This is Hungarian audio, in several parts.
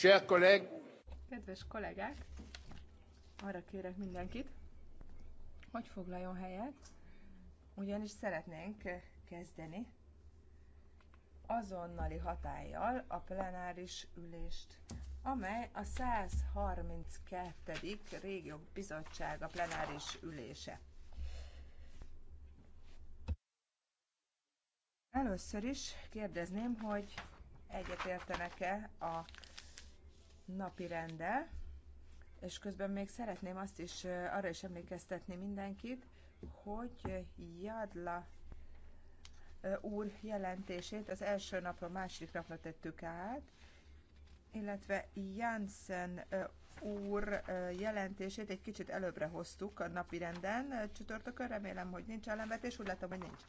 Cher Kedves kollégák, arra kérek mindenkit, hogy foglaljon helyet, ugyanis szeretnénk kezdeni azonnali hatállyal a plenáris ülést, amely a 132. bizottság a plenáris ülése. Először is kérdezném, hogy egyetértenek-e a napi rende, és közben még szeretném azt is, arra is emlékeztetni mindenkit, hogy Jadla úr jelentését az első napra második napra tettük át, illetve Jansen úr jelentését egy kicsit előbbre hoztuk a napi renden csütörtökön, remélem, hogy nincs ellenvetés, úgy látom, hogy nincs.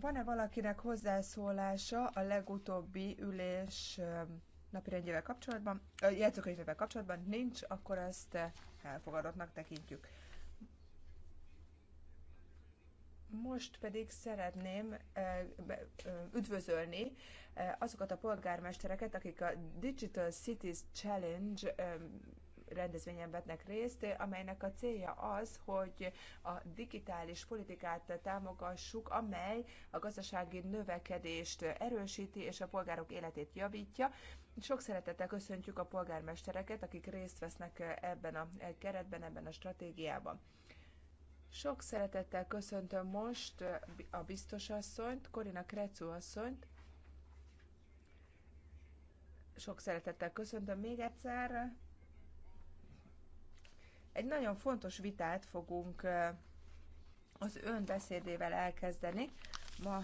Van-e valakinek hozzászólása a legutóbbi ülés napirendjével kapcsolatban, jegyzőkönyvével kapcsolatban? Nincs, akkor ezt elfogadottnak tekintjük. Most pedig szeretném üdvözölni azokat a polgármestereket, akik a Digital Cities Challenge rendezvényen vetnek részt, amelynek a célja az, hogy a digitális politikát támogassuk, amely a gazdasági növekedést erősíti és a polgárok életét javítja. Sok szeretettel köszöntjük a polgármestereket, akik részt vesznek ebben a keretben, ebben a stratégiában. Sok szeretettel köszöntöm most a biztosasszonyt, Korina Krecu asszonyt. Sok szeretettel köszöntöm még egyszer. Egy nagyon fontos vitát fogunk az ön beszédével elkezdeni ma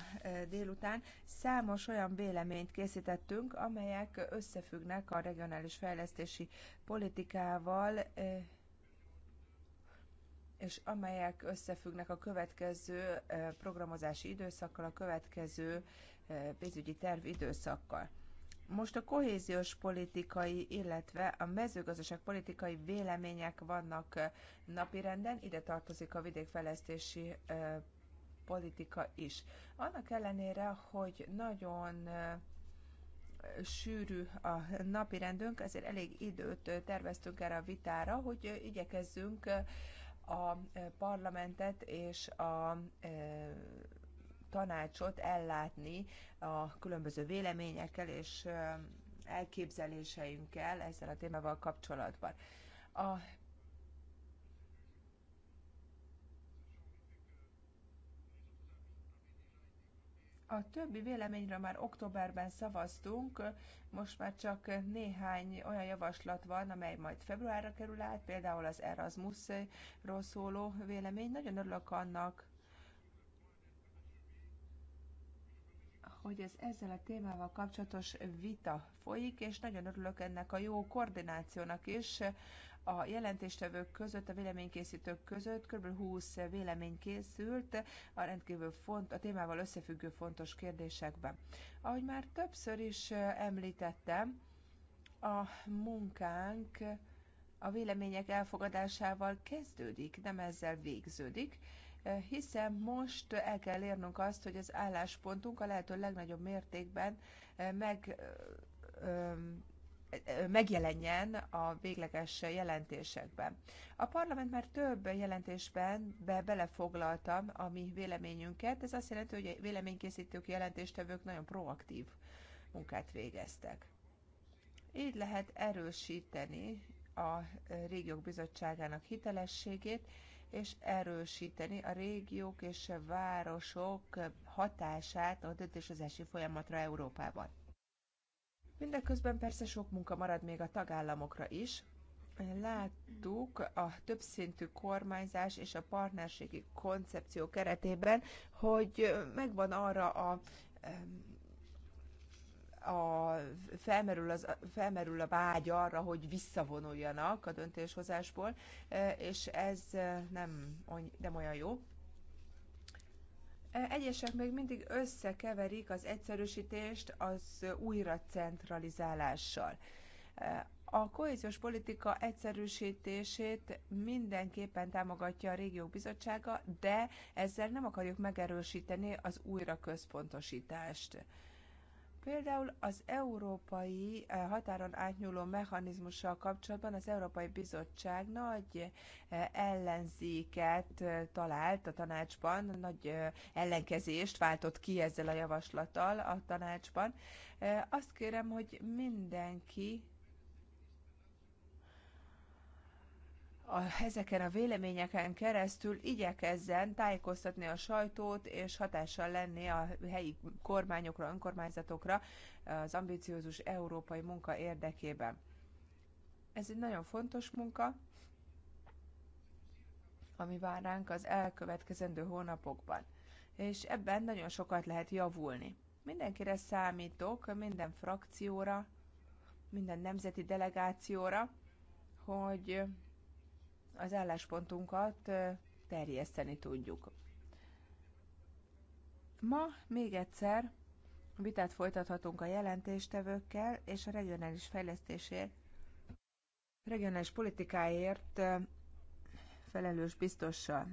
délután. Számos olyan véleményt készítettünk, amelyek összefüggnek a regionális fejlesztési politikával, és amelyek összefüggnek a következő programozási időszakkal, a következő pénzügyi terv időszakkal. Most a kohéziós politikai, illetve a mezőgazdaság politikai vélemények vannak napirenden, ide tartozik a vidékfejlesztési politika is. Annak ellenére, hogy nagyon sűrű a napi rendünk, ezért elég időt terveztünk erre a vitára, hogy igyekezzünk a parlamentet és a tanácsot ellátni a különböző véleményekkel és elképzeléseinkkel ezzel a témával kapcsolatban. A A többi véleményről már októberben szavaztunk, most már csak néhány olyan javaslat van, amely majd februárra kerül át, például az Erasmus-ról szóló vélemény. Nagyon örülök annak, hogy ez ezzel a témával kapcsolatos vita folyik, és nagyon örülök ennek a jó koordinációnak is a jelentéstevők között, a véleménykészítők között kb. 20 vélemény készült a rendkívül font, a témával összefüggő fontos kérdésekben. Ahogy már többször is említettem, a munkánk a vélemények elfogadásával kezdődik, nem ezzel végződik, hiszen most el kell érnünk azt, hogy az álláspontunk a lehető legnagyobb mértékben eh, meg eh, eh, megjelenjen a végleges jelentésekben. A parlament már több jelentésben be belefoglalta a mi véleményünket, ez azt jelenti, hogy a véleménykészítők, jelentéstevők nagyon proaktív munkát végeztek. Így lehet erősíteni a régiók bizottságának hitelességét, és erősíteni a régiók és városok hatását a döntéshozási folyamatra Európában. Mindeközben persze sok munka marad még a tagállamokra is. Láttuk a többszintű kormányzás és a partnerségi koncepció keretében, hogy megvan arra a a, felmerül, az, felmerül a vágy arra, hogy visszavonuljanak a döntéshozásból, e, és ez e, nem, nem olyan jó. E, egyesek még mindig összekeverik az egyszerűsítést az újra centralizálással. A kohéziós politika egyszerűsítését mindenképpen támogatja a régiók bizottsága, de ezzel nem akarjuk megerősíteni az újra központosítást Például az európai eh, határon átnyúló mechanizmussal kapcsolatban az Európai Bizottság nagy eh, ellenzéket eh, talált a tanácsban, nagy ellenkezést váltott ki ezzel a javaslattal a tanácsban. Azt kérem, hogy mindenki a, ezeken a véleményeken keresztül igyekezzen tájékoztatni a sajtót és hatással lenni a helyi kormányokra, önkormányzatokra az ambiciózus európai munka érdekében. Ez egy nagyon fontos munka, ami vár ránk az elkövetkezendő hónapokban, és ebben nagyon sokat lehet javulni. Mindenkire számítok, minden frakcióra, minden nemzeti delegációra, hogy az álláspontunkat terjeszteni tudjuk. Ma még egyszer vitát folytathatunk a jelentéstevőkkel és a regionális fejlesztésért, regionális politikáért felelős biztossal.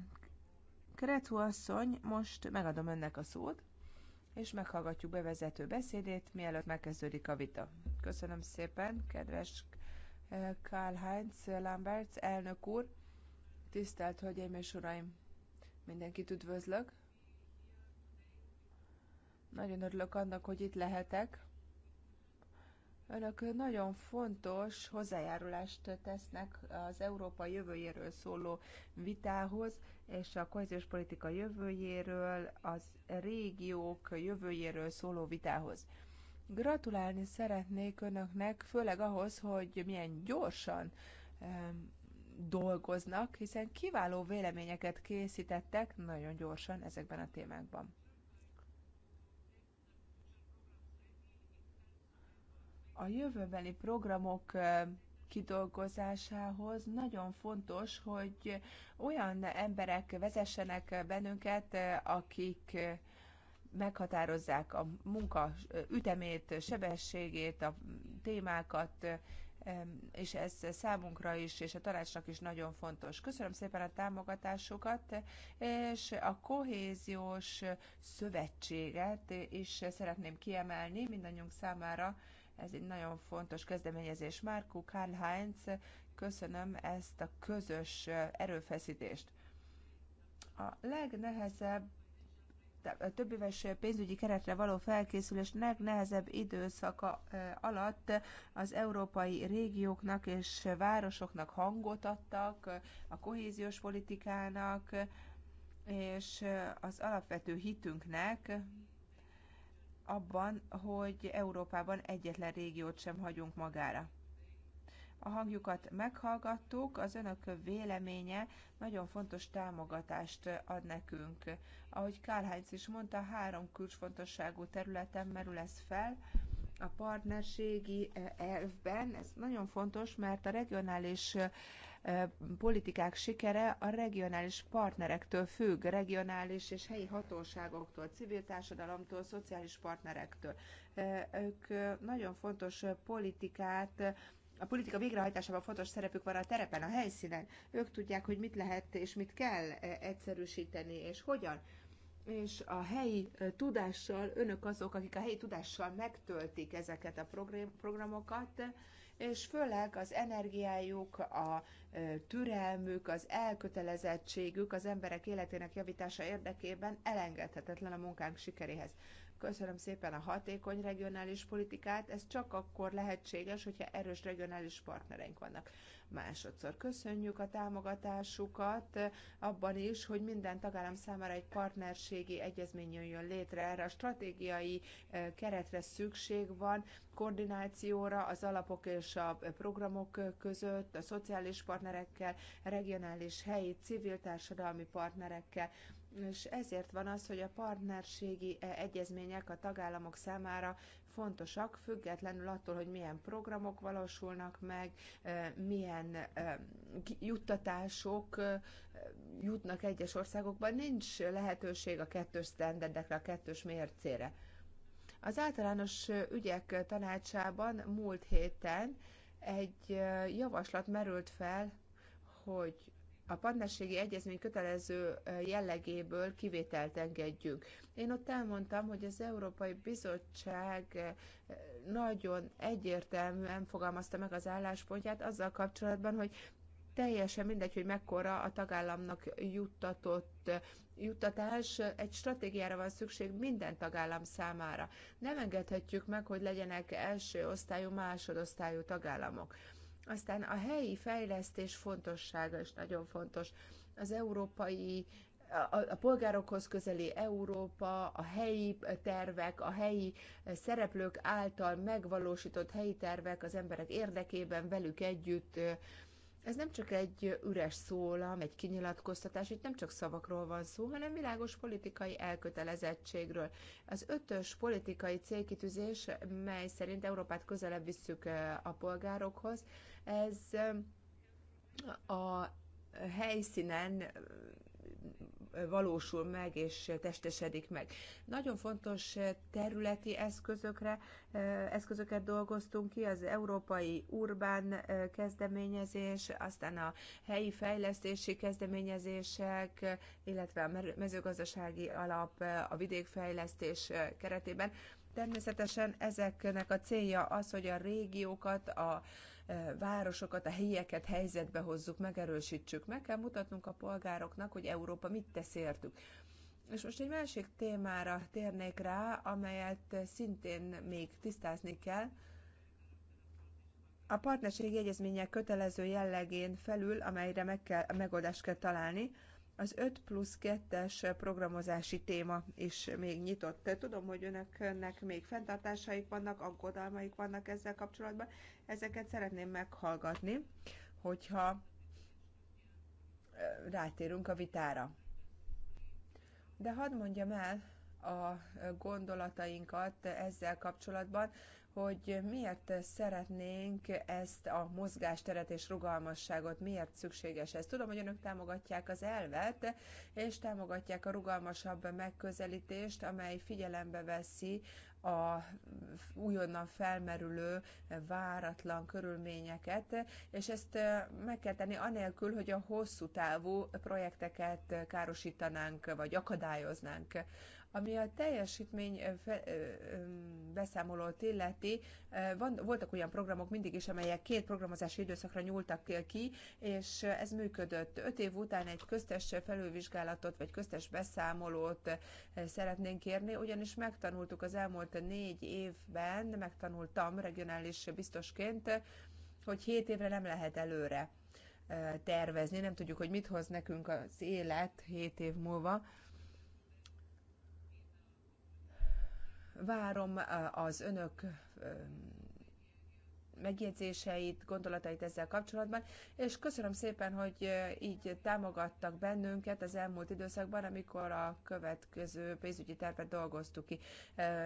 Kretu asszony, most megadom önnek a szót, és meghallgatjuk bevezető beszédét, mielőtt megkezdődik a vita. Köszönöm szépen, kedves Karl-Heinz Lamberts elnök úr, tisztelt Hölgyeim és Uraim! Mindenkit üdvözlök! Nagyon örülök annak, hogy itt lehetek. Önök nagyon fontos hozzájárulást tesznek az Európa jövőjéről szóló vitához, és a kohéziós politika jövőjéről, az régiók jövőjéről szóló vitához. Gratulálni szeretnék önöknek, főleg ahhoz, hogy milyen gyorsan dolgoznak, hiszen kiváló véleményeket készítettek nagyon gyorsan ezekben a témákban. A jövőbeli programok kidolgozásához nagyon fontos, hogy olyan emberek vezessenek bennünket, akik meghatározzák a munka ütemét, sebességét, a témákat, és ez számunkra is, és a tanácsnak is nagyon fontos. Köszönöm szépen a támogatásokat és a kohéziós szövetséget is szeretném kiemelni mindannyiunk számára. Ez egy nagyon fontos kezdeményezés. Márku Karl-Heinz, köszönöm ezt a közös erőfeszítést. A legnehezebb éves pénzügyi keretre való felkészülés legnehezebb időszaka alatt az európai régióknak és városoknak hangot adtak, a kohéziós politikának és az alapvető hitünknek, abban, hogy Európában egyetlen régiót sem hagyunk magára a hangjukat meghallgattuk, az önök véleménye nagyon fontos támogatást ad nekünk. Ahogy Kálhánc is mondta, három kulcsfontosságú területen merül ez fel, a partnerségi eh, elvben. Ez nagyon fontos, mert a regionális eh, politikák sikere a regionális partnerektől függ, regionális és helyi hatóságoktól, civil társadalomtól, szociális partnerektől. Eh, ők nagyon fontos politikát a politika végrehajtásában fontos szerepük van a terepen, a helyszínen. Ők tudják, hogy mit lehet és mit kell e, egyszerűsíteni, és hogyan. És a helyi e, tudással, önök azok, akik a helyi tudással megtöltik ezeket a programokat, és főleg az energiájuk, a e, türelmük, az elkötelezettségük az emberek életének javítása érdekében elengedhetetlen a munkánk sikeréhez. Köszönöm szépen a hatékony regionális politikát, ez csak akkor lehetséges, hogyha erős regionális partnereink vannak. Másodszor köszönjük a támogatásukat abban is, hogy minden tagállam számára egy partnerségi egyezmény jön létre. Erre a stratégiai eh, keretre szükség van, koordinációra az alapok és a programok között, a szociális partnerekkel, regionális, helyi, civil társadalmi partnerekkel és ezért van az, hogy a partnerségi e, egyezmények a tagállamok számára fontosak, függetlenül attól, hogy milyen programok valósulnak meg, e, milyen e, juttatások jutnak egyes országokban, nincs lehetőség a kettős standardekre, a kettős mércére. Az általános ügyek tanácsában múlt héten egy javaslat merült fel, hogy a partnerségi egyezmény kötelező jellegéből kivételt engedjünk. Én ott elmondtam, hogy az Európai Bizottság nagyon egyértelműen fogalmazta meg az álláspontját azzal kapcsolatban, hogy teljesen mindegy, hogy mekkora a tagállamnak juttatott juttatás, egy stratégiára van szükség minden tagállam számára. Nem engedhetjük meg, hogy legyenek első osztályú, másodosztályú tagállamok. Aztán a helyi fejlesztés fontossága is nagyon fontos. Az európai a, a polgárokhoz közeli Európa, a helyi tervek, a helyi szereplők által megvalósított helyi tervek az emberek érdekében velük együtt. Ez nem csak egy üres szólam, egy kinyilatkoztatás, itt nem csak szavakról van szó, hanem világos politikai elkötelezettségről. Az ötös politikai célkitűzés, mely szerint Európát közelebb visszük a polgárokhoz, ez um, a helyszínen um, valósul meg és testesedik meg. Nagyon fontos területi eszközökre, uh, eszközöket dolgoztunk ki, az európai urbán uh, kezdeményezés, aztán a helyi fejlesztési kezdeményezések, illetve a mezőgazdasági alap uh, a vidékfejlesztés keretében. Természetesen ezeknek a célja az, hogy a régiókat, a városokat, a helyeket helyzetbe hozzuk, megerősítsük. Meg kell mutatnunk a polgároknak, hogy Európa mit tesz értük. És most egy másik témára térnék rá, amelyet szintén még tisztázni kell. A partnerségi egyezmények kötelező jellegén felül, amelyre meg kell, megoldást kell találni, az 5 plusz 2-es programozási téma is még nyitott. Tudom, hogy önöknek még fenntartásaik vannak, aggodalmaik vannak ezzel kapcsolatban. Ezeket szeretném meghallgatni, hogyha rátérünk a vitára. De hadd mondjam el a gondolatainkat ezzel kapcsolatban, hogy miért szeretnénk ezt a mozgásteret és rugalmasságot, miért szükséges ez. Tudom, hogy önök támogatják az elvet, és támogatják a rugalmasabb megközelítést, amely figyelembe veszi a újonnan felmerülő váratlan körülményeket, és ezt meg kell tenni anélkül, hogy a hosszú távú projekteket károsítanánk, vagy akadályoznánk. Ami a teljesítmény beszámolót illeti, van, voltak olyan programok mindig is, amelyek két programozási időszakra nyúltak ki, és ez működött. Öt év után egy köztes felülvizsgálatot vagy köztes beszámolót szeretnénk kérni, ugyanis megtanultuk az elmúlt négy évben, megtanultam regionális biztosként, hogy hét évre nem lehet előre tervezni, nem tudjuk, hogy mit hoz nekünk az élet hét év múlva várom az önök megjegyzéseit, gondolatait ezzel kapcsolatban, és köszönöm szépen, hogy így támogattak bennünket az elmúlt időszakban, amikor a következő pénzügyi tervet dolgoztuk ki.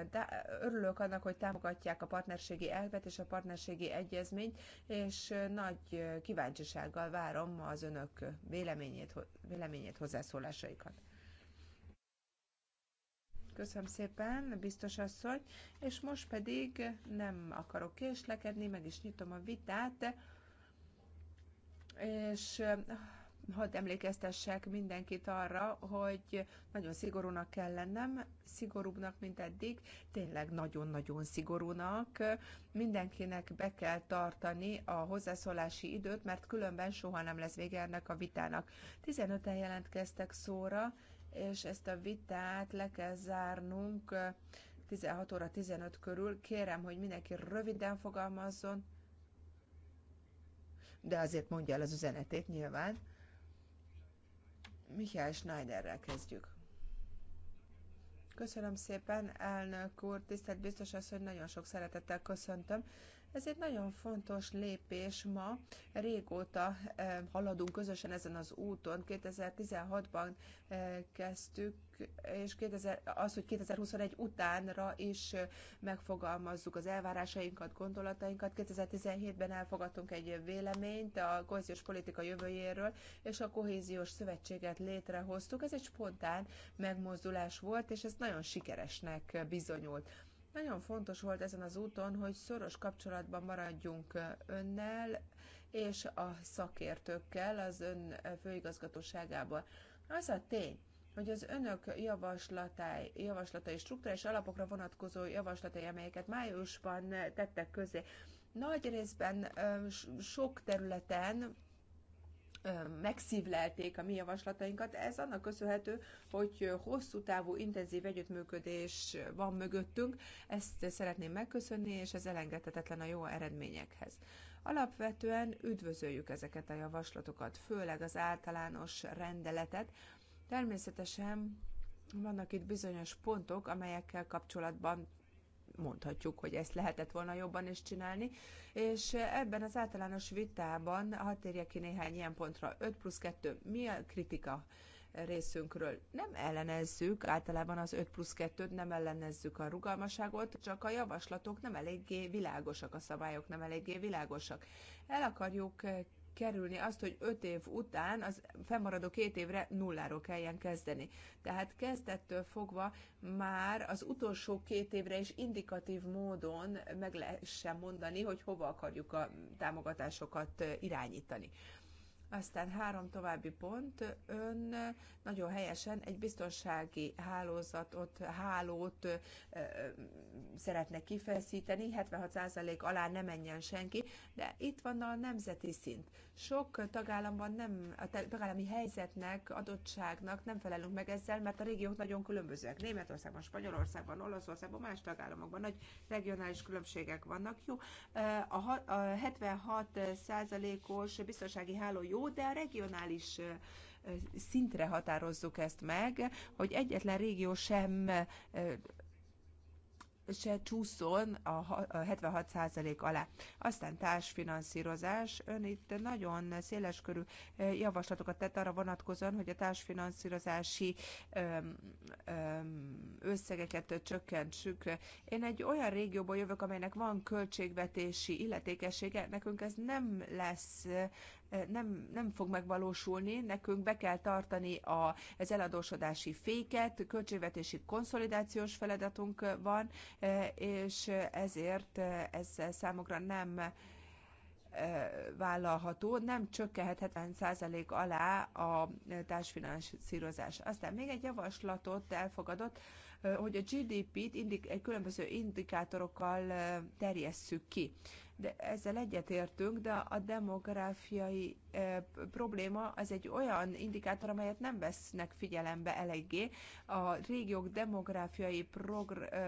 De örülök annak, hogy támogatják a partnerségi elvet és a partnerségi egyezményt, és nagy kíváncsisággal várom az önök véleményét, véleményét hozzászólásaikat. Köszönöm szépen, biztos asszony. És most pedig nem akarok késlekedni, meg is nyitom a vitát. És eh, hadd emlékeztessek mindenkit arra, hogy nagyon szigorúnak kell lennem, szigorúbbnak, mint eddig, tényleg nagyon-nagyon szigorúnak. Mindenkinek be kell tartani a hozzászólási időt, mert különben soha nem lesz vége ennek a vitának. 15-en jelentkeztek szóra, és ezt a vitát le kell zárnunk 16 óra 15 körül. Kérem, hogy mindenki röviden fogalmazzon, de azért mondja el az üzenetét nyilván. Michael Schneiderrel kezdjük. Köszönöm szépen, elnök úr, tisztelt biztos asszony, nagyon sok szeretettel köszöntöm. Ez egy nagyon fontos lépés ma. Régóta eh, haladunk közösen ezen az úton. 2016-ban eh, kezdtük, és 2000, az, hogy 2021 utánra is eh, megfogalmazzuk az elvárásainkat, gondolatainkat. 2017-ben elfogadtunk egy véleményt a kohéziós politika jövőjéről, és a kohéziós szövetséget létrehoztuk. Ez egy spontán megmozdulás volt, és ez nagyon sikeresnek bizonyult. Nagyon fontos volt ezen az úton, hogy szoros kapcsolatban maradjunk önnel és a szakértőkkel az ön főigazgatóságában. Az a tény, hogy az önök javaslatai, javaslatai struktúrás alapokra vonatkozó javaslatai, amelyeket májusban tettek közé, nagy részben sok területen megszívlelték a mi javaslatainkat. Ez annak köszönhető, hogy hosszú távú intenzív együttműködés van mögöttünk. Ezt szeretném megköszönni, és ez elengedhetetlen a jó eredményekhez. Alapvetően üdvözöljük ezeket a javaslatokat, főleg az általános rendeletet. Természetesen vannak itt bizonyos pontok, amelyekkel kapcsolatban mondhatjuk, hogy ezt lehetett volna jobban is csinálni, és ebben az általános vitában, ha térjek ki néhány ilyen pontra, 5 plusz 2, mi a kritika? részünkről. Nem ellenezzük, általában az 5 plusz 2-t nem ellenezzük a rugalmaságot, csak a javaslatok nem eléggé világosak, a szabályok nem eléggé világosak. El akarjuk kerülni azt, hogy öt év után az fennmaradó két évre nulláról kelljen kezdeni. Tehát kezdettől fogva már az utolsó két évre is indikatív módon meg lehessen mondani, hogy hova akarjuk a támogatásokat irányítani. Aztán három további pont. Ön nagyon helyesen egy biztonsági hálózatot, hálót ö, ö, szeretne kifeszíteni. 76% alá ne menjen senki, de itt van a nemzeti szint. Sok tagállamban nem, a tagállami helyzetnek, adottságnak nem felelünk meg ezzel, mert a régiók nagyon különbözőek. Németországban, Spanyolországban, Olaszországban, más tagállamokban nagy regionális különbségek vannak. Jó, a 76%-os biztonsági háló jó, jó, de a regionális szintre határozzuk ezt meg, hogy egyetlen régió sem se csúszon a 76% alá. Aztán társfinanszírozás. Ön itt nagyon széleskörű javaslatokat tett arra vonatkozóan, hogy a társfinanszírozási összegeket csökkentsük. Én egy olyan régióból jövök, amelynek van költségvetési illetékessége, nekünk ez nem lesz nem, nem fog megvalósulni, nekünk be kell tartani a, az eladósodási féket, költségvetési konszolidációs feladatunk van, és ezért ez számokra nem vállalható, nem csökkenhet 70% alá a társfinanszírozás. Aztán még egy javaslatot elfogadott, hogy a GDP-t indik, különböző indikátorokkal terjesszük ki. De ezzel egyetértünk, de a demográfiai probléma az egy olyan indikátor, amelyet nem vesznek figyelembe eléggé. A régiók demográfiai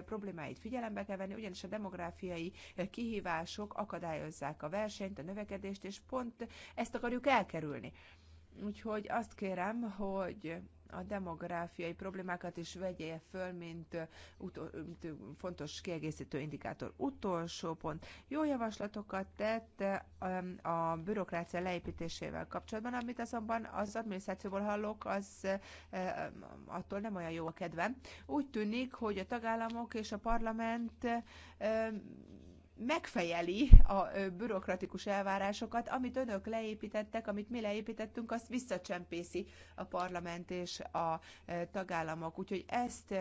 problémáit figyelembe kell venni, ugyanis a demográfiai kihívások akadályozzák a versenyt, a növekedést, és pont ezt akarjuk elkerülni. Úgyhogy azt kérem, hogy a demográfiai problémákat is vegye föl, mint, utol, mint fontos kiegészítő indikátor. Utolsó pont. Jó javaslatokat tett a bürokrácia leépítésével kapcsolatban, amit azonban az adminisztrációból hallok, az attól nem olyan jó a kedvem. Úgy tűnik, hogy a tagállamok és a parlament megfejeli a bürokratikus elvárásokat, amit önök leépítettek, amit mi leépítettünk, azt visszacsempészi a parlament és a tagállamok. Úgyhogy ezt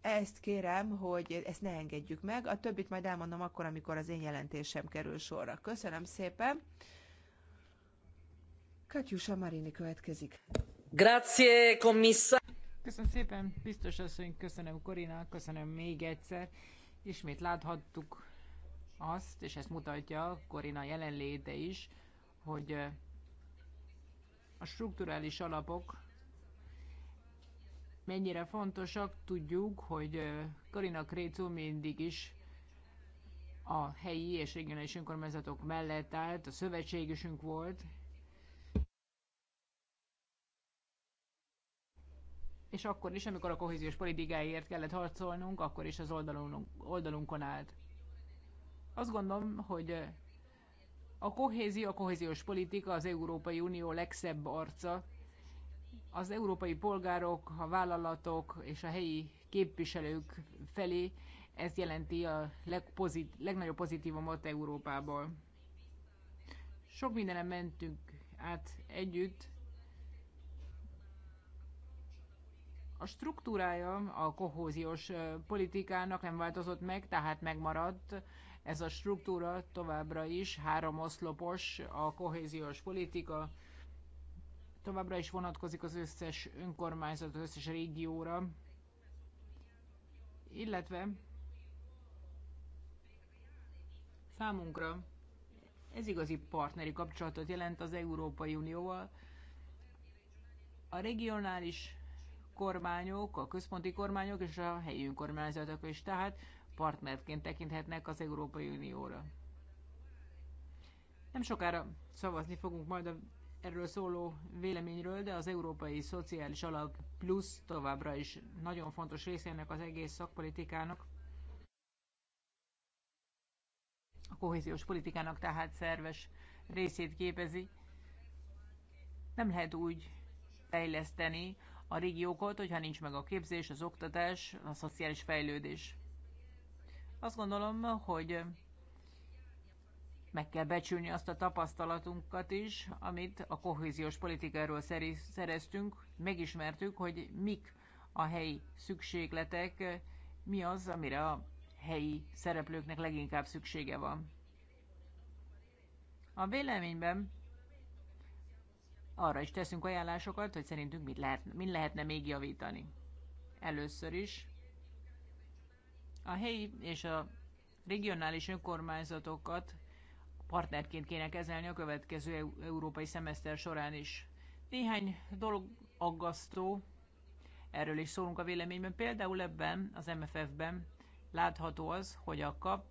ezt kérem, hogy ezt ne engedjük meg, a többit majd elmondom akkor, amikor az én jelentésem kerül sorra. Köszönöm szépen. Katyusa Marini következik. Grazie, commissar. Köszönöm szépen, biztos asszony, köszönöm Korinak, köszönöm még egyszer. Ismét láthattuk azt, és ezt mutatja Korina jelenléte is, hogy a strukturális alapok mennyire fontosak, tudjuk, hogy Karina Krécu mindig is a helyi és regionális önkormányzatok mellett állt, a szövetségesünk volt, és akkor is, amikor a kohéziós politikáért kellett harcolnunk, akkor is az oldalunk, oldalunkon állt. Azt gondolom, hogy eh, a kohézió, a kohéziós politika az Európai Unió legszebb arca. Az európai polgárok, a vállalatok és a helyi képviselők felé ez jelenti a legpozit, legnagyobb pozitívumot Európából. Sok mindenem mentünk át együtt. A struktúrája a kohóziós eh, politikának nem változott meg, tehát megmaradt ez a struktúra továbbra is három oszlopos, a kohéziós politika továbbra is vonatkozik az összes önkormányzat, az összes régióra, illetve számunkra ez igazi partneri kapcsolatot jelent az Európai Unióval. A regionális kormányok, a központi kormányok és a helyi önkormányzatok is. Tehát partnerként tekinthetnek az Európai Unióra. Nem sokára szavazni fogunk majd a erről szóló véleményről, de az Európai Szociális Alap Plusz továbbra is nagyon fontos része ennek az egész szakpolitikának. A kohéziós politikának tehát szerves részét képezi. Nem lehet úgy fejleszteni a régiókat, hogyha nincs meg a képzés, az oktatás, a szociális fejlődés. Azt gondolom, hogy meg kell becsülni azt a tapasztalatunkat is, amit a kohéziós politikáról szereztünk, megismertük, hogy mik a helyi szükségletek, mi az, amire a helyi szereplőknek leginkább szüksége van. A véleményben arra is teszünk ajánlásokat, hogy szerintünk mit lehet, min lehetne még javítani. Először is a helyi és a regionális önkormányzatokat partnerként kéne kezelni a következő európai szemeszter során is. Néhány dolog aggasztó, erről is szólunk a véleményben. Például ebben, az MFF-ben látható az, hogy a KAP,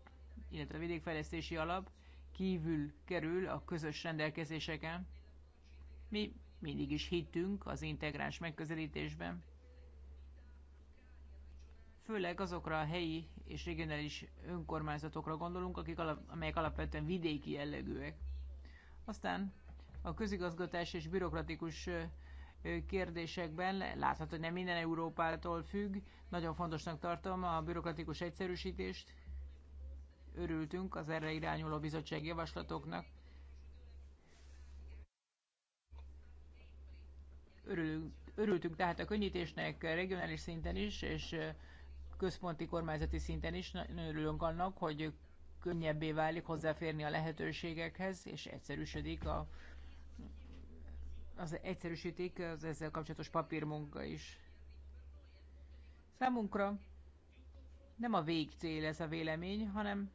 illetve a vidékfejlesztési alap kívül kerül a közös rendelkezéseken. Mi mindig is hittünk az integráns megközelítésben főleg azokra a helyi és regionális önkormányzatokra gondolunk, akik alap, amelyek alapvetően vidéki jellegűek. Aztán a közigazgatás és bürokratikus kérdésekben látható, hogy nem minden Európától függ. Nagyon fontosnak tartom a bürokratikus egyszerűsítést. Örültünk az erre irányuló bizottság javaslatoknak. Örülünk, örültünk tehát a könnyítésnek regionális szinten is, és központi kormányzati szinten is. Nagyon örülünk annak, hogy könnyebbé válik hozzáférni a lehetőségekhez, és egyszerűsödik a, az egyszerűsítik az ezzel kapcsolatos papírmunka is. Számunkra nem a végcél ez a vélemény, hanem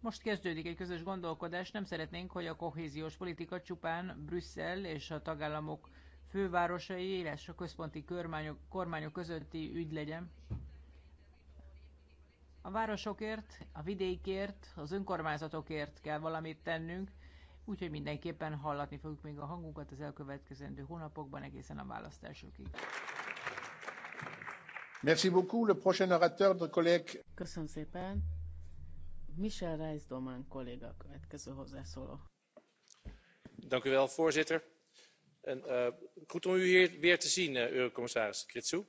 most kezdődik egy közös gondolkodás, nem szeretnénk, hogy a kohéziós politika csupán Brüsszel és a tagállamok fővárosai, éles, a központi kormányok, kormányok közötti ügy legyen. A városokért, a vidékért, az önkormányzatokért kell valamit tennünk, úgyhogy mindenképpen hallatni fogjuk még a hangunkat az elkövetkezendő hónapokban egészen a választásokig. Merci beaucoup. Le prochain orateur, notre collègue. Köszönöm szépen. Michel Reisdoman kolléga következő hozzászóló. Dank u wel, voorzitter. En, uh, goed om u hier weer te zien, uh, eurocommissaris Kritsu.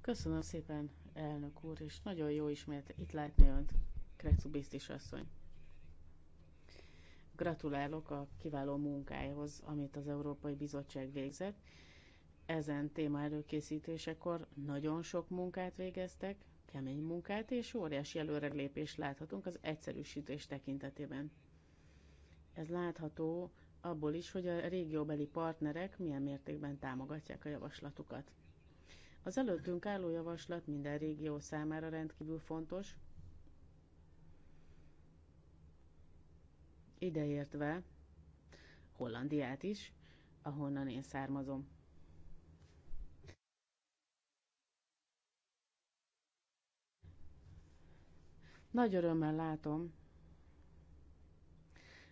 Köszönöm szépen, elnök úr, és nagyon jó ismét itt látni önt, Krecu biztos asszony. Gratulálok a kiváló munkájához, amit az Európai Bizottság végzett. Ezen téma előkészítésekor nagyon sok munkát végeztek, kemény munkát, és óriási előrelépést láthatunk az egyszerűsítés tekintetében. Ez látható abból is, hogy a régióbeli partnerek milyen mértékben támogatják a javaslatukat. Az előttünk álló javaslat minden régió számára rendkívül fontos, ideértve Hollandiát is, ahonnan én származom. Nagy örömmel látom,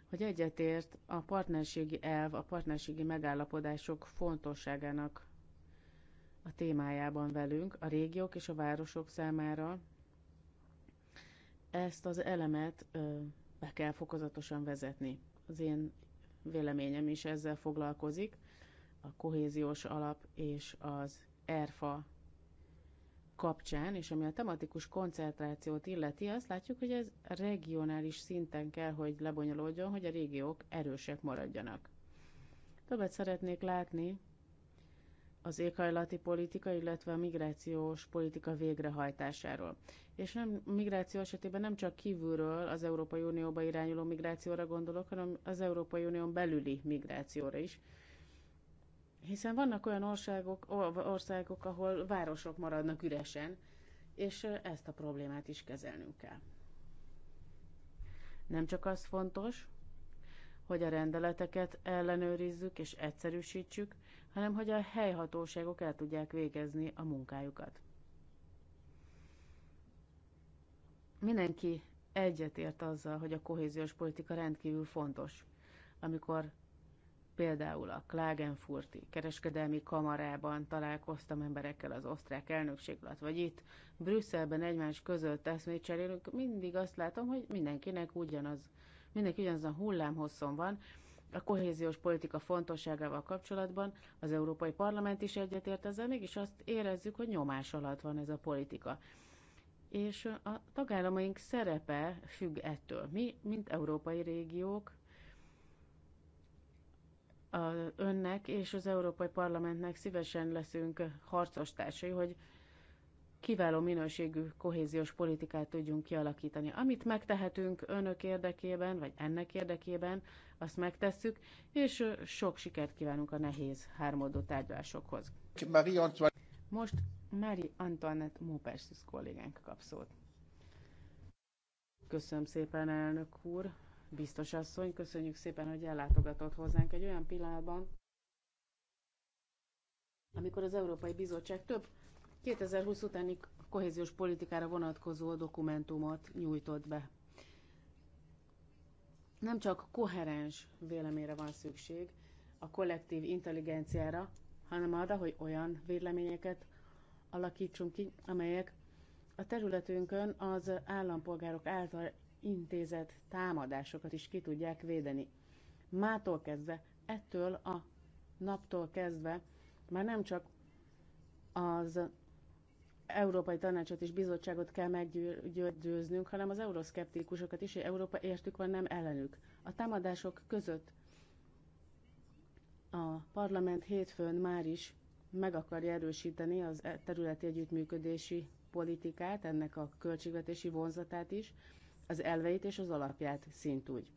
hogy egyetért a partnerségi elv, a partnerségi megállapodások fontosságának a témájában velünk, a régiók és a városok számára ezt az elemet be kell fokozatosan vezetni. Az én véleményem is ezzel foglalkozik, a kohéziós alap és az ERFA kapcsán, és ami a tematikus koncentrációt illeti, azt látjuk, hogy ez regionális szinten kell, hogy lebonyolódjon, hogy a régiók erősek maradjanak. Többet szeretnék látni az éghajlati politika, illetve a migrációs politika végrehajtásáról. És nem migráció esetében nem csak kívülről az Európai Unióba irányuló migrációra gondolok, hanem az Európai Unión belüli migrációra is. Hiszen vannak olyan országok, országok ahol városok maradnak üresen, és ezt a problémát is kezelnünk kell. Nem csak az fontos, hogy a rendeleteket ellenőrizzük és egyszerűsítsük, hanem hogy a helyhatóságok el tudják végezni a munkájukat. Mindenki egyetért azzal, hogy a kohéziós politika rendkívül fontos. Amikor például a Klagenfurti kereskedelmi kamarában találkoztam emberekkel az osztrák elnökség alatt, vagy itt Brüsszelben egymás között eszmét cserélünk, mindig azt látom, hogy mindenkinek ugyanaz mindenki hullám hullámhosszon van, a kohéziós politika fontosságával kapcsolatban az Európai Parlament is egyetért ezzel, mégis azt érezzük, hogy nyomás alatt van ez a politika. És a tagállamaink szerepe függ ettől. Mi, mint európai régiók, önnek és az Európai Parlamentnek szívesen leszünk harcos társai, hogy kiváló minőségű kohéziós politikát tudjunk kialakítani. Amit megtehetünk önök érdekében, vagy ennek érdekében, azt megtesszük, és sok sikert kívánunk a nehéz hármódó tárgyalásokhoz. Most Mári Antoinette Mópersis kollégánk kap szót. Köszönöm szépen, elnök úr, biztos asszony, köszönjük szépen, hogy ellátogatott hozzánk egy olyan pillanatban, amikor az Európai Bizottság több 2020 utáni kohéziós politikára vonatkozó dokumentumot nyújtott be. Nem csak koherens véleményre van szükség a kollektív intelligenciára, hanem arra, hogy olyan véleményeket alakítsunk ki, amelyek a területünkön az állampolgárok által intézett támadásokat is ki tudják védeni. Mától kezdve, ettől a naptól kezdve már nem csak az Európai Tanácsot és Bizottságot kell meggyőznünk, hanem az euroszkeptikusokat is, hogy Európa értük van, nem ellenük. A támadások között a parlament hétfőn már is meg akarja erősíteni az e- területi együttműködési politikát, ennek a költségvetési vonzatát is, az elveit és az alapját szintúgy.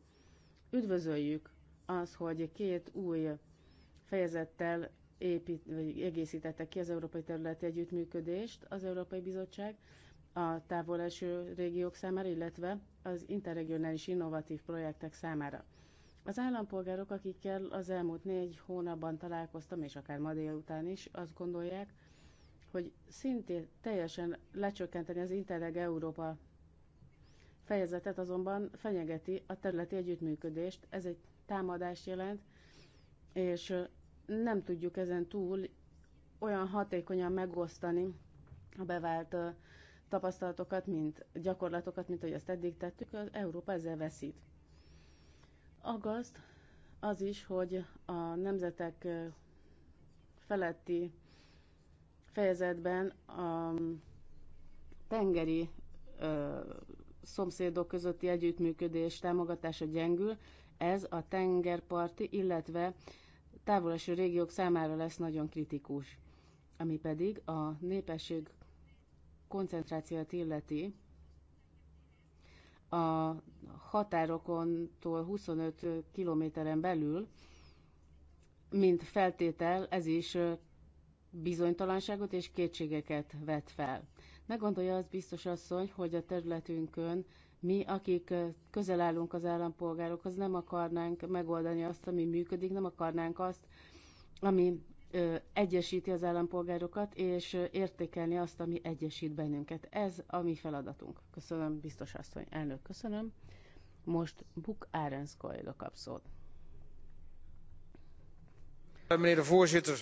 Üdvözöljük az, hogy két új fejezettel épít, vagy egészítette ki az Európai Területi Együttműködést az Európai Bizottság a távol eső régiók számára, illetve az interregionális innovatív projektek számára. Az állampolgárok, akikkel az elmúlt négy hónapban találkoztam, és akár ma délután is, azt gondolják, hogy szintén teljesen lecsökkenteni az Interreg Európa fejezetet azonban fenyegeti a területi együttműködést. Ez egy támadást jelent, és nem tudjuk ezen túl olyan hatékonyan megosztani a bevált tapasztalatokat, mint gyakorlatokat, mint ahogy azt eddig tettük, az Európa ezzel veszít. Agaszt az is, hogy a nemzetek feletti fejezetben a tengeri ö, szomszédok közötti együttműködés támogatása gyengül, ez a tengerparti, illetve távoleső régiók számára lesz nagyon kritikus. Ami pedig a népesség koncentrációt illeti, a határokontól 25 kilométeren belül, mint feltétel, ez is bizonytalanságot és kétségeket vet fel. Ne gondolja az biztos asszony, hogy a területünkön mi, akik közel állunk az állampolgárokhoz, nem akarnánk megoldani azt, ami működik, nem akarnánk azt, ami egyesíti az állampolgárokat, és értékelni azt, ami egyesít bennünket. Ez a mi feladatunk. Köszönöm, biztos asszony, elnök, köszönöm. Most Buk Árenszkoil kap szót. Meneer de voorzitter,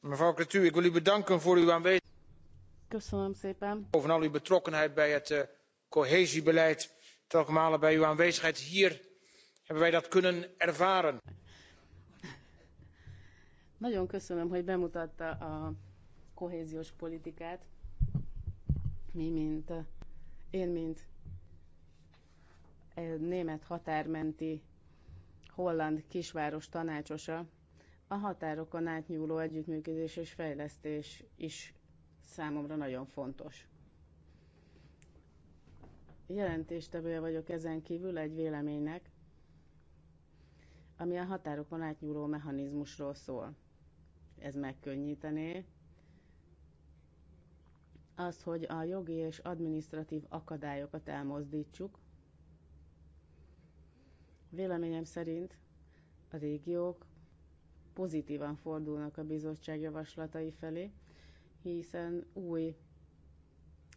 mevrouw Cretu, ik wil u bedanken voor uw aanwezigheid. Köszönöm szépen. Bovenal uw betrokkenheid bij het eh, cohesiebeleid telke malen bij uw aanwezigheid hier hebben wij dat kunnen ervaren. Nagyon köszönöm, hogy bemutatta a kohéziós politikát. Mi, mint én, mint német határmenti holland kisváros tanácsosa, a határokon átnyúló együttműködés és fejlesztés is számomra nagyon fontos jelentéstevője vagyok ezen kívül egy véleménynek, ami a határokon átnyúló mechanizmusról szól. Ez megkönnyítené azt, hogy a jogi és administratív akadályokat elmozdítsuk. Véleményem szerint a régiók pozitívan fordulnak a bizottság javaslatai felé, hiszen új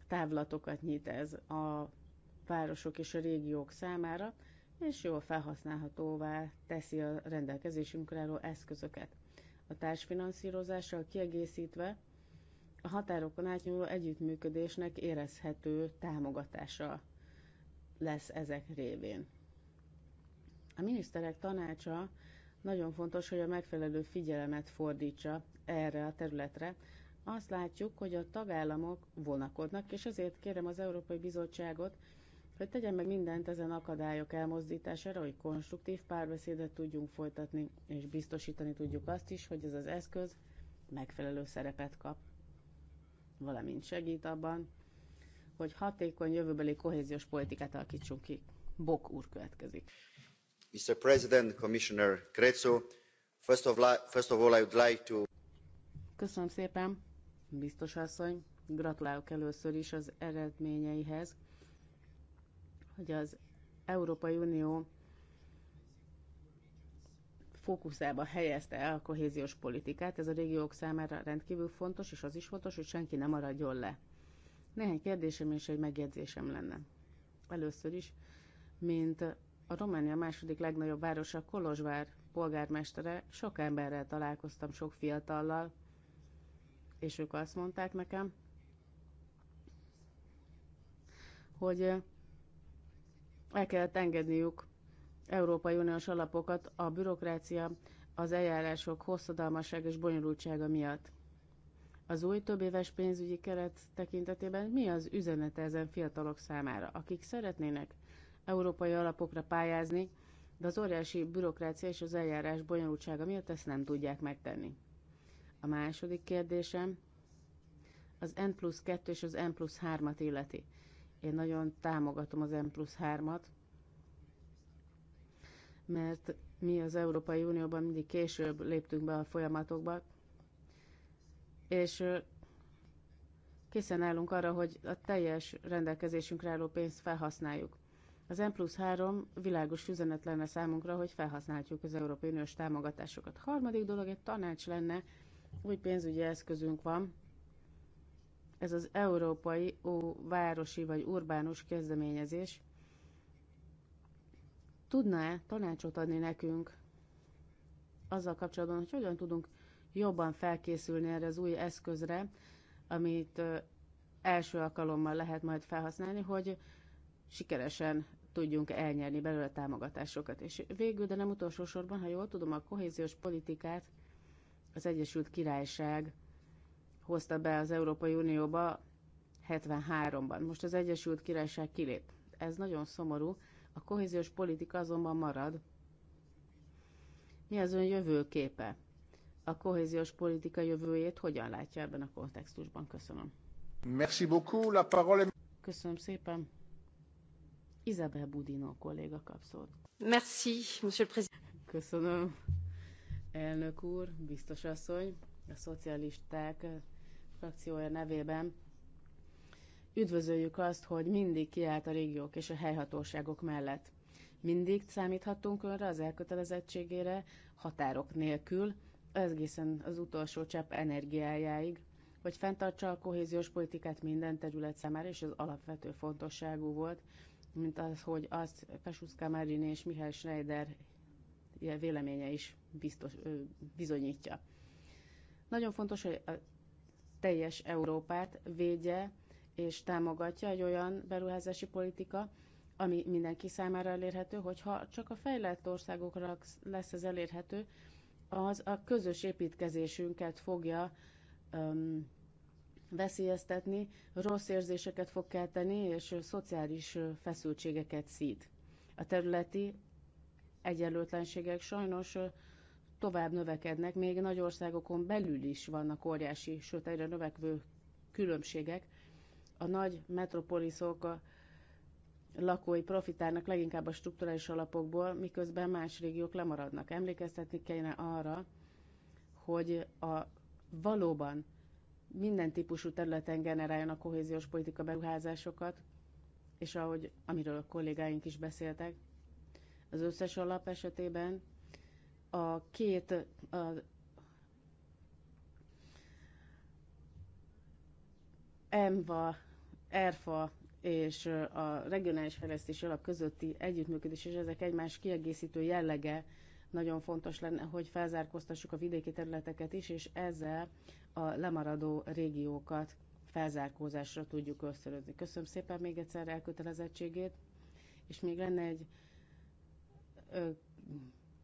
távlatokat nyit ez a városok és a régiók számára, és jól felhasználhatóvá teszi a rendelkezésünkre álló eszközöket. A társfinanszírozással kiegészítve a határokon átnyúló együttműködésnek érezhető támogatása lesz ezek révén. A miniszterek tanácsa nagyon fontos, hogy a megfelelő figyelemet fordítsa erre a területre. Azt látjuk, hogy a tagállamok vonakodnak, és ezért kérem az Európai Bizottságot, hogy tegyen meg mindent ezen akadályok elmozdítására, hogy konstruktív párbeszédet tudjunk folytatni, és biztosítani tudjuk azt is, hogy ez az eszköz megfelelő szerepet kap, valamint segít abban, hogy hatékony jövőbeli kohéziós politikát alakítsunk ki. Bok úr következik. Mr. President, Commissioner Crețu, first of, first of all I would like to... Köszönöm szépen, biztos asszony. Gratulálok először is az eredményeihez hogy az Európai Unió fókuszába helyezte el a kohéziós politikát. Ez a régiók számára rendkívül fontos, és az is fontos, hogy senki nem maradjon le. Néhány kérdésem és egy megjegyzésem lenne. Először is, mint a Románia második legnagyobb városa Kolozsvár polgármestere, sok emberrel találkoztam, sok fiatallal, és ők azt mondták nekem, hogy el kellett engedniük Európai Uniós alapokat a bürokrácia, az eljárások hosszadalmaság és bonyolultsága miatt. Az új többéves pénzügyi keret tekintetében mi az üzenete ezen fiatalok számára, akik szeretnének európai alapokra pályázni, de az óriási bürokrácia és az eljárás bonyolultsága miatt ezt nem tudják megtenni. A második kérdésem az N plusz 2 és az N plusz 3-at illeti. Én nagyon támogatom az M plusz 3-at, mert mi az Európai Unióban mindig később léptünk be a folyamatokba, és készen állunk arra, hogy a teljes rendelkezésünkre álló pénzt felhasználjuk. Az M plusz 3 világos üzenet lenne számunkra, hogy felhasználjuk az Európai Uniós támogatásokat. Harmadik dolog egy tanács lenne, új pénzügyi eszközünk van, ez az európai ó, városi vagy urbánus kezdeményezés. Tudná-e tanácsot adni nekünk azzal kapcsolatban, hogy hogyan tudunk jobban felkészülni erre az új eszközre, amit első alkalommal lehet majd felhasználni, hogy sikeresen tudjunk elnyerni belőle támogatásokat. És végül, de nem utolsó sorban, ha jól tudom, a kohéziós politikát az Egyesült Királyság hozta be az Európai Unióba 73-ban. Most az Egyesült Királyság kilép. Ez nagyon szomorú. A kohéziós politika azonban marad. Mi az ön jövőképe? A kohéziós politika jövőjét hogyan látja ebben a kontextusban? Köszönöm. Merci beaucoup. La parole... Köszönöm szépen. Isabel Budino kolléga kap szót. Merci, monsieur le président. Köszönöm. Elnök úr, biztos asszony, a szocialisták frakciója nevében üdvözöljük azt, hogy mindig kiállt a régiók és a helyhatóságok mellett. Mindig számíthatunk önre az elkötelezettségére, határok nélkül, egészen az utolsó csepp energiájáig, hogy fenntartsa a kohéziós politikát minden terület számára, és az alapvető fontosságú volt, mint az, hogy azt Kasuszka Marin és Mihály Schneider véleménye is biztos, bizonyítja. Nagyon fontos, hogy teljes Európát védje és támogatja egy olyan beruházási politika, ami mindenki számára elérhető, hogyha csak a fejlett országokra lesz ez elérhető, az a közös építkezésünket fogja um, veszélyeztetni, rossz érzéseket fog kelteni, és szociális feszültségeket szít. A területi egyenlőtlenségek sajnos tovább növekednek, még nagy országokon belül is vannak óriási, sőt egyre növekvő különbségek. A nagy metropoliszok a lakói profitálnak leginkább a strukturális alapokból, miközben más régiók lemaradnak. Emlékeztetni kellene arra, hogy a valóban minden típusú területen generáljon a kohéziós politika beruházásokat, és ahogy amiről a kollégáink is beszéltek, az összes alap esetében a két a, EMVA, ERFA és a regionális fejlesztési alap közötti együttműködés, és ezek egymás kiegészítő jellege nagyon fontos lenne, hogy felzárkóztassuk a vidéki területeket is, és ezzel a lemaradó régiókat felzárkózásra tudjuk ösztönözni. Köszönöm szépen még egyszer elkötelezettségét, és még lenne egy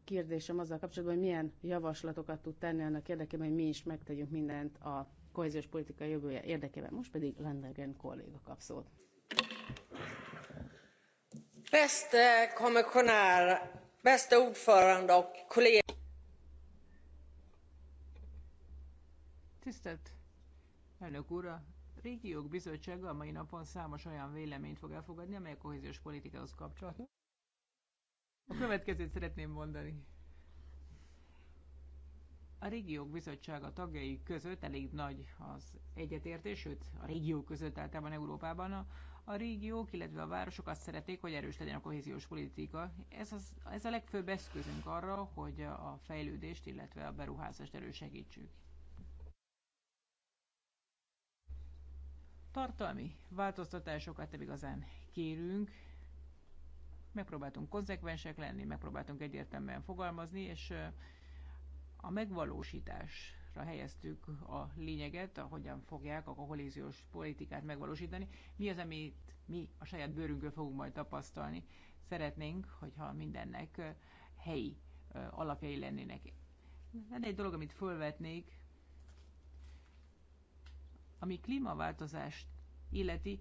kérdésem azzal kapcsolatban, hogy milyen javaslatokat tud tenni annak érdekében, hogy mi is megtegyünk mindent a kohéziós politika jövője érdekében. Most pedig Landergen kolléga kap szót. Beste kommissionär, beste ordförande och kolléga. Tisztelt elnök úr, a régiók bizottsága a mai napon számos olyan véleményt fog elfogadni, amely a kohéziós politikához kapcsolatos. A következőt szeretném mondani. A régiók bizottsága tagjai között elég nagy az egyetértés, sőt a régiók között általában Európában a, a régiók, illetve a városok azt szeretik, hogy erős legyen a kohéziós politika. Ez, az, ez a legfőbb eszközünk arra, hogy a fejlődést, illetve a beruházást erősegítsük. Tartalmi változtatásokat nem igazán kérünk, megpróbáltunk konzekvensek lenni, megpróbáltunk egyértelműen fogalmazni, és a megvalósításra helyeztük a lényeget, hogyan fogják a kohéziós politikát megvalósítani. Mi az, amit mi a saját bőrünkön fogunk majd tapasztalni. Szeretnénk, hogyha mindennek helyi alapjai lennének. Lenne egy dolog, amit fölvetnék, ami klímaváltozást illeti,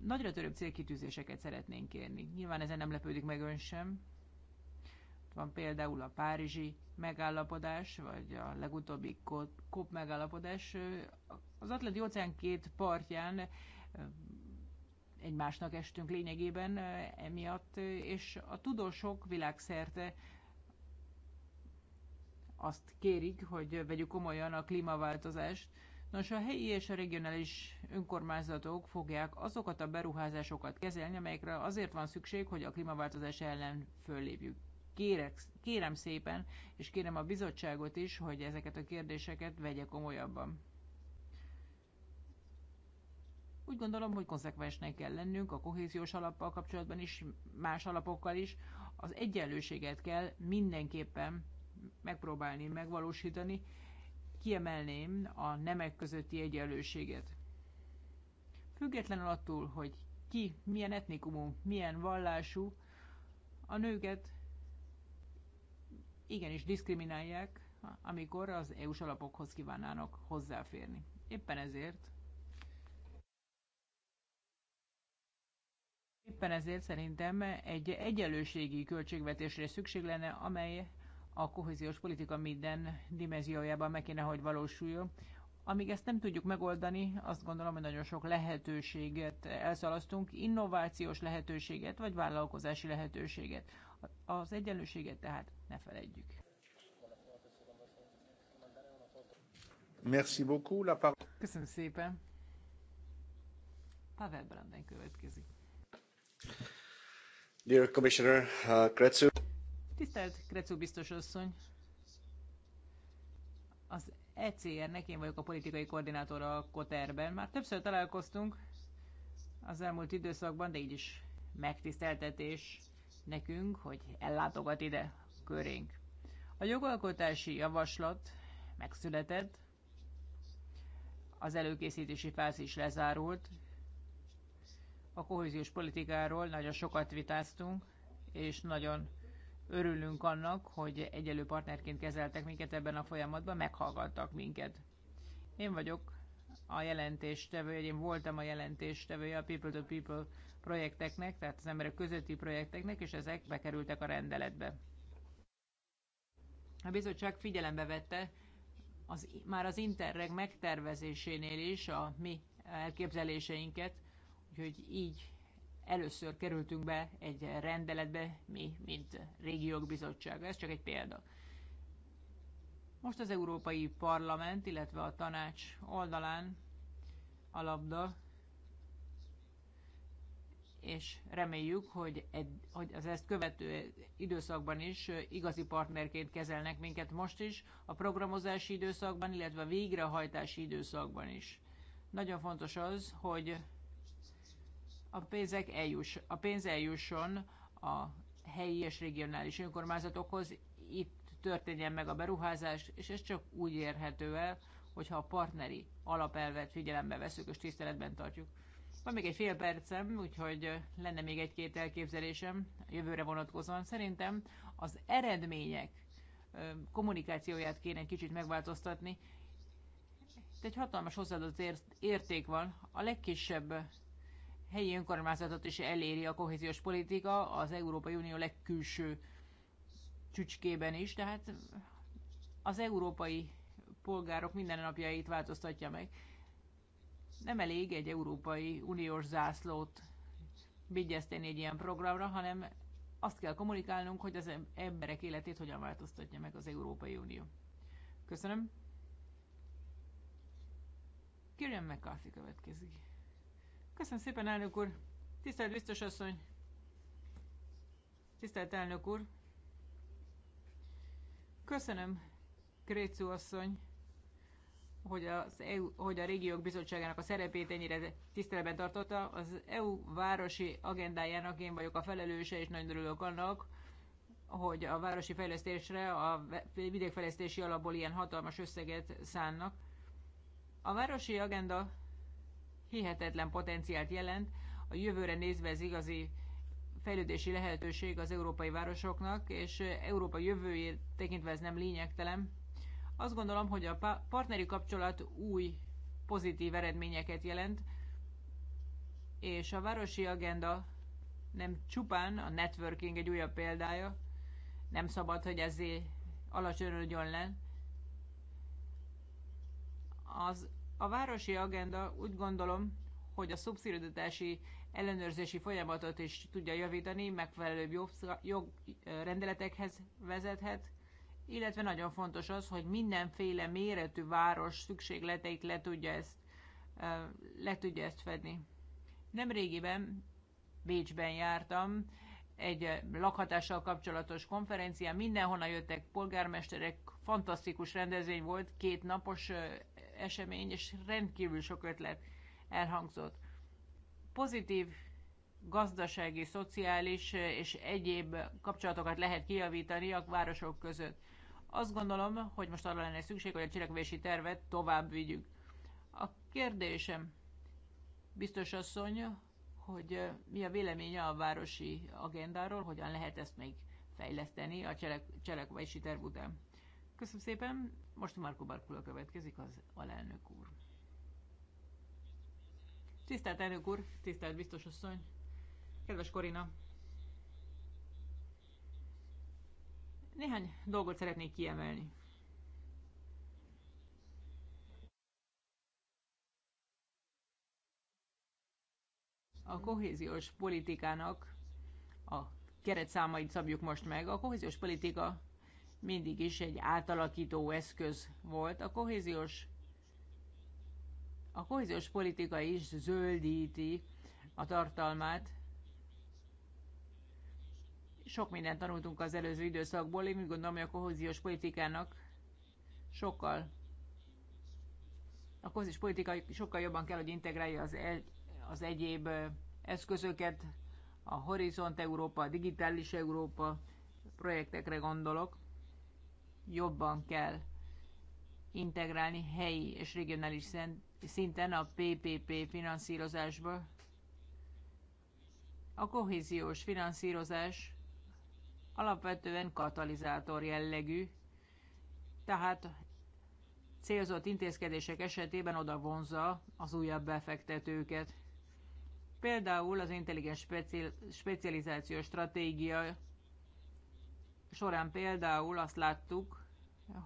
nagyra törőbb célkitűzéseket szeretnénk kérni. Nyilván ezen nem lepődik meg ön sem. Van például a párizsi megállapodás, vagy a legutóbbi COP megállapodás. Az Atlanti óceán két partján eh, egymásnak estünk lényegében eh, emiatt, eh, és a tudósok világszerte azt kérik, hogy vegyük komolyan a klímaváltozást, Nos, a helyi és a regionális önkormányzatok fogják azokat a beruházásokat kezelni, amelyekre azért van szükség, hogy a klímaváltozás ellen föllépjük. Kérek, kérem szépen, és kérem a bizottságot is, hogy ezeket a kérdéseket vegye komolyabban. Úgy gondolom, hogy konzekvensnek kell lennünk a kohéziós alappal kapcsolatban is, más alapokkal is. Az egyenlőséget kell mindenképpen megpróbálni megvalósítani, kiemelném a nemek közötti egyenlőséget. Függetlenül attól, hogy ki, milyen etnikumú, milyen vallású, a nőket igenis diszkriminálják, amikor az EU-s alapokhoz kívánnának hozzáférni. Éppen ezért Éppen ezért szerintem egy egyenlőségi költségvetésre szükség lenne, amely a kohéziós politika minden dimenziójában meg kéne, hogy valósuljon. Amíg ezt nem tudjuk megoldani, azt gondolom, hogy nagyon sok lehetőséget elszalasztunk, innovációs lehetőséget, vagy vállalkozási lehetőséget. Az egyenlőséget tehát ne felejtjük. Merci beaucoup. La par... Köszönöm szépen. Pavel Branden következik. Dear Commissioner uh, Kretsu. Tisztelt Krecu biztos asszony! Az ECR-nek én vagyok a politikai koordinátor a Koterben. Már többször találkoztunk az elmúlt időszakban, de így is megtiszteltetés nekünk, hogy ellátogat ide körénk. A jogalkotási javaslat megszületett, az előkészítési fázis lezárult, a kohéziós politikáról nagyon sokat vitáztunk, és nagyon Örülünk annak, hogy egyelő partnerként kezeltek minket ebben a folyamatban, meghallgattak minket. Én vagyok a jelentéstevője, én voltam a jelentéstevője a People to People projekteknek, tehát az emberek közötti projekteknek, és ezek bekerültek a rendeletbe. A bizottság figyelembe vette az, már az Interreg megtervezésénél is a mi elképzeléseinket, úgyhogy így először kerültünk be egy rendeletbe, mi, mint régiók bizottsága. Ez csak egy példa. Most az Európai Parlament, illetve a tanács oldalán a labda, és reméljük, hogy, ed, hogy az ezt követő időszakban is igazi partnerként kezelnek minket most is, a programozási időszakban, illetve a végrehajtási időszakban is. Nagyon fontos az, hogy a, pénzek eljuss, a pénz eljusson a helyi és regionális önkormányzatokhoz, itt történjen meg a beruházás, és ez csak úgy érhető el, hogyha a partneri alapelvet figyelembe veszük és tiszteletben tartjuk. Van még egy fél percem, úgyhogy lenne még egy-két elképzelésem a jövőre vonatkozóan. Szerintem az eredmények kommunikációját kéne egy kicsit megváltoztatni. Itt egy hatalmas hozzáadott érték van. A legkisebb helyi önkormányzatot is eléri a kohéziós politika az Európai Unió legkülső csücskében is, tehát az európai polgárok mindennapjait változtatja meg. Nem elég egy Európai Uniós zászlót vigyeszteni egy ilyen programra, hanem azt kell kommunikálnunk, hogy az emberek életét hogyan változtatja meg az Európai Unió. Köszönöm. Kérjen McCarthy következik. Köszönöm szépen, elnök úr. Tisztelt biztos asszony. Tisztelt elnök úr. Köszönöm, Krécu asszony, hogy, az EU, hogy a Régiók Bizottságának a szerepét ennyire tiszteletben tartotta. Az EU városi agendájának én vagyok a felelőse, és nagyon örülök annak, hogy a városi fejlesztésre, a vidékfejlesztési alapból ilyen hatalmas összeget szánnak. A városi agenda hihetetlen potenciált jelent, a jövőre nézve ez igazi fejlődési lehetőség az európai városoknak, és Európa jövőjét tekintve ez nem lényegtelen. Azt gondolom, hogy a partneri kapcsolat új pozitív eredményeket jelent, és a városi agenda nem csupán a networking egy újabb példája, nem szabad, hogy ezért alacsonyodjon le. Az a városi agenda úgy gondolom, hogy a szubszidiaritási ellenőrzési folyamatot is tudja javítani, megfelelőbb jogrendeletekhez vezethet, illetve nagyon fontos az, hogy mindenféle méretű város szükségleteit le tudja ezt, le tudja ezt fedni. Nemrégiben Bécsben jártam, egy lakhatással kapcsolatos konferencián, mindenhonnan jöttek polgármesterek, fantasztikus rendezvény volt, két napos esemény, és rendkívül sok ötlet elhangzott. Pozitív gazdasági, szociális eh, és egyéb kapcsolatokat lehet kiavítani a városok között. Azt gondolom, hogy most arra lenne szükség, hogy a cselekvési tervet tovább vigyük. A kérdésem, biztos asszony, hogy eh, mi a véleménye a városi agendáról, hogyan lehet ezt még fejleszteni a cselekvési terv után. Köszönöm szépen. Most Marko Barkula következik, az alelnök úr. Tisztelt elnök úr, tisztelt biztos asszony, kedves Korina. Néhány dolgot szeretnék kiemelni. A kohéziós politikának a számait szabjuk most meg. A kohéziós politika mindig is egy átalakító eszköz volt. A kohéziós, a kohéziós politika is zöldíti a tartalmát. Sok mindent tanultunk az előző időszakból, én úgy gondolom, hogy a kohéziós politikának sokkal a kohéziós politika sokkal jobban kell, hogy integrálja az, egy, az egyéb eszközöket, a Horizont Európa, a Digitális Európa projektekre gondolok jobban kell integrálni helyi és regionális szinten a PPP finanszírozásba. A kohéziós finanszírozás alapvetően katalizátor jellegű, tehát célzott intézkedések esetében oda vonza az újabb befektetőket. Például az intelligens specializációs stratégia során például azt láttuk,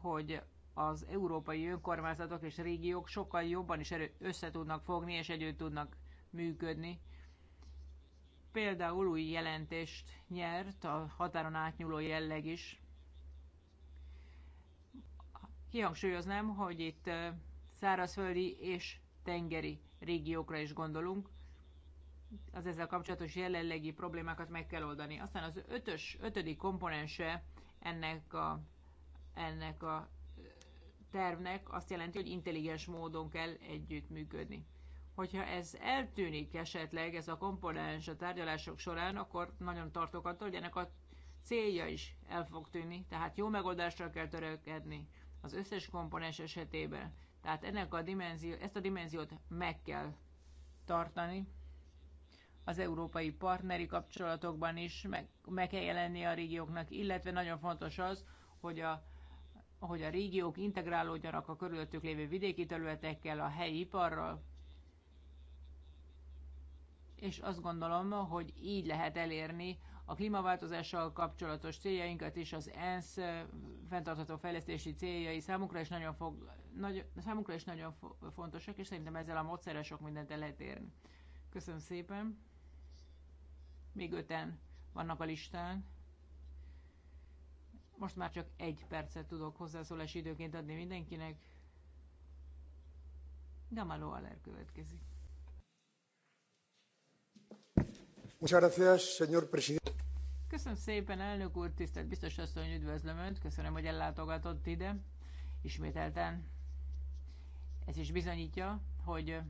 hogy az európai önkormányzatok és régiók sokkal jobban is erő, össze tudnak fogni és együtt tudnak működni. Például új jelentést nyert a határon átnyúló jelleg is. Kihangsúlyoznám, hogy itt szárazföldi és tengeri régiókra is gondolunk az ezzel kapcsolatos jelenlegi problémákat meg kell oldani. Aztán az ötös, ötödik komponense ennek a, ennek a tervnek azt jelenti, hogy intelligens módon kell együttműködni. Hogyha ez eltűnik esetleg, ez a komponens a tárgyalások során, akkor nagyon tartok attól, hogy ennek a célja is el fog tűnni, tehát jó megoldásra kell törekedni az összes komponens esetében. Tehát ennek a dimenzió, ezt a dimenziót meg kell tartani, az európai partneri kapcsolatokban is meg, meg kell jelenni a régióknak, illetve nagyon fontos az, hogy a, hogy a régiók integrálódjanak a körülöttük lévő vidéki területekkel, a helyi iparral, és azt gondolom, hogy így lehet elérni a klímaváltozással kapcsolatos céljainkat is, az ENSZ fenntartható fejlesztési céljai számukra is nagyon, fog, nagy, számukra is nagyon fontosak, és szerintem ezzel a módszerrel sok mindent el lehet érni. Köszönöm szépen! még öten vannak a listán. Most már csak egy percet tudok hozzászólási időként adni mindenkinek. Gamalo Aller következik. Köszönöm szépen, elnök úr, tisztelt biztos asszony, üdvözlöm Önt, köszönöm, hogy ellátogatott ide ismételten. Ez is bizonyítja, hogy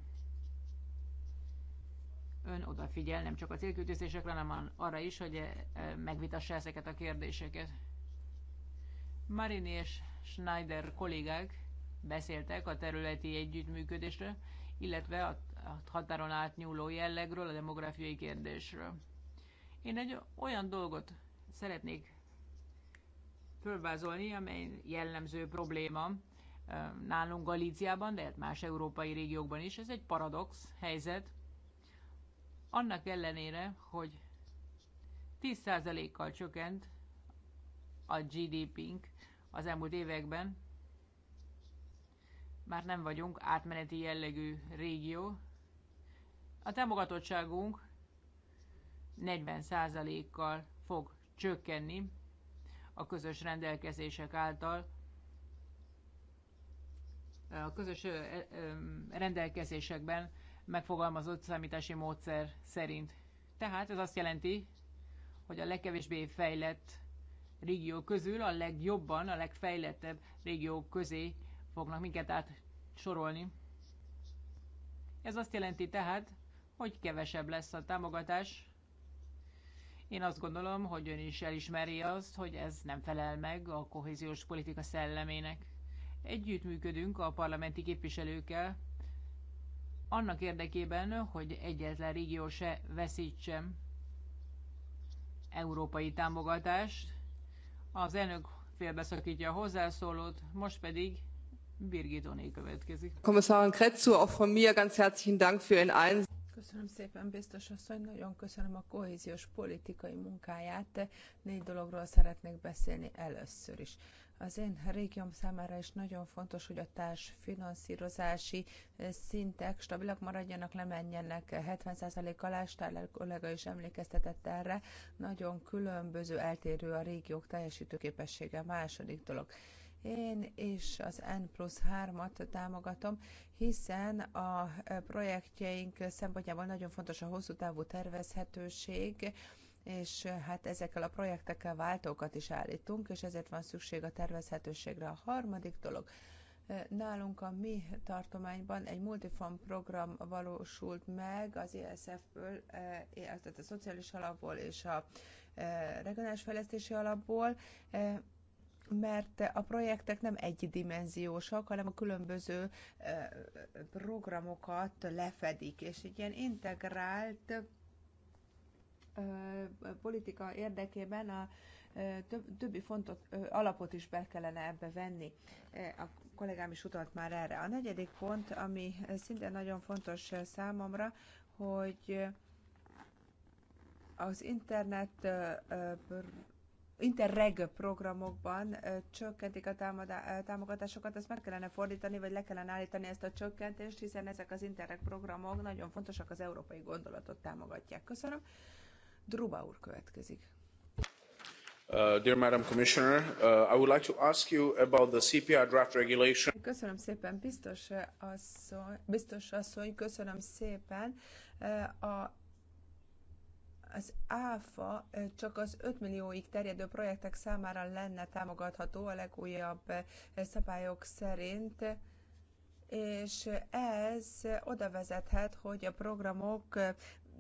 ön odafigyel nem csak a célkültözésekre, hanem arra is, hogy e, e, megvitassa ezeket a kérdéseket. Marini és Schneider kollégák beszéltek a területi együttműködésről, illetve a határon átnyúló jellegről, a demográfiai kérdésről. Én egy olyan dolgot szeretnék fölvázolni, amely jellemző probléma e, nálunk Galíciában, de hát más európai régiókban is. Ez egy paradox helyzet. Annak ellenére, hogy 10%-kal csökkent a GDP-nk az elmúlt években, már nem vagyunk átmeneti jellegű régió. A támogatottságunk 40%-kal fog csökkenni a közös rendelkezések által, a közös rendelkezésekben megfogalmazott számítási módszer szerint. Tehát ez azt jelenti, hogy a legkevésbé fejlett régiók közül a legjobban, a legfejlettebb régiók közé fognak minket sorolni. Ez azt jelenti tehát, hogy kevesebb lesz a támogatás. Én azt gondolom, hogy ön is elismeri azt, hogy ez nem felel meg a kohéziós politika szellemének. Együttműködünk a parlamenti képviselőkkel, annak érdekében, hogy egyetlen régió se veszítsen európai támogatást. Az elnök félbeszakítja a hozzászólót, most pedig Birgit Oné következik. Kommissarin Kretzu, auch von mir ganz herzlichen Dank für Ihren Einsatz. Köszönöm szépen, biztos asszony, nagyon köszönöm a kohéziós politikai munkáját. Négy dologról szeretnék beszélni először is. Az én régióm számára is nagyon fontos, hogy a társ finanszírozási eh, szintek stabilak maradjanak, lemenjenek 70% eh, alá, Stárler kollega is emlékeztetett erre. Nagyon különböző, eltérő a régiók teljesítőképessége. A második dolog. Én és az N plusz 3-at támogatom, hiszen a eh, projektjeink szempontjából nagyon fontos a hosszú távú tervezhetőség, és hát ezekkel a projektekkel váltókat is állítunk, és ezért van szükség a tervezhetőségre. A harmadik dolog, Nálunk a mi tartományban egy multifam program valósult meg az ESF-ből, tehát a szociális alapból és a regionális fejlesztési alapból, mert a projektek nem egydimenziósak, hanem a különböző programokat lefedik, és egy ilyen integrált politika érdekében a többi fontos alapot is be kellene ebbe venni. A kollégám is utalt már erre. A negyedik pont, ami szintén nagyon fontos számomra, hogy az internet interreg programokban csökkentik a támogatásokat, ezt meg kellene fordítani, vagy le kellene állítani ezt a csökkentést, hiszen ezek az interreg programok nagyon fontosak, az európai gondolatot támogatják. Köszönöm. Druba úr következik. Uh, dear Madam Commissioner, uh, I would like to ask you about the CPR draft regulation. Köszönöm szépen, biztos uh, asszony, biztos asszony köszönöm szépen. A, az ÁFA csak az 5 millióig terjedő projektek számára lenne támogatható a legújabb szabályok szerint és ez oda vezethet, hogy a programok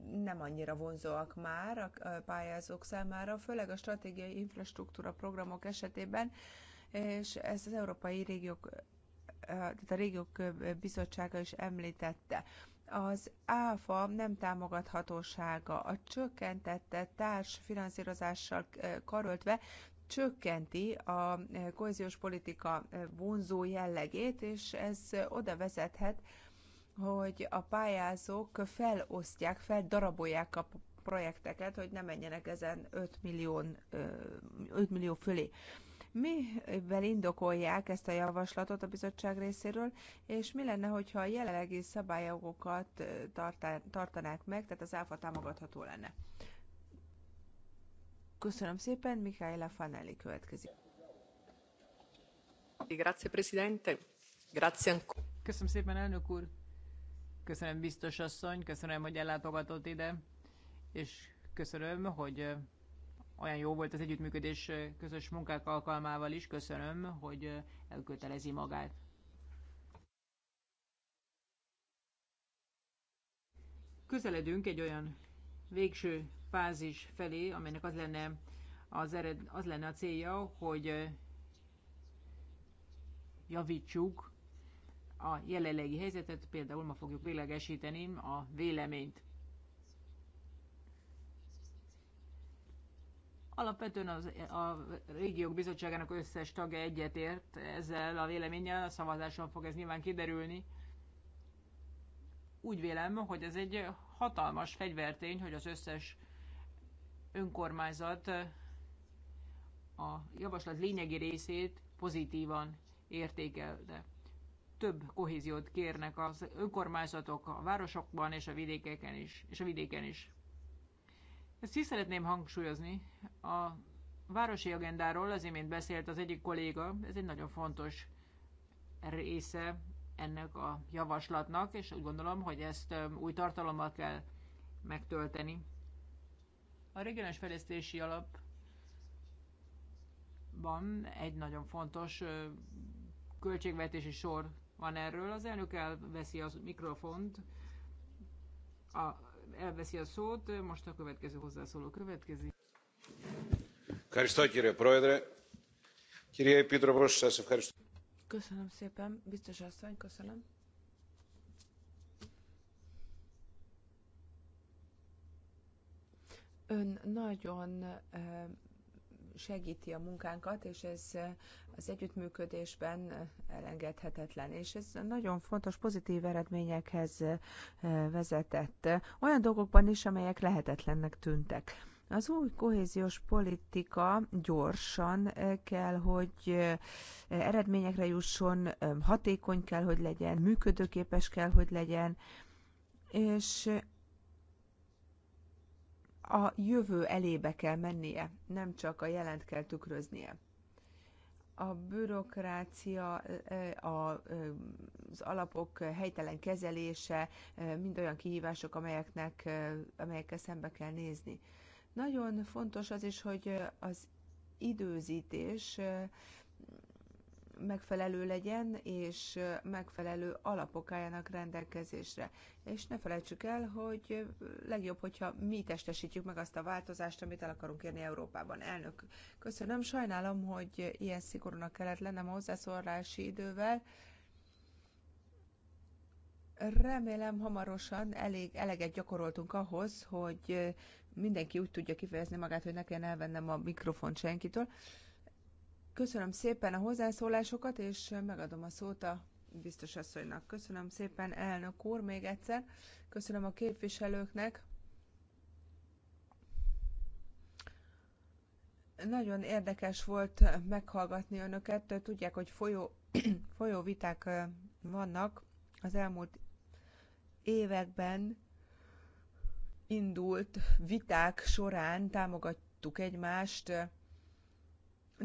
nem annyira vonzóak már a pályázók számára, főleg a stratégiai infrastruktúra programok esetében, és ezt az Európai Régiók, tehát a Régiók Bizottsága is említette. Az ÁFA nem támogathatósága a csökkentette társfinanszírozással karöltve csökkenti a kohéziós politika vonzó jellegét, és ez oda vezethet, hogy a pályázók felosztják, feldarabolják a projekteket, hogy ne menjenek ezen 5 millió, 5 millió fölé. Mivel indokolják ezt a javaslatot a bizottság részéről, és mi lenne, hogyha a jelenlegi szabályokat tartanák meg, tehát az áfa támogatható lenne? Köszönöm szépen, Mikaela Fanelli következik. Grazie, Presidente. Grazie. Köszönöm szépen, elnök úr Köszönöm, biztos asszony, köszönöm, hogy ellátogatott ide, és köszönöm, hogy olyan jó volt az együttműködés közös munkák alkalmával is. Köszönöm, hogy elkötelezi magát. Közeledünk egy olyan végső fázis felé, amelynek az lenne, az, ered, az lenne a célja, hogy javítsuk a jelenlegi helyzetet, például ma fogjuk világesíteni a véleményt. Alapvetően az, a régiók bizottságának összes tagja egyetért ezzel a véleménnyel, a szavazáson fog ez nyilván kiderülni. Úgy vélem, hogy ez egy hatalmas fegyvertény, hogy az összes önkormányzat a javaslat lényegi részét pozitívan értékelte több kohéziót kérnek az önkormányzatok a városokban és a vidékeken is. És a vidéken is. Ezt ki szeretném hangsúlyozni. A városi agendáról az imént beszélt az egyik kolléga, ez egy nagyon fontos része ennek a javaslatnak, és úgy gondolom, hogy ezt új tartalommal kell megtölteni. A regionális fejlesztési alapban egy nagyon fontos költségvetési sor van erről. Az elnök elveszi a mikrofont, a, elveszi a szót, most a következő hozzászóló következik. Köszönöm szépen, biztos asszony, köszönöm. Ön nagyon eh, segíti a munkánkat, és ez az együttműködésben elengedhetetlen. És ez nagyon fontos pozitív eredményekhez vezetett. Olyan dolgokban is, amelyek lehetetlennek tűntek. Az új kohéziós politika gyorsan kell, hogy eredményekre jusson, hatékony kell, hogy legyen, működőképes kell, hogy legyen, és a jövő elébe kell mennie, nem csak a jelent kell tükröznie. A bürokrácia, az alapok helytelen kezelése, mind olyan kihívások, amelyeknek, amelyekkel szembe kell nézni. Nagyon fontos az is, hogy az időzítés megfelelő legyen, és megfelelő alapok álljanak rendelkezésre. És ne felejtsük el, hogy legjobb, hogyha mi testesítjük meg azt a változást, amit el akarunk érni Európában. Elnök, köszönöm, sajnálom, hogy ilyen szigorúnak kellett lennem a hozzászólási idővel. Remélem hamarosan elég eleget gyakoroltunk ahhoz, hogy mindenki úgy tudja kifejezni magát, hogy ne kelljen elvennem a mikrofont senkitől. Köszönöm szépen a hozzászólásokat, és megadom a szót a biztos asszonynak. Köszönöm szépen, elnök úr, még egyszer. Köszönöm a képviselőknek. Nagyon érdekes volt meghallgatni önöket. Tudják, hogy folyó, folyó viták vannak az elmúlt években indult viták során támogattuk egymást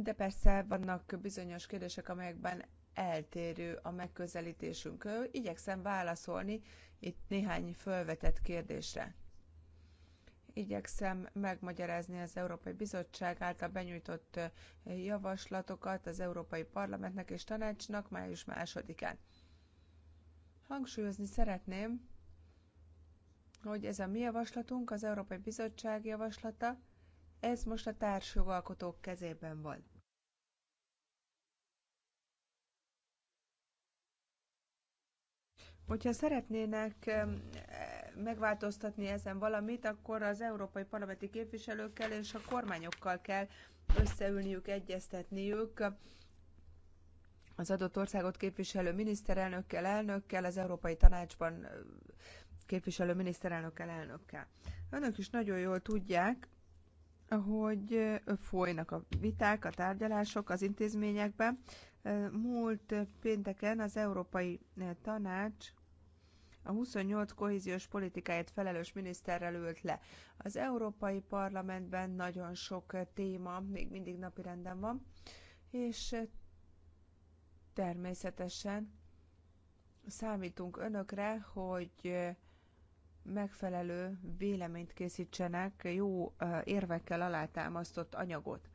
de persze vannak bizonyos kérdések, amelyekben eltérő a megközelítésünk. Igyekszem válaszolni itt néhány felvetett kérdésre. Igyekszem megmagyarázni az Európai Bizottság által benyújtott javaslatokat az Európai Parlamentnek és Tanácsnak május másodikán. Hangsúlyozni szeretném, hogy ez a mi javaslatunk, az Európai Bizottság javaslata, ez most a társjogalkotók kezében van. Hogyha szeretnének megváltoztatni ezen valamit, akkor az európai parlamenti képviselőkkel és a kormányokkal kell összeülniük, egyeztetniük az adott országot képviselő miniszterelnökkel, elnökkel, az Európai Tanácsban képviselő miniszterelnökkel, elnökkel. Önök is nagyon jól tudják, hogy folynak a viták, a tárgyalások az intézményekben. Múlt pénteken az Európai Tanács a 28 kohéziós politikáért felelős miniszterrel ült le. Az Európai Parlamentben nagyon sok téma még mindig napirenden van, és természetesen számítunk önökre, hogy megfelelő véleményt készítsenek, jó érvekkel alátámasztott anyagot.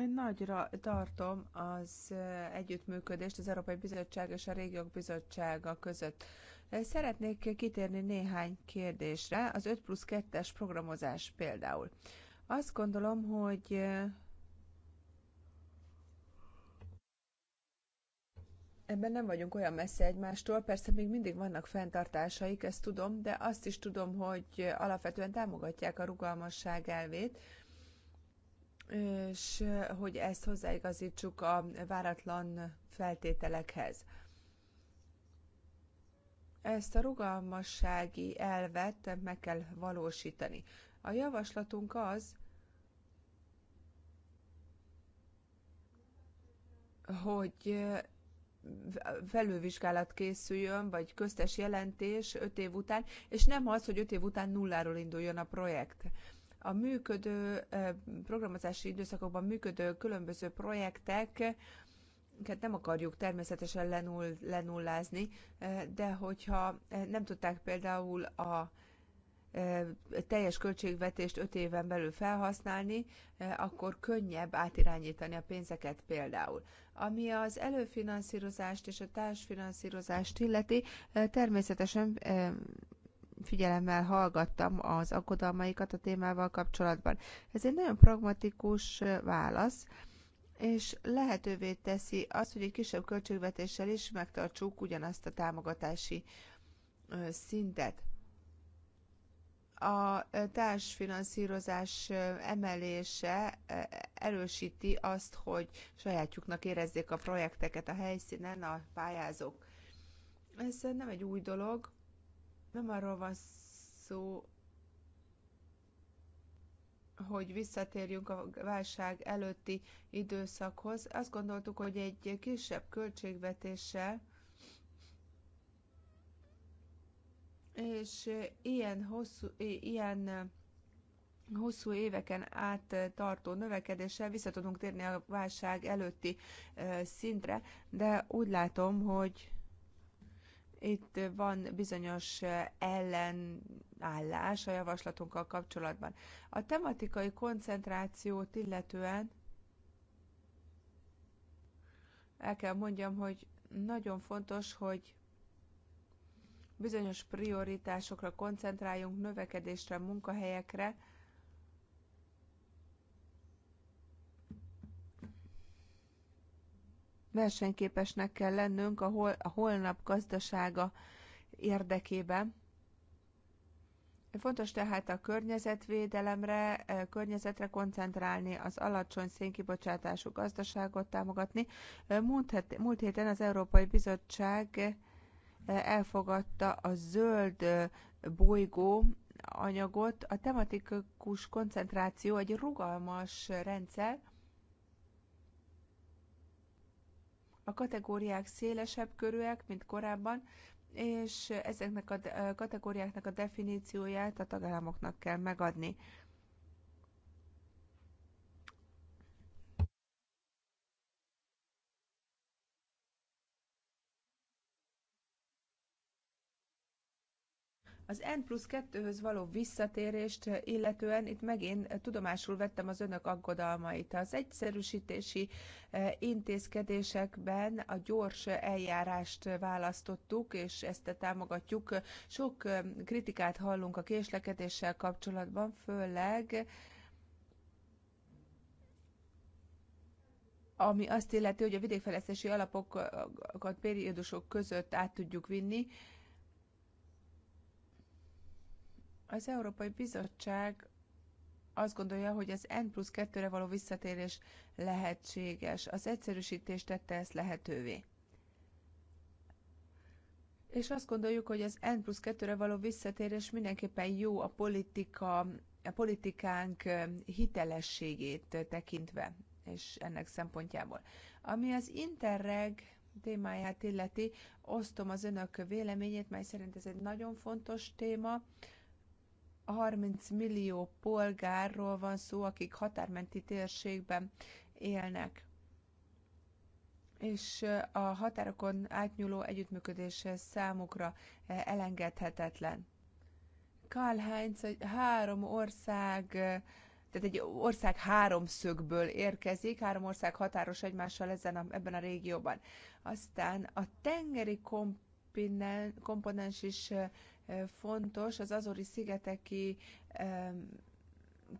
Én nagyra tartom az együttműködést az Európai Bizottság és a Régiók Bizottsága között. Szeretnék kitérni néhány kérdésre, az 5 plusz 2-es programozás például. Azt gondolom, hogy Ebben nem vagyunk olyan messze egymástól, persze még mindig vannak fenntartásaik, ezt tudom, de azt is tudom, hogy alapvetően támogatják a rugalmasság elvét, és hogy ezt hozzáigazítsuk a váratlan feltételekhez. Ezt a rugalmassági elvet meg kell valósítani. A javaslatunk az, hogy felülvizsgálat készüljön, vagy köztes jelentés öt év után, és nem az, hogy öt év után nulláról induljon a projekt. A működő eh, programozási időszakokban működő különböző projektek nem akarjuk természetesen lenull, lenullázni, eh, de hogyha eh, nem tudták például a teljes költségvetést öt éven belül felhasználni, akkor könnyebb átirányítani a pénzeket például. Ami az előfinanszírozást és a társfinanszírozást illeti, természetesen figyelemmel hallgattam az aggodalmaikat a témával kapcsolatban. Ez egy nagyon pragmatikus válasz, és lehetővé teszi azt, hogy egy kisebb költségvetéssel is megtartsuk ugyanazt a támogatási szintet a társfinanszírozás emelése erősíti azt, hogy sajátjuknak érezzék a projekteket a helyszínen a pályázók. Ez nem egy új dolog, nem arról van szó, hogy visszatérjünk a válság előtti időszakhoz. Azt gondoltuk, hogy egy kisebb költségvetéssel és ilyen hosszú, ilyen hosszú éveken át tartó növekedéssel vissza tudunk térni a válság előtti szintre, de úgy látom, hogy itt van bizonyos ellenállás a javaslatunkkal kapcsolatban. A tematikai koncentrációt illetően el kell mondjam, hogy nagyon fontos, hogy bizonyos prioritásokra koncentráljunk, növekedésre, munkahelyekre, versenyképesnek kell lennünk a, hol, a holnap gazdasága érdekében. Fontos tehát a környezetvédelemre, eh, környezetre koncentrálni, az alacsony szénkibocsátású gazdaságot támogatni. Eh, múlt, het, múlt héten az Európai Bizottság elfogadta a zöld bolygó anyagot. A tematikus koncentráció egy rugalmas rendszer, a kategóriák szélesebb körűek, mint korábban, és ezeknek a kategóriáknak a definícióját a tagállamoknak kell megadni. Az N plusz 2-höz való visszatérést illetően itt megint tudomásul vettem az önök aggodalmait. Az egyszerűsítési eh, intézkedésekben a gyors eljárást választottuk, és ezt támogatjuk. Sok eh, kritikát hallunk a késlekedéssel kapcsolatban, főleg ami azt illeti, hogy a vidékfejlesztési alapokat periódusok között át tudjuk vinni, Az Európai Bizottság azt gondolja, hogy az N plusz 2-re való visszatérés lehetséges. Az egyszerűsítés tette ezt lehetővé. És azt gondoljuk, hogy az N plusz 2-re való visszatérés mindenképpen jó a politika, a politikánk hitelességét tekintve, és ennek szempontjából. Ami az Interreg témáját illeti, osztom az önök véleményét, mely szerint ez egy nagyon fontos téma. 30 millió polgárról van szó, akik határmenti térségben élnek és a határokon átnyúló együttműködés számukra elengedhetetlen. Karl Heinz egy három ország, tehát egy ország háromszögből érkezik, három ország határos egymással ezen a, ebben a régióban. Aztán a tengeri komponens is fontos. Az Azori szigeteki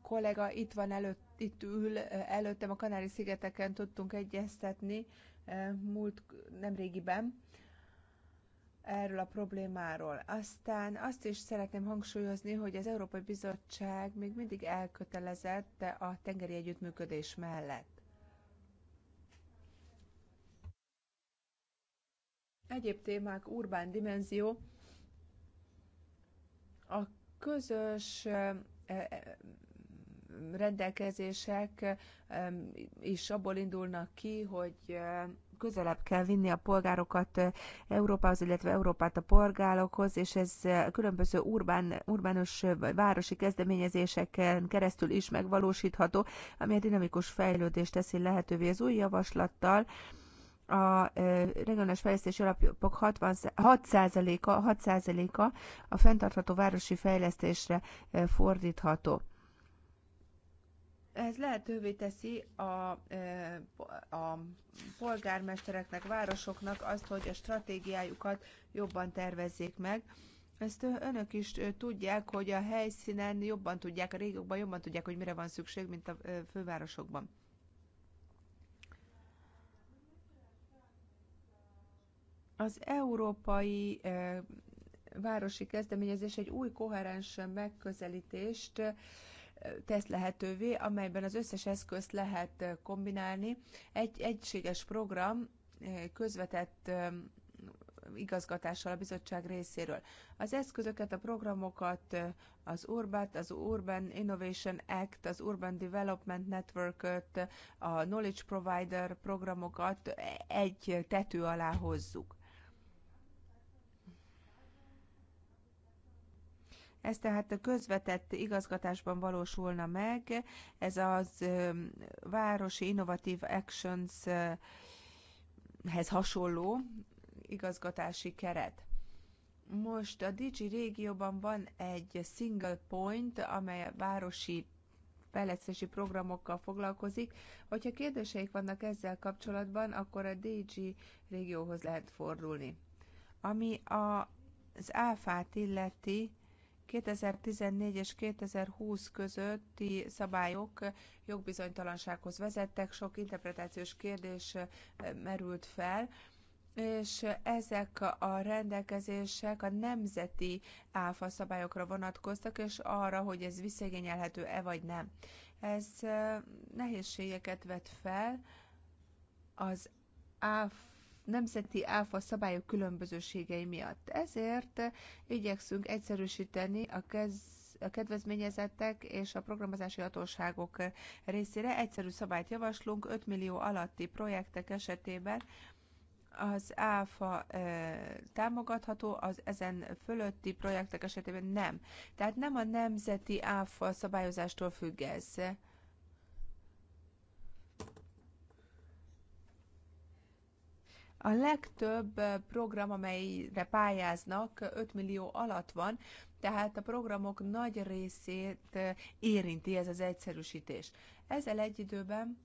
kollega itt van előtt, itt ül előttem, a Kanári-szigeteken tudtunk egyeztetni múlt nemrégiben erről a problémáról. Aztán azt is szeretném hangsúlyozni, hogy az Európai Bizottság még mindig elkötelezett a tengeri együttműködés mellett. Egyéb témák, urbán dimenzió, a közös rendelkezések is abból indulnak ki, hogy közelebb kell vinni a polgárokat Európához, illetve Európát a polgárokhoz, és ez különböző urbán, urbánus vagy városi kezdeményezéseken keresztül is megvalósítható, ami a dinamikus fejlődést teszi lehetővé az új javaslattal a regionális fejlesztési alapok 6%-a 6 a a fenntartható városi fejlesztésre fordítható. Ez lehetővé teszi a, a polgármestereknek, városoknak azt, hogy a stratégiájukat jobban tervezzék meg. Ezt önök is tudják, hogy a helyszínen jobban tudják, a régiókban jobban tudják, hogy mire van szükség, mint a fővárosokban. Az európai városi kezdeményezés egy új koherens megközelítést tesz lehetővé, amelyben az összes eszközt lehet kombinálni. Egy egységes program közvetett igazgatással a bizottság részéről. Az eszközöket, a programokat az Urbát, az Urban Innovation Act, az Urban Development network a Knowledge Provider programokat egy tető alá hozzuk. Ez tehát a közvetett igazgatásban valósulna meg, ez az Városi Innovative Actions-hez hasonló igazgatási keret. Most a Digi régióban van egy single point, amely a városi fejlesztési programokkal foglalkozik. Hogyha kérdéseik vannak ezzel kapcsolatban, akkor a DG régióhoz lehet fordulni. Ami a, az áfát illeti, 2014 és 2020 közötti szabályok jogbizonytalansághoz vezettek, sok interpretációs kérdés merült fel, és ezek a rendelkezések a nemzeti áfa szabályokra vonatkoztak, és arra, hogy ez visszaigényelhető-e vagy nem. Ez nehézségeket vet fel az áfa nemzeti áfa szabályok különbözőségei miatt. Ezért eh, igyekszünk egyszerűsíteni a kez a kedvezményezettek és a programozási hatóságok eh, részére egyszerű szabályt javaslunk 5 millió alatti projektek esetében, az áfa e, támogatható, az ezen fölötti projektek esetében nem. Tehát nem a nemzeti áfa szabályozástól függ ez. A legtöbb program, amelyre pályáznak, 5 millió alatt van, tehát a programok nagy részét érinti ez az egyszerűsítés. Ezzel egy időben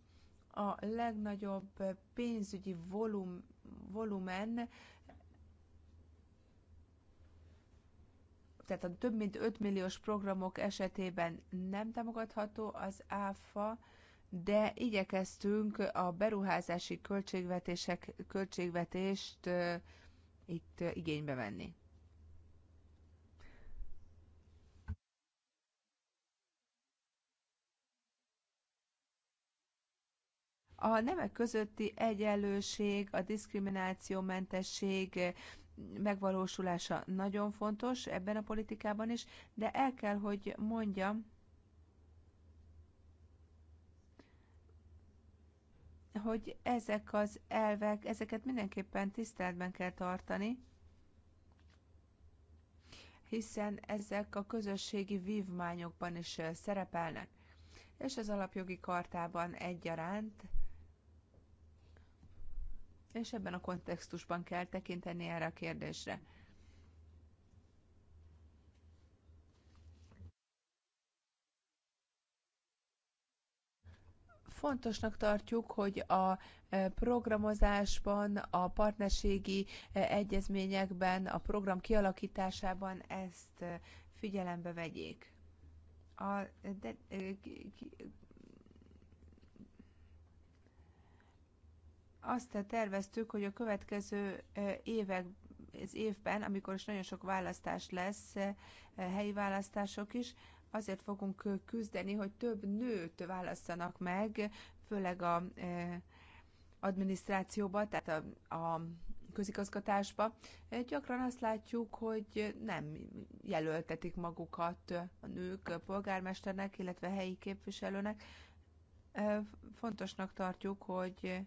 a legnagyobb pénzügyi volum, volumen, tehát a több mint 5 milliós programok esetében nem támogatható az ÁFA, de igyekeztünk a beruházási költségvetések, költségvetést itt igénybe venni. A nemek közötti egyenlőség, a diszkriminációmentesség megvalósulása nagyon fontos ebben a politikában is, de el kell, hogy mondjam, hogy ezek az elvek, ezeket mindenképpen tiszteletben kell tartani, hiszen ezek a közösségi vívmányokban is eh, szerepelnek, és az alapjogi kartában egyaránt, és ebben a kontextusban kell tekinteni erre a kérdésre. Fontosnak tartjuk, hogy a e, programozásban, a partnerségi e, egyezményekben, a program kialakításában ezt e, figyelembe vegyék. A, de, azt terveztük, hogy a következő évek, az évben, amikor is nagyon sok választás lesz, helyi választások is, azért fogunk küzdeni, hogy több nőt válasszanak meg, főleg a adminisztrációba, tehát a, a közigazgatásba. Gyakran azt látjuk, hogy nem jelöltetik magukat a nők polgármesternek, illetve helyi képviselőnek. Fontosnak tartjuk, hogy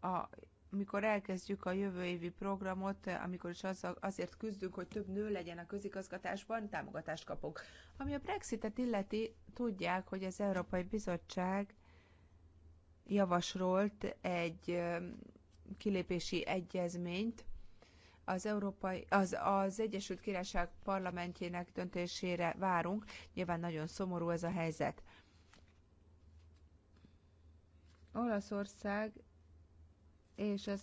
a amikor elkezdjük a jövő évi programot, amikor is az, azért küzdünk, hogy több nő legyen a közigazgatásban, támogatást kapunk. Ami a Brexitet illeti, tudják, hogy az Európai Bizottság javasolt egy kilépési egyezményt az, Európai, az, az Egyesült Királyság parlamentjének döntésére várunk. Nyilván nagyon szomorú ez a helyzet. Olaszország és az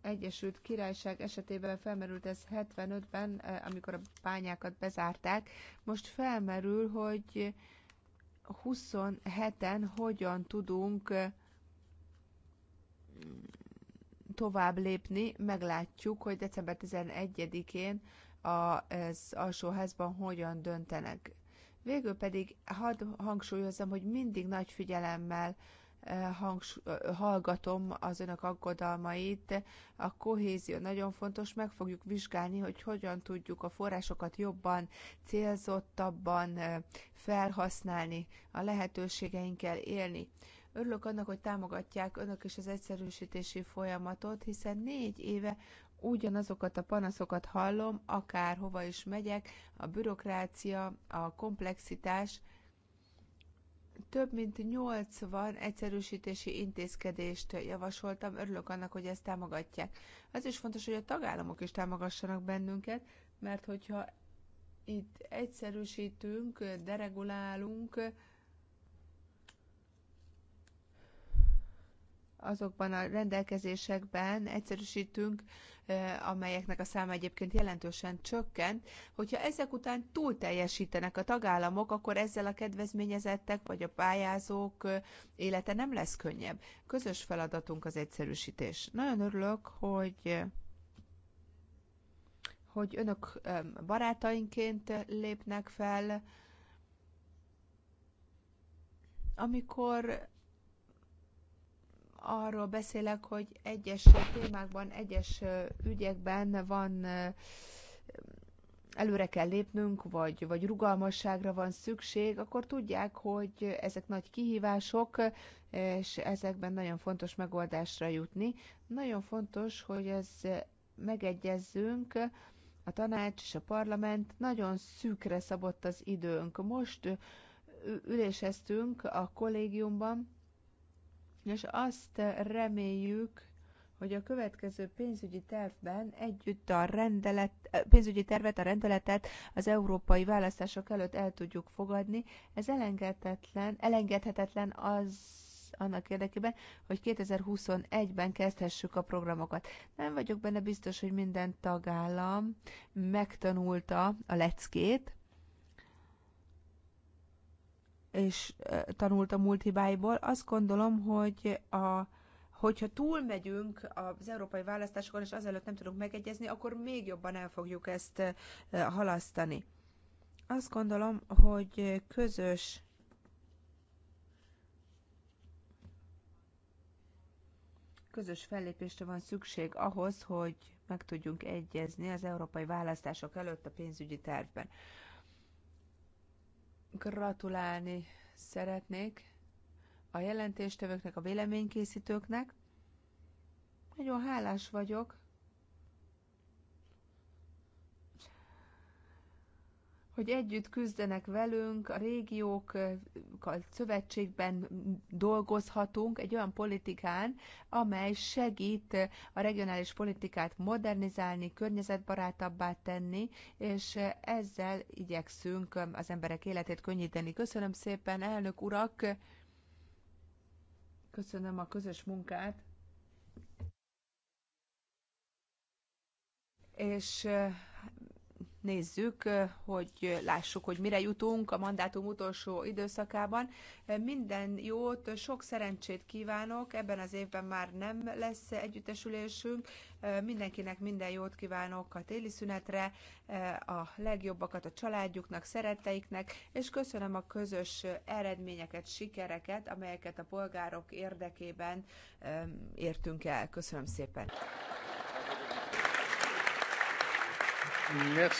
Egyesült Királyság esetében felmerült ez 75-ben, eh, amikor a bányákat bezárták. Most felmerül, hogy 27-en hogyan tudunk eh, tovább lépni. Meglátjuk, hogy december 11-én az alsóházban hogyan döntenek. Végül pedig hadd hangsúlyozom, hogy mindig nagy figyelemmel hangs, hallgatom az önök aggodalmait. A kohézió nagyon fontos, meg fogjuk vizsgálni, hogy hogyan tudjuk a forrásokat jobban, célzottabban felhasználni, a lehetőségeinkkel élni. Örülök annak, hogy támogatják önök is az egyszerűsítési folyamatot, hiszen négy éve ugyanazokat a panaszokat hallom, akárhova is megyek, a bürokrácia, a komplexitás, több mint 80 egyszerűsítési intézkedést javasoltam, örülök annak, hogy ezt támogatják. Ez is fontos, hogy a tagállamok is támogassanak bennünket, mert hogyha itt egyszerűsítünk, deregulálunk, azokban a rendelkezésekben egyszerűsítünk, amelyeknek a száma egyébként jelentősen csökkent, hogyha ezek után túl teljesítenek a tagállamok, akkor ezzel a kedvezményezettek vagy a pályázók élete nem lesz könnyebb. Közös feladatunk az egyszerűsítés. Nagyon örülök, hogy hogy önök barátainként lépnek fel, amikor arról beszélek, hogy egyes témákban, egyes ügyekben van előre kell lépnünk, vagy, vagy rugalmasságra van szükség, akkor tudják, hogy ezek nagy kihívások, és ezekben nagyon fontos megoldásra jutni. Nagyon fontos, hogy ez megegyezzünk, a tanács és a parlament nagyon szűkre szabott az időnk. Most üléseztünk a kollégiumban, Nos, azt reméljük, hogy a következő pénzügyi tervben együtt a rendelet, pénzügyi tervet, a rendeletet az európai választások előtt el tudjuk fogadni. Ez elengedhetetlen, elengedhetetlen az annak érdekében, hogy 2021-ben kezdhessük a programokat. Nem vagyok benne biztos, hogy minden tagállam megtanulta a leckét, és tanult a múlt hibáiból. Azt gondolom, hogy a, hogyha túlmegyünk az európai választásokon, és azelőtt nem tudunk megegyezni, akkor még jobban el fogjuk ezt halasztani. Azt gondolom, hogy közös közös fellépésre van szükség ahhoz, hogy meg tudjunk egyezni az európai választások előtt a pénzügyi tervben. Gratulálni szeretnék a jelentéstevőknek, a véleménykészítőknek. Nagyon hálás vagyok hogy együtt küzdenek velünk, a régiókkal szövetségben dolgozhatunk egy olyan politikán, amely segít a regionális politikát modernizálni, környezetbarátabbá tenni, és ezzel igyekszünk az emberek életét könnyíteni. Köszönöm szépen, elnök urak! Köszönöm a közös munkát! És nézzük, hogy lássuk, hogy mire jutunk a mandátum utolsó időszakában. Minden jót, sok szerencsét kívánok, ebben az évben már nem lesz együttesülésünk, mindenkinek minden jót kívánok a téli szünetre, a legjobbakat a családjuknak, szeretteiknek, és köszönöm a közös eredményeket, sikereket, amelyeket a polgárok érdekében értünk el. Köszönöm szépen! Euh,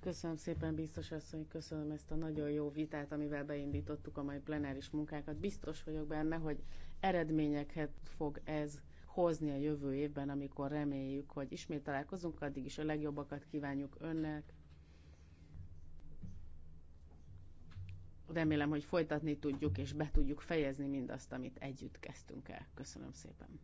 köszönöm szépen, biztos asszony, köszönöm ezt a nagyon jó vitát, amivel beindítottuk a mai plenáris munkákat. Biztos vagyok benne, hogy eredményeket fog ez hozni a jövő évben, amikor reméljük, hogy ismét találkozunk, addig is a legjobbakat kívánjuk önnek. Remélem, hogy folytatni tudjuk és be tudjuk fejezni mindazt, amit együtt kezdtünk el. Köszönöm szépen.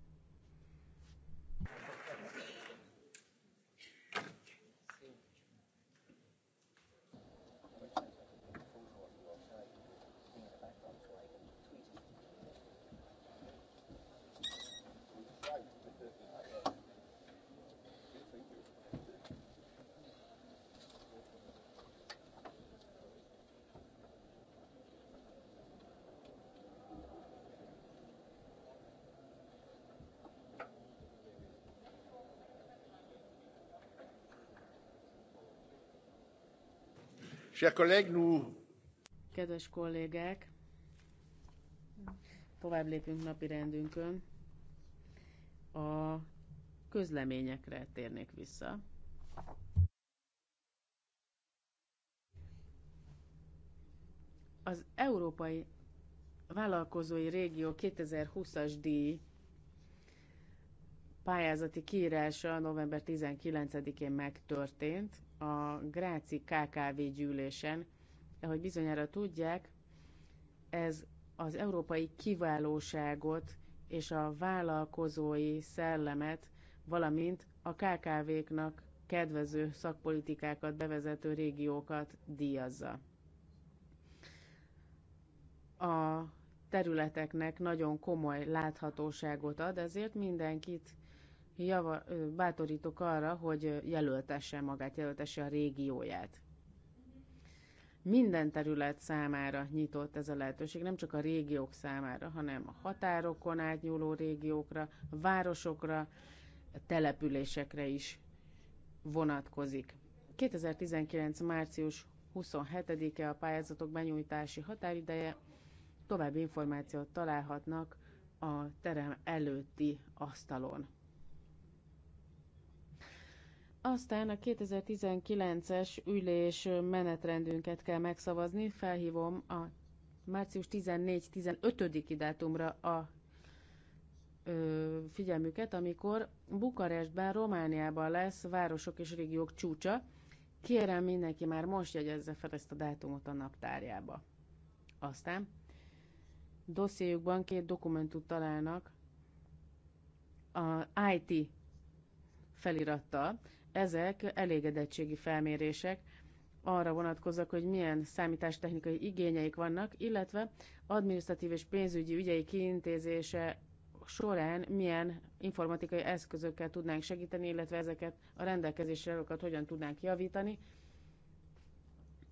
Kedves kollégák, tovább lépünk napi rendünkön. A közleményekre térnék vissza. Az Európai Vállalkozói Régió 2020-as díj pályázati kiírása november 19-én megtörtént, a Gráci KKV gyűlésen. Ahogy bizonyára tudják, ez az európai kiválóságot és a vállalkozói szellemet, valamint a KKV-knak kedvező szakpolitikákat bevezető régiókat díjazza. A területeknek nagyon komoly láthatóságot ad, ezért mindenkit java, bátorítok arra, hogy jelöltesse magát, jelöltesse a régióját. Minden terület számára nyitott ez a lehetőség, nem csak a régiók számára, hanem a határokon átnyúló régiókra, a városokra, a településekre is vonatkozik. 2019. március 27-e a pályázatok benyújtási határideje, további információt találhatnak a terem előtti asztalon. Aztán a 2019-es ülés menetrendünket kell megszavazni. Felhívom a március 14-15-i dátumra a ö, figyelmüket, amikor Bukarestben, Romániában lesz városok és régiók csúcsa. Kérem mindenki már most jegyezze fel ezt a dátumot a naptárjába. Aztán dossziéjukban két dokumentum találnak a IT felirattal. Ezek elégedettségi felmérések arra vonatkoznak, hogy milyen számítástechnikai igényeik vannak, illetve adminisztratív és pénzügyi ügyei kiintézése során milyen informatikai eszközökkel tudnánk segíteni, illetve ezeket a rendelkezésre állókat hogyan tudnánk javítani,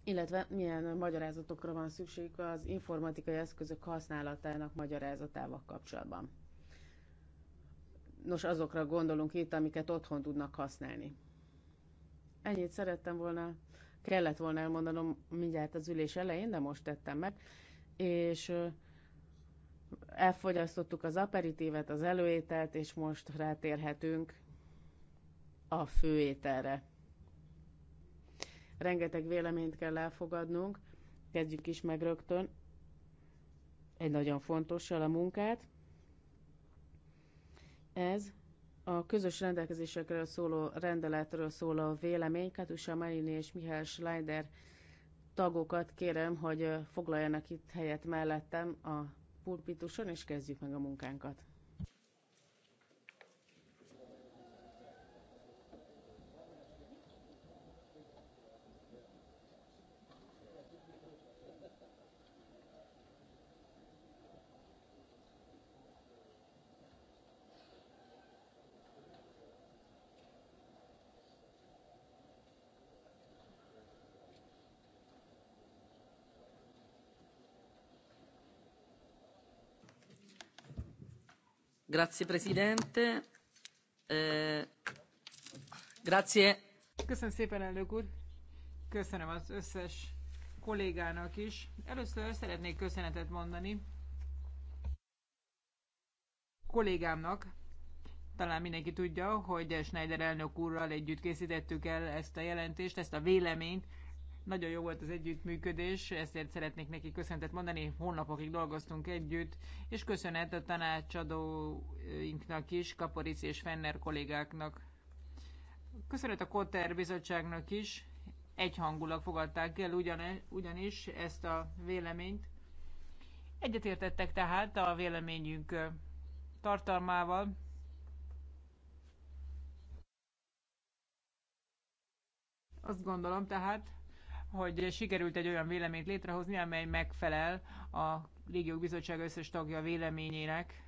illetve milyen magyarázatokra van szükség az informatikai eszközök használatának magyarázatával kapcsolatban. Nos, azokra gondolunk itt, amiket otthon tudnak használni. Ennyit szerettem volna, kellett volna elmondanom mindjárt az ülés elején, de most tettem meg, és elfogyasztottuk az aperitívet, az előételt, és most rátérhetünk a főételre. Rengeteg véleményt kell elfogadnunk, kezdjük is meg rögtön egy nagyon fontossal a munkát. Ez a közös rendelkezésekről szóló rendeletről szóló vélemény, Katusa Marini és Mihály Schleider tagokat kérem, hogy foglaljanak itt helyet mellettem a pulpituson, és kezdjük meg a munkánkat. Presidente. Eh, Köszönöm szépen, elnök úr. Köszönöm az összes kollégának is. Először szeretnék köszönetet mondani kollégámnak. Talán mindenki tudja, hogy Schneider elnök úrral együtt készítettük el ezt a jelentést, ezt a véleményt, nagyon jó volt az együttműködés, ezért szeretnék neki köszöntet mondani, hónapokig dolgoztunk együtt, és köszönet a tanácsadóinknak is, Kaporic és Fenner kollégáknak. Köszönet a Kotter bizottságnak is, egyhangulag fogadták el ugyan, ugyanis ezt a véleményt. Egyetértettek tehát a véleményünk tartalmával. Azt gondolom tehát, hogy sikerült egy olyan véleményt létrehozni, amely megfelel a Légiók Bizottság összes tagja véleményének.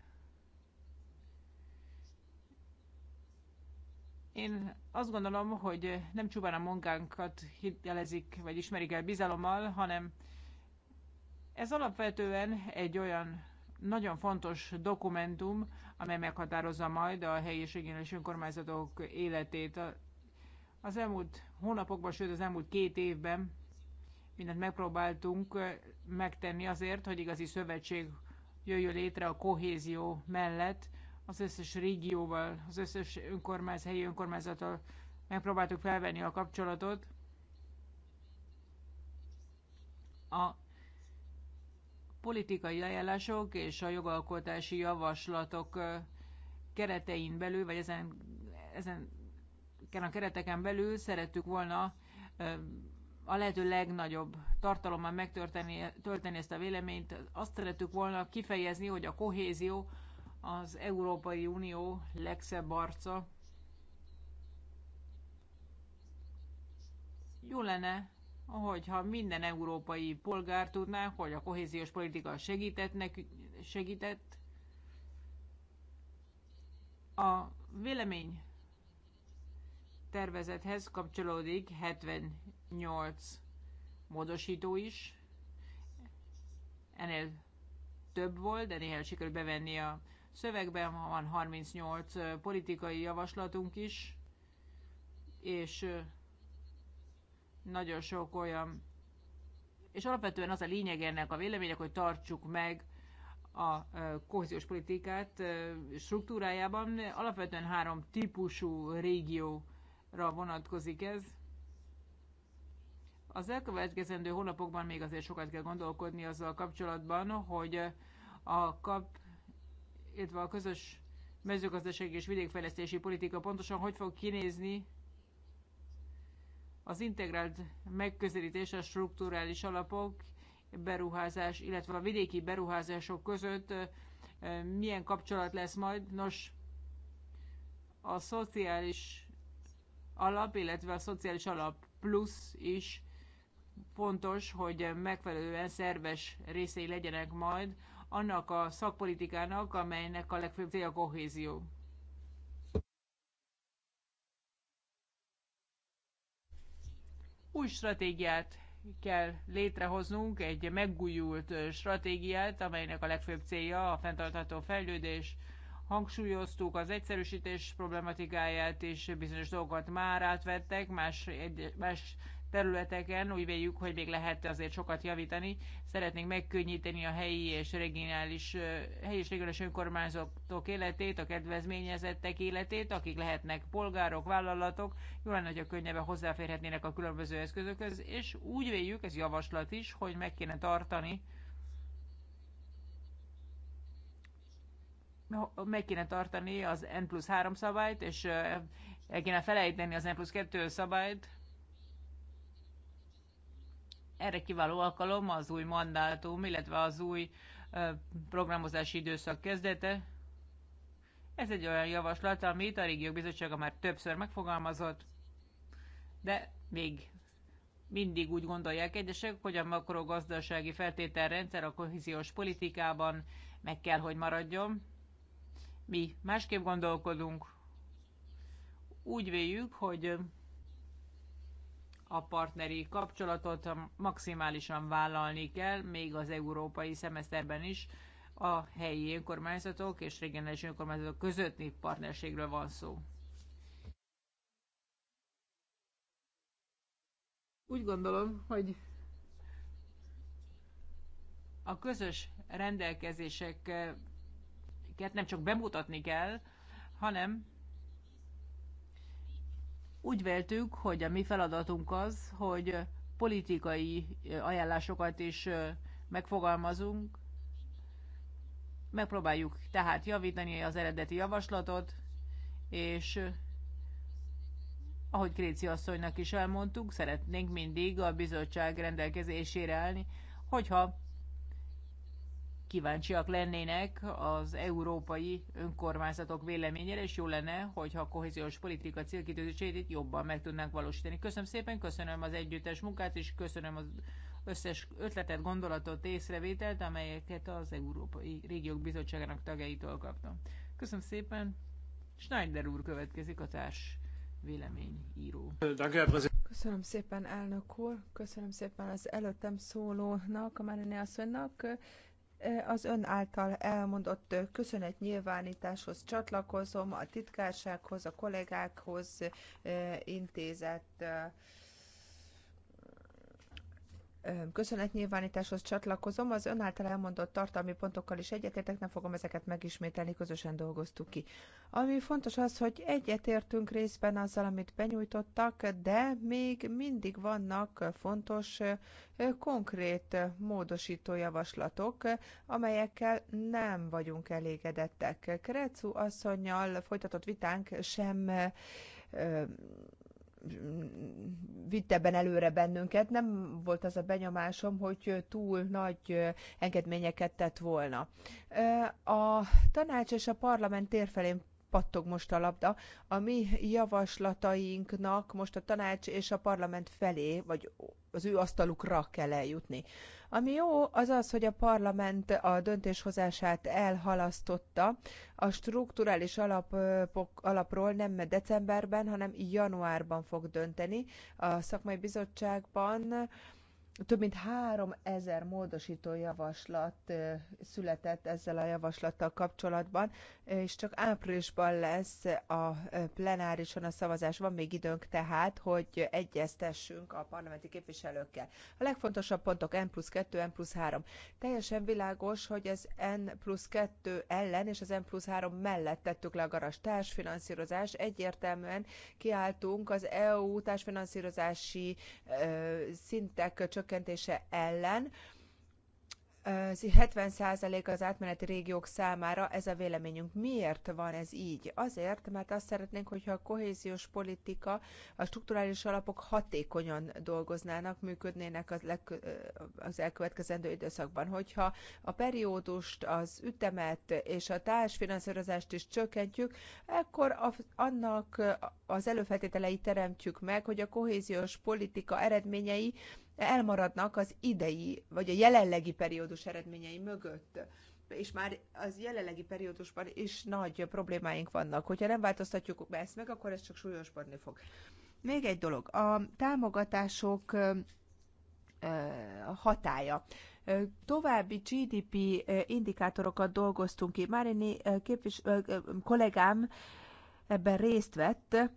Én azt gondolom, hogy nem csupán a munkánkat hitelezik, vagy ismerik el bizalommal, hanem ez alapvetően egy olyan nagyon fontos dokumentum, amely meghatározza majd a helyi és regionális önkormányzatok életét. Az elmúlt hónapokban, sőt az elmúlt két évben mindent megpróbáltunk megtenni azért, hogy igazi szövetség jöjjön létre a kohézió mellett, az összes régióval, az összes önkormányzat, helyi önkormányzattal megpróbáltuk felvenni a kapcsolatot. A politikai ajánlások és a jogalkotási javaslatok keretein belül, vagy ezen, ezen ezeken a kereteken belül szerettük volna a lehető legnagyobb tartalommal megtölteni ezt a véleményt. Azt szerettük volna kifejezni, hogy a kohézió az Európai Unió legszebb arca. Jó lenne, hogyha minden európai polgár tudná, hogy a kohéziós politika segített, nekünk, segített. A vélemény tervezethez kapcsolódik 78 módosító is. Ennél több volt, de néhány sikerült bevenni a szövegben. Van 38 politikai javaslatunk is, és nagyon sok olyan. És alapvetően az a lényeg ennek a vélemények, hogy tartsuk meg a kohéziós politikát struktúrájában alapvetően három típusú régió vonatkozik ez. Az elkövetkezendő hónapokban még azért sokat kell gondolkodni azzal kapcsolatban, hogy a kap, illetve a közös mezőgazdasági és vidékfejlesztési politika pontosan hogy fog kinézni az integrált megközelítés a strukturális alapok, beruházás, illetve a vidéki beruházások között milyen kapcsolat lesz majd. Nos, a szociális alap, illetve a szociális alap plusz is fontos, hogy megfelelően szerves részei legyenek majd annak a szakpolitikának, amelynek a legfőbb célja a kohézió. Új stratégiát kell létrehoznunk, egy megújult stratégiát, amelynek a legfőbb célja a fenntartható fejlődés, hangsúlyoztuk az egyszerűsítés problematikáját, és bizonyos dolgokat már átvettek, más, egy, más területeken úgy véljük, hogy még lehet azért sokat javítani. Szeretnénk megkönnyíteni a helyi és regionális, helyi és regionális önkormányzatok életét, a kedvezményezettek életét, akik lehetnek polgárok, vállalatok, jó lenne, hogyha könnyebben hozzáférhetnének a különböző eszközökhöz, és úgy véljük, ez javaslat is, hogy meg kéne tartani meg kéne tartani az N plusz 3 szabályt, és el kéne felejteni az N plusz 2 szabályt. Erre kiváló alkalom az új mandátum, illetve az új programozási időszak kezdete. Ez egy olyan javaslat, amit a Régiók Bizottsága már többször megfogalmazott, de még mindig úgy gondolják egyesek, hogy a makrogazdasági feltételrendszer a kohéziós politikában meg kell, hogy maradjon. Mi másképp gondolkodunk, úgy véljük, hogy a partneri kapcsolatot maximálisan vállalni kell, még az európai szemeszterben is a helyi önkormányzatok és regionális önkormányzatok közötti partnerségről van szó. Úgy gondolom, hogy a közös rendelkezések amiket nem csak bemutatni kell, hanem úgy véltük, hogy a mi feladatunk az, hogy politikai ajánlásokat is megfogalmazunk, megpróbáljuk tehát javítani az eredeti javaslatot, és ahogy Kréci asszonynak is elmondtuk, szeretnénk mindig a bizottság rendelkezésére állni, hogyha kíváncsiak lennének az európai önkormányzatok véleményére, és jó lenne, hogyha a kohéziós politika célkitűzését jobban meg tudnánk valósítani. Köszönöm szépen, köszönöm az együttes munkát, és köszönöm az összes ötletet, gondolatot, észrevételt, amelyeket az Európai Régiók Bizottságának tagjaitól kaptam. Köszönöm szépen. Schneider úr következik, a társ véleményíró. Köszönöm szépen, elnök úr. Köszönöm szépen az előttem szólónak, a Máriné asszonynak. Az ön által elmondott köszönetnyilvánításhoz csatlakozom, a titkársághoz, a kollégákhoz intézett köszönetnyilvánításhoz csatlakozom. Az ön által elmondott tartalmi pontokkal is egyetértek, nem fogom ezeket megismételni, közösen dolgoztuk ki. Ami fontos az, hogy egyetértünk részben azzal, amit benyújtottak, de még mindig vannak fontos, konkrét módosító javaslatok, amelyekkel nem vagyunk elégedettek. Krecu asszonynal folytatott vitánk sem vitte ebben előre bennünket. Nem volt az a benyomásom, hogy túl nagy engedményeket tett volna. A tanács és a parlament térfelén pattog most a labda. A mi javaslatainknak most a tanács és a parlament felé, vagy az ő asztalukra kell eljutni. Ami jó, az az, hogy a parlament a döntéshozását elhalasztotta. A strukturális alapok, alapról nem decemberben, hanem januárban fog dönteni. A szakmai bizottságban több mint három ezer módosító javaslat született ezzel a javaslattal kapcsolatban, és csak áprilisban lesz a plenárison a szavazás. Van még időnk tehát, hogy egyeztessünk a parlamenti képviselőkkel. A legfontosabb pontok N plusz 2, N plusz 3. Teljesen világos, hogy az N plusz 2 ellen és az N plusz 3 mellett tettük le a garas társfinanszírozás. Egyértelműen kiálltunk az EU társfinanszírozási szintek csak csökkentése ellen. 70% az átmeneti régiók számára ez a véleményünk. Miért van ez így? Azért, mert azt szeretnénk, hogyha a kohéziós politika, a strukturális alapok hatékonyan dolgoznának, működnének az, az elkövetkezendő időszakban. Hogyha a periódust, az ütemet és a társfinanszírozást is csökkentjük, akkor annak az előfeltételei teremtjük meg, hogy a kohéziós politika eredményei elmaradnak az idei, vagy a jelenlegi periódus eredményei mögött és már az jelenlegi periódusban is nagy problémáink vannak. Hogyha nem változtatjuk ezt meg, akkor ez csak súlyosbodni fog. Még egy dolog, a támogatások hatája. További GDP indikátorokat dolgoztunk ki. Már én képvis, kollégám ebben részt vett,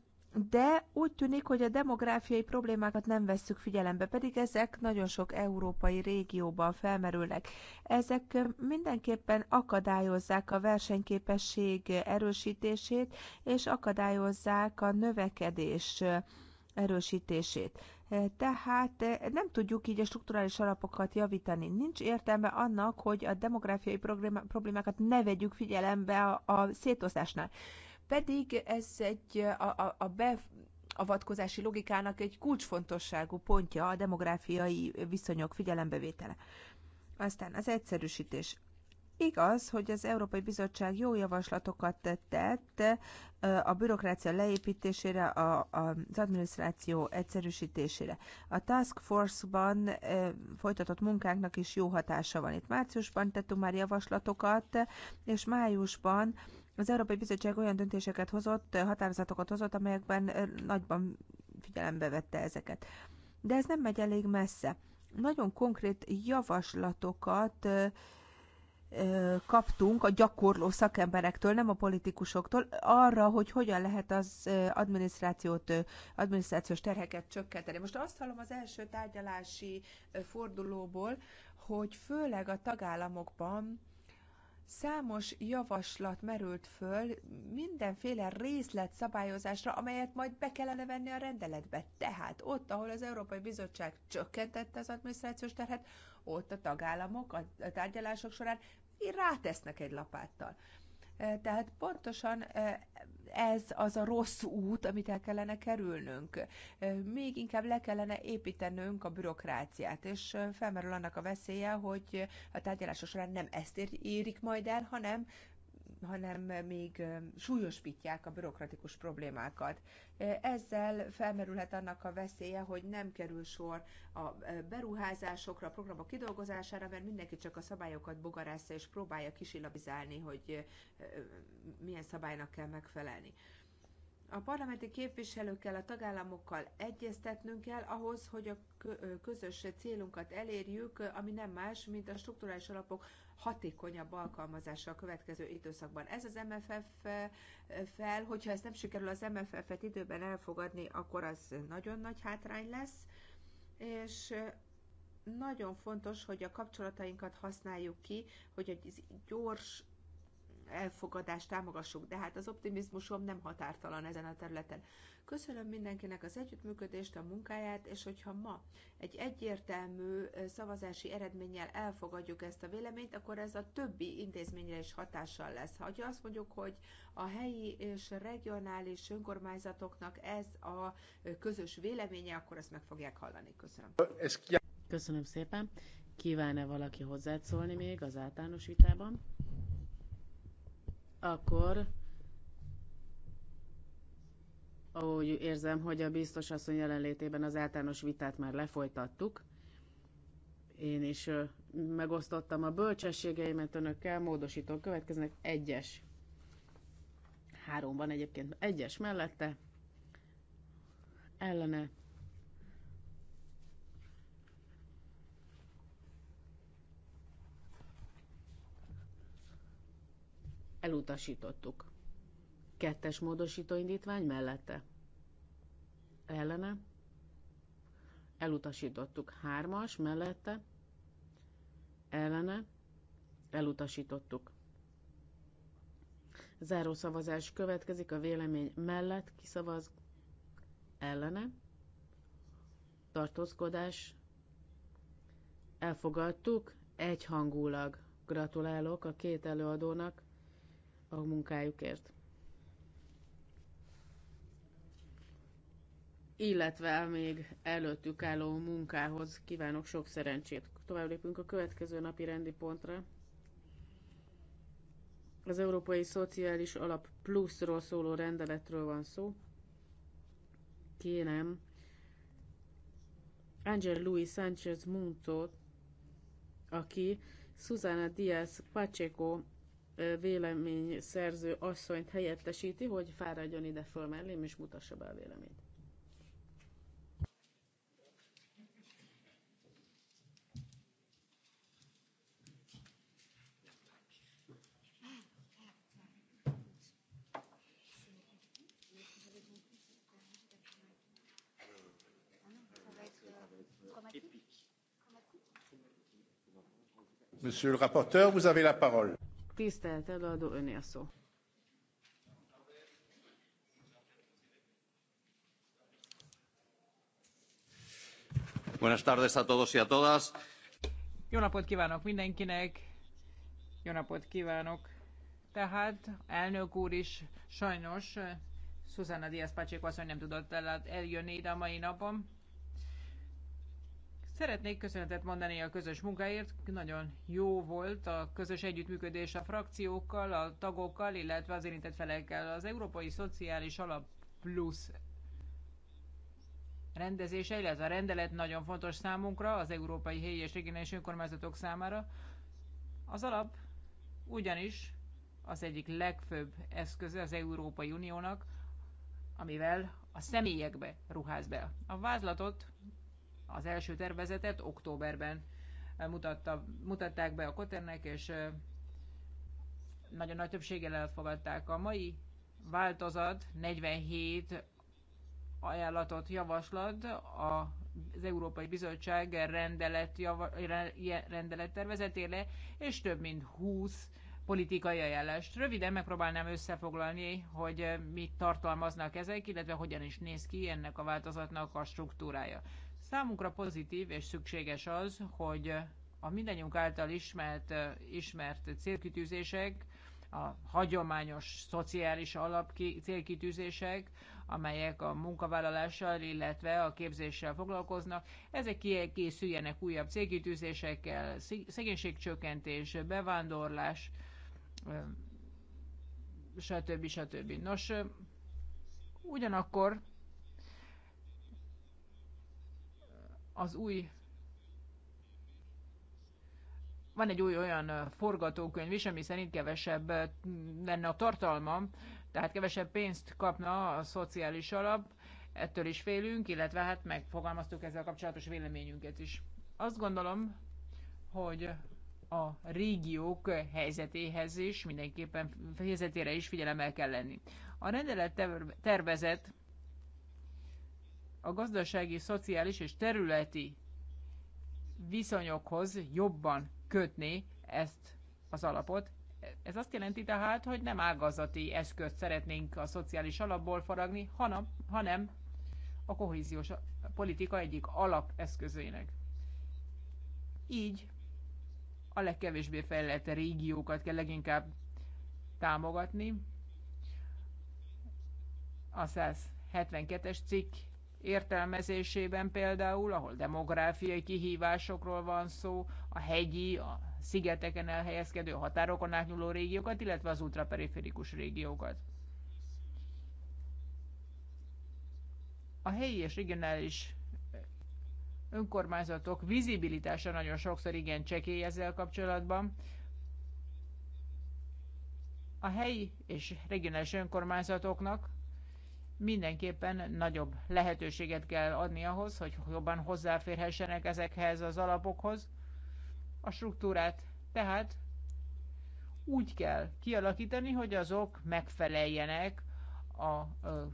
de úgy tűnik, hogy a demográfiai problémákat nem vesszük figyelembe, pedig ezek nagyon sok európai régióban felmerülnek. Ezek mindenképpen akadályozzák a versenyképesség erősítését, és akadályozzák a növekedés erősítését. Tehát nem tudjuk így a strukturális alapokat javítani. Nincs értelme annak, hogy a demográfiai problémákat ne vegyük figyelembe a, a szétosztásnál pedig ez egy a, a, a be, avatkozási logikának egy kulcsfontosságú pontja a demográfiai viszonyok figyelembevétele. Aztán az egyszerűsítés. Igaz, hogy az Európai Bizottság jó javaslatokat tett a bürokrácia leépítésére, a, az adminisztráció egyszerűsítésére. A Task Force-ban folytatott munkánknak is jó hatása van. Itt márciusban tettünk már javaslatokat, és májusban az Európai Bizottság olyan döntéseket hozott, határozatokat hozott, amelyekben nagyban figyelembe vette ezeket. De ez nem megy elég messze. Nagyon konkrét javaslatokat kaptunk a gyakorló szakemberektől, nem a politikusoktól, arra, hogy hogyan lehet az adminisztrációt, adminisztrációs terheket csökkenteni. Most azt hallom az első tárgyalási fordulóból, hogy főleg a tagállamokban Számos javaslat merült föl mindenféle részletszabályozásra, amelyet majd be kellene venni a rendeletbe. Tehát ott, ahol az Európai Bizottság csökkentette az adminisztrációs terhet, ott a tagállamok a tárgyalások során rátesznek egy lapáttal. Tehát pontosan ez az a rossz út, amit el kellene kerülnünk. Még inkább le kellene építenünk a bürokráciát, és felmerül annak a veszélye, hogy a tárgyalások során nem ezt érik majd el, hanem hanem még súlyosbítják a bürokratikus problémákat. Ezzel felmerülhet annak a veszélye, hogy nem kerül sor a beruházásokra, a programok kidolgozására, mert mindenki csak a szabályokat bogarásza és próbálja kisilabizálni, hogy milyen szabálynak kell megfelelni. A parlamenti képviselőkkel, a tagállamokkal egyeztetnünk kell ahhoz, hogy a közös célunkat elérjük, ami nem más, mint a strukturális alapok hatékonyabb alkalmazása a következő időszakban. Ez az MFF fel, hogyha ez nem sikerül az MFF-et időben elfogadni, akkor az nagyon nagy hátrány lesz, és nagyon fontos, hogy a kapcsolatainkat használjuk ki, hogy egy gyors elfogadást támogassuk, de hát az optimizmusom nem határtalan ezen a területen. Köszönöm mindenkinek az együttműködést, a munkáját, és hogyha ma egy egyértelmű szavazási eredménnyel elfogadjuk ezt a véleményt, akkor ez a többi intézményre is hatással lesz. Ha azt mondjuk, hogy a helyi és regionális önkormányzatoknak ez a közös véleménye, akkor ezt meg fogják hallani. Köszönöm. Köszönöm szépen. Kíván-e valaki hozzászólni még az általános vitában? akkor ahogy érzem, hogy a biztos asszony jelenlétében az általános vitát már lefolytattuk. Én is megosztottam a bölcsességeimet önökkel, módosítom, következnek egyes. Három van egyébként egyes mellette, ellene Elutasítottuk. Kettes módosító indítvány mellette. Ellene. Elutasítottuk. Hármas mellette. Ellene. Elutasítottuk. Záró szavazás következik a vélemény mellett, kiszavaz ellene, tartózkodás, elfogadtuk egyhangulag. Gratulálok a két előadónak, a munkájukért. Illetve a még előttük álló munkához kívánok sok szerencsét. Tovább lépünk a következő napi rendi pontra. Az Európai Szociális Alap Pluszról szóló rendeletről van szó. Kérem, Angel Luis Sánchez Muntot, aki Susana Díaz Pacheco véleményszerző asszonyt helyettesíti, hogy fáradjon ide föl mellém, és mutassa be a véleményt. Monsieur le rapporteur, vous avez la parole. Tisztelt előadó, öné a szó. Buenas tardes a todos y a todas. Jó napot kívánok mindenkinek! Jó napot kívánok! Tehát elnök úr is sajnos Susana Díaz Pacheco asszony nem tudott eljönni ide a mai napon. Szeretnék köszönetet mondani a közös munkáért. Nagyon jó volt a közös együttműködés a frakciókkal, a tagokkal, illetve az érintett felekkel. Az Európai Szociális Alap Plusz rendezése, illetve a rendelet nagyon fontos számunkra, az európai helyi és regionális önkormányzatok számára. Az alap ugyanis az egyik legfőbb eszköze az Európai Uniónak, amivel a személyekbe ruház be. A vázlatot az első tervezetet októberben mutatta, mutatták be a Koternek, és nagyon nagy többséggel elfogadták. A mai változat 47 ajánlatot javaslat a az Európai Bizottság rendelet, java, rendelet tervezetére, és több mint 20 politikai ajánlást. Röviden megpróbálnám összefoglalni, hogy mit tartalmaznak ezek, illetve hogyan is néz ki ennek a változatnak a struktúrája. Számunkra pozitív és szükséges az, hogy a mindannyiunk által ismert, ismert célkitűzések, a hagyományos szociális alap célkitűzések, amelyek a munkavállalással, illetve a képzéssel foglalkoznak. Ezek kiegészüljenek újabb célkitűzésekkel, szegénységcsökkentés, bevándorlás, stb. stb. Nos, ugyanakkor az új van egy új olyan forgatókönyv is, ami szerint kevesebb lenne a tartalma, tehát kevesebb pénzt kapna a szociális alap, ettől is félünk, illetve hát megfogalmaztuk ezzel kapcsolatos véleményünket is. Azt gondolom, hogy a régiók helyzetéhez is, mindenképpen helyzetére is figyelemmel kell lenni. A rendelet tervezet a gazdasági, szociális és területi viszonyokhoz jobban kötni ezt az alapot. Ez azt jelenti tehát, hogy nem ágazati eszközt szeretnénk a szociális alapból faragni, hanem, hanem a kohéziós politika egyik alapeszközének. Így a legkevésbé fejlett régiókat kell leginkább támogatni. A 172-es cikk értelmezésében például, ahol demográfiai kihívásokról van szó, a hegyi, a szigeteken elhelyezkedő, a határokon átnyúló régiókat, illetve az ultraperiférikus régiókat. A helyi és regionális önkormányzatok vizibilitása nagyon sokszor igen csekély ezzel kapcsolatban. A helyi és regionális önkormányzatoknak mindenképpen nagyobb lehetőséget kell adni ahhoz, hogy jobban hozzáférhessenek ezekhez az alapokhoz. A struktúrát tehát úgy kell kialakítani, hogy azok megfeleljenek a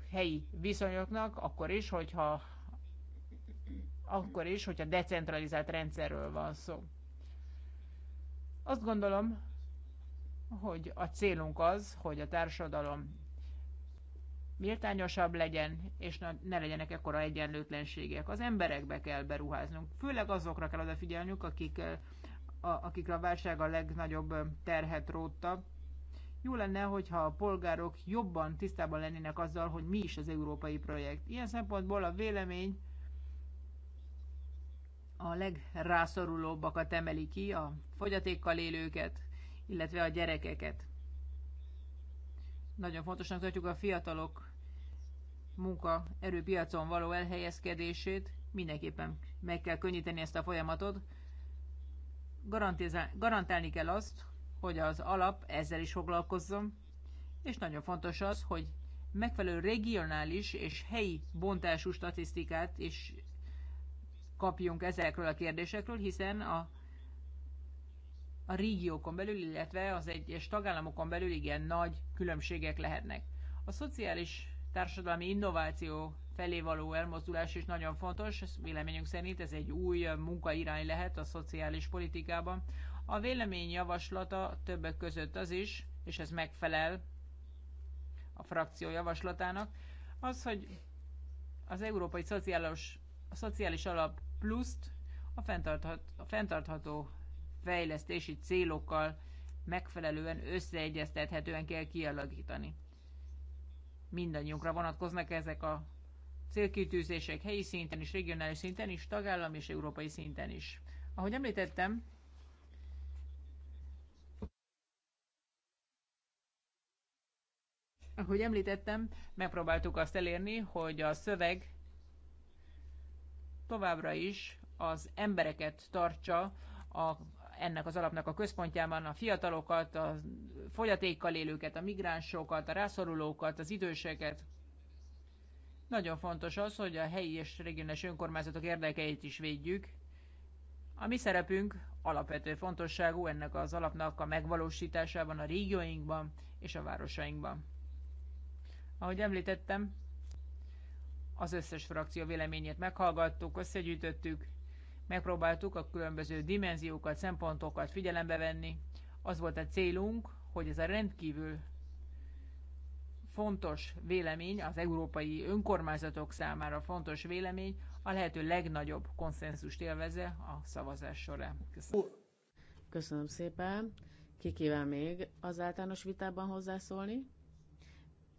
helyi viszonyoknak, akkor is, hogyha akkor is, hogyha decentralizált rendszerről van szó. Azt gondolom, hogy a célunk az, hogy a társadalom méltányosabb legyen, és ne legyenek ekkora egyenlőtlenségek. Az emberekbe kell beruháznunk, főleg azokra kell odafigyelnünk, akik, a, akikre a válság a legnagyobb terhet rótta. Jó lenne, hogyha a polgárok jobban tisztában lennének azzal, hogy mi is az európai projekt. Ilyen szempontból a vélemény a legrászorulóbbakat emeli ki, a fogyatékkal élőket, illetve a gyerekeket. Nagyon fontosnak tartjuk a fiatalok munkaerőpiacon való elhelyezkedését, mindenképpen meg kell könnyíteni ezt a folyamatot. Garantálni kell azt, hogy az alap ezzel is foglalkozzon, és nagyon fontos az, hogy megfelelő regionális és helyi bontású statisztikát is kapjunk ezekről a kérdésekről, hiszen a, a régiókon belül, illetve az egyes tagállamokon belül igen nagy különbségek lehetnek. A szociális társadalmi innováció felé való elmozdulás is nagyon fontos. Véleményünk szerint ez egy új munkairány lehet a szociális politikában. A vélemény javaslata többek között az is, és ez megfelel a frakció javaslatának, az, hogy az Európai Szociális, a Szociális Alap Pluszt a, fenntarthat, a fenntartható fejlesztési célokkal megfelelően összeegyeztethetően kell kialakítani mindannyiunkra vonatkoznak ezek a célkitűzések helyi szinten is, regionális szinten is, tagállami és európai szinten is. Ahogy említettem, ahogy említettem, megpróbáltuk azt elérni, hogy a szöveg továbbra is az embereket tartsa a ennek az alapnak a központjában a fiatalokat, a fogyatékkal élőket, a migránsokat, a rászorulókat, az időseket. Nagyon fontos az, hogy a helyi és regionális önkormányzatok érdekeit is védjük. A mi szerepünk alapvető fontosságú ennek az alapnak a megvalósításában, a régióinkban és a városainkban. Ahogy említettem, az összes frakció véleményét meghallgattuk, összegyűjtöttük, Megpróbáltuk a különböző dimenziókat, szempontokat figyelembe venni. Az volt a célunk, hogy ez a rendkívül fontos vélemény, az európai önkormányzatok számára fontos vélemény a lehető legnagyobb konszenzust élvezze a szavazás során. Köszönöm. Köszönöm szépen. Ki kíván még az általános vitában hozzászólni?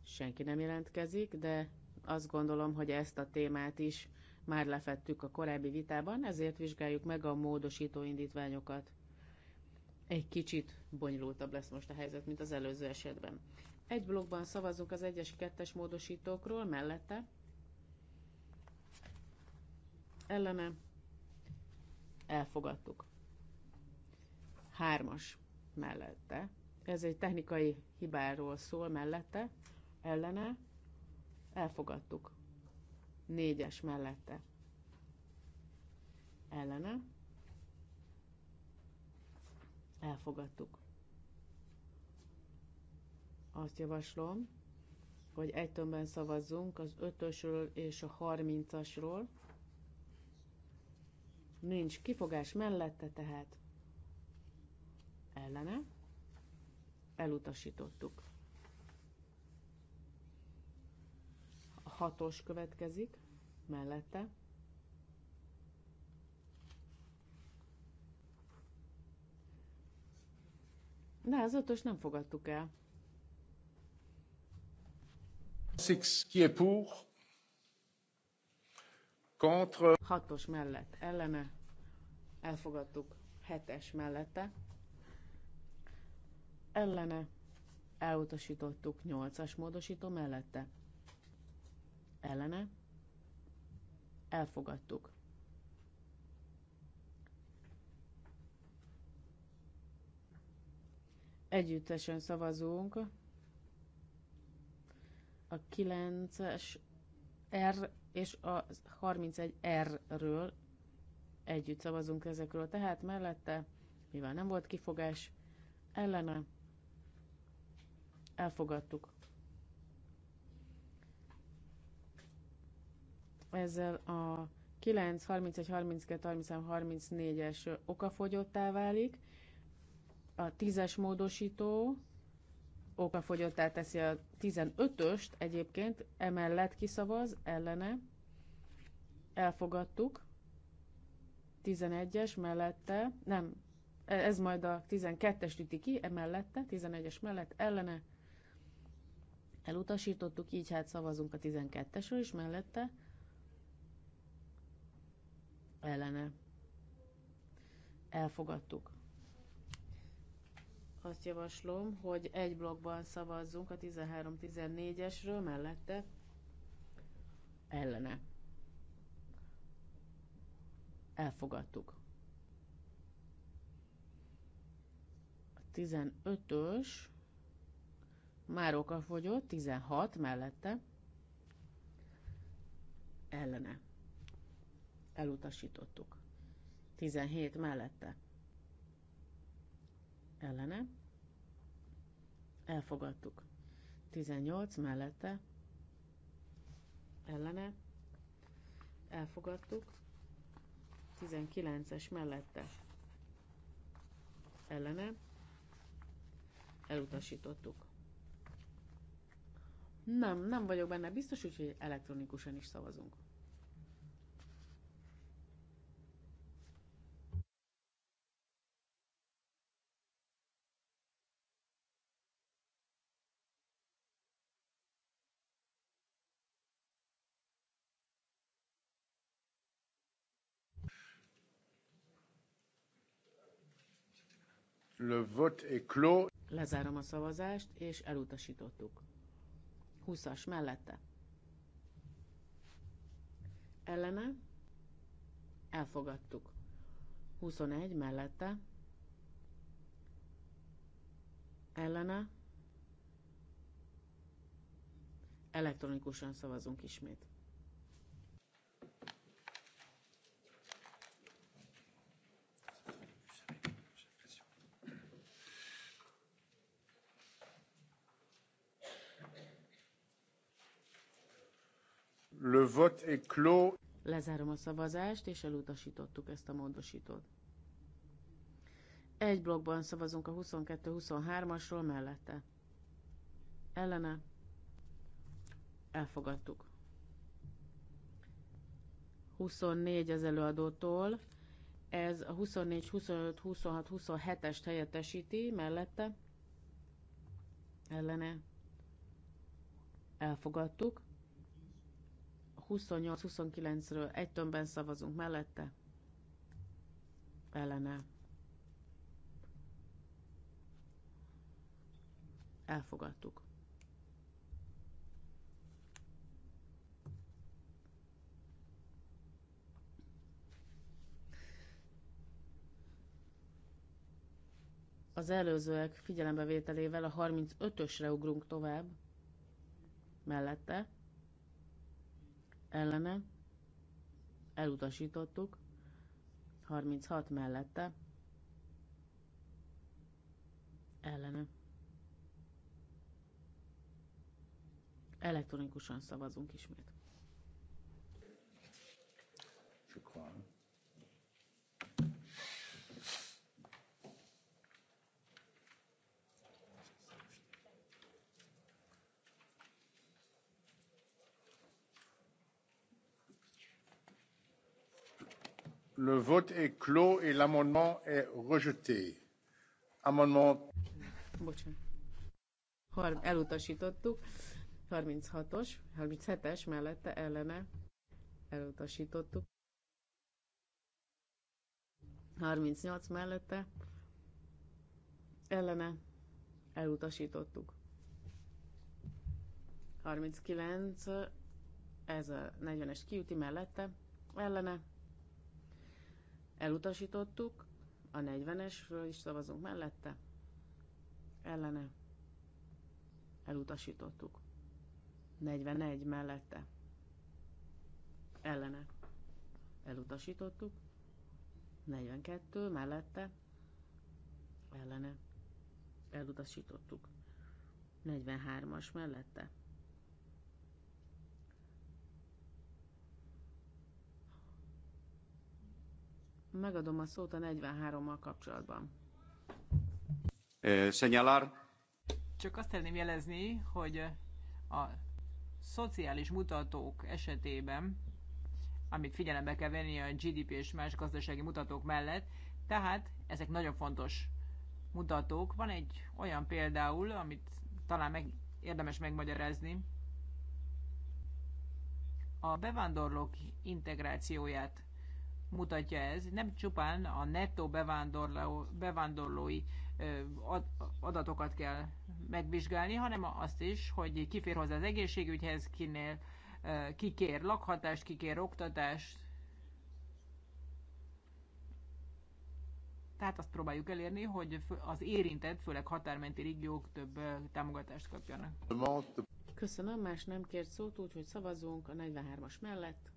Senki nem jelentkezik, de azt gondolom, hogy ezt a témát is már lefettük a korábbi vitában, ezért vizsgáljuk meg a módosító indítványokat. Egy kicsit bonyolultabb lesz most a helyzet, mint az előző esetben. Egy blokkban szavazunk az egyes kettes módosítókról, mellette, ellene, elfogadtuk. Hármas mellette. Ez egy technikai hibáról szól mellette, ellene, elfogadtuk. Négyes mellette. Ellene. Elfogadtuk. Azt javaslom, hogy egy tömbben szavazzunk az ötösről és a harmincasról, Nincs kifogás mellette, tehát ellene elutasítottuk. A hatos következik mellette. De az ötös nem fogadtuk el. Six, qui est pour? Contre. Hatos mellett, ellene. Elfogadtuk. Hetes mellette. Ellene. Elutasítottuk. Nyolcas módosító mellette. Ellene elfogadtuk. Együttesen szavazunk a 9-es R és a 31R-ről együtt szavazunk ezekről. Tehát mellette, mivel nem volt kifogás, ellene elfogadtuk. ezzel a 9, 31, 32, 33, 34-es okafogyottá válik, a 10-es módosító okafogyottá teszi a 15-öst egyébként, emellett kiszavaz, ellene, elfogadtuk, 11-es mellette, nem, ez majd a 12-es üti ki, emellette, 11-es mellett, ellene, elutasítottuk, így hát szavazunk a 12-esről is mellette, ellene elfogadtuk. Azt javaslom, hogy egy blokkban szavazzunk a 13-14-esről mellette ellene. Elfogadtuk. A 15-ös már okafogyott, 16 mellette ellene elutasítottuk. 17 mellette ellene elfogadtuk. 18 mellette ellene elfogadtuk. 19-es mellette ellene elutasítottuk. Nem, nem vagyok benne biztos, úgyhogy elektronikusan is szavazunk. Le vote est clos. Lezárom a szavazást, és elutasítottuk. 20-as mellette. Ellene elfogadtuk. 21 mellette. Ellene elektronikusan szavazunk ismét. Le vote est clos. Lezárom a szavazást, és elutasítottuk ezt a módosítót. Egy blokkban szavazunk a 22-23-asról mellette. Ellene. Elfogadtuk. 24 az előadótól. Ez a 24, 25, 26, 27-est helyettesíti mellette. Ellene. Elfogadtuk. 28-29-ről egy tömbben szavazunk mellette, ellene. Elfogadtuk. Az előzőek figyelembevételével a 35-ösre ugrunk tovább, mellette, ellene, elutasítottuk, 36 mellette, ellene. Elektronikusan szavazunk ismét. Csak Le vote est clos et l'amendement est rejeté. Amendement... elutasítottuk. 36-os, 37-es mellette ellene elutasítottuk. 38 mellette ellene elutasítottuk. 39, ez a 40-es kiüti mellette, ellene Elutasítottuk, a 40-esről is szavazunk mellette, ellene elutasítottuk. 41 mellette, ellene elutasítottuk, 42 mellette, ellene elutasítottuk. 43-as mellette Megadom a szót a 43-mal kapcsolatban. Senyalar. Csak azt szeretném jelezni, hogy a szociális mutatók esetében, amit figyelembe kell venni a GDP és más gazdasági mutatók mellett, tehát ezek nagyon fontos mutatók. Van egy olyan például, amit talán meg, érdemes megmagyarázni. A bevándorlók integrációját mutatja ez. Nem csupán a nettó bevándorló, bevándorlói adatokat kell megvizsgálni, hanem azt is, hogy ki fér hozzá az egészségügyhez, kinél, kikér lakhatást, kikér oktatást. Tehát azt próbáljuk elérni, hogy az érintett, főleg határmenti régiók több támogatást kapjanak. Köszönöm, más nem kért szót, úgyhogy szavazunk a 43-as mellett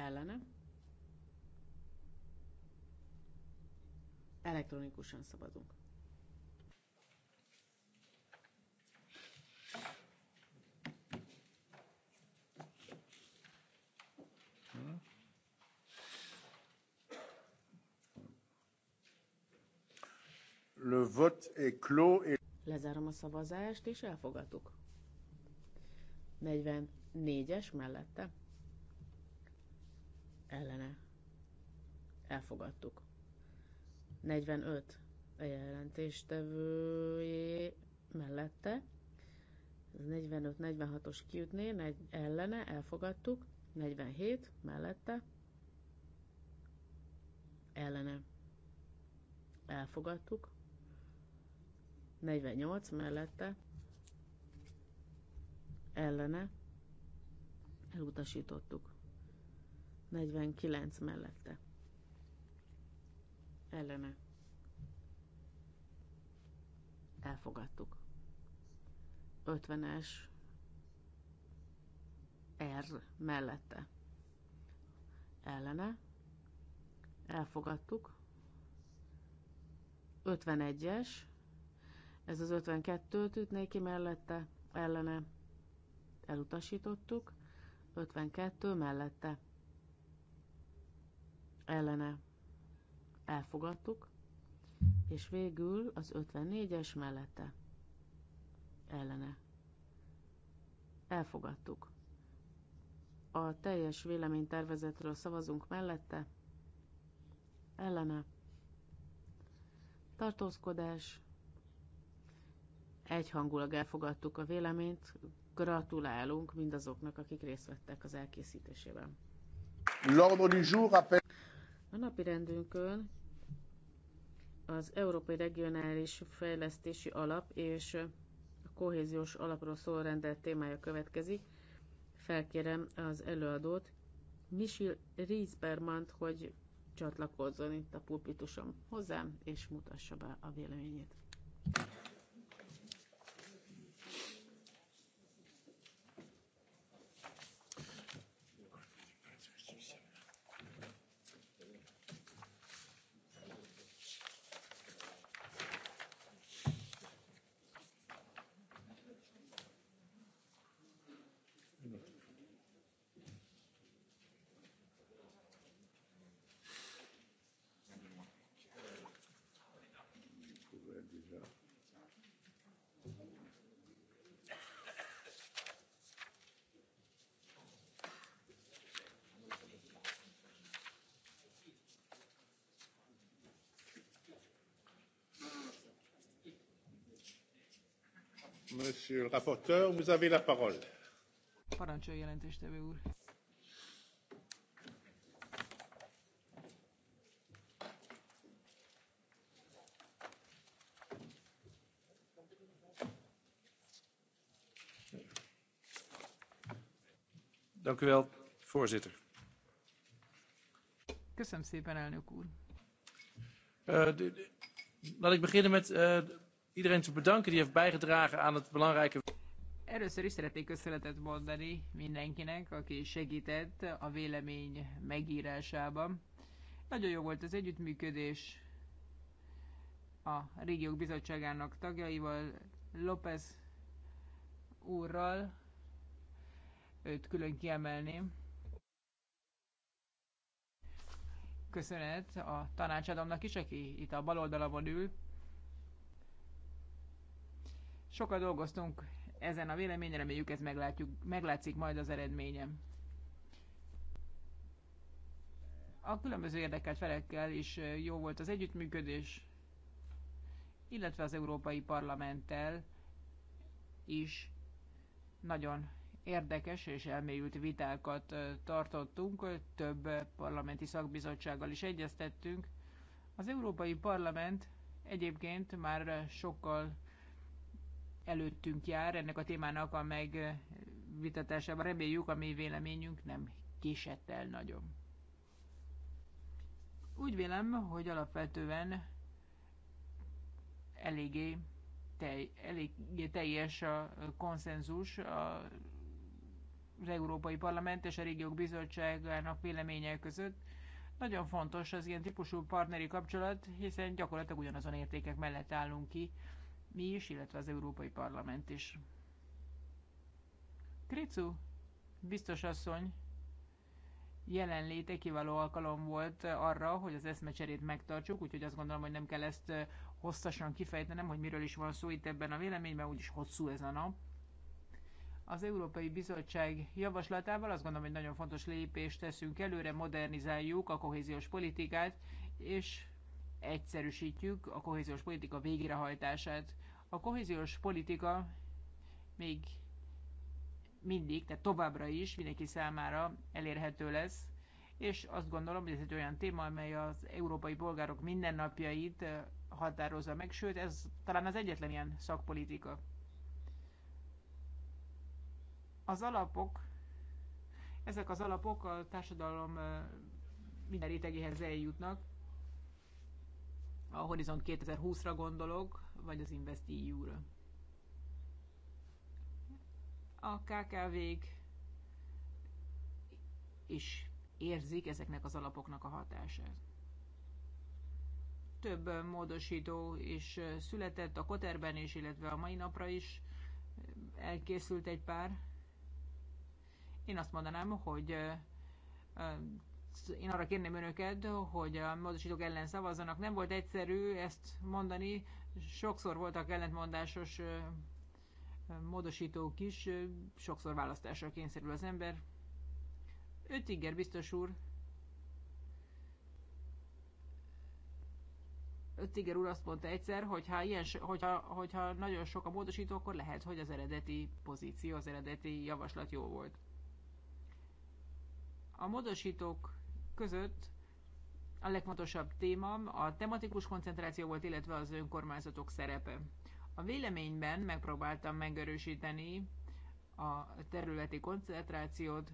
ellene. Elektronikusan szavazunk. Le vote est clos et... Lezárom a szavazást, és elfogadtuk. 44-es mellette ellene elfogadtuk. 45 a jelentéstevőjé mellette, ez 45-46-os kiütné, negy, ellene elfogadtuk, 47 mellette, ellene elfogadtuk, 48 mellette, ellene elutasítottuk. 49 mellette. Ellene. Elfogadtuk. 50-es R mellette. Ellene. Elfogadtuk. 51-es. Ez az 52-t ütné ki mellette. Ellene. Elutasítottuk. 52 mellette ellene elfogadtuk, és végül az 54-es mellette ellene elfogadtuk. A teljes véleménytervezetről szavazunk mellette, ellene tartózkodás, egyhangulag elfogadtuk a véleményt, gratulálunk mindazoknak, akik részt vettek az elkészítésében. L'ordre du jour appelle a napi rendünkön az Európai Regionális Fejlesztési Alap és a kohéziós alapról szóló rendelet témája következik. Felkérem az előadót, Michel Riesbermant, hogy csatlakozzon itt a pulpitusom hozzám, és mutassa be a véleményét. Monsieur le rapporteur, vous avez la parole. Parancsolj jelentéstevő úr. Dank u wel, voorzitter. Köszönöm szépen, elnök úr. Uh, de, de, laat ik beginnen met uh, iedereen te bedanken die heeft bijgedragen aan het belangrijke... Először is szeretnék köszönetet mondani mindenkinek, aki segített a vélemény megírásában. Nagyon jó volt az együttműködés a Régiók Bizottságának tagjaival, López úrral, őt külön kiemelném. Köszönet a tanácsadomnak is, aki itt a bal oldalamon ül, Sokat dolgoztunk ezen a véleményen, reméljük ez meglátjuk, meglátszik majd az eredményem. A különböző érdekelt felekkel is jó volt az együttműködés, illetve az Európai Parlamenttel is nagyon érdekes és elmélyült vitákat tartottunk, több parlamenti szakbizottsággal is egyeztettünk. Az Európai Parlament egyébként már sokkal előttünk jár ennek a témának a megvitatásában. Reméljük, a mi véleményünk nem késett el nagyon. Úgy vélem, hogy alapvetően eléggé, tej, eléggé teljes a konszenzus a, az Európai Parlament és a Régiók Bizottságának véleménye között. Nagyon fontos az ilyen típusú partneri kapcsolat, hiszen gyakorlatilag ugyanazon értékek mellett állunk ki, mi is, illetve az Európai Parlament is. Kricu, biztos asszony, jelenléte kiváló alkalom volt arra, hogy az eszmecserét megtartsuk, úgyhogy azt gondolom, hogy nem kell ezt hosszasan kifejtenem, hogy miről is van szó itt ebben a véleményben, úgyis hosszú ez a nap. Az Európai Bizottság javaslatával azt gondolom, hogy nagyon fontos lépést teszünk előre, modernizáljuk a kohéziós politikát, és egyszerűsítjük a kohéziós politika végrehajtását. A kohéziós politika még mindig, tehát továbbra is mindenki számára elérhető lesz, és azt gondolom, hogy ez egy olyan téma, amely az európai polgárok mindennapjait eh, határozza meg, sőt, ez talán az egyetlen ilyen szakpolitika. Az alapok, ezek az alapok a társadalom eh, minden rétegéhez eljutnak, a Horizont 2020-ra gondolok, vagy az InvestEU-ra. A KKV-k is érzik ezeknek az alapoknak a hatását. Több módosító is született a Koterben is, illetve a mai napra is elkészült egy pár. Én azt mondanám, hogy én arra kérném önöket, hogy a módosítók ellen szavazzanak. Nem volt egyszerű ezt mondani, sokszor voltak ellentmondásos módosítók is, sokszor választásra kényszerül az ember. Öttinger biztos úr, Öttinger úr azt mondta egyszer, hogyha, ilyen, hogyha, hogyha nagyon sok a módosító, akkor lehet, hogy az eredeti pozíció, az eredeti javaslat jó volt. A módosítók között a legfontosabb téma a tematikus koncentráció volt, illetve az önkormányzatok szerepe. A véleményben megpróbáltam megerősíteni a területi koncentrációt,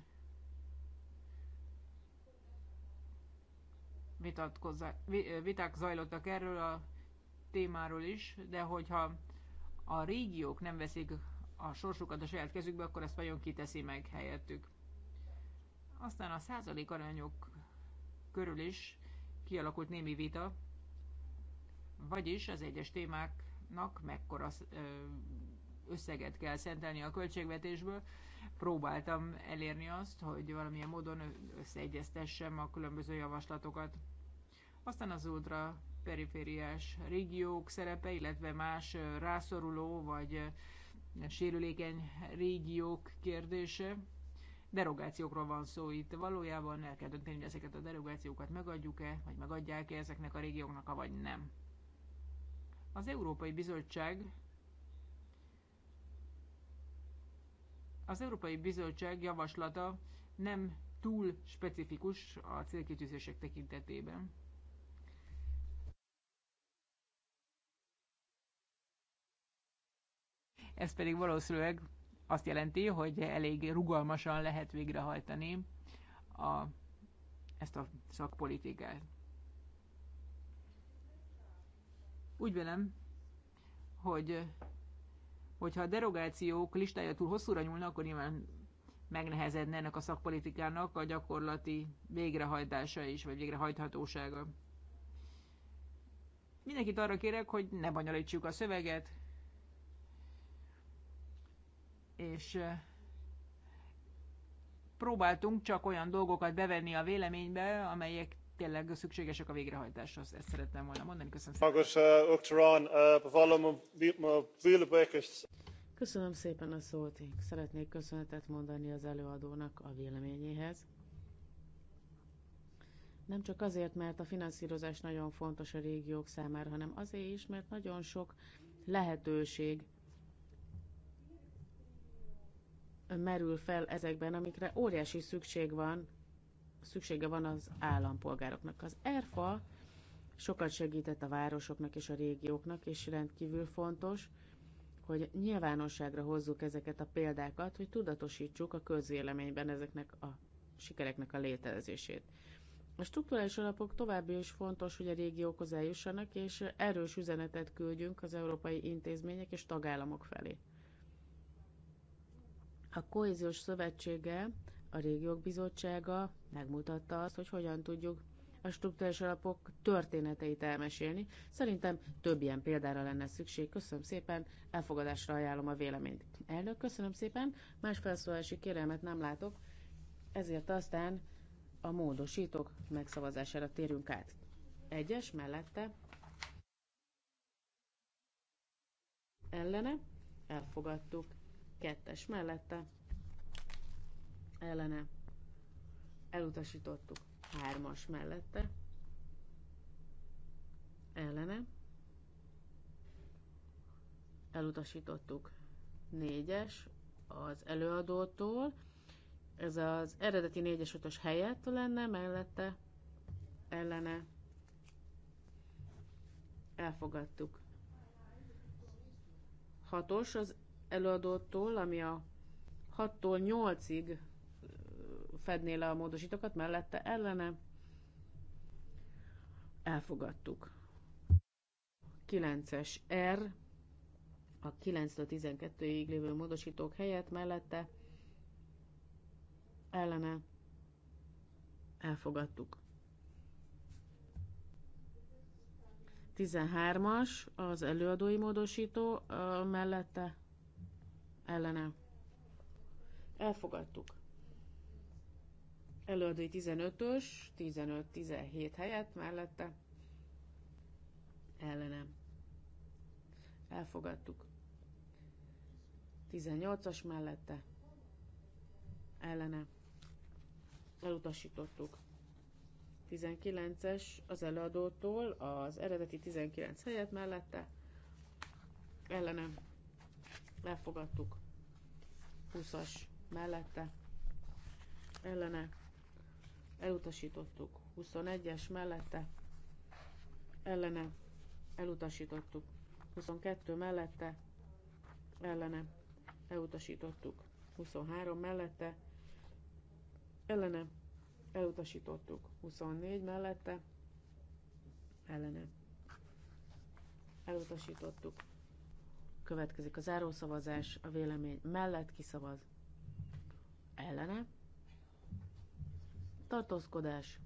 viták zajlottak erről a témáról is, de hogyha a régiók nem veszik a sorsukat a saját kezükbe, akkor ezt vajon kiteszi meg helyettük. Aztán a százalék arányok körül is kialakult némi vita, vagyis az egyes témáknak mekkora összeget kell szentelni a költségvetésből. Próbáltam elérni azt, hogy valamilyen módon összeegyeztessem a különböző javaslatokat. Aztán az ultra perifériás régiók szerepe, illetve más rászoruló vagy sérülékeny régiók kérdése derogációkról van szó itt. Valójában el kell dönteni, hogy ezeket a derogációkat megadjuk-e, vagy megadják-e ezeknek a régióknak, vagy nem. Az Európai Bizottság az Európai Bizottság javaslata nem túl specifikus a célkitűzések tekintetében. Ez pedig valószínűleg azt jelenti, hogy elég rugalmasan lehet végrehajtani a, ezt a szakpolitikát. Úgy velem, hogy hogyha a derogációk listája túl hosszúra nyúlnak, akkor nyilván megnehezedne ennek a szakpolitikának a gyakorlati végrehajtása is, vagy végrehajthatósága. Mindenkit arra kérek, hogy ne bonyolítsuk a szöveget, és próbáltunk csak olyan dolgokat bevenni a véleménybe, amelyek tényleg szükségesek a végrehajtáshoz. Ezt szerettem volna mondani. Köszönöm szépen. Köszönöm szépen a szót. Szeretnék köszönetet mondani az előadónak a véleményéhez. Nem csak azért, mert a finanszírozás nagyon fontos a régiók számára, hanem azért is, mert nagyon sok lehetőség merül fel ezekben, amikre óriási szükség van, szüksége van az állampolgároknak. Az ERFA sokat segített a városoknak és a régióknak, és rendkívül fontos, hogy nyilvánosságra hozzuk ezeket a példákat, hogy tudatosítsuk a közvéleményben ezeknek a sikereknek a létezését. A strukturális alapok további is fontos, hogy a régiókhoz eljussanak, és erős üzenetet küldjünk az európai intézmények és tagállamok felé. A Kohéziós Szövetsége, a Régiók Bizottsága megmutatta azt, hogy hogyan tudjuk a struktúrás alapok történeteit elmesélni. Szerintem több ilyen példára lenne szükség. Köszönöm szépen, elfogadásra ajánlom a véleményt. Elnök, köszönöm szépen, más felszólási kérelmet nem látok, ezért aztán a módosítók megszavazására térünk át. Egyes mellette ellene elfogadtuk kettes mellette, ellene, elutasítottuk, hármas mellette, ellene, elutasítottuk, négyes az előadótól, ez az eredeti 4-es 5-ös helyett lenne, mellette, ellene, elfogadtuk. Hatos az előadótól, ami a 6-tól 8-ig fedné le a módosítókat, mellette ellene elfogadtuk. 9-es R, a 9-től 12-ig lévő módosítók helyett mellette ellene elfogadtuk. 13-as az előadói módosító mellette ellene elfogadtuk. Előadói 15-ös, 15-17 helyett mellette ellene elfogadtuk. 18-as mellette ellene elutasítottuk. 19-es az előadótól, az eredeti 19 helyet mellette ellene elfogadtuk 20-as mellette ellene elutasítottuk 21-es mellette ellene elutasítottuk 22 mellette ellene elutasítottuk 23 mellette ellene elutasítottuk 24 mellette ellene elutasítottuk Következik a zárószavazás, a vélemény mellett kiszavaz. Ellene. Tartózkodás.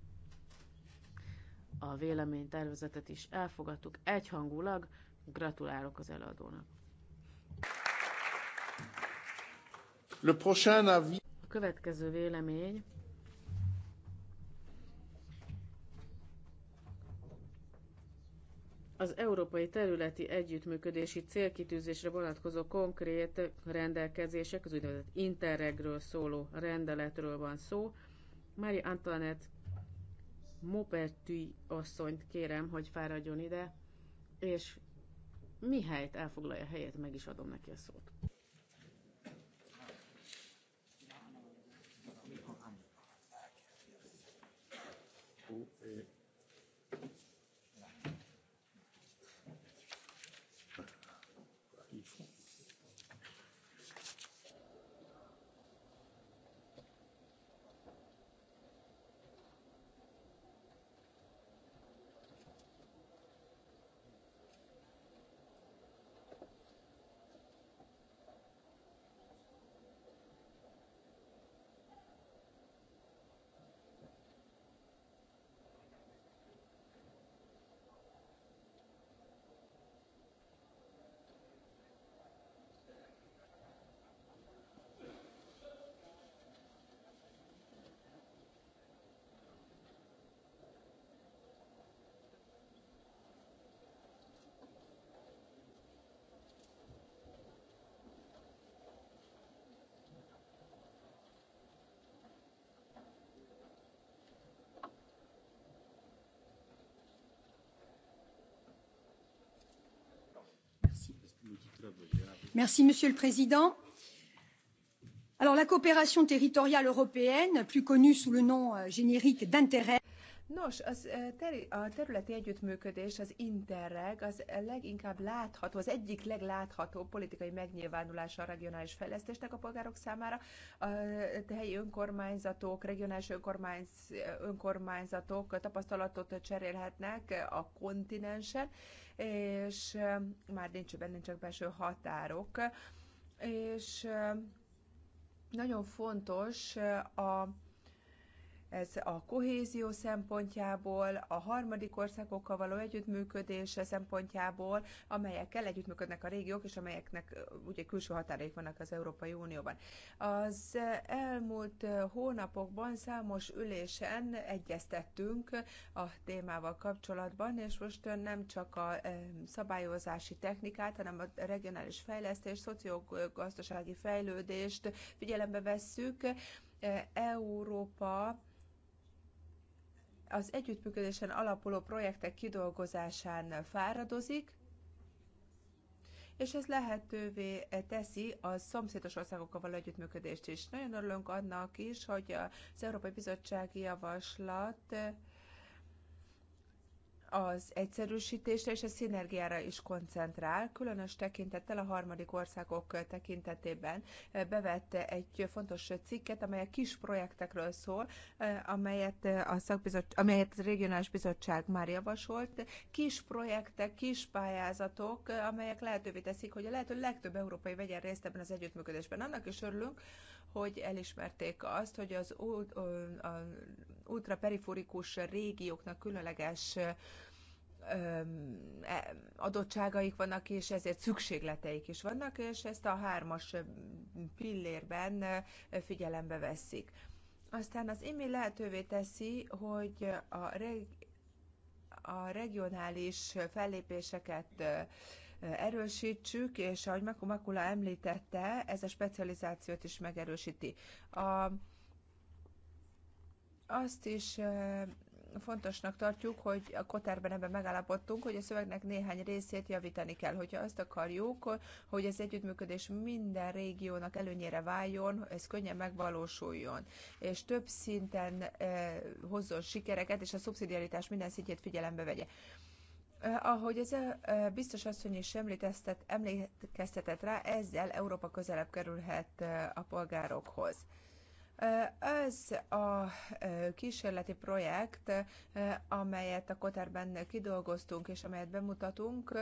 A vélemény tervezetet is elfogadtuk egyhangulag. Gratulálok az előadónak. Le prochain avis. A következő vélemény az európai területi együttműködési célkitűzésre vonatkozó konkrét rendelkezések, az úgynevezett Interregről szóló rendeletről van szó. Mária Antoinette Mopertű asszonyt kérem, hogy fáradjon ide, és mihelyt elfoglalja helyét, meg is adom neki a szót. monsieur le président la coopération territoriale européenne plus connue sous le nom euh, générique d'interreg est un instrument puissant Nos, az a területi együttműködés, az Interreg az leginkább látható, az egyik legláthatóbb politikai megnyilvánulása a regionális fejlesztésnek a polgárok számára. A helyi önkormányzatok, regionális önkormányz, önkormányzatok tapasztalatot cserélhetnek a kontinensen, és már nincs benne csak belső határok. És nagyon fontos a ez a kohézió szempontjából, a harmadik országokkal való együttműködés szempontjából, amelyekkel együttműködnek a régiók, és amelyeknek ugye külső határaik vannak az Európai Unióban. Az elmúlt hónapokban számos ülésen egyeztettünk a témával kapcsolatban, és most nem csak a szabályozási technikát, hanem a regionális fejlesztés, szociogazdasági fejlődést figyelembe vesszük, Európa az együttműködésen alapuló projektek kidolgozásán fáradozik, és ez lehetővé teszi a szomszédos országokkal való együttműködést is. Nagyon örülünk annak is, hogy az Európai Bizottsági Javaslat az egyszerűsítésre és a szinergiára is koncentrál, különös tekintettel a harmadik országok tekintetében bevette egy fontos cikket, amely a kis projektekről szól, amelyet a, szakbizottság, amelyet a regionális bizottság már javasolt. Kis projektek, kis pályázatok, amelyek lehetővé teszik, hogy a lehető legtöbb európai vegyen részt ebben az együttműködésben. Annak is örülünk, hogy elismerték azt, hogy az, a, a ultraperiforikus régióknak különleges e, adottságaik vannak, és ezért szükségleteik is vannak, és ezt a hármas pillérben figyelembe veszik. Aztán az IMI lehetővé teszi, hogy a, reg, a regionális fellépéseket erősítsük, és ahogy Makula említette, ez a specializációt is megerősíti. A azt is fontosnak tartjuk, hogy a Koterben ebben megállapodtunk, hogy a szövegnek néhány részét javítani kell. Hogyha azt akarjuk, hogy az együttműködés minden régiónak előnyére váljon, ez könnyen megvalósuljon, és több szinten eh, hozzon sikereket, és a szubszidiaritás minden szintjét figyelembe vegye. Ahogy ez a biztos asszony is emlékeztetett rá, ezzel Európa közelebb kerülhet a polgárokhoz. Ez a kísérleti projekt, amelyet a Kotárban kidolgoztunk és amelyet bemutatunk,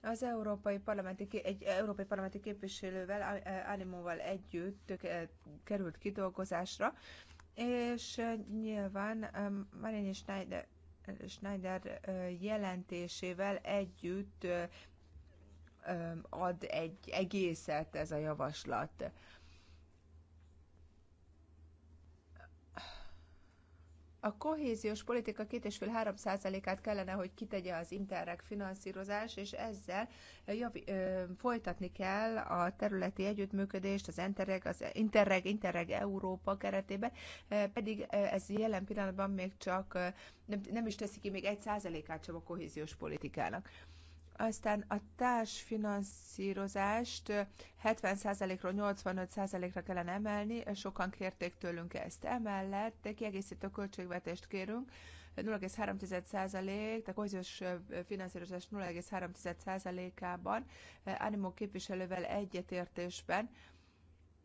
az európai parlamenti, egy európai parlamenti képviselővel, Animóval együtt került kidolgozásra, és nyilván Marini Schneider, Schneider jelentésével együtt ad egy egészet ez a javaslat. A kohéziós politika 2,5-3 százalékát kellene, hogy kitegye az Interreg finanszírozás, és ezzel javi, ö, folytatni kell a területi együttműködést az Interreg, az Interreg, Interreg Európa keretében, pedig ez jelen pillanatban még csak nem, nem is teszi ki még egy százalékát sem a kohéziós politikának. Aztán a társfinanszírozást 70%-ról 85%-ra kellene emelni, sokan kérték tőlünk ezt. Emellett kiegészítő költségvetést kérünk, 0,3%, a kohéziós finanszírozás 0,3%-ában, Animó képviselővel egyetértésben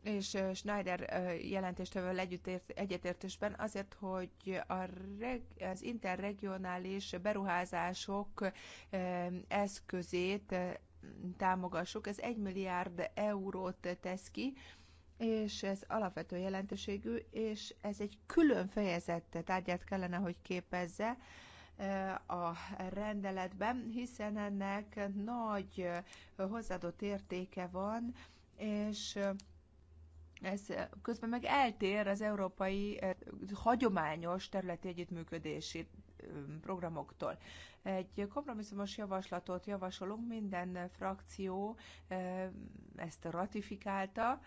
és Schneider jelentéstevő egyetértésben azért, hogy a reg, az interregionális beruházások eszközét támogassuk. Ez 1 milliárd eurót tesz ki, és ez alapvető jelentőségű, és ez egy külön fejezett tárgyát kellene, hogy képezze a rendeletben, hiszen ennek nagy hozzáadott értéke van, és ez eh, közben meg eltér az európai eh, hagyományos területi együttműködési eh, programoktól. Egy kompromisszumos javaslatot javasolunk, minden frakció ezt ratifikálta,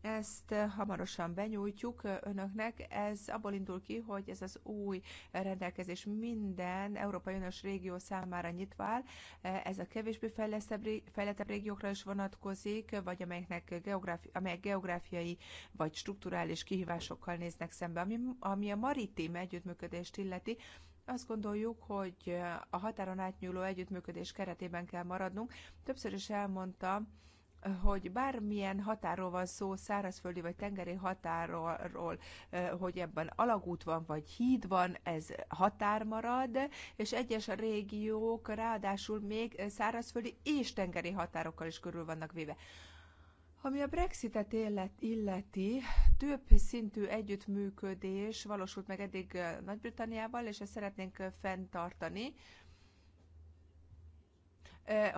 ezt eh, hamarosan benyújtjuk eh, önöknek. Ez abból indul ki, hogy ez az új rendelkezés minden Európai Uniós régió számára nyitva áll. Eh, ez a kevésbé fejlettebb régiókra is vonatkozik, vagy amelyeknek geográfi, amelyek geográfiai vagy strukturális kihívásokkal néznek szembe. Ami, ami a maritim együttműködést illeti, azt gondoljuk, hogy a határon átnyúló együttműködés keretében kell maradnunk. Többször is elmondtam, hogy bármilyen határól van szó, szárazföldi vagy tengeri határról, hogy ebben alagút van vagy híd van, ez határ marad, és egyes régiók ráadásul még szárazföldi és tengeri határokkal is körül vannak véve. Ami a Brexitet élet illeti, több szintű együttműködés valósult meg eddig Nagy-Britanniával, és ezt szeretnénk fenntartani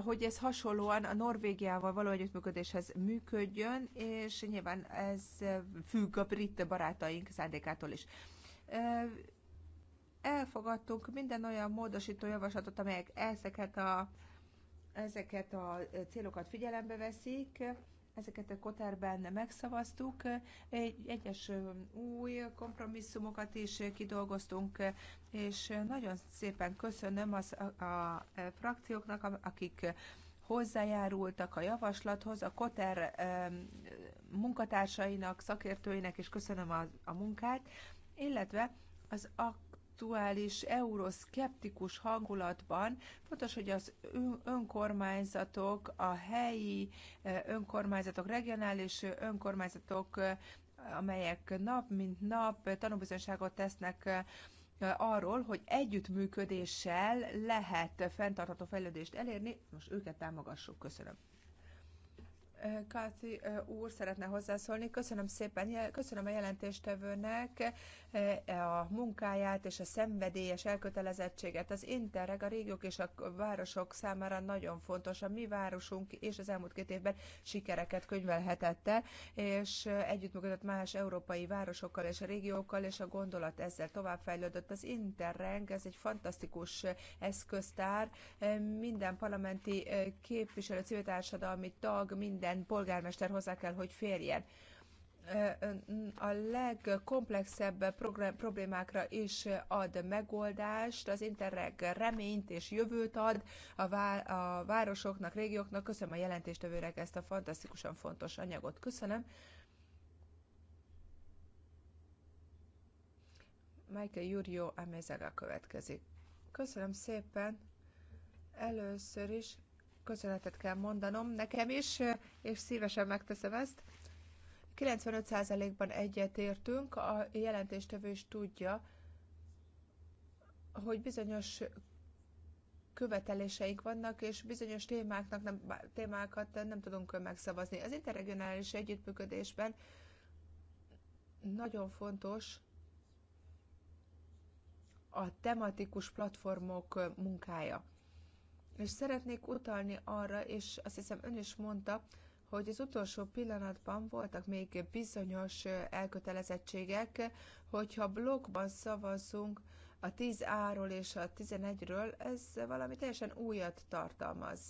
hogy ez hasonlóan a Norvégiával való együttműködéshez működjön, és nyilván ez függ a brit barátaink szándékától is. Elfogadtunk minden olyan módosító javaslatot, amelyek ezeket a, ezeket a célokat figyelembe veszik, ezeket a Koterben megszavaztuk, egyes új kompromisszumokat is kidolgoztunk, és nagyon szépen köszönöm az, a, a e, frakcióknak, akik hozzájárultak a javaslathoz, a Koter e, munkatársainak, szakértőinek, és köszönöm a, a munkát, illetve az a aktuális euroszkeptikus hangulatban fontos, hogy az önkormányzatok, a helyi eh, önkormányzatok, regionális önkormányzatok, eh, amelyek nap mint nap tanúbizonyságot tesznek eh, arról, hogy együttműködéssel lehet fenntartható fejlődést elérni. Most őket támogassuk. Köszönöm. Káti úr szeretne hozzászólni. Köszönöm szépen, köszönöm a jelentéstevőnek a munkáját és a szenvedélyes elkötelezettséget. Az Interreg a régiók és a városok számára nagyon fontos. A mi városunk és az elmúlt két évben sikereket könyvelhetett el, és együttműködött más európai városokkal és a régiókkal, és a gondolat ezzel továbbfejlődött. Az Interreg, ez egy fantasztikus eszköztár. Minden parlamenti képviselő, civil társadalmi tag, minden minden polgármester hozzá kell, hogy férjen a legkomplexebb problémákra is ad megoldást, az Interreg reményt és jövőt ad a, vá- a városoknak, régióknak. Köszönöm a jelentéstevőrek ezt a fantasztikusan fontos anyagot. Köszönöm. Michael Jurjo Amezaga következik. Köszönöm szépen. Először is köszönetet kell mondanom nekem is, és szívesen megteszem ezt. 95%-ban egyetértünk, a jelentéstevő is tudja, hogy bizonyos követeléseik vannak, és bizonyos témáknak nem, témákat nem tudunk megszavazni. Az interregionális együttműködésben nagyon fontos a tematikus platformok munkája. És szeretnék utalni arra, és azt hiszem ön is mondta, hogy az utolsó pillanatban voltak még bizonyos elkötelezettségek, hogyha blogban szavazzunk a 10A-ról és a 11-ről, ez valami teljesen újat tartalmaz.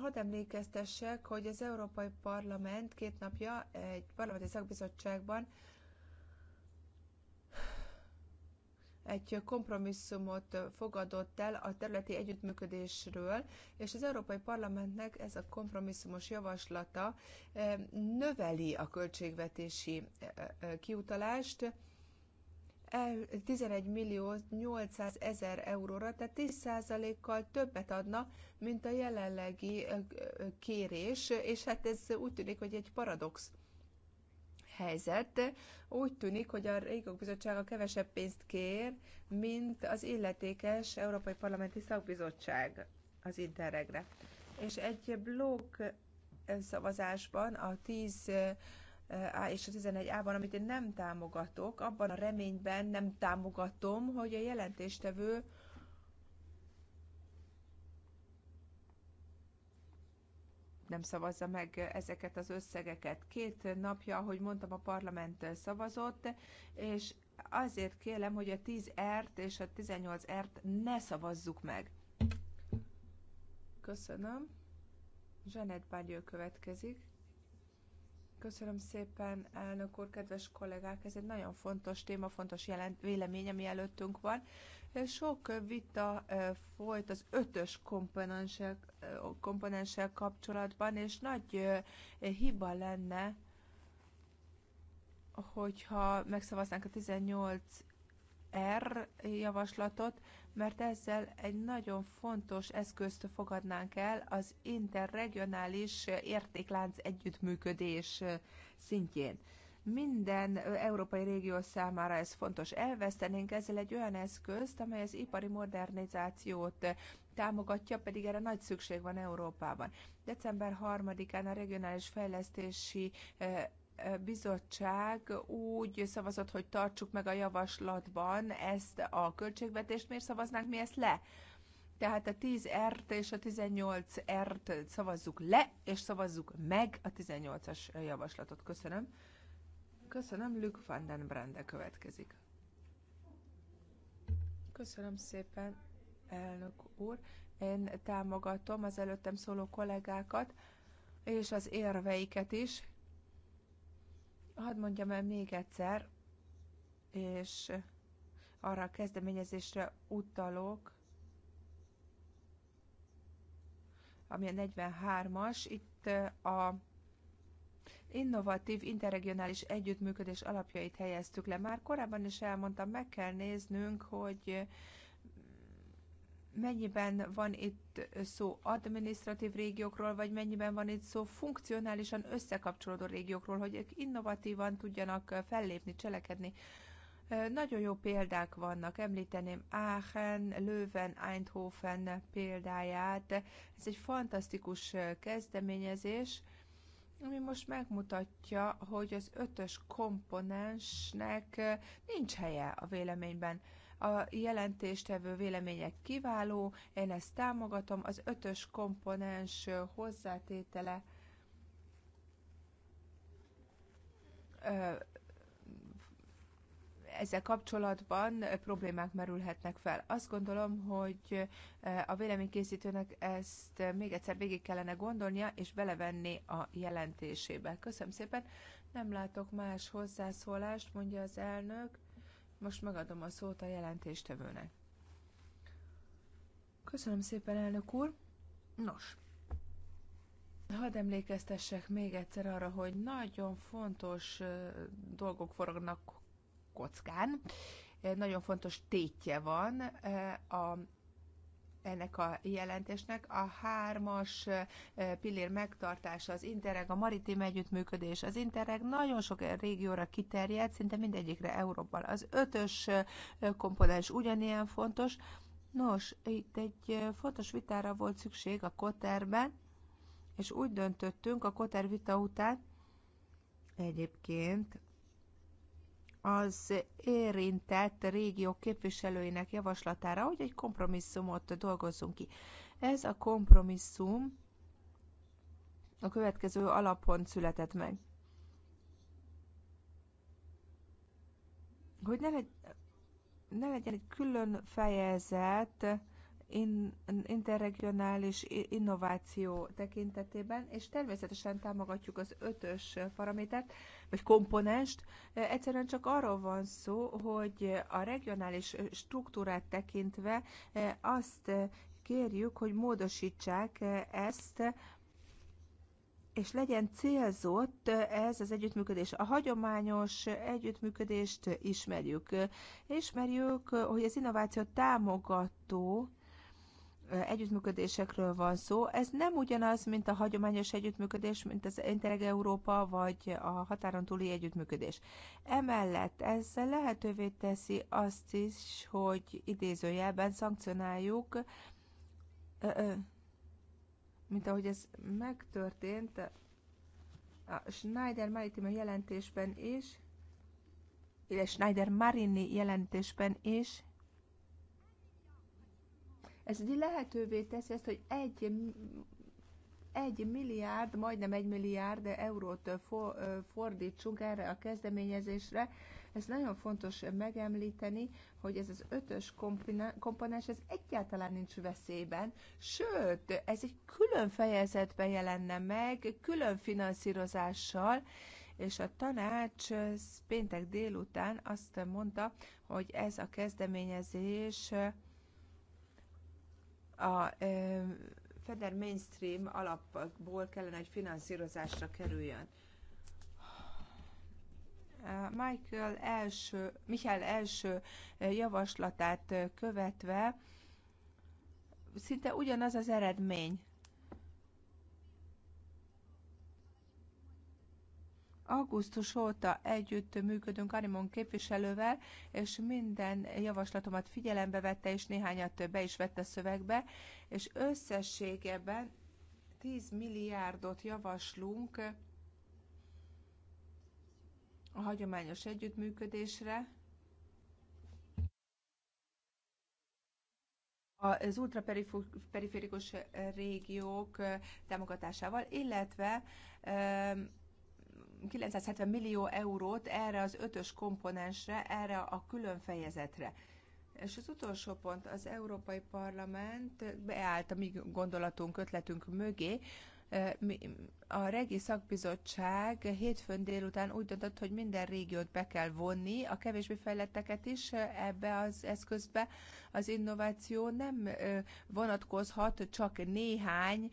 Hadd emlékeztessek, hogy az Európai Parlament két napja egy parlamenti szakbizottságban egy kompromisszumot fogadott el a területi együttműködésről, és az Európai Parlamentnek ez a kompromisszumos javaslata eh, növeli a költségvetési eh, eh, kiutalást 11 millió 800 ezer euróra, tehát 10%-kal többet adna, mint a jelenlegi kérés, és hát ez úgy tűnik, hogy egy paradox helyzet. Úgy tűnik, hogy a Régok Bizottsága kevesebb pénzt kér, mint az illetékes Európai Parlamenti Szakbizottság az Interregre. És egy blog szavazásban a 10 eh, A és a 11A-ban, amit én nem támogatok, abban a reményben nem támogatom, hogy a jelentéstevő nem szavazza meg ezeket az összegeket. Két napja, ahogy mondtam, a parlament szavazott, és azért kérem, hogy a 10 ert és a 18 ert ne szavazzuk meg. Köszönöm. Zsenet Bágyő következik. Köszönöm szépen, elnök úr, kedves kollégák! Ez egy nagyon fontos téma, fontos jelent, vélemény, ami előttünk van. Sok vita eh, folyt az ötös komponenssel, eh, komponenssel kapcsolatban, és nagy eh, hiba lenne, hogyha megszavaznánk a 18 R er javaslatot, mert ezzel egy nagyon fontos eszközt fogadnánk el az interregionális értéklánc együttműködés szintjén. Minden európai régió számára ez fontos. Elvesztenénk ezzel egy olyan eszközt, amely az ipari modernizációt támogatja, pedig erre nagy szükség van Európában. December 3-án a regionális fejlesztési bizottság úgy szavazott, hogy tartsuk meg a javaslatban ezt a költségvetést, miért szavaznánk mi ezt le? Tehát a 10 R-t és a 18 R-t szavazzuk le, és szavazzuk meg a 18-as javaslatot. Köszönöm. Köszönöm, Luke van den Brande következik. Köszönöm szépen, elnök úr. Én támogatom az előttem szóló kollégákat, és az érveiket is. Hadd mondjam el még egyszer, és arra a kezdeményezésre utalok, ami a 43-as, itt a innovatív interregionális együttműködés alapjait helyeztük le. Már korábban is elmondtam, meg kell néznünk, hogy mennyiben van itt szó administratív régiókról, vagy mennyiben van itt szó funkcionálisan összekapcsolódó régiókról, hogy ők innovatívan tudjanak fellépni, cselekedni. Nagyon jó példák vannak, említeném Aachen, Löwen, Eindhoven példáját. Ez egy fantasztikus kezdeményezés, ami most megmutatja, hogy az ötös komponensnek nincs helye a véleményben. A jelentéstevő vélemények kiváló, én ezt támogatom, az ötös komponens hozzátétele ezzel kapcsolatban problémák merülhetnek fel. Azt gondolom, hogy e, a véleménykészítőnek ezt még egyszer végig kellene gondolnia és belevenni a jelentésébe. Köszönöm szépen. Nem látok más hozzászólást, mondja az elnök. Most megadom a szót a jelentéstevőnek. Köszönöm szépen, elnök úr. Nos, Hadd emlékeztessek még egyszer arra, hogy nagyon fontos e, dolgok forognak kockán. Nagyon fontos tétje van a ennek a jelentésnek. A hármas pillér megtartása, az Interreg, a maritim együttműködés, az Interreg nagyon sok régióra kiterjed, szinte mindegyikre Európal. Az ötös komponens ugyanilyen fontos. Nos, itt egy fontos vitára volt szükség a Koterben, és úgy döntöttünk a Koter vita után, egyébként az érintett régiók képviselőinek javaslatára, hogy egy kompromisszumot dolgozzunk ki. Ez a kompromisszum a következő alapon született meg. Hogy ne, legy- ne legyen egy külön fejezet, in, interregionális innováció tekintetében, és természetesen támogatjuk az ötös paramétert, vagy komponest. Egyszerűen csak arról van szó, hogy a regionális struktúrát tekintve e, azt kérjük, hogy módosítsák ezt, és legyen célzott ez az együttműködés. A hagyományos együttműködést ismerjük. Ismerjük, hogy az innováció támogató együttműködésekről van szó. Ez nem ugyanaz, mint a hagyományos együttműködés, mint az Interreg Európa vagy a határon túli együttműködés. Emellett ez lehetővé teszi azt is, hogy idézőjelben szankcionáljuk, mint ahogy ez megtörtént a Schneider Maritime jelentésben is, illetve Schneider Marini jelentésben is, ez ugye lehetővé teszi ezt, hogy egy, egy milliárd, majdnem egy milliárd eurót fordítsunk erre a kezdeményezésre. Ez nagyon fontos megemlíteni, hogy ez az ötös komponens, ez egyáltalán nincs veszélyben, sőt, ez egy külön fejezetben jelenne meg, külön finanszírozással, és a tanács péntek délután azt mondta, hogy ez a kezdeményezés a Feder mainstream alapból kellene, hogy finanszírozásra kerüljön. Michael első, Michael első javaslatát követve szinte ugyanaz az eredmény Augusztus óta együtt működünk Arimon képviselővel, és minden javaslatomat figyelembe vette, és néhányat be is vette szövegbe, és összességében 10 milliárdot javaslunk a hagyományos együttműködésre, az ultraperiférikus régiók eh, támogatásával, illetve 970 millió eurót erre az ötös komponensre, erre a külön fejezetre. És az utolsó pont, az Európai Parlament beállt a mi gondolatunk, ötletünk mögé, a Regi Szakbizottság hétfőn délután úgy döntött, hogy minden régiót be kell vonni, a kevésbé fejletteket is ebbe az eszközbe. Az innováció nem vonatkozhat csak néhány,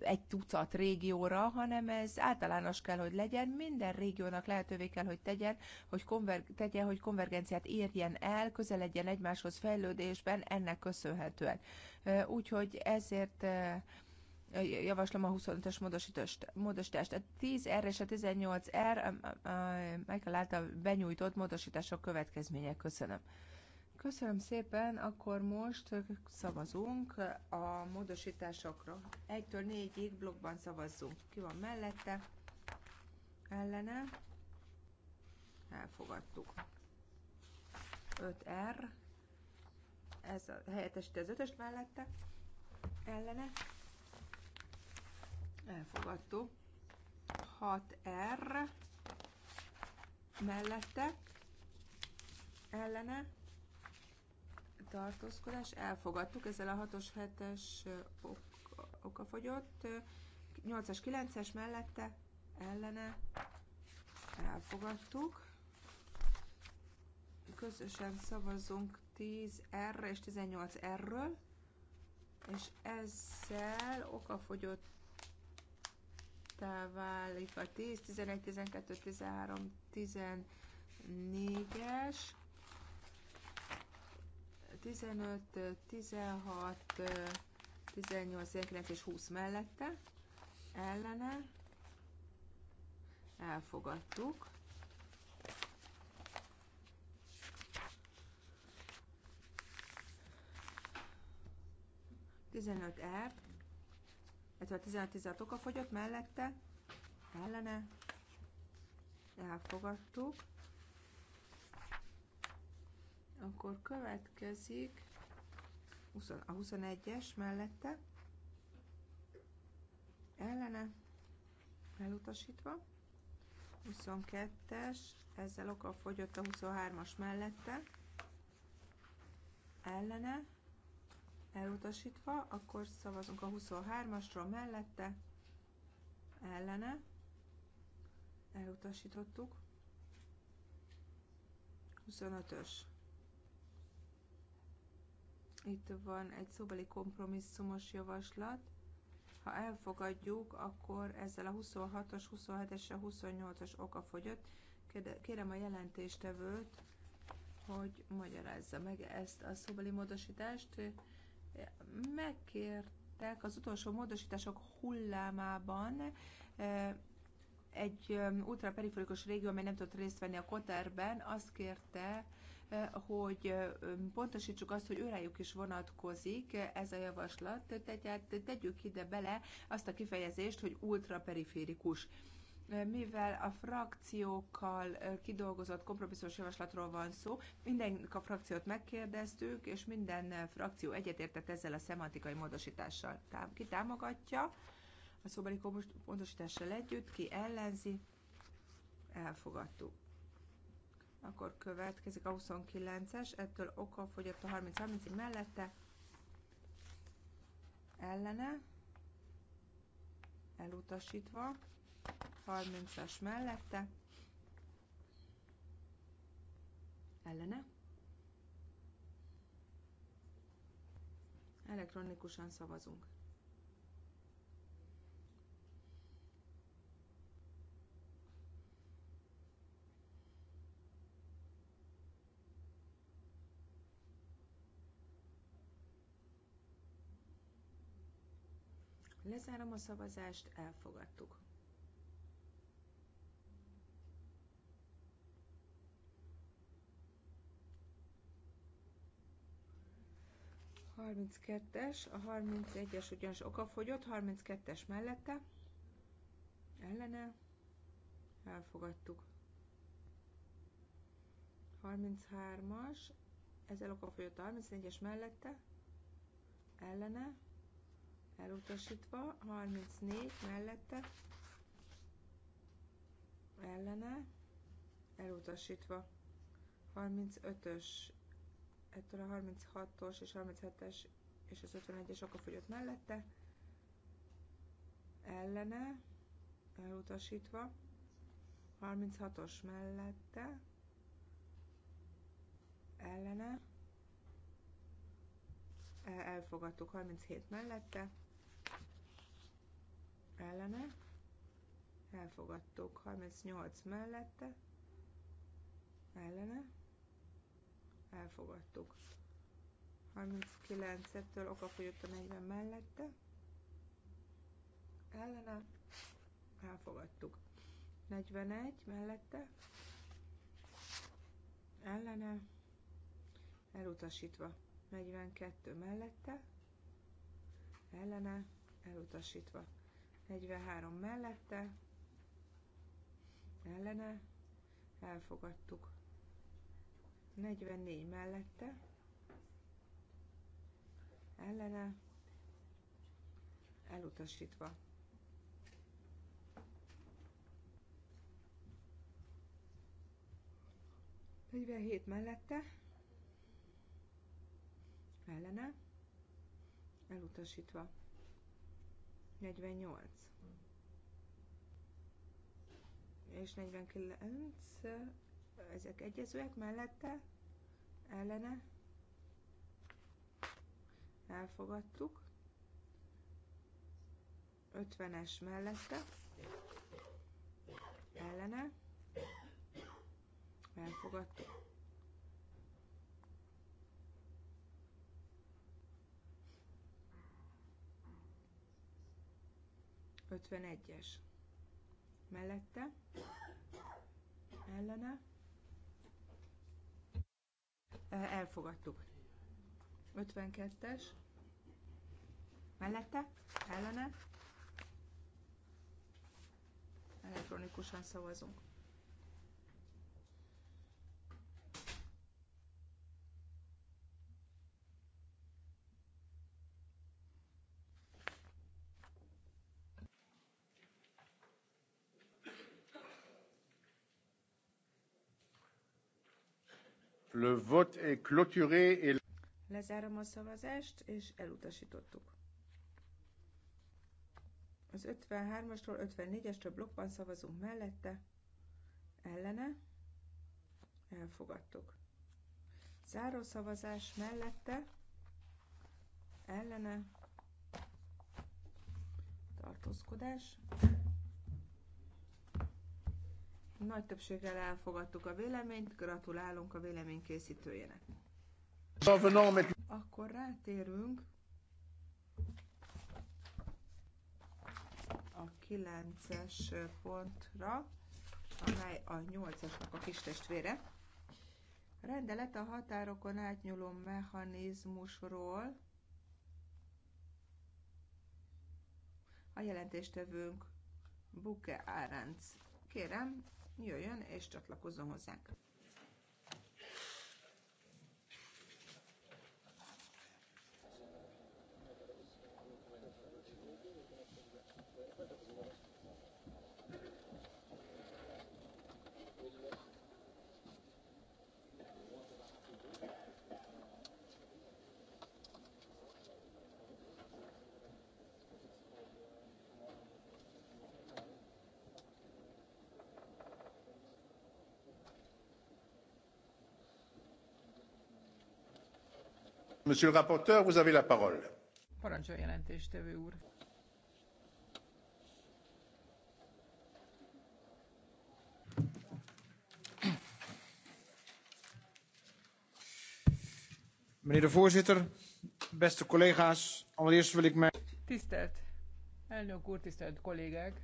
egy tucat régióra, hanem ez általános kell, hogy legyen. Minden régiónak lehetővé kell, hogy tegyen, hogy konver- tegye, hogy konvergenciát érjen el, legyen egymáshoz fejlődésben ennek köszönhetően. Úgyhogy ezért javaslom a 25-ös módosítást, módosítást. A 10R és a 18R Michael által benyújtott módosítások következmények. Köszönöm. Köszönöm szépen, akkor most szavazunk a módosításokra. 1-től 4-ig blokkban szavazzunk. Ki van mellette? Ellene? Elfogadtuk. 5R. Ez a, helyettesíti az ötöst mellette. Ellene? elfogadtuk. 6R mellette ellene tartózkodás elfogadtuk, ezzel a 6-os, 7-es okafogyott, 8-as, 9-es mellette ellene elfogadtuk. Közösen szavazunk 10R és 18R-ről, és ezzel okafogyott okafogyottá válik a 10, 11, 12, 13, 14-es, 15, 16, 18, 19 és 20 mellette, ellene, elfogadtuk. Tizenöt ert illetve a 16 16 oka fogyott mellette, ellene, elfogadtuk. Akkor következik a 21-es mellette, ellene, elutasítva. 22-es, ezzel oka fogyott a 23-as mellette, ellene, elutasítva, akkor szavazunk a 23-asról mellette, ellene, elutasítottuk, 25-ös. Itt van egy szóbeli kompromisszumos javaslat. Ha elfogadjuk, akkor ezzel a 26-os, 27-es, a 28-as oka fogyott. Kérem a jelentéstevőt, hogy magyarázza meg ezt a szóbeli módosítást megkértek az utolsó módosítások hullámában eh, egy eh, ultraperiférikus régió, amely nem tudott részt venni a Koterben, azt kérte, eh, hogy pontosítsuk azt, hogy őrájuk is vonatkozik ez a javaslat, tehát tegyük ide bele azt a kifejezést, hogy ultraperiférikus. periférikus mivel a frakciókkal kidolgozott kompromisszós javaslatról van szó, minden a frakciót megkérdeztük, és minden frakció egyetértett ezzel a szemantikai módosítással. Ki támogatja a szóbeli módosítással együtt, ki ellenzi, elfogadtuk. Akkor következik a 29-es, ettől oka fogyott a 30-30-ig mellette, ellene, elutasítva, 30-as mellette, ellene. Elektronikusan szavazunk. Lezárom a szavazást, elfogadtuk. 32-es, a 31-es ugyanis okafogyott, 32-es mellette, ellene, elfogadtuk. 33-as, ezzel okafogyott a 34-es mellette, ellene, elutasítva, 34 mellette, ellene, elutasítva. 35-ös ettől a 36-os és 37-es és az 51-es okafogyott mellette, ellene, elutasítva, 36-os e, mellette, ellene, elfogadtuk 37 mellette, ellene, elfogadtuk 38 mellette, ellene, elfogadtuk. 39-től okafogyott a 40 mellette, ellene, elfogadtuk. 41 mellette, ellene, elutasítva. 42 mellette, ellene, elutasítva. 43 mellette, ellene, elfogadtuk. 44 mellette, ellene, elutasítva. Negyvenhét mellette, ellene, elutasítva. 48 és 49, ezek egyezőek mellette, ellene elfogadtuk. 50-es mellette ellene elfogadtuk. Ötvenegyes mellette ellene elfogadtuk. 52-es, mellette, ellene, elektronikusan szavazunk. Le vote est clôturé et... Lezárom a szavazást, és elutasítottuk. Az 53 asról 54-esre blokkban szavazunk mellette, ellene, elfogadtuk. Záró szavazás mellette, ellene, tartózkodás, nagy többséggel elfogadtuk a véleményt, gratulálunk a vélemény készítőjének. Akkor rátérünk a 9-es pontra, amely a 8-asnak a kistestvére. rendelet a határokon átnyúló mechanizmusról. A jelentéstevőnk Buke Árenc. Kérem, jöjjön és csatlakozzon hozzánk. Monsieur le rapporteur, vous avez la parole. Parancsol de voorzitter, beste collega's, allereerst wil ik mij... Tisztelt elnök úr, tisztelt kollégák!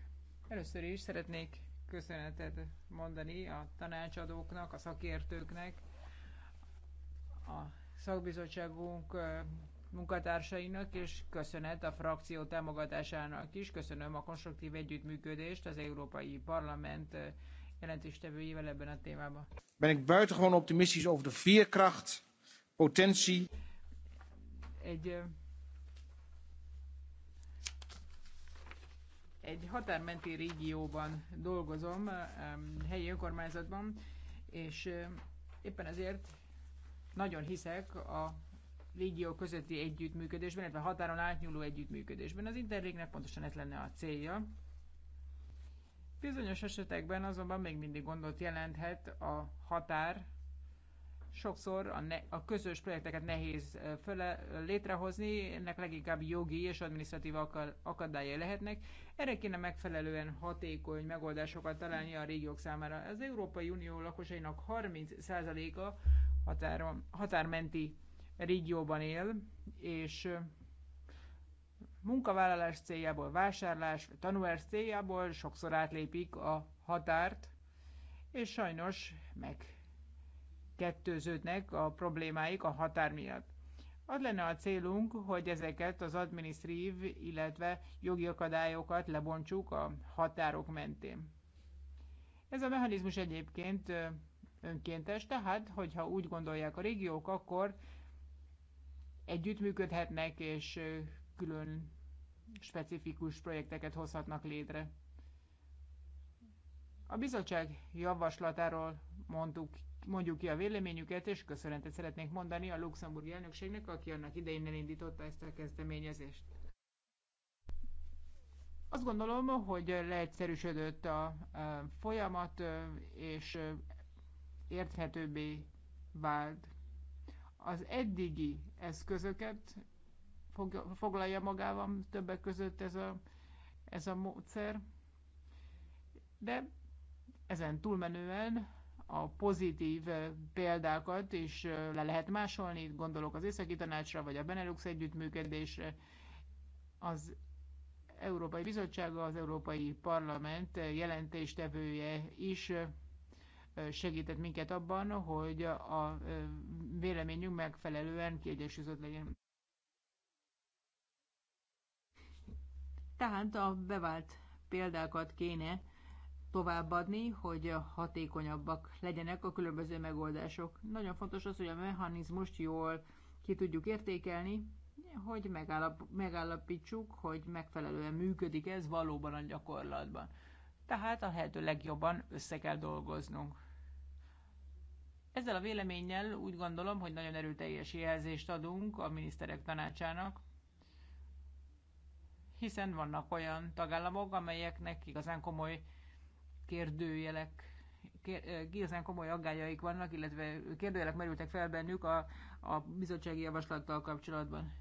Először is szeretnék köszönetet mondani a tanácsadóknak, a szakértőknek, a szakbizottságunk munkatársainak, és köszönet a frakció támogatásának is. Köszönöm a konstruktív együttműködést az Európai Parlament jelentéstevőjével ebben a témában. Ben ik buitengewoon optimistisch over de veerkracht, potentie. Egy, egy határmenti régióban dolgozom, helyi önkormányzatban, és éppen ezért nagyon hiszek a régió közötti együttműködésben, illetve határon átnyúló együttműködésben. Az Interrégnek pontosan ez lenne a célja. Bizonyos esetekben azonban még mindig gondot jelenthet a határ, sokszor a, ne, a közös projekteket nehéz föle, létrehozni, ennek leginkább jogi és adminisztratív akadályai lehetnek. Erre kéne megfelelően hatékony megoldásokat találni a régiók számára. Az Európai Unió lakosainak 30%-a határon, határmenti régióban él, és munkavállalás céljából, vásárlás, tanulás céljából sokszor átlépik a határt, és sajnos megkettőződnek a problémáik a határ miatt. Az lenne a célunk, hogy ezeket az adminisztrív, illetve jogi akadályokat lebontsuk a határok mentén. Ez a mechanizmus egyébként önkéntes, tehát hogyha úgy gondolják a régiók, akkor együttműködhetnek és külön specifikus projekteket hozhatnak létre. A bizottság javaslatáról mondtuk, mondjuk ki a véleményüket, és köszönetet szeretnék mondani a luxemburgi elnökségnek, aki annak idején elindította ezt a kezdeményezést. Azt gondolom, hogy leegyszerűsödött a folyamat, és érthetőbbé vált. Az eddigi eszközöket foglalja magában többek között ez a, ez a módszer, de ezen túlmenően a pozitív példákat is le lehet másolni, gondolok az Északi Tanácsra, vagy a Benelux együttműködésre. Az Európai Bizottsága, az Európai Parlament jelentéstevője is segített minket abban, hogy a véleményünk megfelelően kiegyensúlyozott legyen. Tehát a bevált példákat kéne továbbadni, hogy hatékonyabbak legyenek a különböző megoldások. Nagyon fontos az, hogy a mechanizmust jól ki tudjuk értékelni, hogy megállap, megállapítsuk, hogy megfelelően működik ez valóban a gyakorlatban. Tehát a lehető legjobban össze kell dolgoznunk. Ezzel a véleménnyel úgy gondolom, hogy nagyon erőteljes jelzést adunk a miniszterek tanácsának, hiszen vannak olyan tagállamok, amelyeknek igazán komoly kérdőjelek, kér, eh, igazán komoly aggájaik vannak, illetve kérdőjelek merültek fel bennük a, a bizottsági javaslattal kapcsolatban.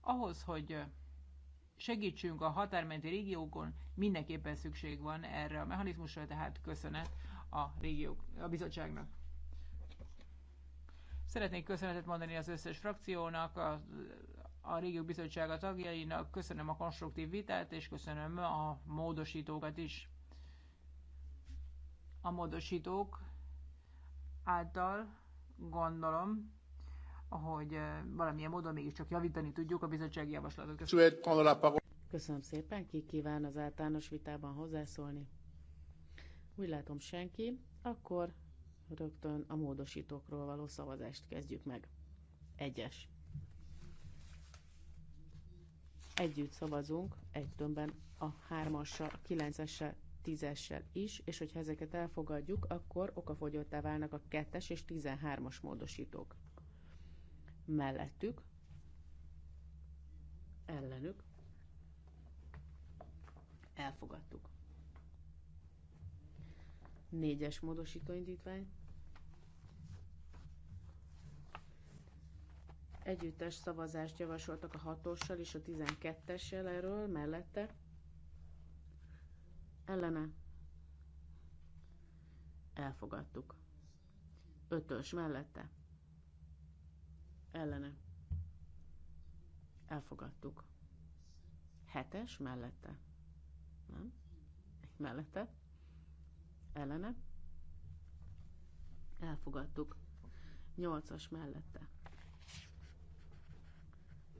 Ahhoz, hogy segítsünk a határmenti régiókon, mindenképpen szükség van erre a mechanizmusra, tehát köszönet a régiók, a bizottságnak. Szeretnék köszönetet mondani az összes frakciónak, a, a régiók bizottsága tagjainak, köszönöm a konstruktív vitát, és köszönöm a módosítókat is. A módosítók által gondolom, hogy eh, valamilyen módon mégiscsak javítani tudjuk a bizottsági javaslatot. Köszönöm, Köszönöm szépen, ki kíván az általános vitában hozzászólni. Úgy látom senki, akkor rögtön a módosítókról való szavazást kezdjük meg. Egyes. Együtt szavazunk, egy tömbben a 3-assal, 9-essel, 10-essel is, és hogyha ezeket elfogadjuk, akkor okafogyottá válnak a 2-es és 13-as módosítók. Mellettük, ellenük, elfogadtuk. Négyes módosítóindítvány. Együttes szavazást javasoltak a 6-ossal és a 12-essel erről mellette. Ellene. Elfogadtuk. 5-ös mellette. Ellene. Elfogadtuk. 7-es mellette. Nem? Mellette ellene. Elfogadtuk. 8-as mellette.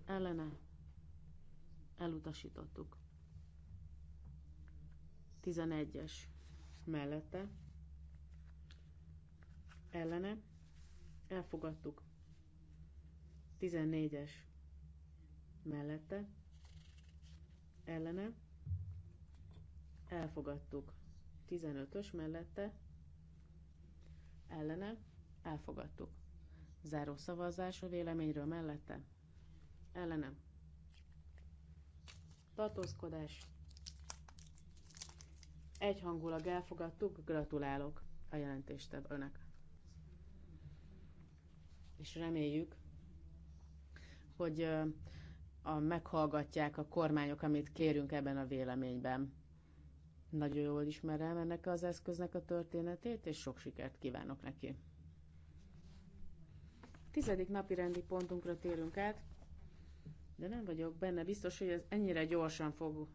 Ellene. Elutasítottuk. 11-es mellette. Ellene. Elfogadtuk. 14-es mellette. Ellene. Elfogadtuk. 15-ös mellette ellene elfogadtuk. Záró szavazás a véleményről mellette ellene tartózkodás egyhangulag elfogadtuk, gratulálok a önnek, És reméljük, hogy a meghallgatják a kormányok, amit kérünk ebben a véleményben. Nagyon jól ismerem ennek az eszköznek a történetét, és sok sikert kívánok neki. Tizedik napi rendi pontunkra térünk át, de nem vagyok benne biztos, hogy ez ennyire gyorsan fog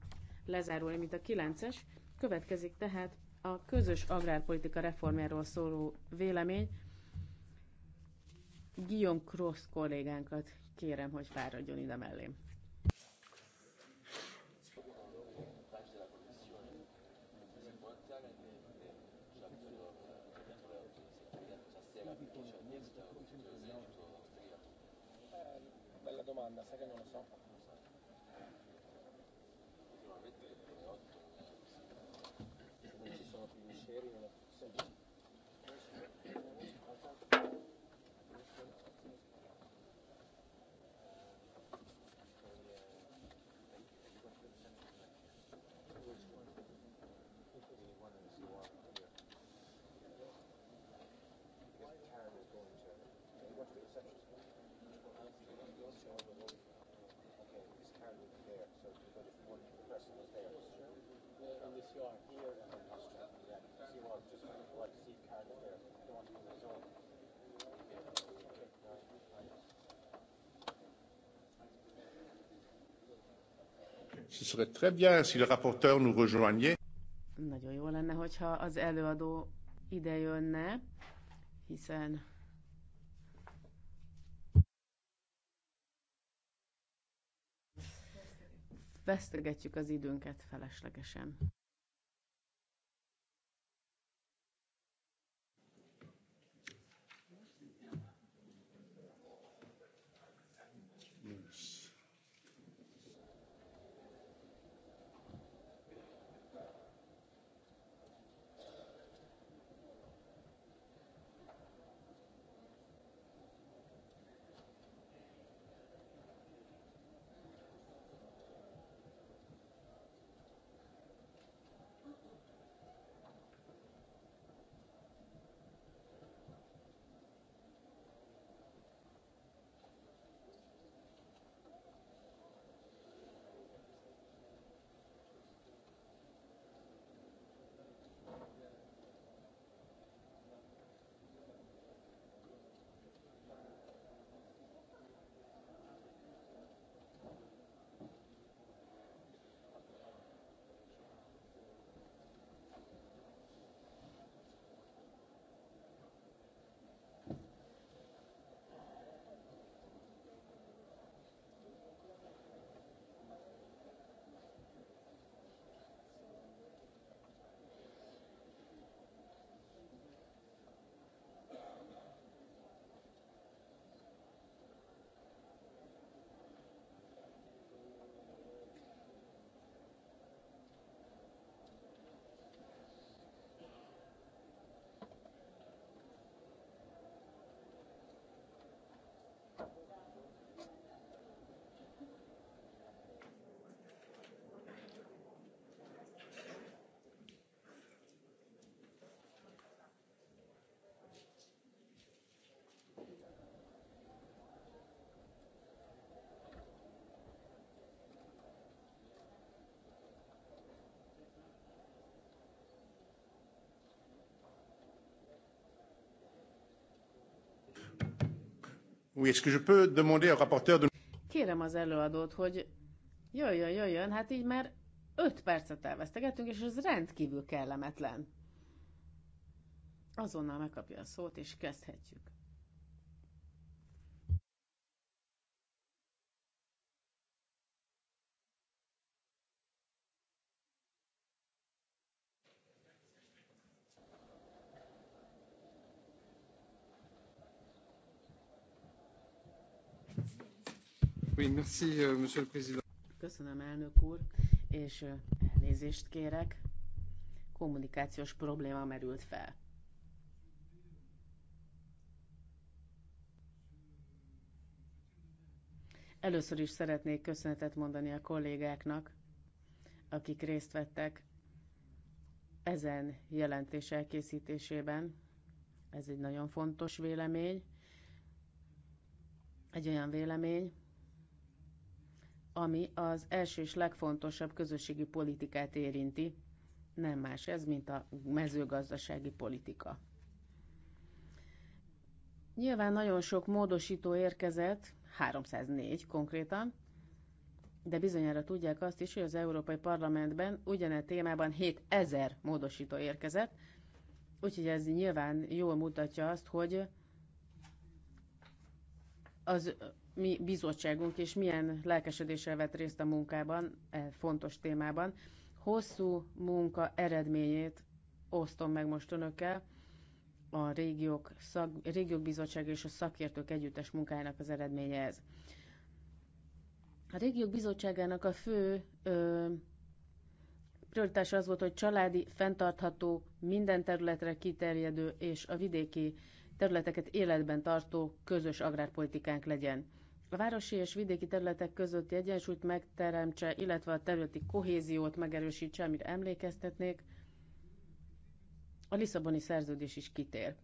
lezárulni, mint a kilences. Következik tehát a közös agrárpolitika reformjáról szóló vélemény. Guillaume Cross kollégánkat kérem, hogy fáradjon ide mellém. banda, saca no lo son. Ce serait très bien si le rapporteur nous rejoignait. Nagyon jó lenne, hogyha az előadó ide jönne, hiszen vesztegetjük az időnket feleslegesen. Oui, est-ce que je peux demander au rapporteur de... Kérem az előadót, hogy jöjjön, jöjjön, hát így már öt percet elvesztegettünk, és ez rendkívül kellemetlen. Azonnal megkapja a szót, és kezdhetjük. Euh, Köszönöm, elnök úr, és elnézést kérek. Kommunikációs probléma merült fel. Először is szeretnék köszönetet mondani a kollégáknak, akik részt vettek ezen jelentés elkészítésében. Ez egy nagyon fontos vélemény, egy olyan vélemény, ami az első és legfontosabb közösségi politikát érinti, nem más ez, mint a mezőgazdasági politika. Nyilván nagyon sok módosító érkezett, 304 konkrétan, de bizonyára tudják azt is, hogy az Európai Parlamentben ugyane témában 7000 módosító érkezett, úgyhogy ez nyilván jól mutatja azt, hogy az mi bizottságunk és milyen lelkesedéssel vett részt a munkában, e fontos témában. Hosszú munka eredményét osztom meg most önökkel, a régiók, szak, régiók bizottság és a szakértők együttes munkájának az eredménye ez. A régiók bizottságának a fő ö, prioritása az volt, hogy családi, fenntartható, minden területre kiterjedő és a vidéki területeket életben tartó közös agrárpolitikánk legyen a városi és vidéki területek közötti egyensúlyt megteremtse, illetve a területi kohéziót megerősítse, amire emlékeztetnék, a Lisszaboni szerződés is kitér.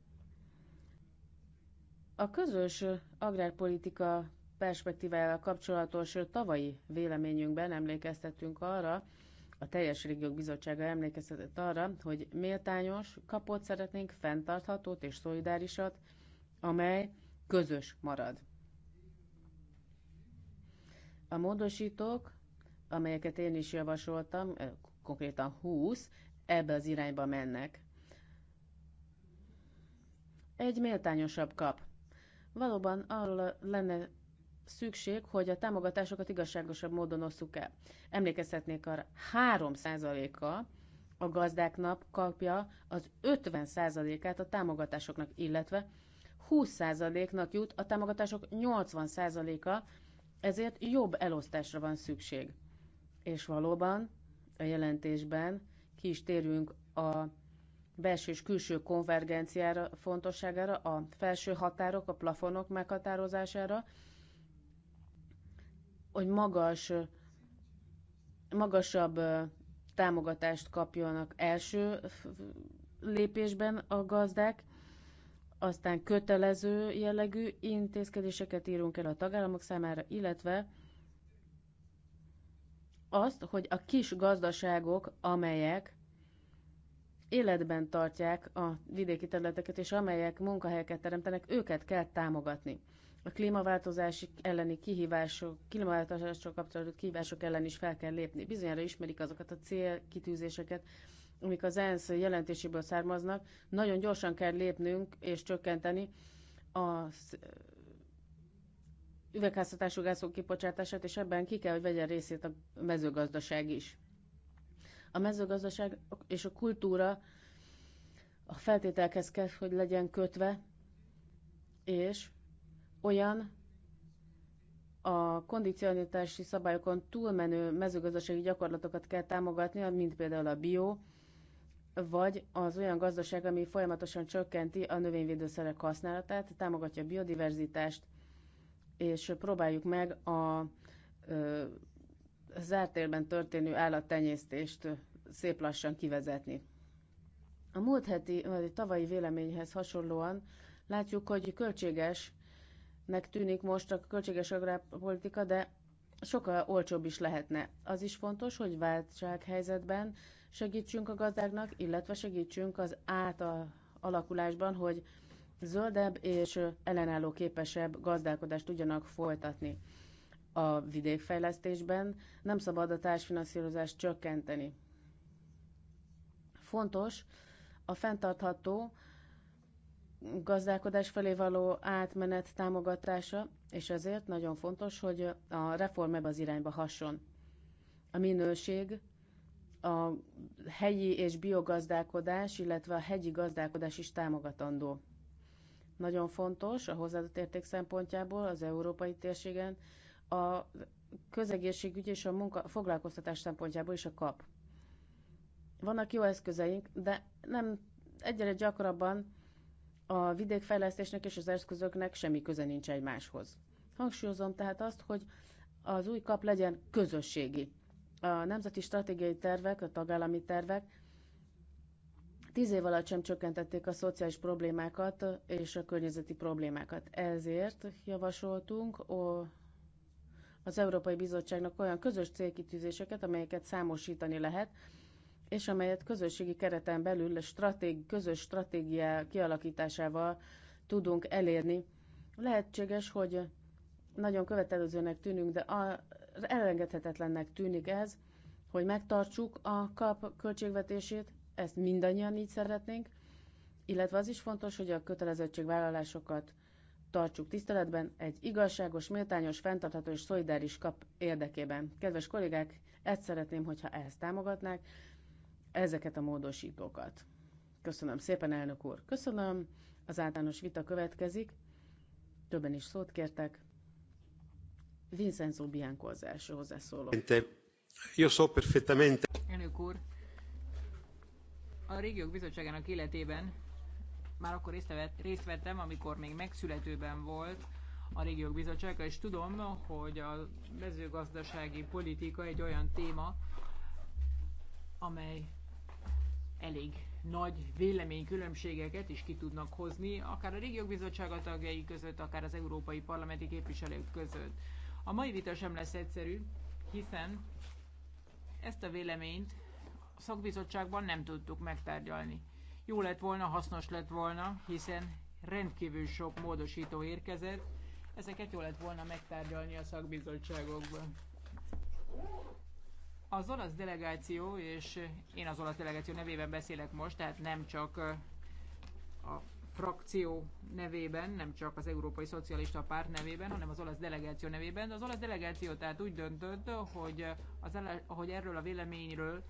A közös agrárpolitika perspektívájával kapcsolatos tavalyi véleményünkben emlékeztettünk arra, a teljes régiók bizottsága emlékeztetett arra, hogy méltányos kapott szeretnénk, fenntarthatót és szolidárisat, amely közös marad. A módosítók, amelyeket én is javasoltam, eh, konkrétan 20, ebbe az irányba mennek. Egy méltányosabb kap. Valóban arról lenne szükség, hogy a támogatásokat igazságosabb módon osszuk el. Emlékezhetnék arra, 3%-a a gazdáknak kapja az 50%-át a támogatásoknak, illetve 20%-nak jut a támogatások 80%-a, ezért jobb elosztásra van szükség. És valóban a jelentésben ki is térünk a belső és külső konvergenciára fontosságára, a felső határok, a plafonok meghatározására, hogy magas, magasabb támogatást kapjanak első lépésben a gazdák, aztán kötelező jellegű intézkedéseket írunk el a tagállamok számára, illetve azt, hogy a kis gazdaságok, amelyek életben tartják a vidéki területeket, és amelyek munkahelyeket teremtenek, őket kell támogatni. A klímaváltozási elleni kihívások, klímaváltozással kapcsolatos kihívások ellen is fel kell lépni. Bizonyára ismerik azokat a célkitűzéseket, amik az ENSZ jelentéséből származnak, nagyon gyorsan kell lépnünk és csökkenteni a üvegházhatású gázok kibocsátását, és ebben ki kell, hogy vegyen részét a mezőgazdaság is. A mezőgazdaság és a kultúra a feltételekhez kell, hogy legyen kötve, és olyan a kondicionitási szabályokon túlmenő mezőgazdasági gyakorlatokat kell támogatni, mint például a bio, vagy az olyan gazdaság, ami folyamatosan csökkenti a növényvédőszerek használatát, támogatja a biodiverzitást, és próbáljuk meg a ö, zártérben történő állattenyésztést szép lassan kivezetni. A múlt heti, vagy tavalyi véleményhez hasonlóan látjuk, hogy költségesnek tűnik most a költséges agrárpolitika, de sokkal olcsóbb is lehetne. Az is fontos, hogy váltsághelyzetben segítsünk a gazdáknak, illetve segítsünk az átalakulásban, hogy zöldebb és ellenálló képesebb gazdálkodást tudjanak folytatni. A vidékfejlesztésben nem szabad a társfinanszírozást csökkenteni. Fontos a fenntartható gazdálkodás felé való átmenet támogatása, és ezért nagyon fontos, hogy a reform ebbe az irányba hasson. A minőség a helyi és biogazdálkodás, illetve a hegyi gazdálkodás is támogatandó. Nagyon fontos a hozzáadott érték szempontjából az európai térségen a közegészségügy és a munka, foglalkoztatás szempontjából is a kap. Vannak jó eszközeink, de nem egyre gyakrabban a vidékfejlesztésnek és az eszközöknek semmi köze nincs egymáshoz. Hangsúlyozom tehát azt, hogy az új kap legyen közösségi a nemzeti stratégiai tervek, a tagállami tervek tíz év alatt sem csökkentették a szociális problémákat és a környezeti problémákat. Ezért javasoltunk az Európai Bizottságnak olyan közös célkitűzéseket, amelyeket számosítani lehet, és amelyet közösségi kereten belül stratég, közös stratégia kialakításával tudunk elérni. Lehetséges, hogy nagyon követelőzőnek tűnünk, de elengedhetetlennek tűnik ez, hogy megtartsuk a kap költségvetését, ezt mindannyian így szeretnénk, illetve az is fontos, hogy a kötelezettségvállalásokat tartsuk tiszteletben egy igazságos, méltányos, fenntartható és szolidáris kap érdekében. Kedves kollégák, ezt szeretném, hogyha ehhez támogatnák ezeket a módosítókat. Köszönöm szépen, elnök úr. Köszönöm. Az általános vita következik. Többen is szót kértek. Vincenzo Bianco az első hozzászóló. Io so perfettamente. Elnök úr, a régiók bizottságának életében már akkor részt, vett, részt vettem, amikor még megszületőben volt a régiók bizottsága, és tudom, hogy a mezőgazdasági politika egy olyan téma, amely elég nagy véleménykülönbségeket is ki tudnak hozni, akár a régiók bizottsága tagjai között, akár az európai parlamenti képviselők között. A mai vita sem lesz egyszerű, hiszen ezt a véleményt a szakbizottságban nem tudtuk megtárgyalni. Jó lett volna, hasznos lett volna, hiszen rendkívül sok módosító érkezett, ezeket jó lett volna megtárgyalni a szakbizottságokban. Az olasz delegáció, és én az olasz delegáció nevében beszélek most, tehát nem csak a frakció nevében, nem csak az Európai Szocialista Párt nevében, hanem az olasz delegáció nevében. Az olasz delegáció tehát úgy döntött, hogy, az, hogy erről a véleményről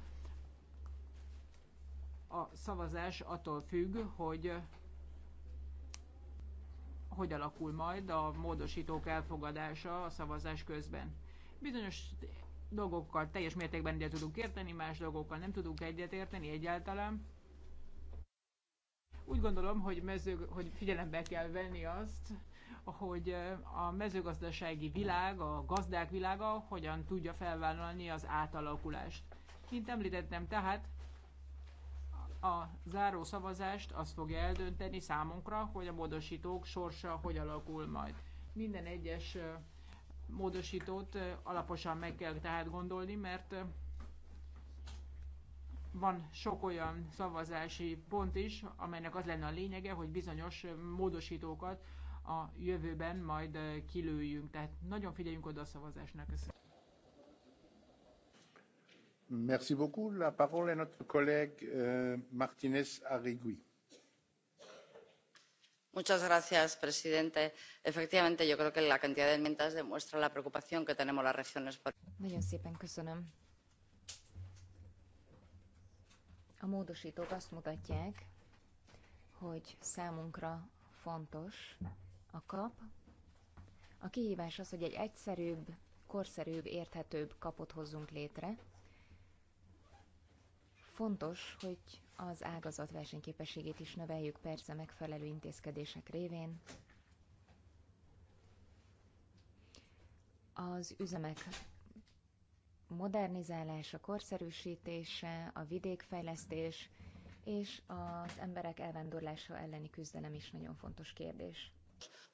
a szavazás attól függ, hogy hogy alakul majd a módosítók elfogadása a szavazás közben. Bizonyos dolgokkal teljes mértékben egyet tudunk érteni, más dolgokkal nem tudunk egyet érteni egyáltalán. Úgy gondolom, hogy, mező, hogy figyelembe kell venni azt, hogy eh, a mezőgazdasági világ, a gazdák világa hogyan tudja felvállalni az átalakulást. Mint említettem, tehát a záró szavazást az fogja eldönteni számunkra, hogy a módosítók sorsa hogy alakul majd. Minden egyes eh, módosítót eh, alaposan meg kell tehát gondolni, mert van sok olyan szavazási pont is, amelynek az lenne a lényege, hogy bizonyos módosítókat a jövőben majd eh, kilőjünk. Tehát nagyon figyeljünk oda a szavazásnak. Köszönöm. Merci beaucoup. La parole est notre collègue euh, Martinez Arigui. Muchas gracias, presidente. Efectivamente, yo creo que la cantidad de enmiendas demuestra la preocupación que tenemos las regiones por. Nagyon szépen köszönöm A módosítók azt mutatják, hogy számunkra fontos a kap. A kihívás az, hogy egy egyszerűbb, korszerűbb, érthetőbb kapot hozzunk létre. Fontos, hogy az ágazat versenyképességét is növeljük persze megfelelő intézkedések révén. Az üzemek a korszerűsítése, a vidékfejlesztés és az emberek elvándorlása elleni küzdelem is nagyon fontos kérdés.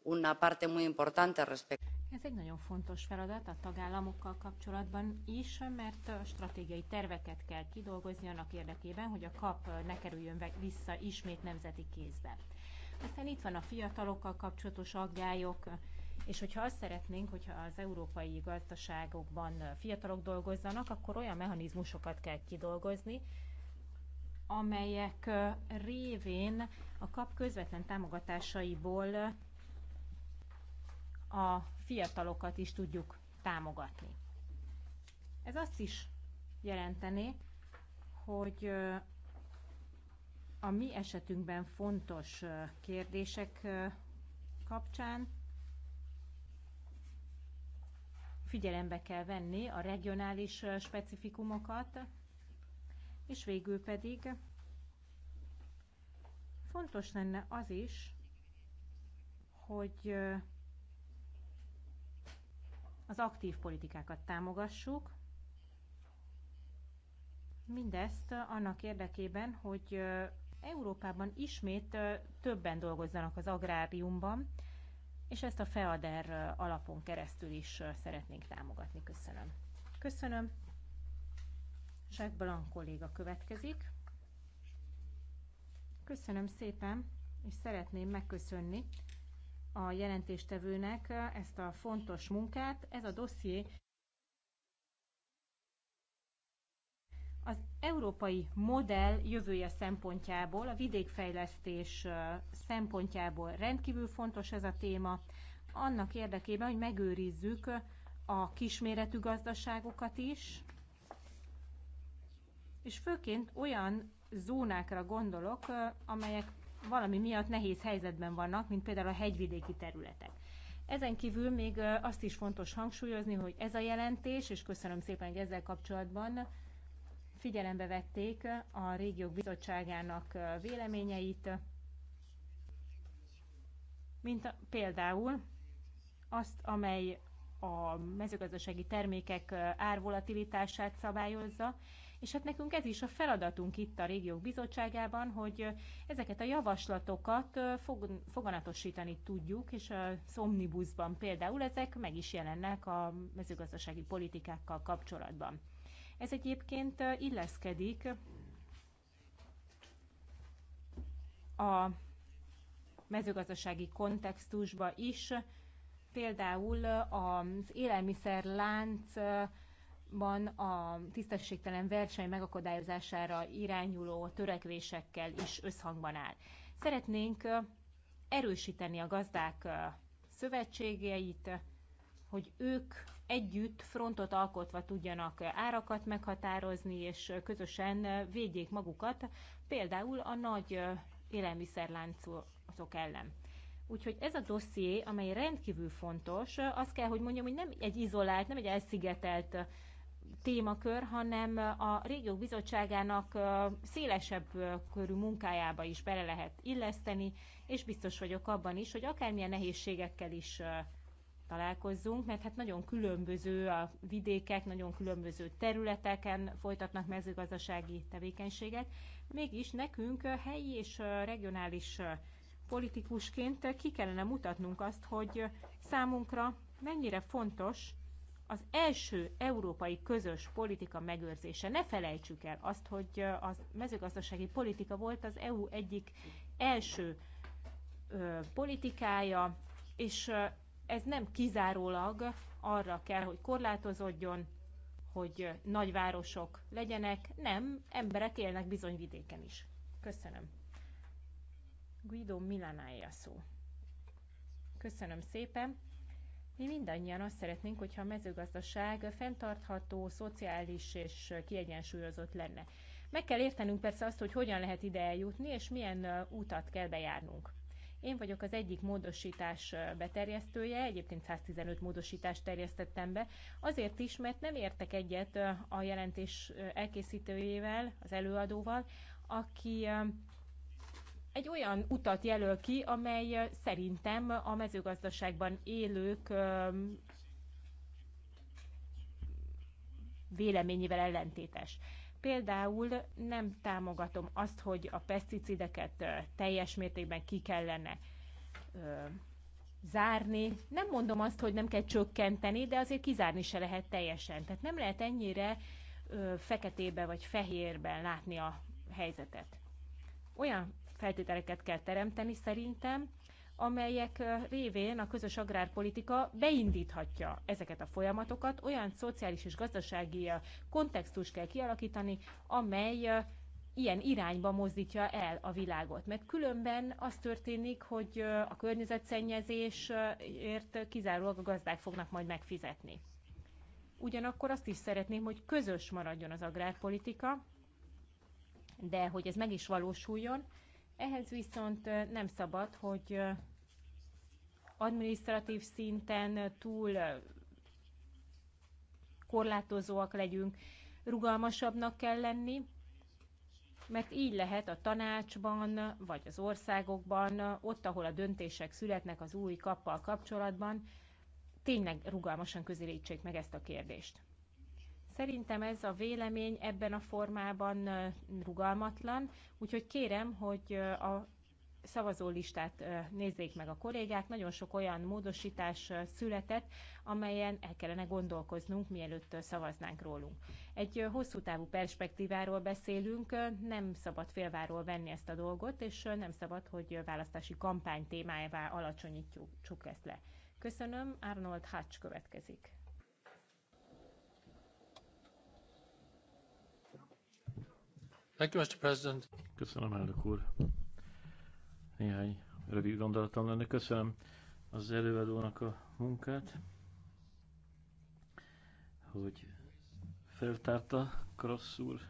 Una parte muy importante respect... Ez egy nagyon fontos feladat a tagállamokkal kapcsolatban is, mert stratégiai terveket kell kidolgozni annak érdekében, hogy a kap ne kerüljön vissza ismét nemzeti kézbe. Aztán itt van a fiatalokkal kapcsolatos aggályok, és hogyha azt szeretnénk, hogyha az európai gazdaságokban fiatalok dolgozzanak, akkor olyan mechanizmusokat kell kidolgozni, amelyek révén a kap közvetlen támogatásaiból a fiatalokat is tudjuk támogatni. Ez azt is jelenteni, hogy a mi esetünkben fontos kérdések kapcsán figyelembe kell venni a regionális specifikumokat, és végül pedig fontos lenne az is, hogy az aktív politikákat támogassuk, mindezt annak érdekében, hogy Európában ismét többen dolgozzanak az agráriumban, és ezt a FEADER alapon keresztül is szeretnénk támogatni. Köszönöm. Köszönöm. Zsák Blanc kolléga következik. Köszönöm szépen, és szeretném megköszönni a jelentéstevőnek ezt a fontos munkát. Ez a dosszié Az európai modell jövője szempontjából, a vidékfejlesztés szempontjából rendkívül fontos ez a téma, annak érdekében, hogy megőrizzük a kisméretű gazdaságokat is, és főként olyan zónákra gondolok, amelyek valami miatt nehéz helyzetben vannak, mint például a hegyvidéki területek. Ezen kívül még azt is fontos hangsúlyozni, hogy ez a jelentés, és köszönöm szépen, hogy ezzel kapcsolatban figyelembe vették a régiók bizottságának véleményeit, mint a, például azt, amely a mezőgazdasági termékek árvolatilitását szabályozza, és hát nekünk ez is a feladatunk itt a régiók bizottságában, hogy ezeket a javaslatokat fog, foganatosítani tudjuk, és a Somnibusban például ezek meg is jelennek a mezőgazdasági politikákkal kapcsolatban. Ez egyébként illeszkedik a mezőgazdasági kontextusba is, például az élelmiszerláncban a tisztességtelen verseny megakadályozására irányuló törekvésekkel is összhangban áll. Szeretnénk erősíteni a gazdák szövetségeit, hogy ők együtt frontot alkotva tudjanak árakat meghatározni, és közösen védjék magukat, például a nagy élelmiszerláncok ellen. Úgyhogy ez a dosszié, amely rendkívül fontos, azt kell, hogy mondjam, hogy nem egy izolált, nem egy elszigetelt témakör, hanem a régiók bizottságának szélesebb körű munkájába is bele lehet illeszteni, és biztos vagyok abban is, hogy akármilyen nehézségekkel is találkozzunk, mert hát nagyon különböző a vidékek, nagyon különböző területeken folytatnak mezőgazdasági tevékenységet, mégis nekünk helyi és regionális politikusként ki kellene mutatnunk azt, hogy számunkra mennyire fontos az első európai közös politika megőrzése. Ne felejtsük el azt, hogy a mezőgazdasági politika volt az EU egyik első ö, politikája, és ez nem kizárólag arra kell, hogy korlátozódjon, hogy nagyvárosok legyenek, nem, emberek élnek bizony vidéken is. Köszönöm. Guido Milanája szó. Köszönöm szépen. Mi mindannyian azt szeretnénk, hogyha a mezőgazdaság fenntartható, szociális és kiegyensúlyozott lenne. Meg kell értenünk persze azt, hogy hogyan lehet ide eljutni, és milyen utat kell bejárnunk. Én vagyok az egyik módosítás beterjesztője, egyébként 115 módosítást terjesztettem be, azért is, mert nem értek egyet a jelentés elkészítőjével, az előadóval, aki egy olyan utat jelöl ki, amely szerintem a mezőgazdaságban élők véleményével ellentétes. Például nem támogatom azt, hogy a peszticideket teljes mértékben ki kellene zárni. Nem mondom azt, hogy nem kell csökkenteni, de azért kizárni se lehet teljesen. Tehát nem lehet ennyire ö, feketébe vagy fehérben látni a helyzetet. Olyan feltételeket kell teremteni szerintem, amelyek révén a közös agrárpolitika beindíthatja ezeket a folyamatokat, olyan szociális és gazdasági kontextus kell kialakítani, amely ilyen irányba mozdítja el a világot. Mert különben az történik, hogy a környezetszennyezésért kizárólag a gazdák fognak majd megfizetni. Ugyanakkor azt is szeretném, hogy közös maradjon az agrárpolitika, de hogy ez meg is valósuljon, ehhez viszont nem szabad, hogy administratív szinten túl korlátozóak legyünk, rugalmasabbnak kell lenni, mert így lehet a tanácsban, vagy az országokban, ott, ahol a döntések születnek az új kappal kapcsolatban, tényleg rugalmasan közelítsék meg ezt a kérdést. Szerintem ez a vélemény ebben a formában rugalmatlan, úgyhogy kérem, hogy a szavazólistát nézzék meg a kollégák. Nagyon sok olyan módosítás született, amelyen el kellene gondolkoznunk, mielőtt szavaznánk rólunk. Egy hosszú távú perspektíváról beszélünk, nem szabad félváról venni ezt a dolgot, és nem szabad, hogy választási kampány témájává alacsonyítsuk ezt le. Köszönöm, Arnold Hatch következik. Thank you, Mr. President. Köszönöm, elnök úr. Néhány rövid gondolatom lenne. Köszönöm az előadónak a munkát, hogy feltárta Krossz úr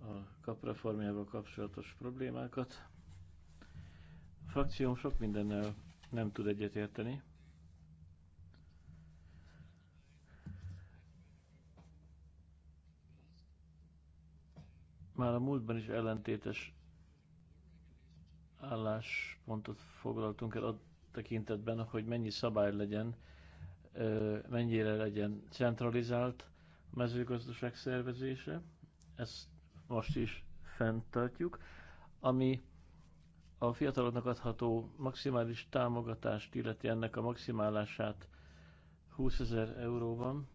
a kapreformjával kapcsolatos problémákat. A frakcióm sok mindennel nem tud egyetérteni, már a múltban is ellentétes álláspontot foglaltunk el a tekintetben, hogy mennyi szabály legyen, mennyire legyen centralizált a mezőgazdaság szervezése. Ezt most is fenntartjuk. Ami a fiataloknak adható maximális támogatást illeti ennek a maximálását 20 ezer euróban,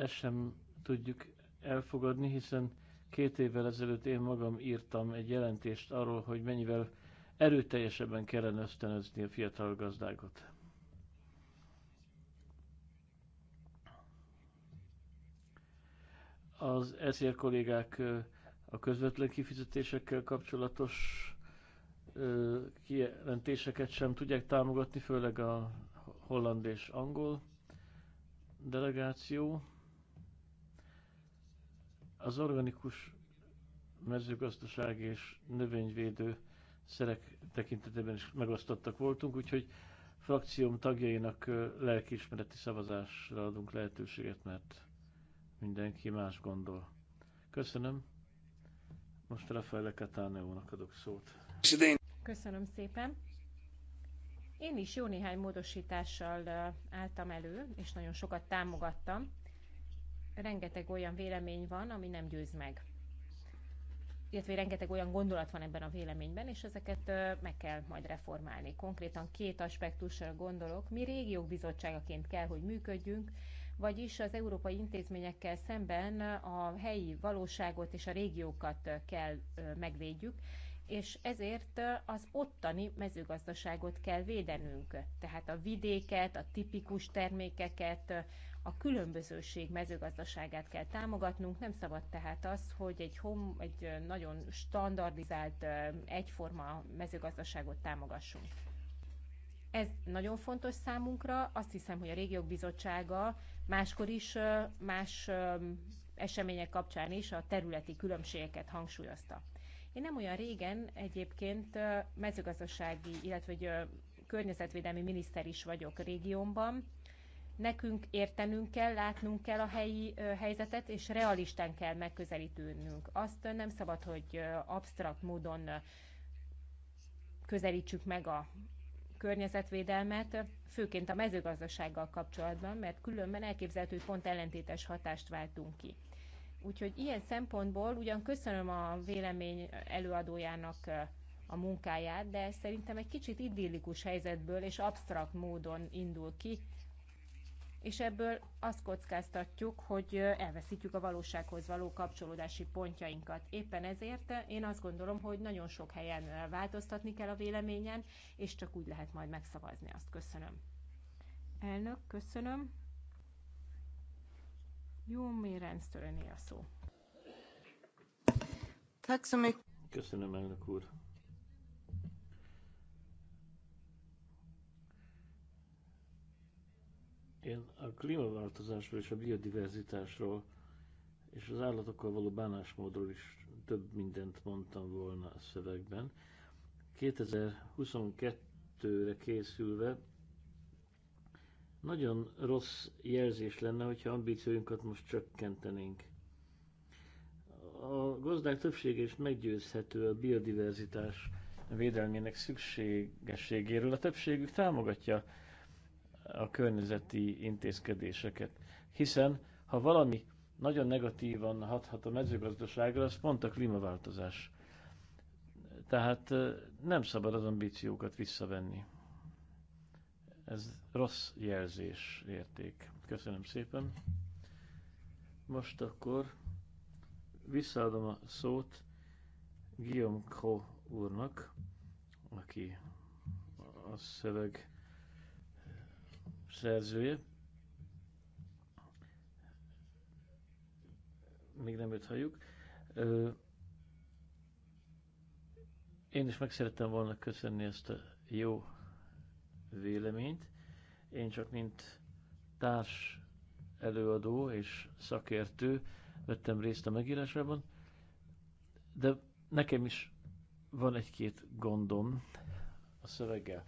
Ezt sem tudjuk elfogadni, hiszen két évvel ezelőtt én magam írtam egy jelentést arról, hogy mennyivel erőteljesebben kellene ösztönözni a fiatal gazdákat. Az ESZÉR kollégák a közvetlen kifizetésekkel kapcsolatos kijelentéseket sem tudják támogatni, főleg a holland és angol delegáció. Az organikus mezőgazdaság és növényvédő szerek tekintetében is megosztottak voltunk, úgyhogy frakcióm tagjainak lelkiismereti szavazásra adunk lehetőséget, mert mindenki más gondol. Köszönöm. Most Rafael Catáneónak adok szót. Köszönöm szépen. Én is jó néhány módosítással álltam elő, és nagyon sokat támogattam rengeteg olyan vélemény van, ami nem győz meg. Illetve rengeteg olyan gondolat van ebben a véleményben, és ezeket meg kell majd reformálni. Konkrétan két aspektusra gondolok. Mi régiók bizottságaként kell, hogy működjünk, vagyis az európai intézményekkel szemben a helyi valóságot és a régiókat kell megvédjük, és ezért az ottani mezőgazdaságot kell védenünk. Tehát a vidéket, a tipikus termékeket, a különbözőség mezőgazdaságát kell támogatnunk, nem szabad tehát az, hogy egy, hom, egy nagyon standardizált, egyforma mezőgazdaságot támogassunk. Ez nagyon fontos számunkra, azt hiszem, hogy a Régiók Bizottsága máskor is, más események kapcsán is a területi különbségeket hangsúlyozta. Én nem olyan régen egyébként mezőgazdasági, illetve környezetvédelmi miniszter is vagyok régiómban, nekünk értenünk kell, látnunk kell a helyi helyzetet, és realistán kell megközelítőnünk. Azt nem szabad, hogy absztrakt módon közelítsük meg a környezetvédelmet, főként a mezőgazdasággal kapcsolatban, mert különben elképzelhető, hogy pont ellentétes hatást váltunk ki. Úgyhogy ilyen szempontból ugyan köszönöm a vélemény előadójának a munkáját, de szerintem egy kicsit idillikus helyzetből és absztrakt módon indul ki, és ebből azt kockáztatjuk, hogy elveszítjük a valósághoz való kapcsolódási pontjainkat. Éppen ezért én azt gondolom, hogy nagyon sok helyen változtatni kell a véleményen, és csak úgy lehet majd megszavazni azt. Köszönöm. Elnök, köszönöm. Jó, mi rendszerűen a szó. Köszönöm, elnök úr. Én a klímaváltozásról és a biodiverzitásról és az állatokkal való bánásmódról is több mindent mondtam volna a szövegben. 2022-re készülve nagyon rossz jelzés lenne, hogyha ambícióinkat most csökkentenénk. A gazdák többsége is meggyőzhető a biodiverzitás védelmének szükségességéről. A többségük támogatja a környezeti intézkedéseket. Hiszen, ha valami nagyon negatívan hathat a mezőgazdaságra, az pont a klímaváltozás. Tehát nem szabad az ambíciókat visszavenni. Ez rossz jelzés érték. Köszönöm szépen. Most akkor visszaadom a szót Guillaume Kho úrnak, aki a szöveg szerzője. Még nem őt halljuk. Én is meg szerettem volna köszönni ezt a jó véleményt. Én csak mint társ előadó és szakértő vettem részt a megírásában, de nekem is van egy-két gondom a szöveggel.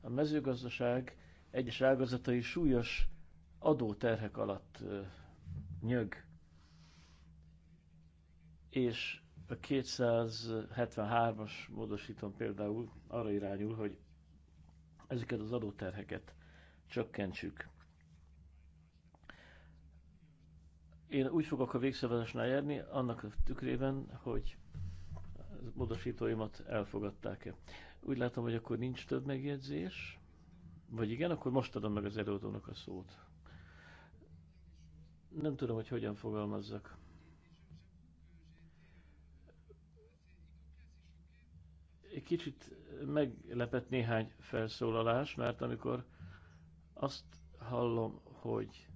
A mezőgazdaság egyes ágazatai súlyos adóterhek alatt nyög. És a 273-as módosítom például arra irányul, hogy ezeket az adóterheket csökkentsük. Én úgy fogok a végszavazásnál járni, annak a tükrében, hogy módosítóimat elfogadták-e. Úgy látom, hogy akkor nincs több megjegyzés. Vagy igen, akkor most adom meg az előadónak a szót. Nem tudom, hogy hogyan fogalmazzak. Egy kicsit meglepett néhány felszólalás, mert amikor azt hallom, hogy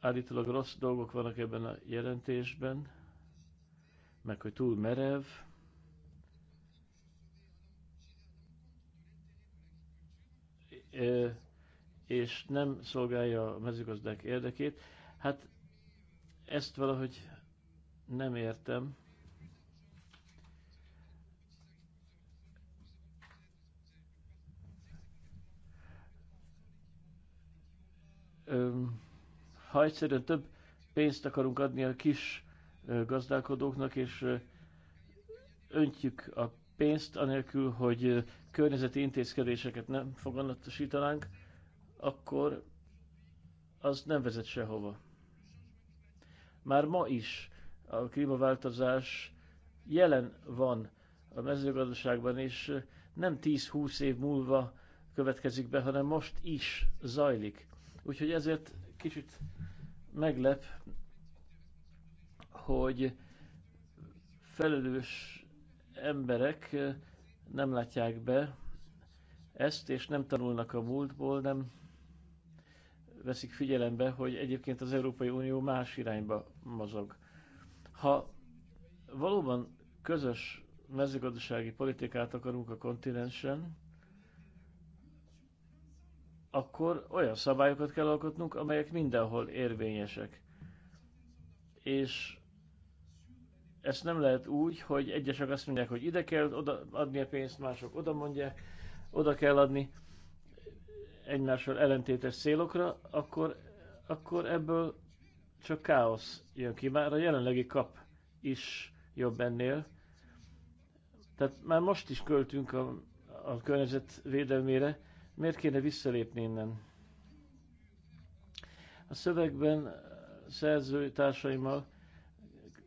állítólag rossz dolgok vannak ebben a jelentésben, meg hogy túl merev, és nem szolgálja a mezőgazdák érdekét. Hát ezt valahogy nem értem. Ha egyszerűen több pénzt akarunk adni a kis gazdálkodóknak, és öntjük a pénzt, anélkül, hogy környezeti intézkedéseket nem foganatosítanánk, akkor az nem vezet sehova. Már ma is a klímaváltozás jelen van a mezőgazdaságban, és nem 10-20 év múlva következik be, hanem most is zajlik. Úgyhogy ezért kicsit meglep, hogy felelős emberek nem látják be ezt, és nem tanulnak a múltból, nem veszik figyelembe, hogy egyébként az Európai Unió más irányba mozog. Ha valóban közös mezőgazdasági politikát akarunk a kontinensen, akkor olyan szabályokat kell alkotnunk, amelyek mindenhol érvényesek. És ezt nem lehet úgy, hogy egyesek azt mondják, hogy ide kell oda adni a pénzt, mások oda mondják, oda kell adni egymással ellentétes célokra, akkor, akkor ebből csak káosz jön ki. Már a jelenlegi kap is jobb ennél. Tehát már most is költünk a, a környezet védelmére, miért kéne visszalépni innen? A szövegben szerzőtársaimmal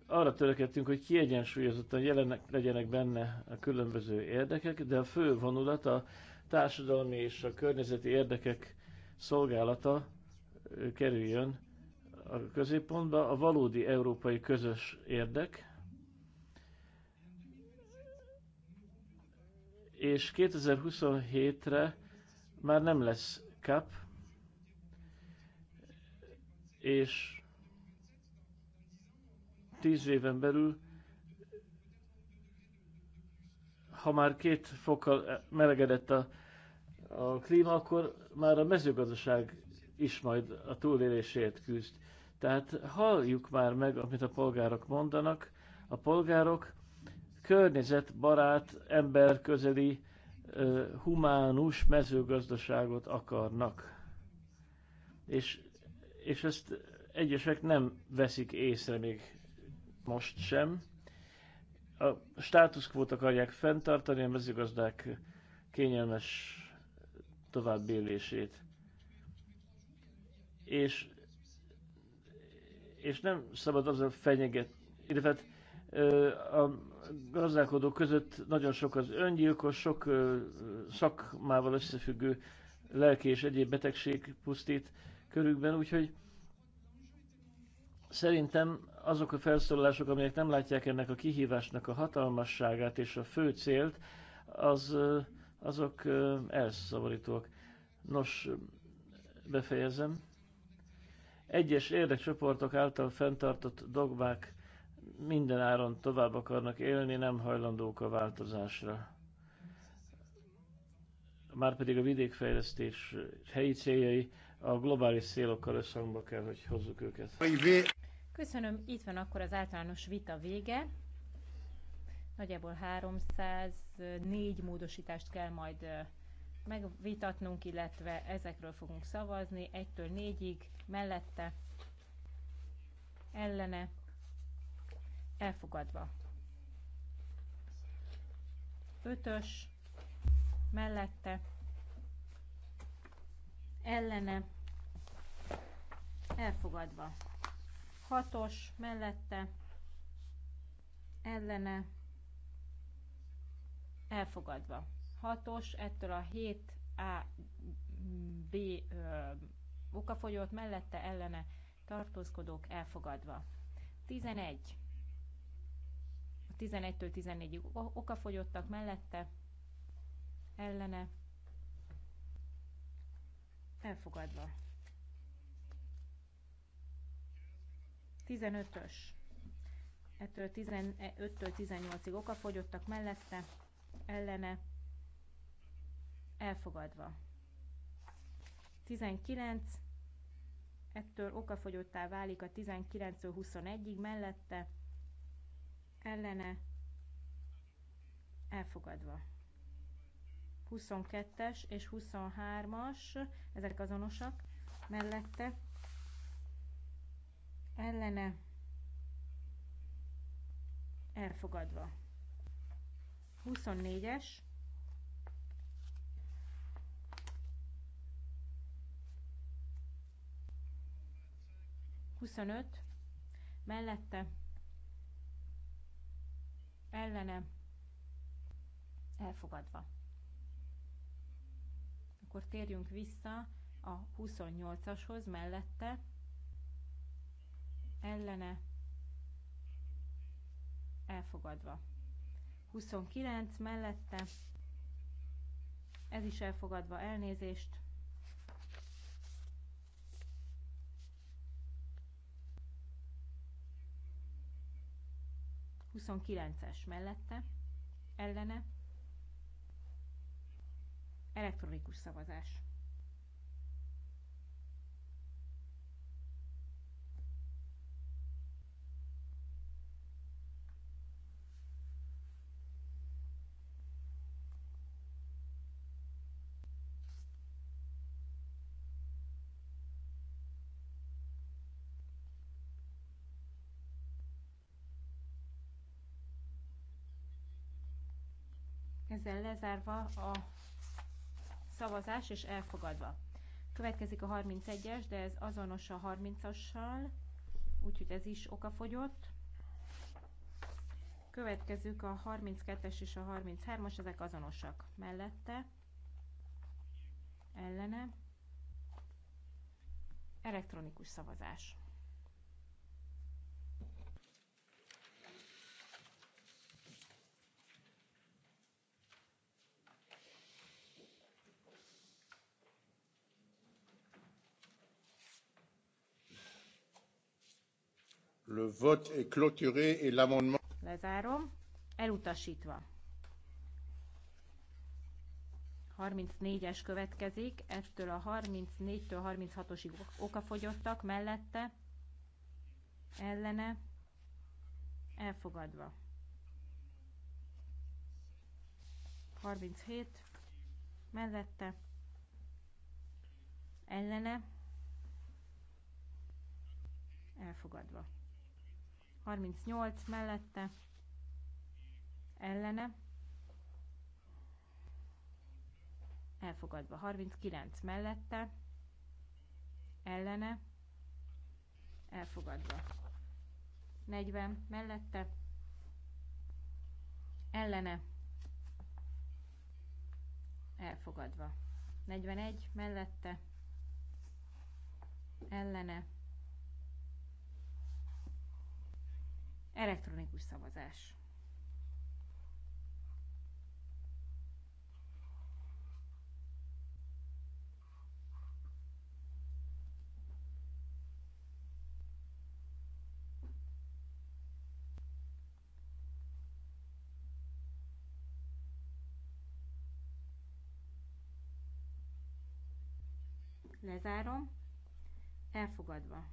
arra törekedtünk, hogy kiegyensúlyozottan jelenek, legyenek benne a különböző érdekek, de a fő vonulat a társadalmi és a környezeti érdekek szolgálata kerüljön a középpontba, a valódi európai közös érdek, és 2027-re már nem lesz CAP, és tíz éven belül, ha már két fokkal melegedett a, a klíma, akkor már a mezőgazdaság is majd a túlélésért küzd. Tehát halljuk már meg, amit a polgárok mondanak. A polgárok környezetbarát, emberközeli, humánus mezőgazdaságot akarnak. És, és ezt egyesek nem veszik észre még most sem. A státuszkvót akarják fenntartani a mezőgazdák kényelmes továbbélését. És, és nem szabad azzal fenyeget, illetve a gazdálkodók között nagyon sok az öngyilkos, sok szakmával összefüggő lelki és egyéb betegség pusztít körükben, úgyhogy szerintem azok a felszólalások, amelyek nem látják ennek a kihívásnak a hatalmasságát és a fő célt, az, azok elszavarítóak. Nos, befejezem. Egyes érdekcsoportok által fenntartott dogmák minden áron tovább akarnak élni, nem hajlandók a változásra. Márpedig a vidékfejlesztés helyi céljai a globális célokkal összhangba kell, hogy hozzuk őket. Köszönöm, itt van akkor az általános vita vége. Nagyjából 304 módosítást kell majd megvitatnunk, illetve ezekről fogunk szavazni, 1-től 4-ig, mellette, ellene, elfogadva. 5-ös, mellette, ellene, elfogadva hatos mellette ellene elfogadva. Hatos ettől a 7A B okafogyót mellette ellene tartózkodók elfogadva. 11. A 11-től 14-ig okafogyottak mellette ellene elfogadva. 15-ös. Ettől 15-től e, 18-ig okafogyottak mellette, ellene, elfogadva. 19, ettől okafogyottá válik a 19-től 21-ig mellette, ellene, elfogadva. 22-es és 23-as, ezek azonosak, mellette, ellene elfogadva. 24-es Huszonöt, mellette, ellene, elfogadva. Akkor térjünk vissza a 28-ashoz, mellette, ellene elfogadva. 29 mellette ez is elfogadva elnézést. 29-es mellette, ellene, elektronikus szavazás. ezzel lezárva a szavazás és elfogadva. Következik a 31-es, de ez azonos a 30-assal, úgyhogy ez is okafogyott. Következők a 32-es és a 33-as, ezek azonosak. Mellette, ellene, elektronikus szavazás. Le vote est clôturé et l'amendement... Lezárom. Elutasítva. 34-es következik, ettől a 34-től 36-osig okafogyottak, mellette, ellene, elfogadva. 37, mellette, ellene, elfogadva. 38 mellette ellene elfogadva 39 mellette ellene elfogadva 40 mellette ellene elfogadva 41 mellette ellene Elektronikus szavazás. lezárom, elfogadva.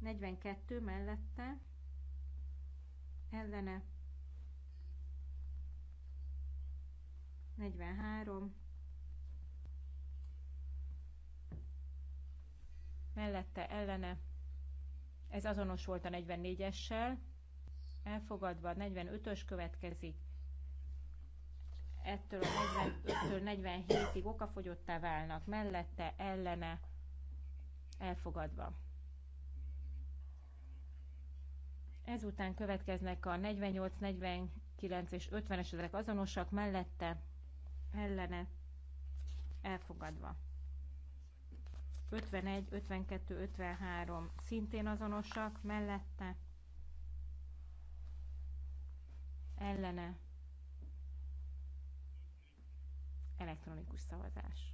42 mellette ellene 43 mellette ellene ez azonos volt a 44-essel elfogadva 45-ös következik ettől a 45-től 47-ig okafogyottá válnak mellette ellene elfogadva Ezután következnek a 48, 49 és 50-es, ezek azonosak, mellette, ellene, elfogadva. 51, 52, 53 szintén azonosak, mellette, ellene, elektronikus szavazás.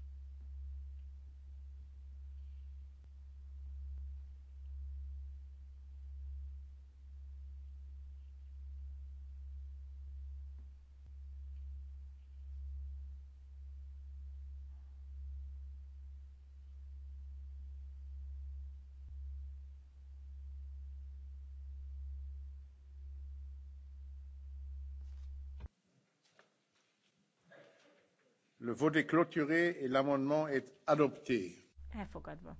Le vote est clôturé et l'amendement est adopté. Elfogadva.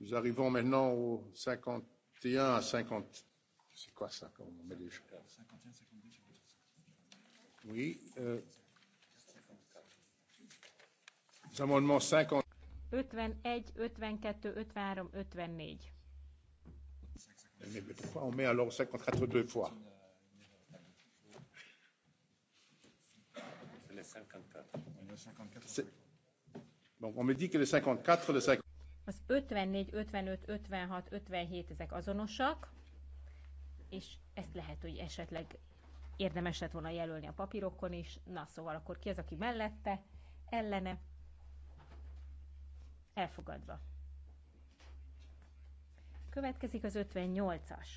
Nous arrivons maintenant au 51 à 50. C'est quoi ça quand on met les choses Oui. Euh, les amendements 50. 51, 52, 53, 54. Mais, pourquoi on met alors 52 fois Le 54. Le 54. Donc on me dit que les 54, les 54. Az 54, 55, 56, 57 ezek azonosak, és ezt lehet, hogy esetleg érdemes lett volna jelölni a papírokon is. Na, szóval akkor ki az, aki mellette, ellene, elfogadva. Következik az 58-as.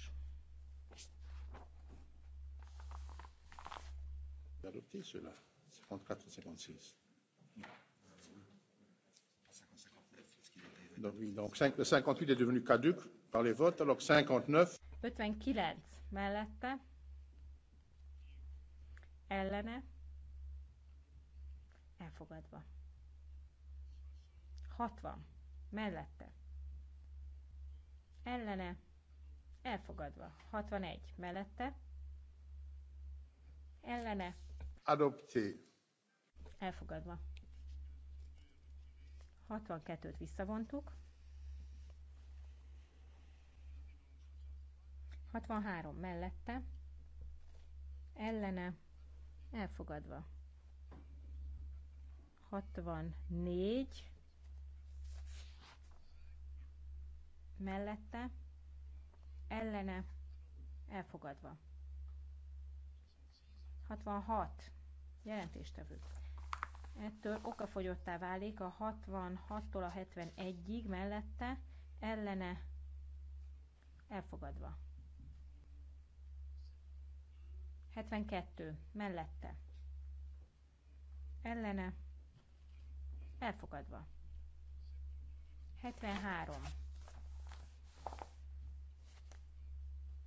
Donc, 58 est devenu caduque par les votes, alors 59. 59 mellette, ellene, elfogadva. 60 mellette, ellene, elfogadva. 61 mellette, ellene, adopté, elfogadva. 62-t visszavontuk. 63 mellette, ellene, elfogadva. 64 mellette, ellene, elfogadva. 66. Jelentéstevő. Ettől okafogyottá válik a 66-tól a 71-ig mellette, ellene, elfogadva. 72. Mellette. Ellene. Elfogadva. 73.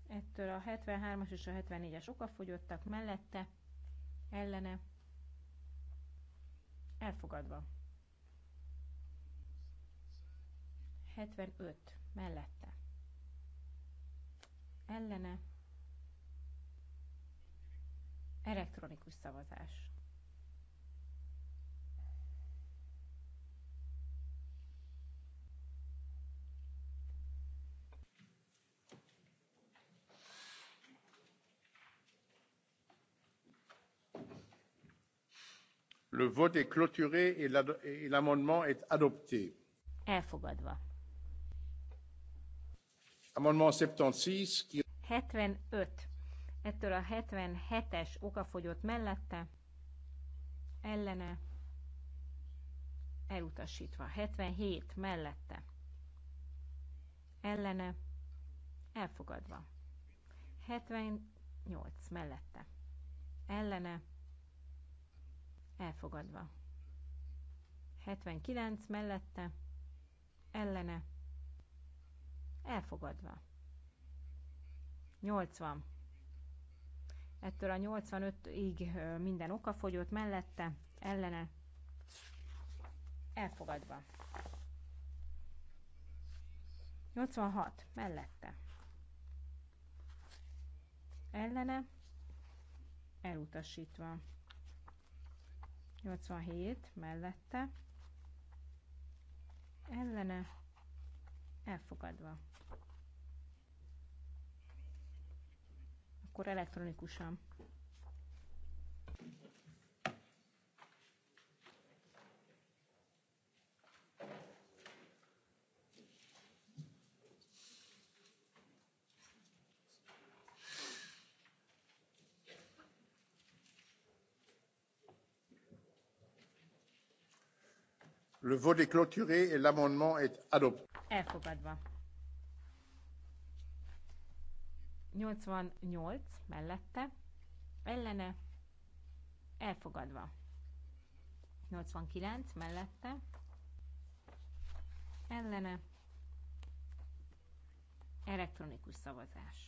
ettől a 73-as és a 74-es okafogyottak mellette, ellene, elfogadva. 75 mellette, ellene, elektronikus szavazás. Le vote est clôturé et l'amendement est adopté. Elfogadva. Amendement 76 ki... 75. Ettől a 77-es okafogyott mellette ellene elutasítva. 77 mellette ellene elfogadva. 78 mellette ellene elfogadva. 79 mellette, ellene, elfogadva. 80. Ettől a 85-ig minden oka fogyott mellette, ellene, elfogadva. 86 mellette, ellene, elutasítva. 87 mellette, ellene elfogadva. Akkor elektronikusan. Le vote est clôturé et l'amendement est adopté. Elfogadva. 88 mellette, ellene, elfogadva. 89 mellette, ellene, elektronikus szavazás.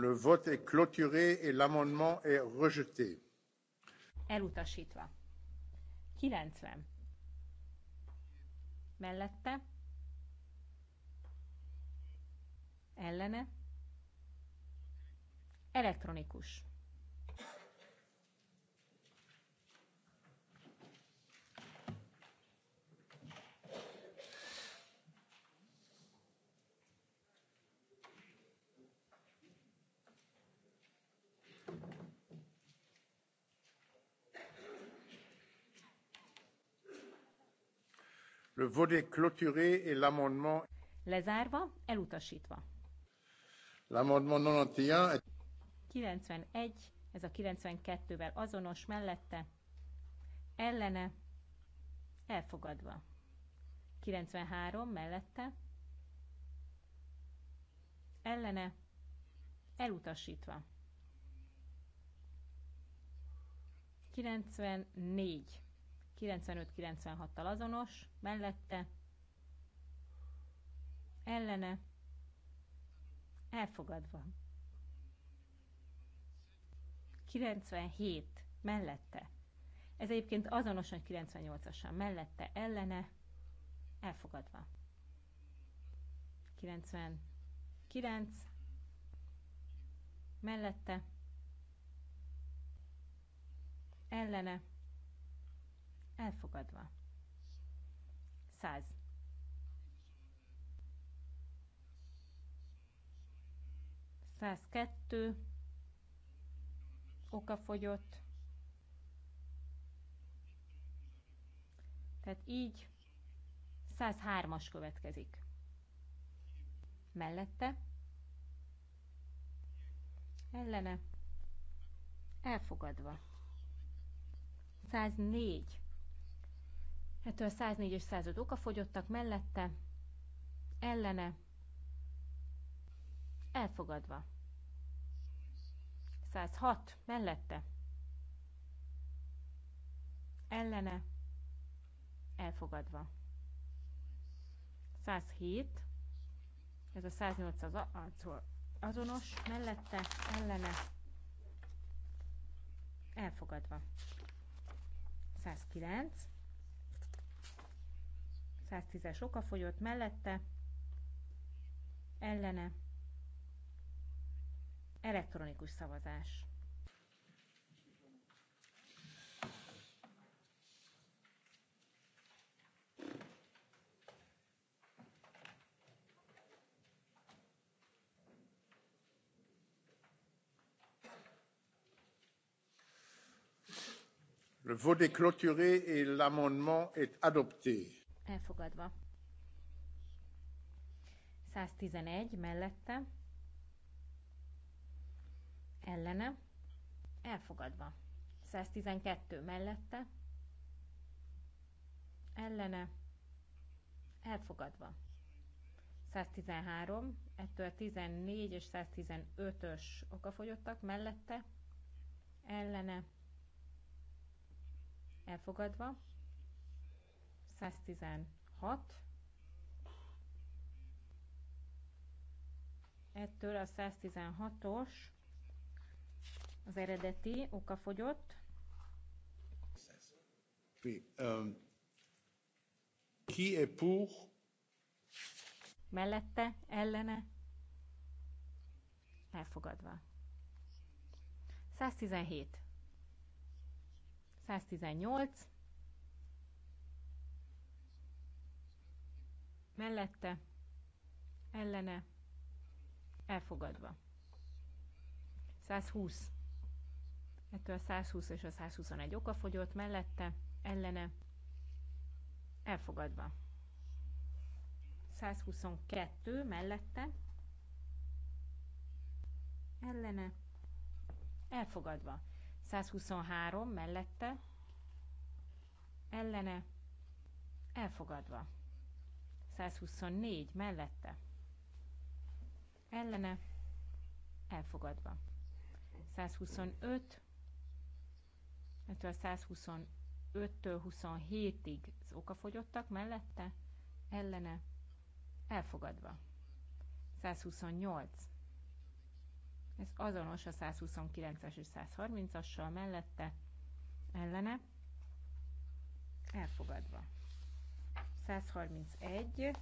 Le vote est clôturé et l'amendement est rejeté. Elutasítva. 90. Mellette. Ellene. Elektronikus. Le vote est clôturé et l'amendement... Lezárva, elutasítva. L'amendement 91... 91, ez a 92-vel azonos mellette, ellene, elfogadva. 93 mellette, ellene, elutasítva. 94 95-96-tal azonos, mellette, ellene, elfogadva. 97 mellette. Ez egyébként azonosan 98-asan mellette, ellene, elfogadva. 99 mellette, ellene, Elfogadva. 100. Százkettő, fogyott. Tehát így 103-as következik. Mellette. Ellene. Elfogadva. 104. Ettől a 104 és 105 fogyottak mellette, ellene, elfogadva. 106 mellette, ellene, elfogadva. 107, ez a 108 az azonos, mellette, ellene, elfogadva. 109, 110-es oka fogyott mellette, ellene, elektronikus szavazás. Le vote est clôturé et l'amendement est adopté elfogadva. 111 mellette, ellene, elfogadva. 112 mellette, ellene, elfogadva. 113, ettől 14 és 115-ös okafogyottak mellette, ellene, elfogadva. 116, ettől a 116-os az eredeti okafogyott. Oui, um, qui pour? Mellette, ellene, elfogadva. 117. 118. mellette, ellene, elfogadva. 120. Ettől a 120 és a 121 oka fogyott, mellette, ellene, elfogadva. 122 mellette, ellene, elfogadva. 123 mellette, ellene, elfogadva. 124 mellette. Ellene elfogadva. 125, ettől 125-től 27-ig az okafogyottak mellette, ellene elfogadva. 128. Ez azonos a 129-es és 130-assal mellette, ellene elfogadva. 131.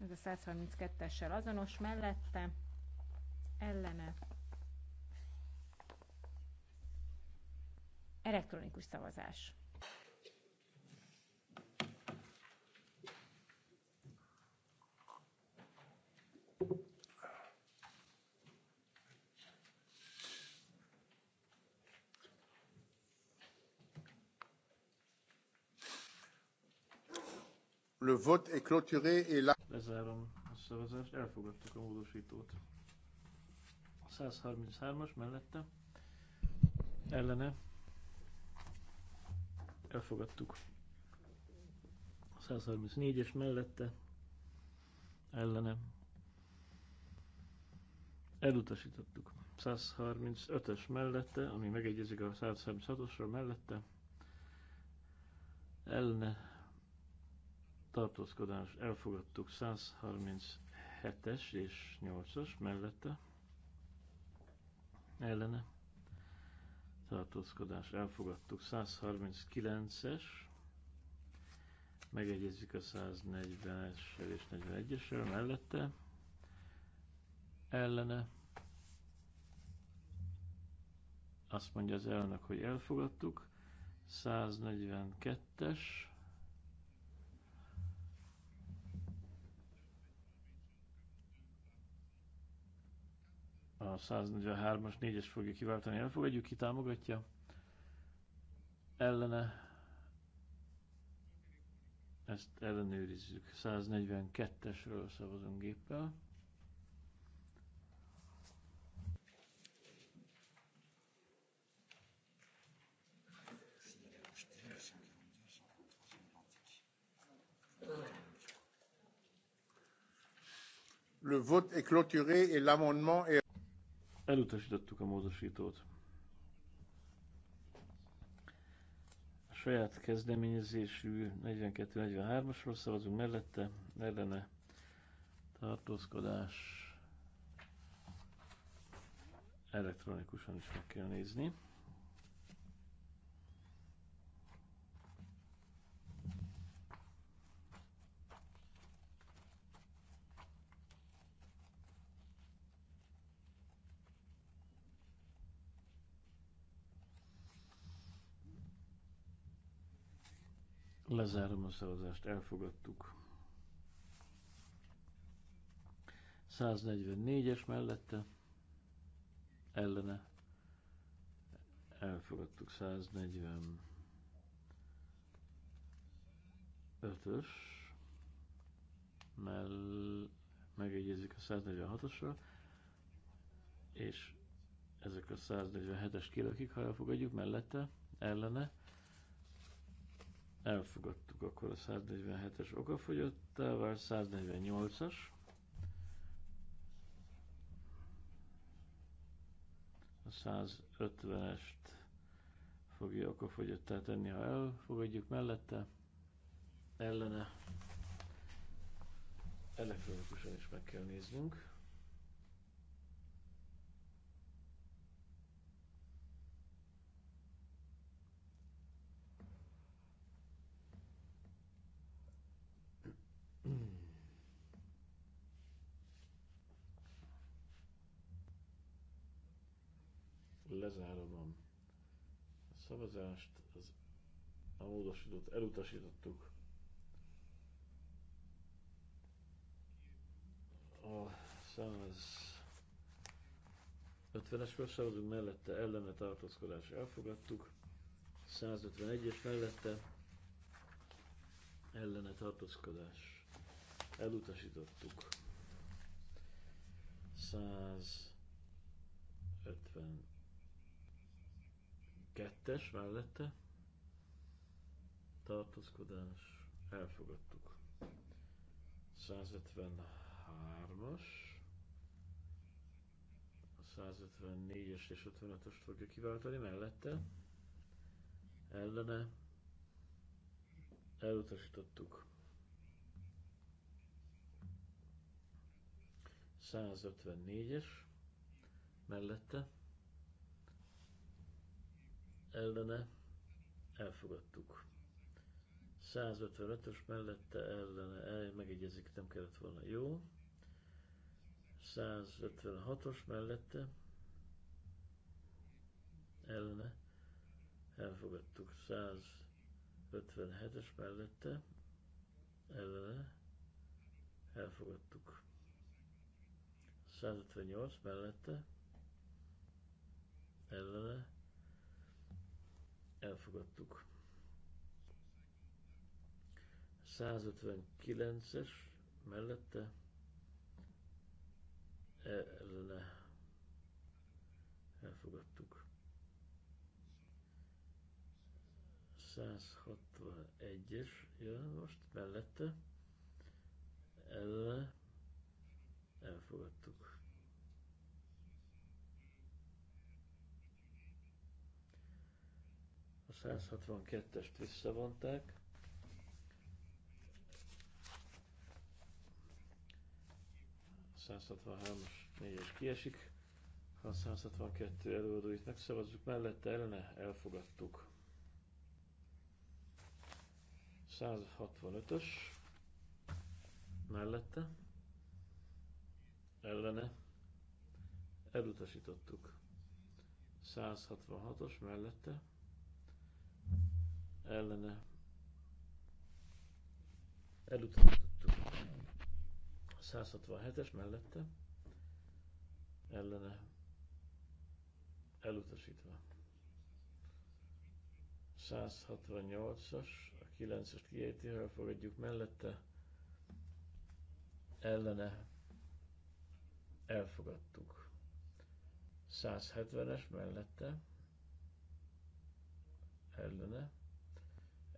Ez a 132-essel azonos mellette, ellene. Elektronikus szavazás. Le vote est clôturé et la... Lezárom a szavazást, elfogadtuk a módosítót. 133-as mellette, ellene, elfogadtuk. 134-es mellette, ellene, elutasítottuk. 135-ös mellette, ami megegyezik a 136-osra mellette, ellene tartózkodás elfogadtuk 137-es és 8-as mellette ellene tartózkodás elfogadtuk 139-es megegyezik a 140-essel és 41-essel mellette ellene azt mondja az elnök, hogy elfogadtuk 142-es 143-as 4-es fogja kiváltani. Elfogadjuk, ki támogatja. Ellene. Ezt ellenőrizzük. 142-esről szavazunk géppel. Le vote est clôturé et l'amendement est Elutasítottuk a módosítót. A saját kezdeményezésű 42-43-asról szavazunk mellette, ellene tartózkodás elektronikusan is meg kell nézni. Lezárom a szavazást, elfogadtuk. 144-es mellette, ellene, elfogadtuk 145-ös, mell megegyezik a 146-osra, és ezek a 147-es kilakik, ha elfogadjuk mellette, ellene, elfogadtuk, akkor a 147-es okafogyottá vált, 148-as. A 150-est fogja okafogyottá tenni, ha elfogadjuk mellette, ellene elektronikusan is meg kell néznünk. szavazást, az a módosított elutasítottuk. A 150 es szavazunk, mellette ellene tartózkodás elfogadtuk. 151-es mellette ellene tartózkodás elutasítottuk. 150 Kettes mellette tartózkodás elfogadtuk. 153-as 154-es és 55-öst fogja kiváltani mellette. Ellene elutasítottuk. 154-es mellette ellene elfogadtuk. 155-ös mellette ellene el, megegyezik, nem kellett volna jó. 156-os mellette ellene elfogadtuk. 157-es mellette ellene elfogadtuk. 158 mellette ellene elfogadtuk. 159-es mellette ellene elfogadtuk. 161-es jön most mellette ellene elfogadtuk. 162-est visszavonták. A 163-as 4-es kiesik. A 162 előadóit megszavazzuk, mellette ellene elfogadtuk. 165-ös mellette ellene elutasítottuk. 166-os mellette ellene elutasítottuk. 167-es mellette ellene elutasítva. 168-as, a 9 es kiejti, ha elfogadjuk mellette, ellene elfogadtuk. 170-es mellette, ellene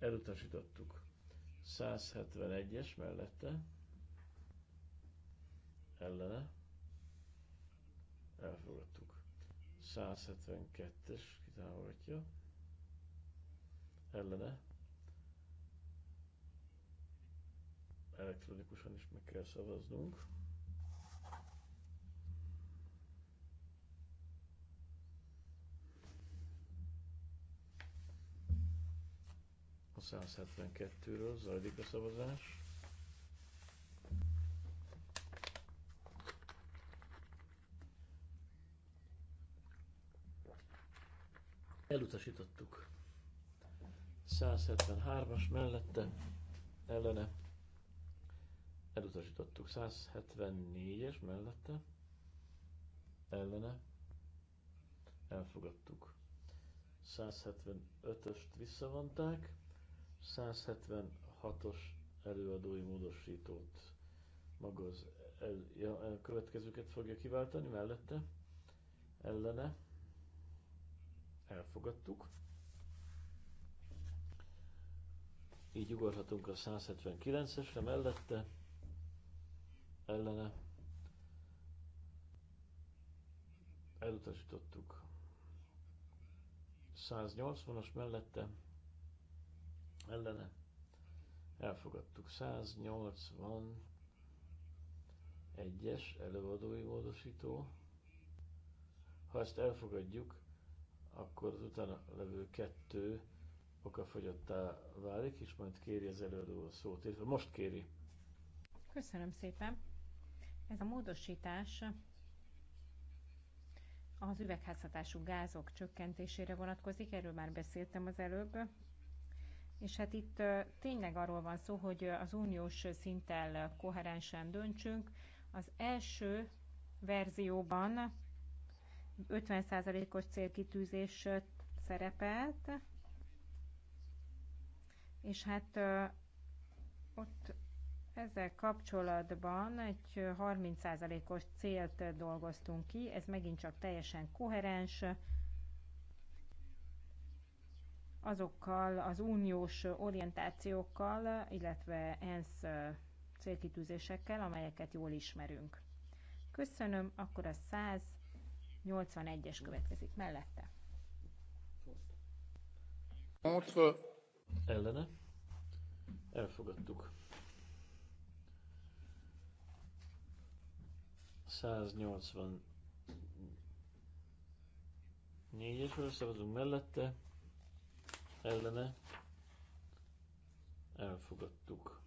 elutasítottuk. 171-es mellette, ellene, elfogadtuk. 172-es kitámogatja, ellene, elektronikusan is meg kell szavaznunk. 172-ről zajlik a szavazás. Elutasítottuk. 173-as mellette, ellene. Elutasítottuk. 174-es mellette, ellene. Elfogadtuk. 175-öst visszavonták. 176-os előadói módosítót maga az el, ja, a következőket fogja kiváltani mellette, ellene, elfogadtuk. Így ugorhatunk a 179-esre mellette, ellene, elutasítottuk. 180-as mellette, ellene elfogadtuk. 180 egyes előadói módosító. Ha ezt elfogadjuk, akkor az utána levő kettő okafogyottá válik, és majd kéri az előadó a szót, illetve most kéri. Köszönöm szépen. Ez a módosítás az üvegházhatású gázok csökkentésére vonatkozik, erről már beszéltem az előbb, és hát itt tényleg arról van szó, hogy az uniós szinttel koherensen döntsünk. Az első verzióban 50%-os célkitűzés szerepelt, és hát ott ezzel kapcsolatban egy 30%-os célt dolgoztunk ki, ez megint csak teljesen koherens, azokkal az uniós orientációkkal, illetve ENSZ célkitűzésekkel, amelyeket jól ismerünk. Köszönöm, akkor a 181-es következik mellette. Contre. Ellene. Elfogadtuk. 184-esről szavazunk mellette ellene elfogadtuk.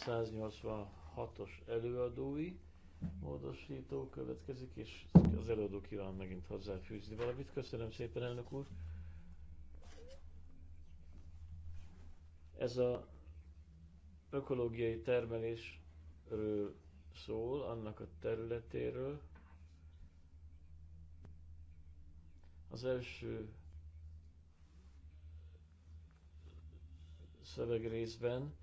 186-os előadói módosító következik, és az előadó kíván megint hozzáfűzni valamit. Köszönöm szépen, elnök úr! Ez a ökológiai termelésről szól, annak a területéről, Az első szövegrészben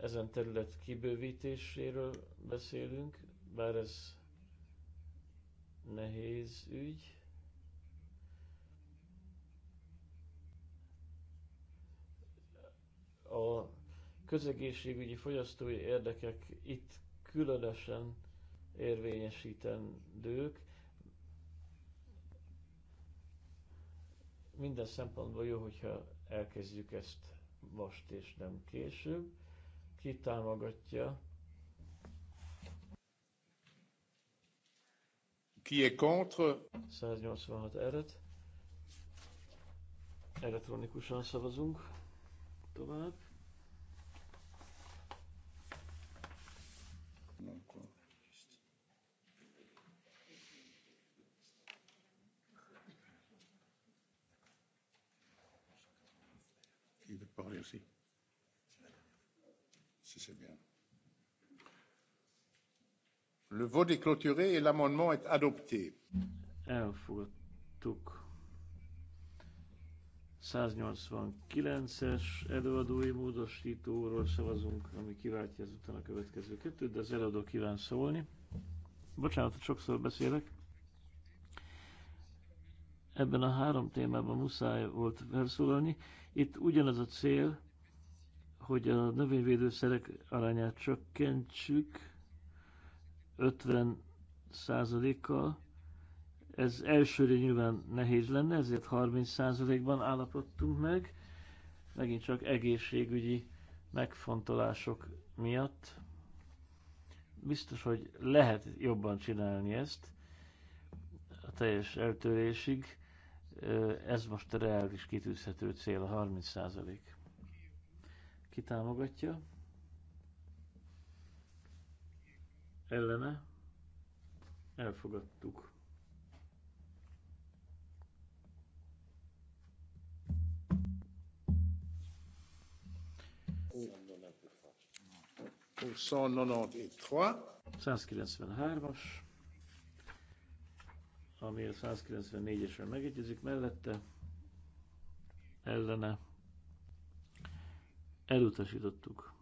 ezen terület kibővítéséről beszélünk, bár ez nehéz ügy. A közegészségügyi fogyasztói érdekek itt különösen érvényesítendők, minden szempontból jó, hogyha elkezdjük ezt most és nem később. Ki támogatja? Ki est contre? 186 eret. Elektronikusan szavazunk tovább. parler aussi. Si c'est bien. Le vote est clôturé et l'amendement est adopté. Elfogadtuk. 189-es előadói módosítóról szavazunk, ami kiváltja ezután a következő kettőt, de az előadó kíván szólni. Bocsánat, sokszor beszélek. Ebben a három témában muszáj volt felszólalni. Itt ugyanaz a cél, hogy a növényvédőszerek arányát csökkentsük 50 kal Ez elsőre nyilván nehéz lenne, ezért 30 százalékban állapodtunk meg. Megint csak egészségügyi megfontolások miatt. Biztos, hogy lehet jobban csinálni ezt a teljes eltörésig ez most a reális kitűzhető cél, a 30 százalék. Ki támogatja? Ellene? Elfogadtuk. Oh. 193-as ami a 194 esen megegyezik mellette, ellene elutasítottuk.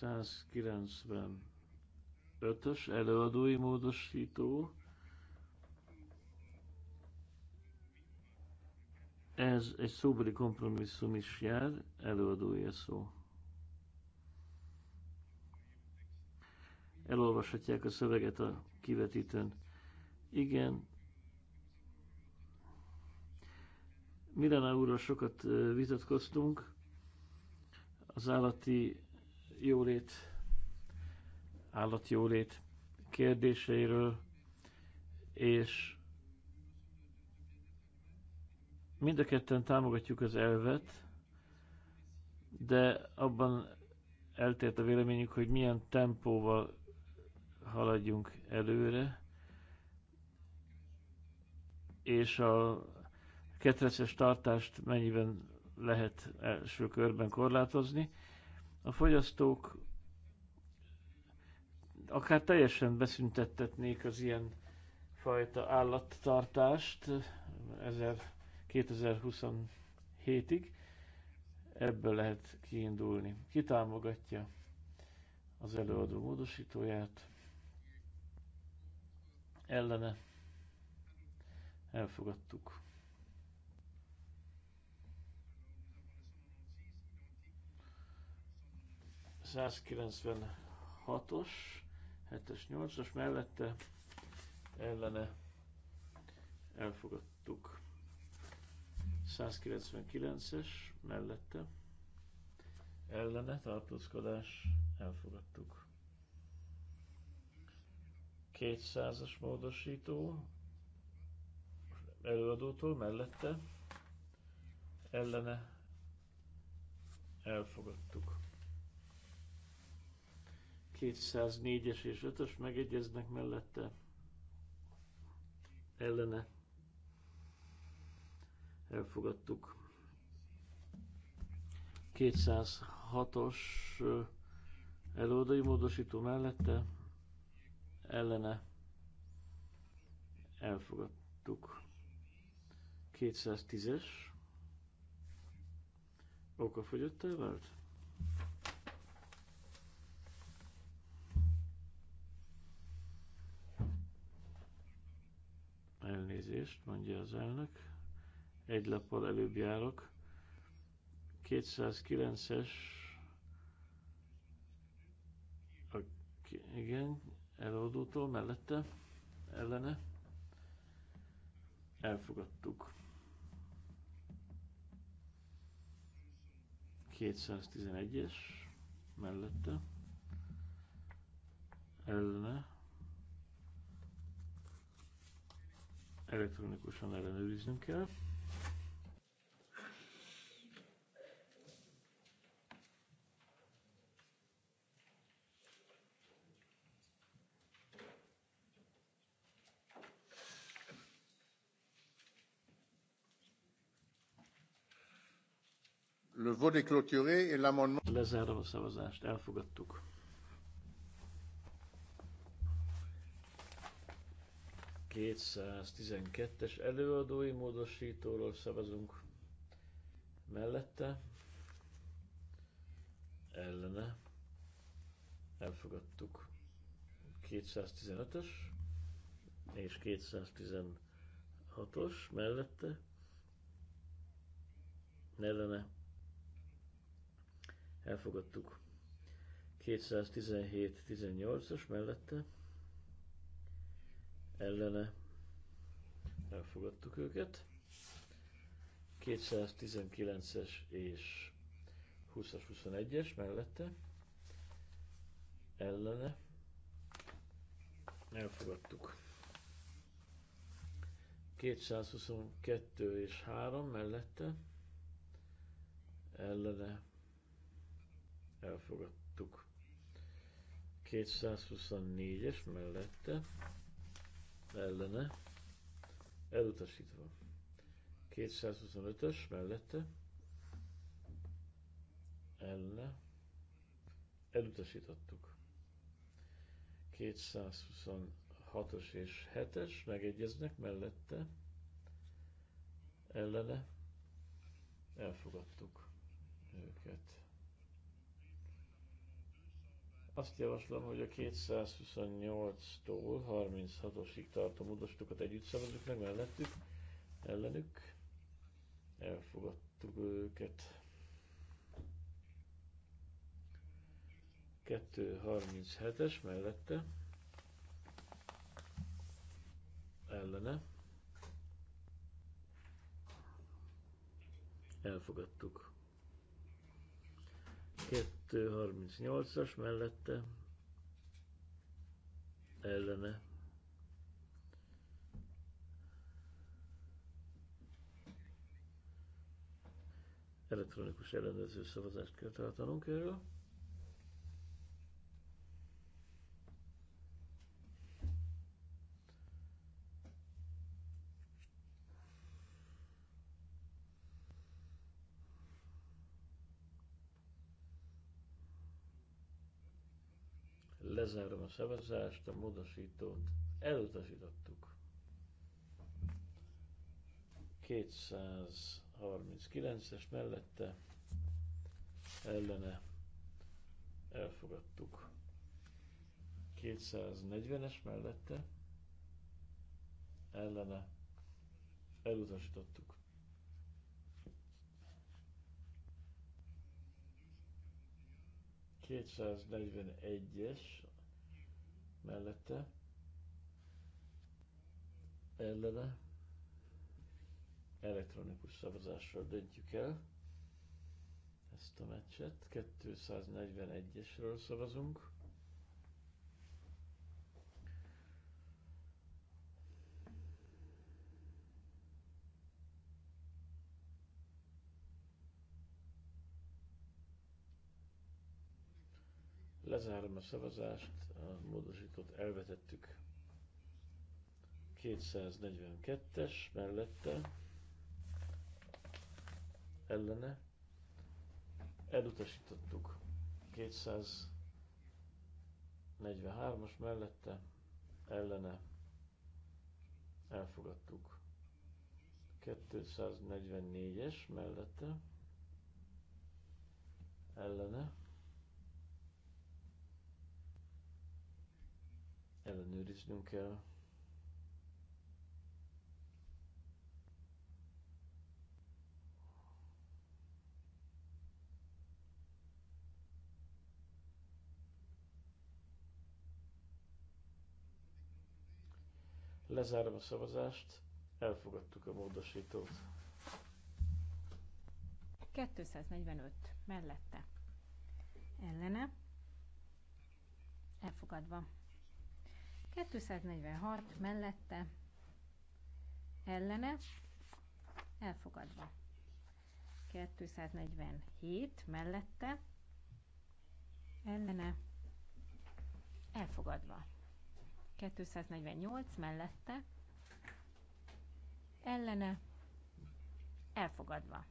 195-ös előadói módosító. Ez egy szóbeli kompromisszum is jár, előadója szó. Elolvashatják a szöveget a kivetítőn. Igen. Milena úrral sokat vitatkoztunk az állati jólét, állatjólét kérdéseiről, és mind a ketten támogatjuk az elvet, de abban eltért a véleményük, hogy milyen tempóval haladjunk előre és a ketreces tartást mennyiben lehet első körben korlátozni. A fogyasztók akár teljesen beszüntettetnék az ilyen fajta állattartást 2027-ig. Ebből lehet kiindulni. Kitámogatja az előadó módosítóját ellene Elfogadtuk. os 7-es, 8-as mellette ellene elfogadtuk. 199-es mellette ellene tartózkodás elfogadtuk. 200-as módosító előadótól mellette ellene elfogadtuk. 204-es és 5-ös megegyeznek mellette ellene elfogadtuk. 206-os előadói módosító mellette ellene elfogadtuk. 210-es el, veled? Elnézést, mondja az elnök. Egy lappal előbb járok. 209-es igen, eladótól mellette, ellene elfogadtuk. 211-es mellette ellene elektronikusan ellenőriznünk kell. Le vote est clôturé et l'amendement... Lezárom a szavazást, elfogadtuk. es előadói módosítóról szavazunk mellette, ellene, elfogadtuk 215-ös és 216-os mellette, ellene, Elfogadtuk. 217-18-as mellette. Ellene. Elfogadtuk őket. 219-es és 20-as, 21-es mellette. Ellene. Elfogadtuk. 222 és 3 mellette ellene elfogadtuk. 224-es mellette, ellene, elutasítva. 225-ös mellette, ellene, elutasítottuk. 226-os és 7-es megegyeznek mellette, ellene, elfogadtuk őket. Azt javaslom, hogy a 228-tól 36-osig tartó módosítókat együtt szavazzuk meg mellettük, ellenük. Elfogadtuk őket. 237-es mellette. Ellene. Elfogadtuk. 238-as mellette ellene elektronikus ellenőrző szavazást kell tartanunk erről. Lezárom a szavazást, a módosítót elutasítottuk. 239-es mellette ellene elfogadtuk. 240-es mellette ellene elutasítottuk. 241-es mellette, ellene, elektronikus szavazással döntjük el ezt a meccset. 241-esről szavazunk. Lezárom a szavazást, a módosítót elvetettük. 242-es mellette, ellene, elutasítottuk. 243-as mellette, ellene, elfogadtuk. 244-es mellette, ellene, ellenőriznünk kell. Lezárom a szavazást, elfogadtuk a módosítót. 245 mellette. Ellene. Elfogadva. 246 mellette ellene elfogadva. 247 mellette ellene elfogadva. 248 mellette ellene elfogadva.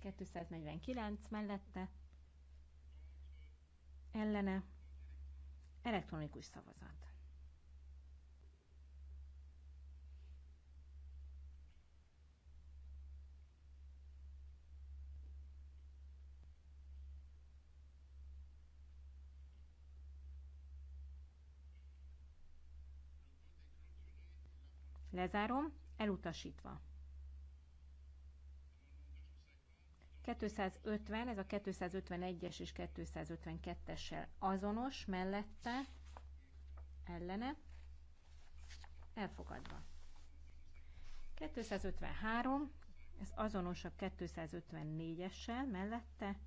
249 mellette ellene Elektronikus szavazat. Lezárom, elutasítva. 250, ez a 251-es és 252-essel azonos, mellette, ellene, elfogadva. 253, ez azonos a 254-essel, mellette,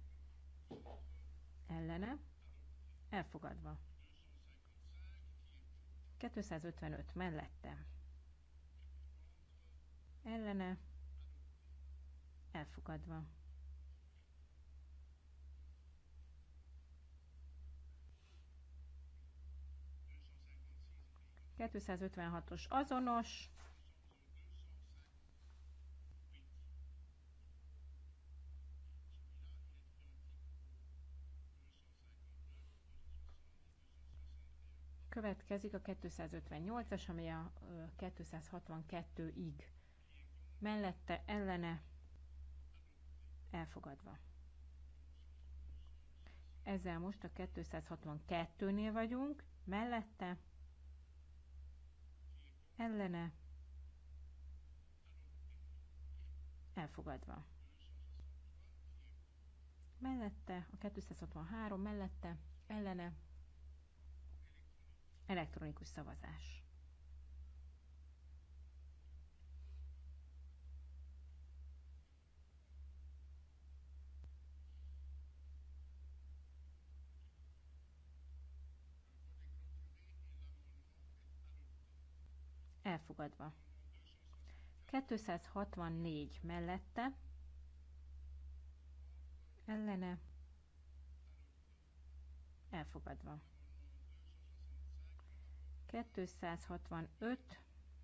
ellene, elfogadva. 255 mellette, ellene, elfogadva. 256-os azonos, Következik a 258-as, ami a 262-ig. Mellette ellene elfogadva. Ezzel most a 262-nél vagyunk, mellette ellene elfogadva. Mellette, a 263 mellette, ellene elektronikus szavazás. elfogadva. 264 mellette, ellene, elfogadva. 265,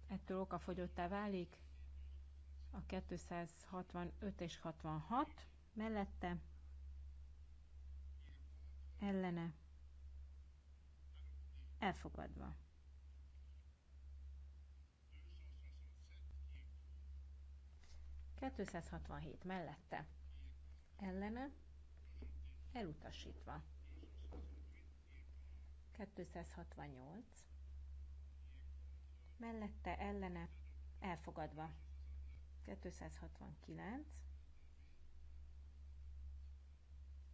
ettől okafogyottá válik, a 265 és 66 mellette, ellene, elfogadva. 267 mellette. Ellene. Elutasítva. 268. Mellette, ellene. Elfogadva. 269.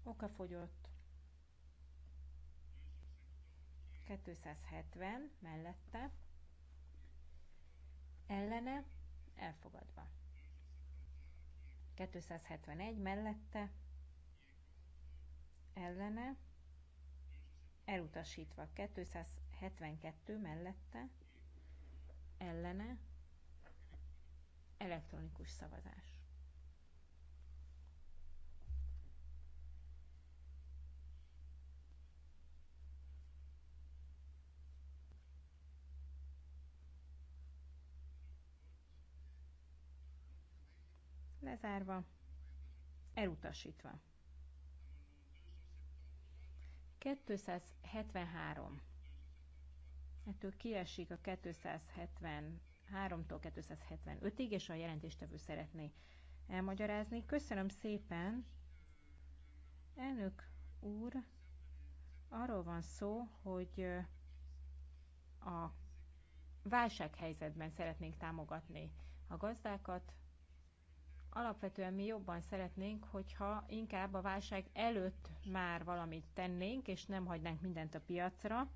Okafogyott. 270 mellette, ellene, elfogadva. 271 mellette ellene elutasítva 272 mellette ellene elektronikus szavazás. bezárva, elutasítva. 273. Ettől kiesik a 273-tól 275-ig, és a jelentéstevő szeretné elmagyarázni. Köszönöm szépen, elnök úr, arról van szó, hogy a válsághelyzetben szeretnénk támogatni a gazdákat, alapvetően mi jobban szeretnénk, hogyha inkább a válság előtt már valamit tennénk, és nem hagynánk mindent a piacra.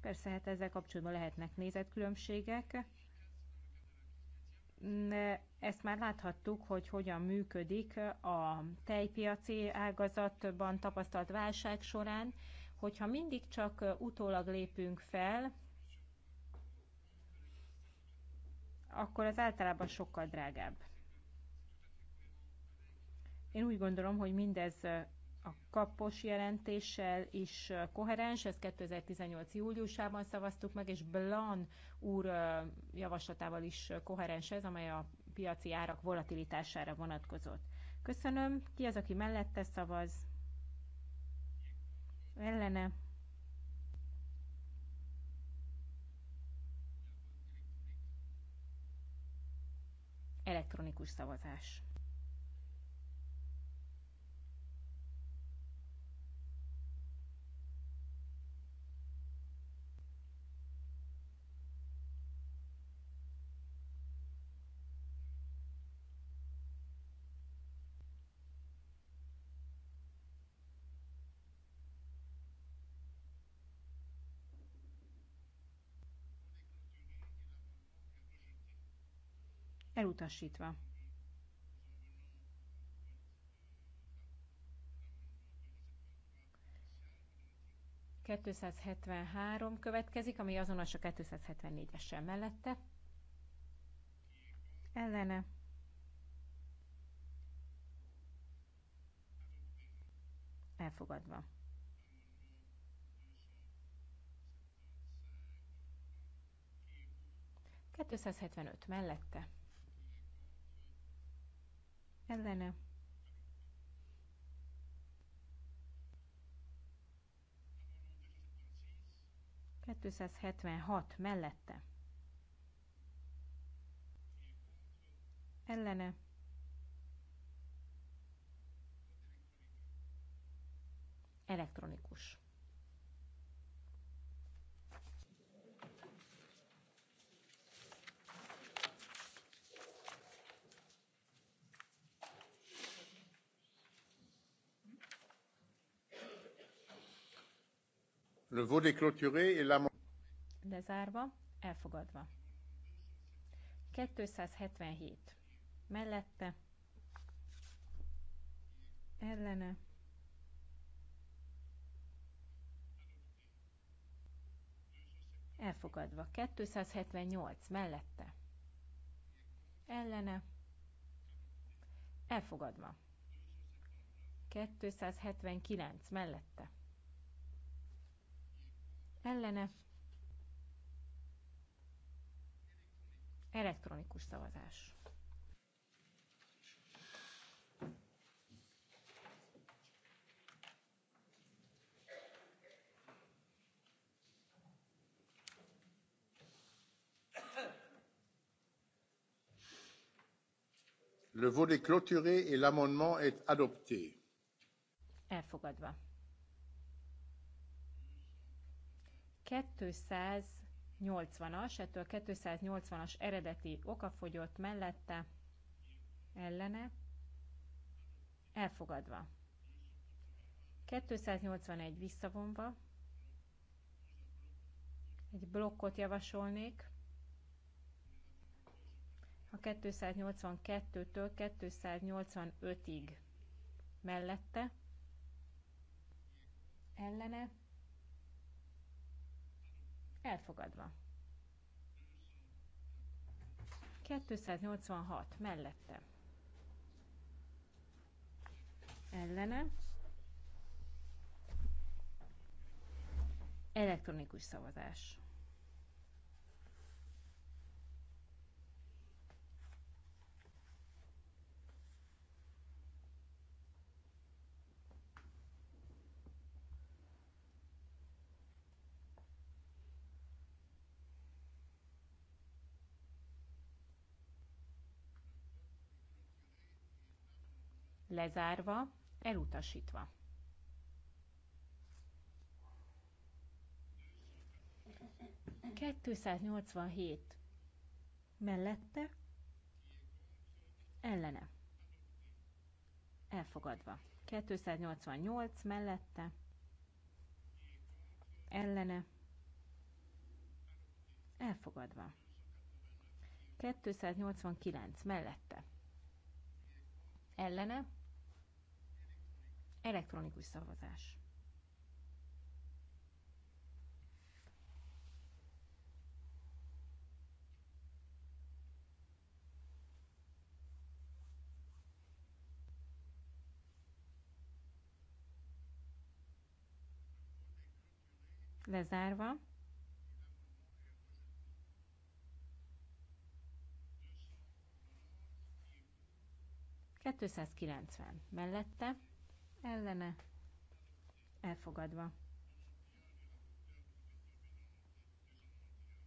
Persze, hát ezzel kapcsolatban lehetnek nézetkülönbségek. Ezt már láthattuk, hogy hogyan működik a tejpiaci ágazatban tapasztalt válság során, hogyha mindig csak utólag lépünk fel, akkor az általában sokkal drágább. Én úgy gondolom, hogy mindez a kapos jelentéssel is koherens, ezt 2018. júliusában szavaztuk meg, és Blan úr javaslatával is koherens ez, amely a piaci árak volatilitására vonatkozott. Köszönöm. Ki az, aki mellette szavaz? Ellene? Elektronikus szavazás. elutasítva. ...273 következik, ami azonos a 274-essel mellette. Ellene. Elfogadva. 275 mellette ellene kettőszázhetvenhat mellette ellene elektronikus Le vote est clôturé et Lezárva, elfogadva. 277. Mellette. Ellene. Elfogadva. 278. Mellette. Ellene. Elfogadva. 279. Mellette ellene. Elektronikus szavazás. Le vote est clôturé et l'amendement est adopté. Elfogadva. 280-as, ettől 280-as eredeti okafogyott mellette ellene elfogadva. 281 visszavonva. Egy blokkot javasolnék. A 282-től 285-ig mellette ellene Elfogadva. 286 mellette. Ellene. Elektronikus szavazás. lezárva, elutasítva. Kettőszáznyolcvanhét mellette, ellene, elfogadva. 288 mellette, ellene, elfogadva. 289 mellette, ellene, Elektronikus szavazás. Lezárva. Kettőszázkilencven mellette ellene elfogadva.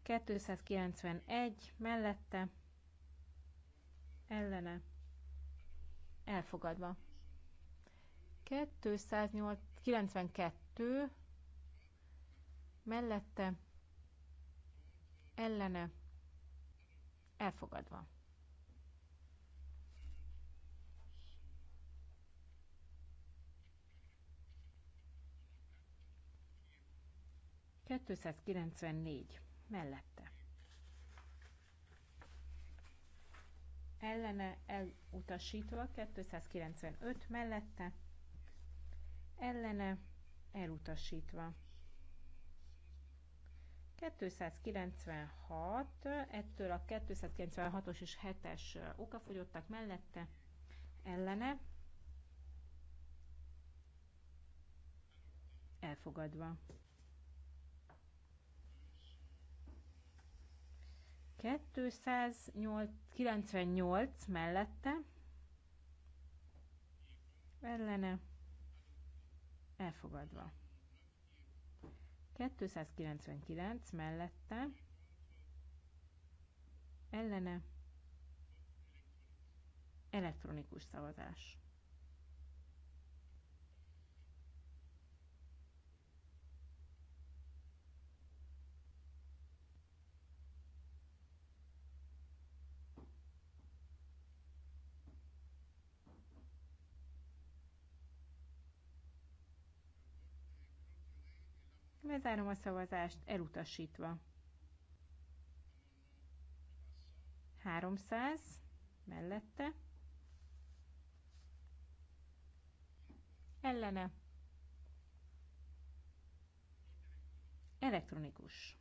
291 mellette ellene elfogadva. 292 mellette ellene elfogadva. 294 mellette. Ellene elutasítva 295 mellette. Ellene elutasítva. 296, ettől a 296-os és 7-es okafogyottak mellette, ellene, elfogadva. 298 mellette ellene elfogadva. 299 mellette ellene elektronikus szavazás. Lezárom a szavazást, elutasítva. 300 mellette. Ellene. Elektronikus.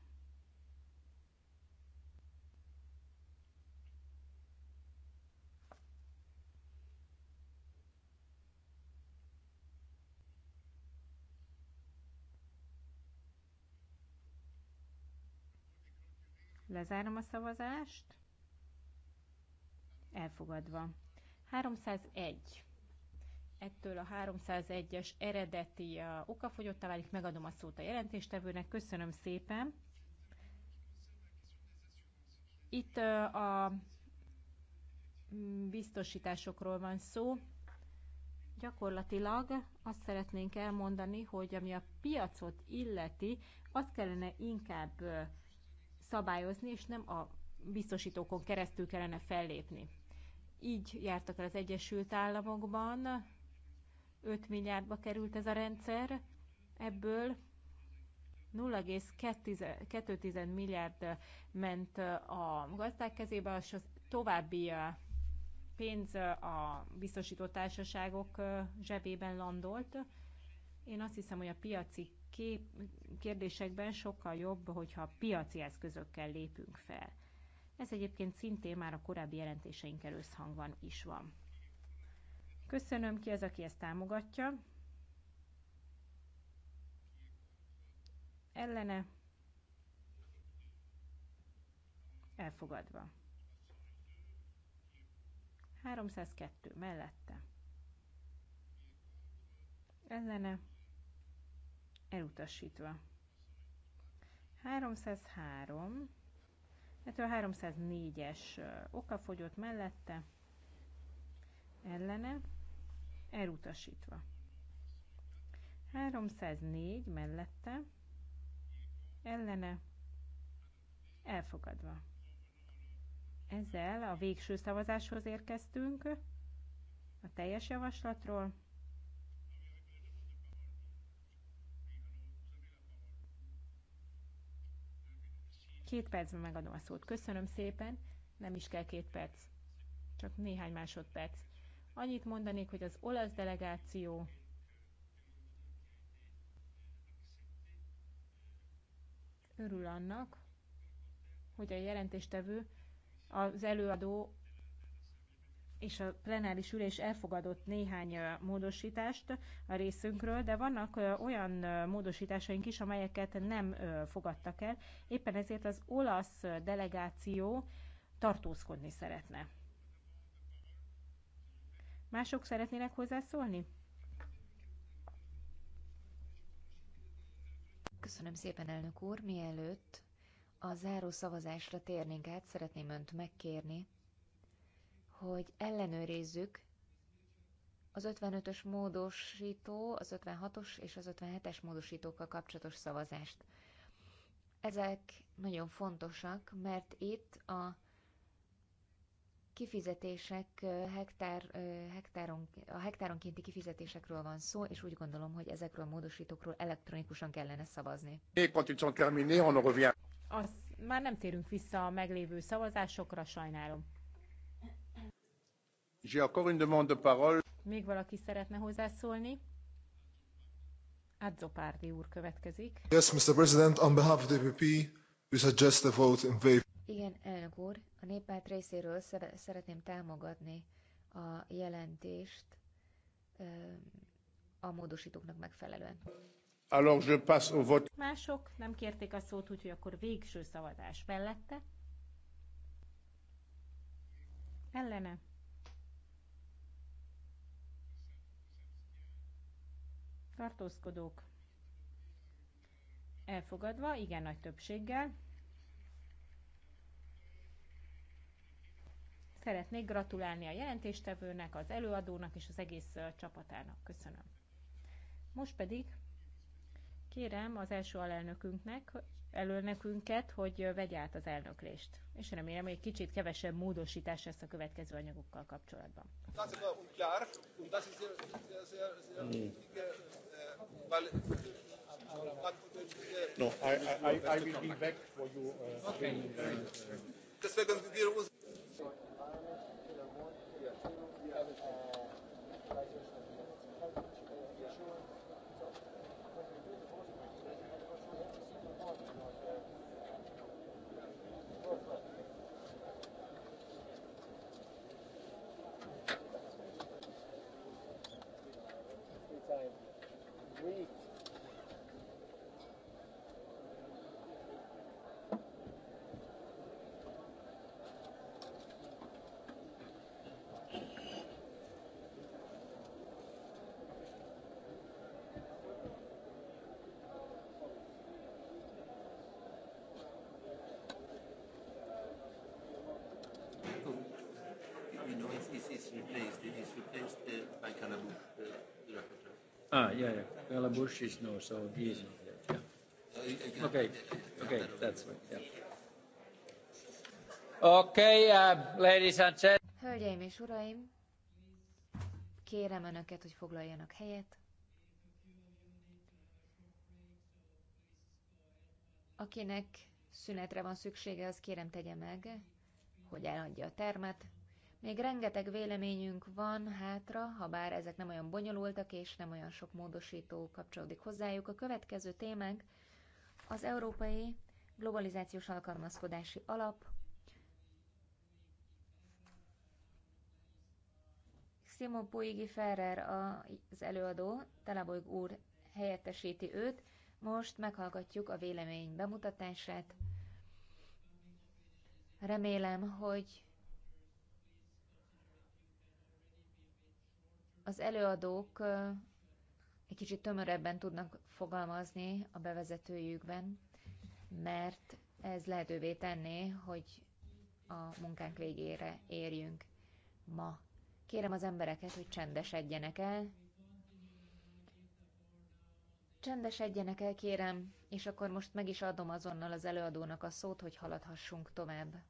Lezárom a szavazást. Elfogadva. 301. Ettől a 301-es eredeti uh, okafogyottá válik, megadom a szót a jelentéstevőnek. Köszönöm szépen. Itt a biztosításokról van szó. Gyakorlatilag azt szeretnénk elmondani, hogy ami a piacot illeti, azt kellene inkább szabályozni, és nem a biztosítókon keresztül kellene fellépni. Így jártak el az Egyesült Államokban, 5 milliárdba került ez a rendszer, ebből 0,2 milliárd ment a gazdák kezébe, és a további pénz a biztosító társaságok zsebében landolt. Én azt hiszem, hogy a piaci kép, kérdésekben sokkal jobb, hogyha piaci eszközökkel lépünk fel. Ez egyébként szintén már a korábbi jelentéseinkkel összhangban is van. Köszönöm ki az, aki ezt támogatja. Ellene elfogadva. 302 mellette. Ellene elutasítva. 303, ettől a 304-es fogyott mellette, ellene, elutasítva. 304 mellette, ellene, elfogadva. Ezzel a végső szavazáshoz érkeztünk a teljes javaslatról. Két percben megadom a szót. Köszönöm szépen, nem is kell két perc, csak néhány másodperc. Annyit mondanék, hogy az olasz delegáció örül annak, hogy a jelentéstevő, az előadó és a plenáris ülés elfogadott néhány módosítást a részünkről, de vannak olyan módosításaink is, amelyeket nem fogadtak el. Éppen ezért az olasz delegáció tartózkodni szeretne. Mások szeretnének hozzászólni? Köszönöm szépen, elnök úr. Mielőtt a záró szavazásra térnénk át, szeretném önt megkérni, hogy ellenőrizzük az 55-ös módosító, az 56-os és az 57-es módosítókkal kapcsolatos szavazást. Ezek nagyon fontosak, mert itt a kifizetések hektár, hektáron, a hektáronkénti kifizetésekről van szó, és úgy gondolom, hogy ezekről a módosítókról elektronikusan kellene szavazni. Az, már nem térünk vissza a meglévő szavazásokra, sajnálom. J'ai encore une demande de parole. Még valaki szeretne hozzászólni? Azzopárdi úr következik. Yes, Mr. President, on behalf of the EPP, we suggest a vote in favor. Igen, elnök úr, a néppárt részéről szer- szeretném támogatni a jelentést a módosítóknak megfelelően. Alors je passe au vote. Mások nem kérték a szót, úgyhogy akkor végső szavazás mellette. Ellene. tartózkodók elfogadva, igen nagy többséggel. Szeretnék gratulálni a jelentéstevőnek, az előadónak és az egész csapatának. Köszönöm. Most pedig kérem az első alelnökünknek, előnökünket, hogy vegye át az elnöklést. És remélem, hogy egy kicsit kevesebb módosítás lesz a következő anyagokkal kapcsolatban. No, I, I, I will be back for you. Uh, okay. Deswegen uh, wir Ah, yeah, yeah. Bella Bush is no, so not Yeah. Okay, okay, that's right. Yeah. Okay, uh, ladies and gentlemen. Hölgyeim és uraim, kérem önöket, hogy foglaljanak helyet. Akinek szünetre van szüksége, az kérem tegye meg, hogy eladja a termet. Még rengeteg véleményünk van hátra, ha bár ezek nem olyan bonyolultak és nem olyan sok módosító kapcsolódik hozzájuk. A következő témánk az Európai Globalizációs Alkalmazkodási Alap. Simon Puigi Ferrer az előadó, Talabolyg úr helyettesíti őt. Most meghallgatjuk a vélemény bemutatását. Remélem, hogy Az előadók egy kicsit tömörebben tudnak fogalmazni a bevezetőjükben, mert ez lehetővé tenné, hogy a munkánk végére érjünk ma. Kérem az embereket, hogy csendesedjenek el. Csendesedjenek el, kérem, és akkor most meg is adom azonnal az előadónak a szót, hogy haladhassunk tovább.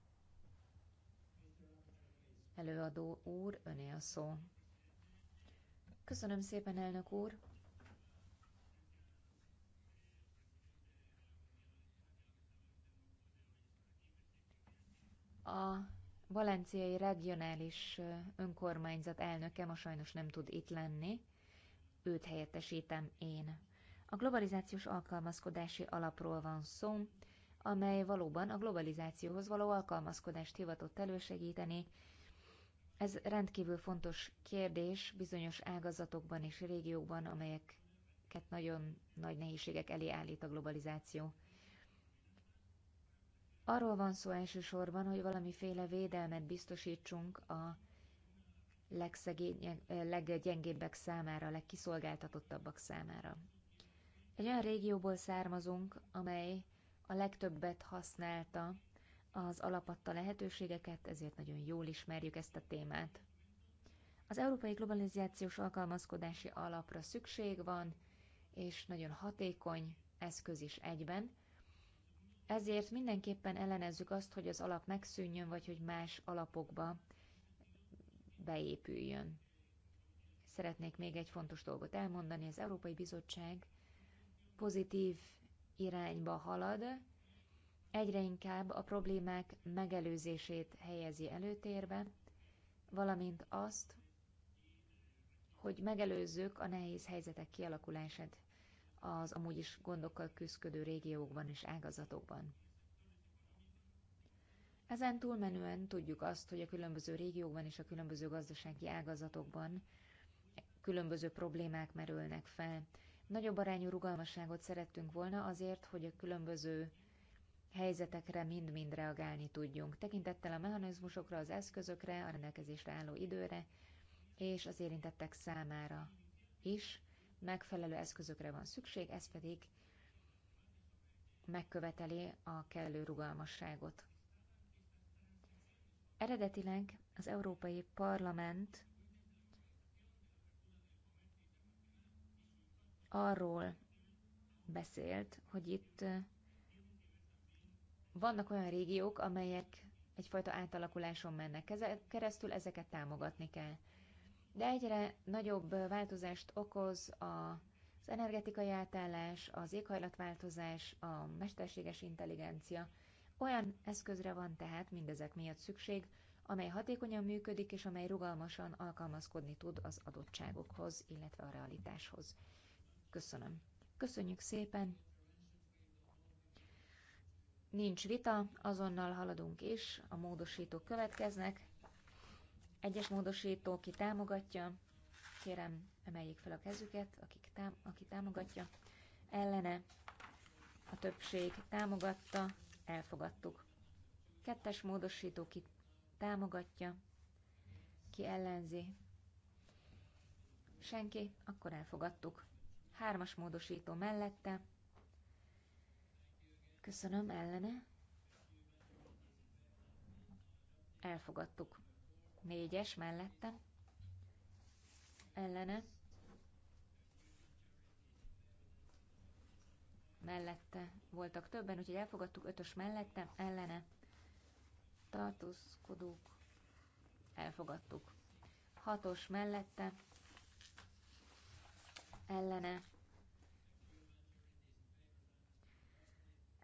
Előadó úr, öné a szó. Köszönöm szépen, elnök úr! A valenciai regionális önkormányzat elnöke ma sajnos nem tud itt lenni, őt helyettesítem én. A globalizációs alkalmazkodási alapról van szó, amely valóban a globalizációhoz való alkalmazkodást hivatott elősegíteni, ez rendkívül fontos kérdés bizonyos ágazatokban és régiókban, amelyeket nagyon nagy nehézségek elé állít a globalizáció. Arról van szó elsősorban, hogy valamiféle védelmet biztosítsunk a leggyengébbek számára, a legkiszolgáltatottabbak számára. Egy olyan régióból származunk, amely a legtöbbet használta az alapadta lehetőségeket, ezért nagyon jól ismerjük ezt a témát. Az európai globalizációs alkalmazkodási alapra szükség van, és nagyon hatékony eszköz is egyben, ezért mindenképpen ellenezzük azt, hogy az alap megszűnjön, vagy hogy más alapokba beépüljön. Szeretnék még egy fontos dolgot elmondani. Az Európai Bizottság pozitív irányba halad, egyre inkább a problémák megelőzését helyezi előtérbe, valamint azt, hogy megelőzzük a nehéz helyzetek kialakulását az amúgy is gondokkal küzdködő régiókban és ágazatokban. Ezen túlmenően tudjuk azt, hogy a különböző régiókban és a különböző gazdasági ágazatokban különböző problémák merülnek fel. Nagyobb arányú rugalmasságot szerettünk volna azért, hogy a különböző helyzetekre mind-mind reagálni tudjunk, tekintettel a mechanizmusokra, az eszközökre, a rendelkezésre álló időre és az érintettek számára is megfelelő eszközökre van szükség, ez pedig megköveteli a kellő rugalmasságot. Eredetileg az Európai Parlament arról beszélt, hogy itt vannak olyan régiók, amelyek egyfajta átalakuláson mennek keresztül, ezeket támogatni kell. De egyre nagyobb változást okoz a az energetikai átállás, az éghajlatváltozás, a mesterséges intelligencia. Olyan eszközre van tehát mindezek miatt szükség, amely hatékonyan működik és amely rugalmasan alkalmazkodni tud az adottságokhoz, illetve a realitáshoz. Köszönöm. Köszönjük szépen! Nincs vita, azonnal haladunk is, a módosítók következnek. Egyes módosító, ki támogatja, kérem, emeljék fel a kezüket, akik tám aki támogatja. Ellene a többség támogatta, elfogadtuk. Kettes módosító, ki támogatja, ki ellenzi. Senki, akkor elfogadtuk. Hármas módosító mellette, Köszönöm, ellene. Elfogadtuk. Négyes mellette. Ellene. Mellette voltak többen, úgyhogy elfogadtuk. Ötös mellette, ellene. Tartózkodók. Elfogadtuk. Hatos mellette. Ellene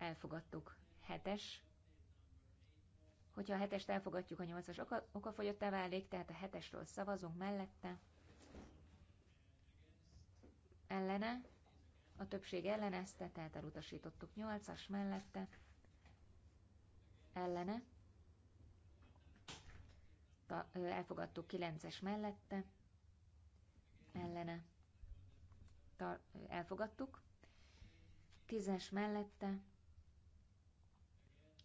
elfogadtuk. Hetes. Hogyha a hetest elfogadjuk, a nyolcas oka, okafogyottá válik, tehát a hetesről szavazunk mellette. Ellene. A többség ellenezte, tehát elutasítottuk nyolcas mellette. Ellene. Ta, elfogadtuk kilences mellette. Ellene. Ta, elfogadtuk tízes mellette,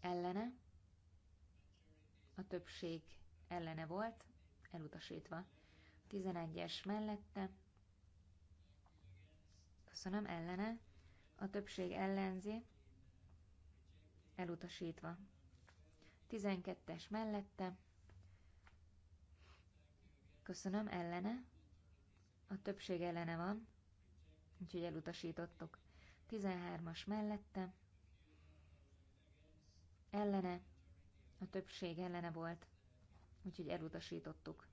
ellene, a többség ellene volt, elutasítva. 11-es mellette, köszönöm, ellene, a többség ellenzi, elutasítva. 12-es mellette, köszönöm, ellene, a többség ellene van, úgyhogy elutasítottuk. 13-as mellette, ellene, a többség ellene volt, úgyhogy elutasítottuk.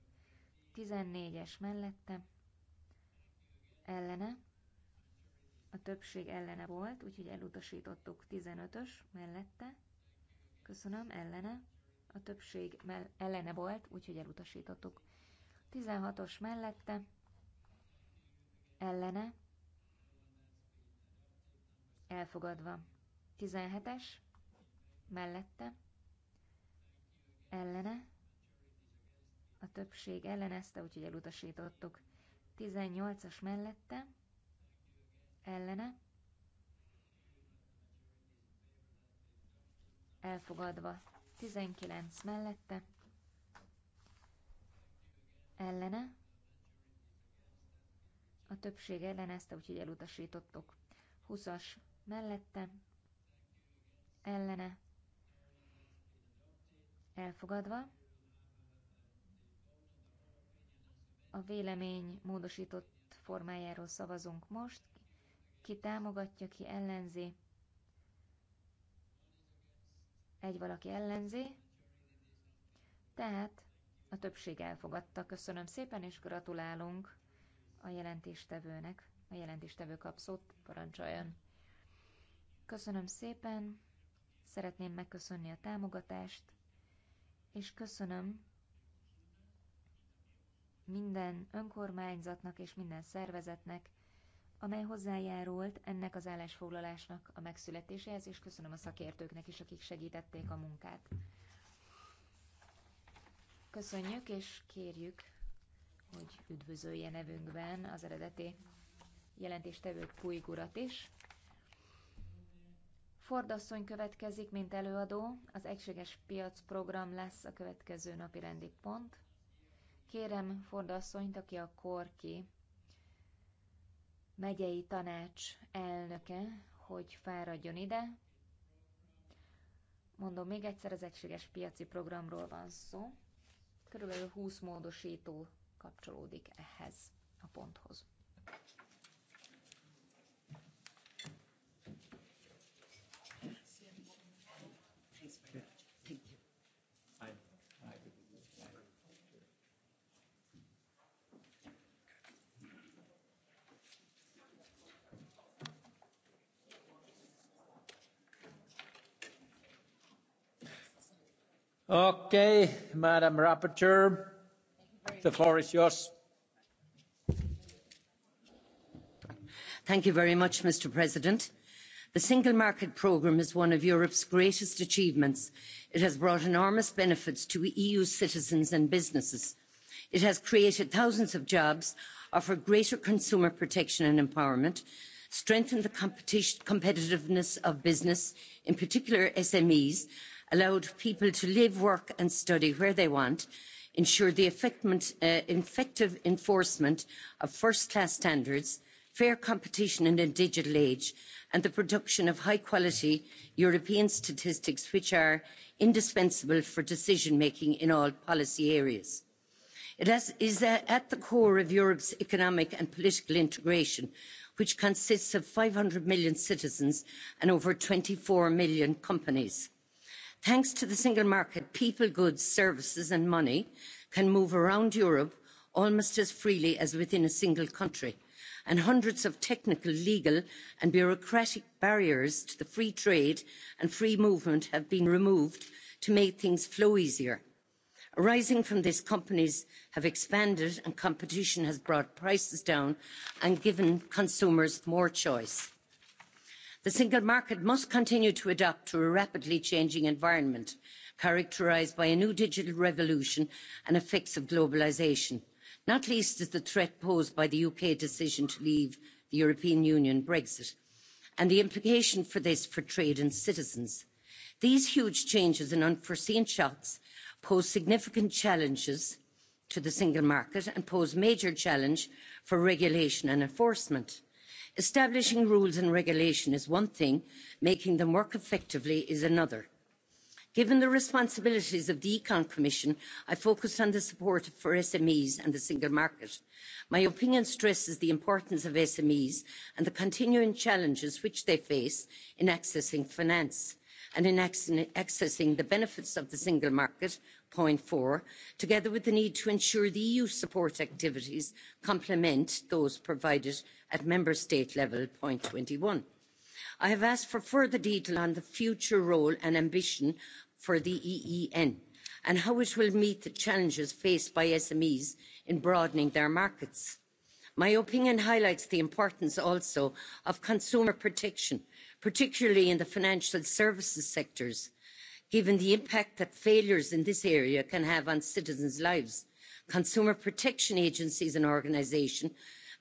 14-es mellette, ellene, a többség ellene volt, úgyhogy elutasítottuk 15-ös mellette, köszönöm, ellene, a többség mell- ellene volt, úgyhogy elutasítottuk. 16-os mellette, ellene, elfogadva. 17-es, mellette, ellene, a többség ellenezte, úgyhogy elutasítottuk. 18-as mellette, ellene, elfogadva. 19 mellette, ellene, a többség ellenezte, úgyhogy elutasítottuk. 20-as mellette, ellene, elfogadva. A vélemény módosított formájáról szavazunk most. Ki támogatja, ki ellenzi. Egy valaki ellenzi. Tehát a többség elfogadta. Köszönöm szépen, és gratulálunk a jelentéstevőnek. A jelentéstevő kap szót, parancsoljon. Köszönöm szépen, szeretném megköszönni a támogatást, és köszönöm minden önkormányzatnak és minden szervezetnek, amely hozzájárult ennek az állásfoglalásnak a megszületéséhez, és köszönöm a szakértőknek is, akik segítették a munkát. Köszönjük, és kérjük, hogy üdvözölje nevünkben az eredeti jelentéstevő Puig is. Ford asszony következik, mint előadó, az Egységes Piac Program lesz a következő napi rendi pont. Kérem Ford asszonyt, aki a Korki megyei tanács elnöke, hogy fáradjon ide. Mondom még egyszer, az Egységes Piaci Programról van szó. Körülbelül 20 módosító kapcsolódik ehhez a ponthoz. Okay, Madam Rapporteur, the floor is yours. Thank you very much, Mr. President. The Single Market Programme is one of Europe's greatest achievements. It has brought enormous benefits to EU citizens and businesses. It has created thousands of jobs, offered greater consumer protection and empowerment, strengthened the competitiveness of business, in particular SMEs, allowed people to live work and study where they want ensured the uh, effective enforcement of first class standards fair competition in a digital age and the production of high quality european statistics which are indispensable for decision making in all policy areas. it is at the core of europe's economic and political integration which consists of five hundred million citizens and over twenty four million companies thanks to the single market people goods services and money can move around europe almost as freely as within a single country and hundreds of technical legal and bureaucratic barriers to the free trade and free movement have been removed to make things flow easier. arising from this companies have expanded and competition has brought prices down and given consumers more choice the single market must continue to adapt to a rapidly changing environment characterised by a new digital revolution and effects of globalisation not least is the threat posed by the uk decision to leave the european union brexit and the implication for this for trade and citizens. these huge changes and unforeseen shocks pose significant challenges to the single market and pose a major challenge for regulation and enforcement establishing rules and regulation is one thing making them work effectively is another. given the responsibilities of the econ commission i focused on the support for smes and the single market. my opinion stresses the importance of smes and the continuing challenges which they face in accessing finance and in accessing the benefits of the single market point four together with the need to ensure the eu support activities complement those provided at member state level point twenty one i have asked for further detail on the future role and ambition for the een and how it will meet the challenges faced by smes in broadening their markets. my opinion highlights the importance also of consumer protection particularly in the financial services sectors given the impact that failures in this area can have on citizens' lives. consumer protection agencies and organisations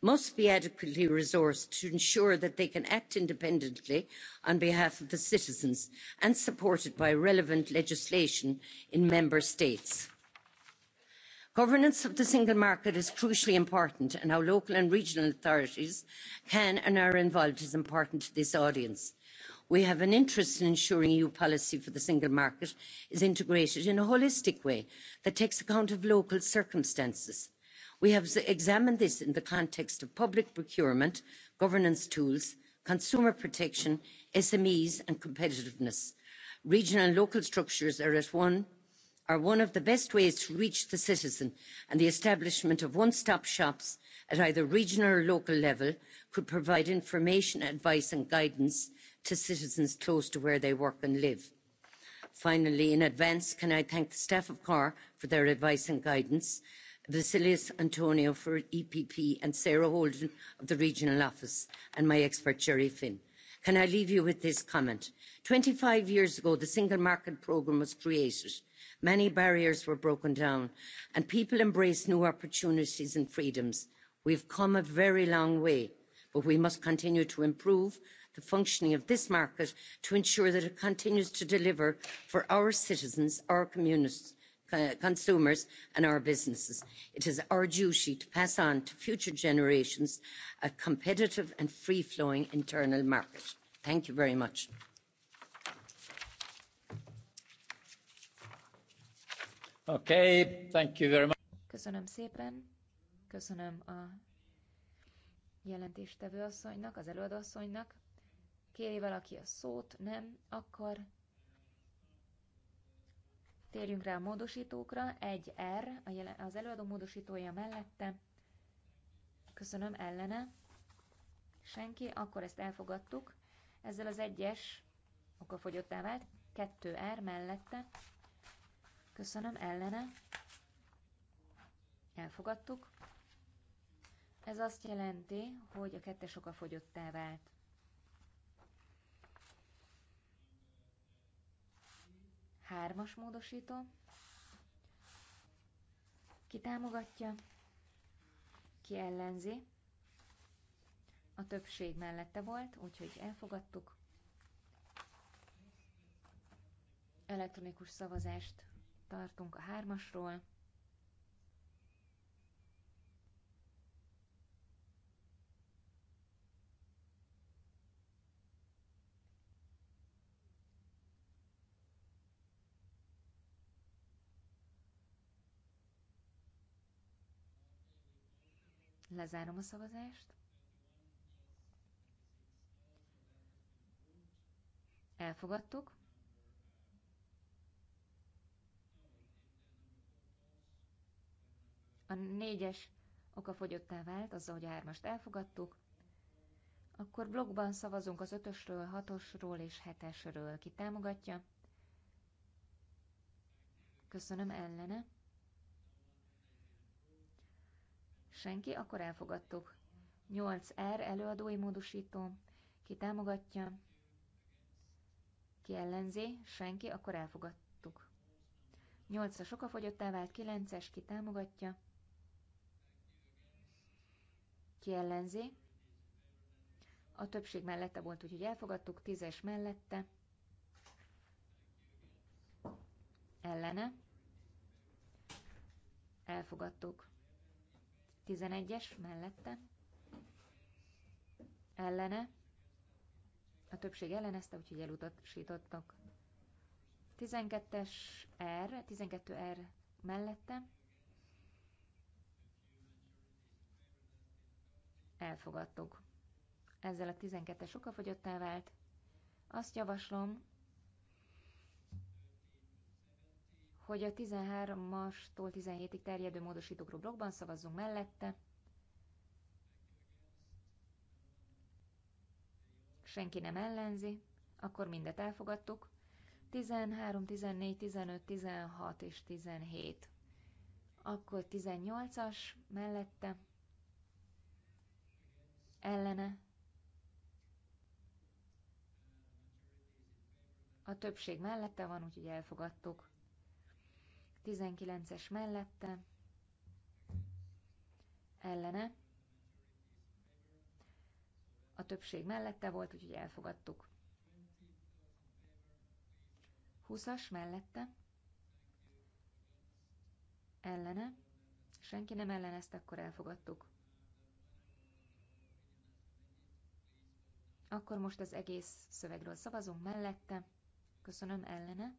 must be adequately resourced to ensure that they can act independently on behalf of the citizens and supported by relevant legislation in member states governance of the single market is crucially important and how local and regional authorities can and are involved is important to this audience. we have an interest in ensuring eu policy for the single market is integrated in a holistic way that takes account of local circumstances. we have examined this in the context of public procurement governance tools consumer protection smes and competitiveness. regional and local structures are at one are one of the best ways to reach the citizen and the establishment of one stop shops at either regional or local level could provide information advice and guidance to citizens close to where they work and live. finally in advance can i thank the staff of cork for their advice and guidance vasilis antonio for epp and sarah holden of the regional office and my expert gerry finn can i leave you with this comment twenty five years ago the single market programme was created many barriers were broken down and people embraced new opportunities and freedoms. we've come a very long way but we must continue to improve the functioning of this market to ensure that it continues to deliver for our citizens our communities consumers and our businesses. it is our duty to pass on to future generations a competitive and free flowing internal market. thank you very much. Okay, thank you very much. Köszönöm szépen. Köszönöm a jelentéstevő asszonynak, az előadó asszonynak. Kéri valaki a szót? Nem? Akkor Térjünk rá a módosítókra. 1R az előadó módosítója mellette. Köszönöm, ellene. Senki, akkor ezt elfogadtuk. Ezzel az egyes okafogyottá vált. 2R mellette. Köszönöm, ellene. Elfogadtuk. Ez azt jelenti, hogy a kettes okafogyottá vált. Hármas módosító. Ki támogatja, ki ellenzi. A többség mellette volt, úgyhogy elfogadtuk. Elektronikus szavazást tartunk a hármasról. Lezárom a szavazást. Elfogadtuk. A négyes oka fogyottá vált, azzal, hogy a hármast elfogadtuk. Akkor blogban szavazunk az ötösről, hatosról és hetesről. Ki támogatja? Köszönöm ellene. Senki? Akkor elfogadtuk. 8R előadói módosító. Ki támogatja? Ki ellenzi? Senki? Akkor elfogadtuk. 8-as okafogyottá vált, 9-es ki támogatja? Ki ellenzi? A többség mellette volt, úgyhogy elfogadtuk, 10-es mellette. Ellene? Elfogadtuk. 11-es mellette, ellene, a többség ellenezte, úgyhogy elutasítottak. 12-es R, 12R mellette, elfogadtuk. Ezzel a 12-es okafogyottá vált. Azt javaslom, hogy a 13-astól 17-ig terjedő módosítókról blogban szavazzunk mellette. Senki nem ellenzi, akkor mindet elfogadtuk. 13, 14, 15, 16 és 17. Akkor 18-as mellette, ellene, a többség mellette van, úgyhogy elfogadtuk. 19-es mellette, ellene, a többség mellette volt, úgyhogy elfogadtuk. 20-as mellette, ellene, senki nem ezt akkor elfogadtuk. Akkor most az egész szövegről szavazunk mellette. Köszönöm ellene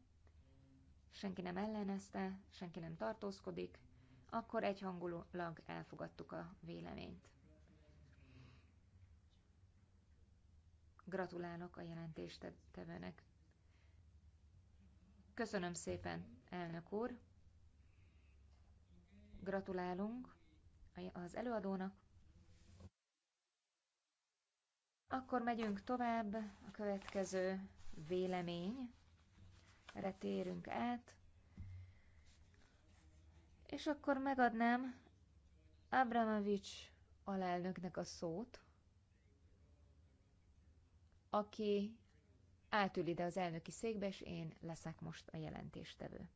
senki nem ellenezte, senki nem tartózkodik, akkor egyhangulag elfogadtuk a véleményt. Gratulálok a jelentést tevőnek. Köszönöm szépen, elnök úr. Gratulálunk az előadónak. Akkor megyünk tovább. A következő vélemény re térünk át. És akkor megadnám Abramovics alelnöknek a szót, aki átül ide az elnöki székbe, és én leszek most a jelentéstevő.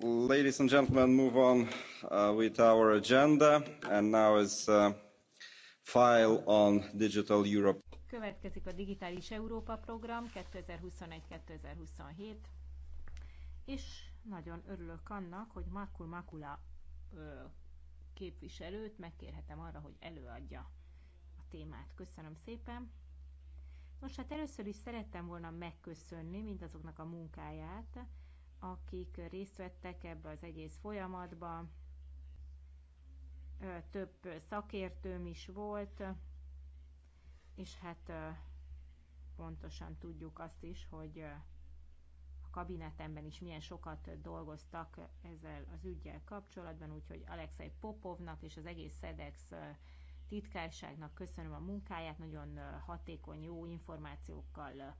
Ladies and gentlemen, move on uh, with our agenda, and now is uh, file on Digital Europe. Következik a Digitális Európa program 2021-2027, és nagyon örülök annak, hogy Makul Makula képviselőt megkérhetem arra, hogy előadja a témát. Köszönöm szépen! Nos, hát először is szerettem volna megköszönni mindazoknak a munkáját, akik részt vettek ebbe az egész folyamatba, több szakértőm is volt, és hát pontosan tudjuk azt is, hogy a kabinetemben is milyen sokat dolgoztak ezzel az ügyel kapcsolatban, úgyhogy Alexei Popovnak és az egész SEDEX titkárságnak köszönöm a munkáját, nagyon hatékony, jó információkkal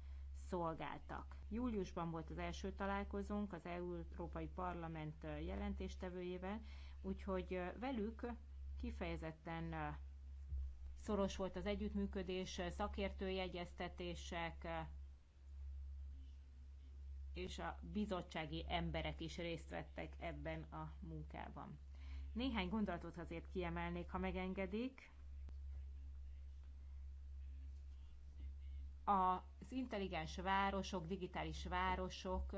szolgáltak. Júliusban volt az első találkozónk az Európai Parlament jelentéstevőjével, Úgyhogy velük kifejezetten szoros volt az együttműködés, szakértői egyeztetések, és a bizottsági emberek is részt vettek ebben a munkában. Néhány gondolatot azért kiemelnék, ha megengedik. Az intelligens városok, digitális városok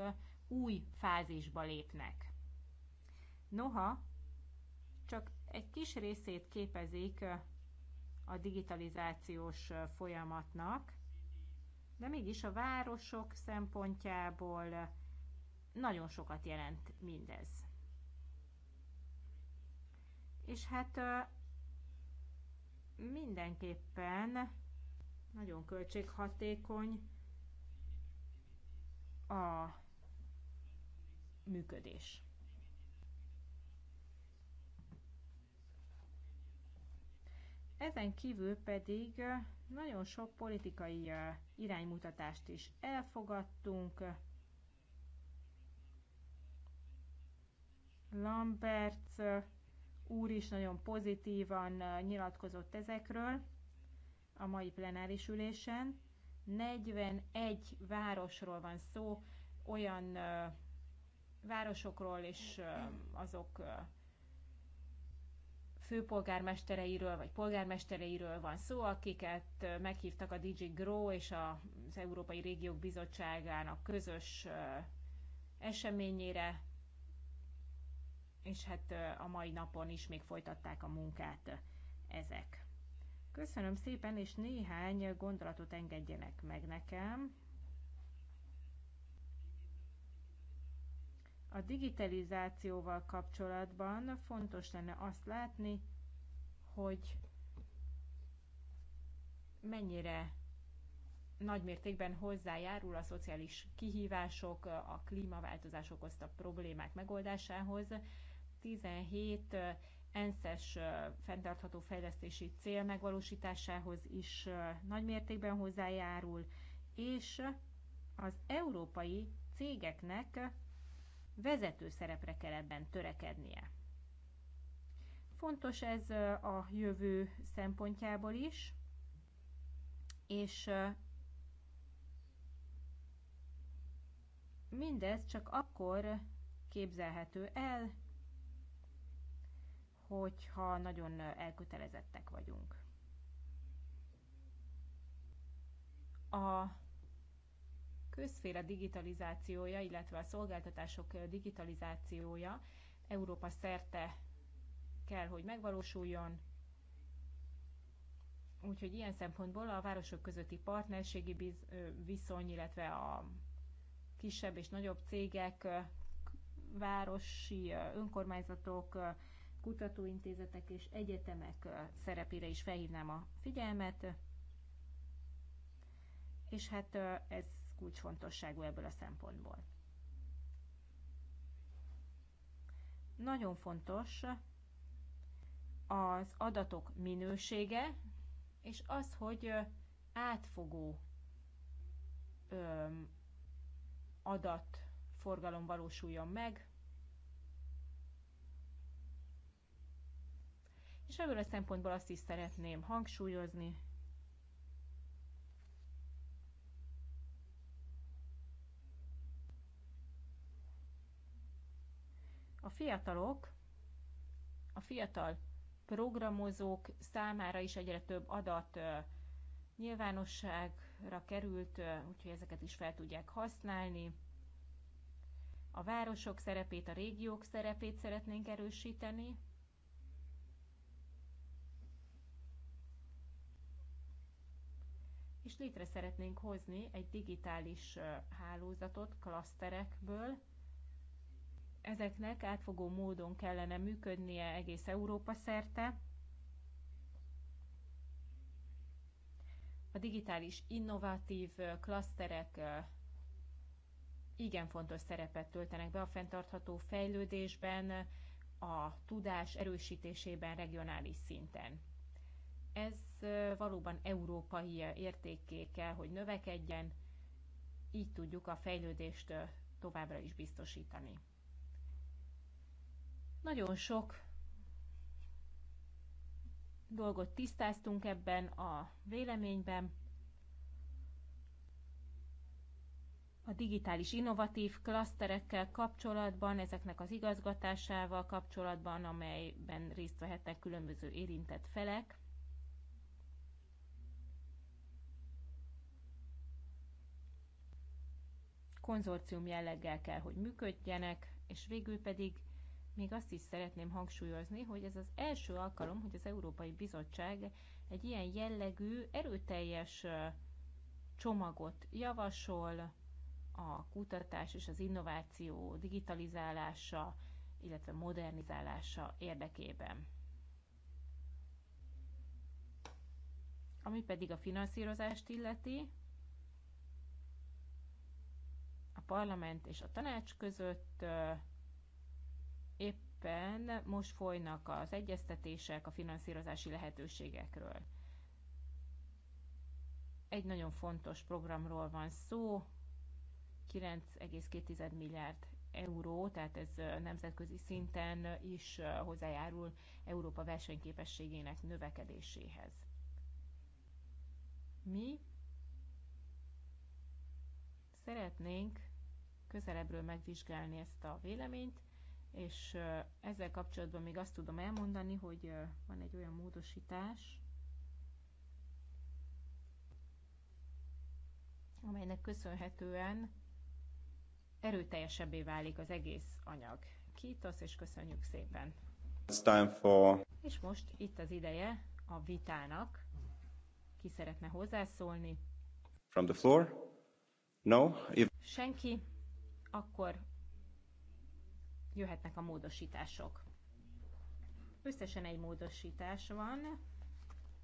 új fázisba lépnek. Noha csak egy kis részét képezik a digitalizációs folyamatnak, de mégis a városok szempontjából nagyon sokat jelent mindez. És hát mindenképpen nagyon költséghatékony a működés. Ezen kívül pedig nagyon sok politikai iránymutatást is elfogadtunk. Lambert úr is nagyon pozitívan nyilatkozott ezekről a mai plenáris ülésen. 41 városról van szó, olyan városokról és azok főpolgármestereiről vagy polgármestereiről van szó, akiket meghívtak a DJ Grow és az Európai Régiók Bizottságának közös eseményére, és hát a mai napon is még folytatták a munkát ezek. Köszönöm szépen, és néhány gondolatot engedjenek meg nekem. A digitalizációval kapcsolatban fontos lenne azt látni, hogy mennyire nagy mértékben hozzájárul a szociális kihívások, a klímaváltozás okozta problémák megoldásához. 17 ENSZ-es fenntartható fejlesztési cél megvalósításához is nagy mértékben hozzájárul, és az európai cégeknek vezető szerepre kell ebben törekednie. Fontos ez a jövő szempontjából is, és mindez csak akkor képzelhető el, hogyha nagyon elkötelezettek vagyunk. A közszféra digitalizációja, illetve a szolgáltatások digitalizációja Európa szerte kell, hogy megvalósuljon. Úgyhogy ilyen szempontból a városok közötti partnerségi biz, viszony, illetve a kisebb és nagyobb cégek, városi önkormányzatok, kutatóintézetek és egyetemek szerepére is felhívnám a figyelmet. És hát ez kulcsfontosságú ebből a szempontból. Nagyon fontos az adatok minősége, és az, hogy átfogó adatforgalom valósuljon meg, és ebből a szempontból azt is szeretném hangsúlyozni, A fiatalok, a fiatal programozók számára is egyre több adat nyilvánosságra került, úgyhogy ezeket is fel tudják használni. A városok szerepét, a régiók szerepét szeretnénk erősíteni. És létre szeretnénk hozni egy digitális hálózatot klaszterekből, Ezeknek átfogó módon kellene működnie egész Európa szerte. A digitális innovatív klaszterek igen fontos szerepet töltenek be a fenntartható fejlődésben, a tudás erősítésében regionális szinten. Ez valóban európai értékké kell, hogy növekedjen, így tudjuk a fejlődést továbbra is biztosítani. Nagyon sok dolgot tisztáztunk ebben a véleményben. A digitális innovatív klaszterekkel kapcsolatban, ezeknek az igazgatásával kapcsolatban, amelyben részt vehetnek különböző érintett felek. konzorcium jelleggel kell, hogy működjenek, és végül pedig még azt is szeretném hangsúlyozni, hogy ez az első alkalom, hogy az Európai Bizottság egy ilyen jellegű, erőteljes csomagot javasol a kutatás és az innováció digitalizálása, illetve modernizálása érdekében. Ami pedig a finanszírozást illeti, a parlament és a tanács között éppen most folynak az egyeztetések a finanszírozási lehetőségekről. Egy nagyon fontos programról van szó, 9,2 milliárd euró, tehát ez nemzetközi szinten is hozzájárul Európa versenyképességének növekedéséhez. Mi szeretnénk közelebbről megvizsgálni ezt a véleményt, és ezzel kapcsolatban még azt tudom elmondani, hogy van egy olyan módosítás, amelynek köszönhetően erőteljesebbé válik az egész anyag. Kítosz, és köszönjük szépen! It's time for... És most itt az ideje a vitának. Ki szeretne hozzászólni? From the floor? No? If... Senki? Akkor jöhetnek a módosítások. Összesen egy módosítás van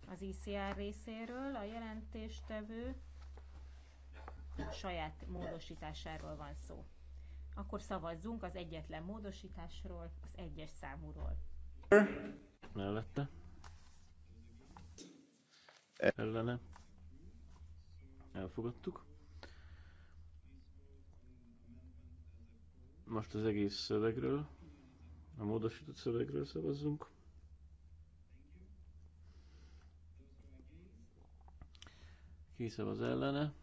az ICR e részéről, a jelentéstevő saját módosításáról van szó. Akkor szavazzunk az egyetlen módosításról, az egyes számúról. Mellette. E- Ellene. Elfogadtuk. Most az egész szövegről, a módosított szövegről szavazzunk. Ki szavaz ellene?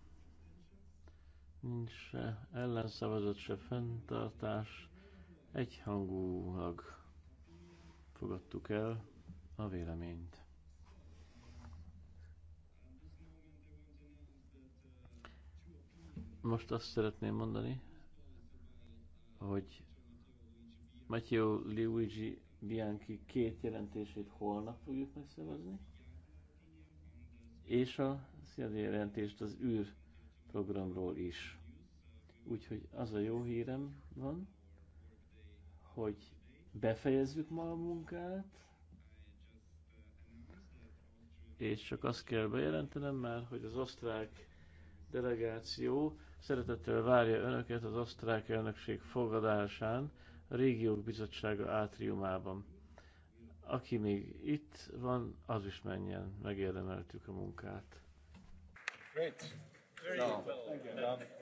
Nincs se ellenszavazat, se fenntartás. Egyhangúlag fogadtuk el a véleményt. Most azt szeretném mondani, hogy Matteo Luigi Bianchi két jelentését holnap fogjuk megszavazni, és a Sziadi jelentést az űr programról is. Úgyhogy az a jó hírem van, hogy befejezzük ma a munkát, és csak azt kell bejelentenem már, hogy az osztrák delegáció Szeretettel várja Önöket az osztrák elnökség fogadásán a Régiók Bizottsága átriumában. Aki még itt van, az is menjen, megérdemeltük a munkát. Great. Very no. well. Thank you.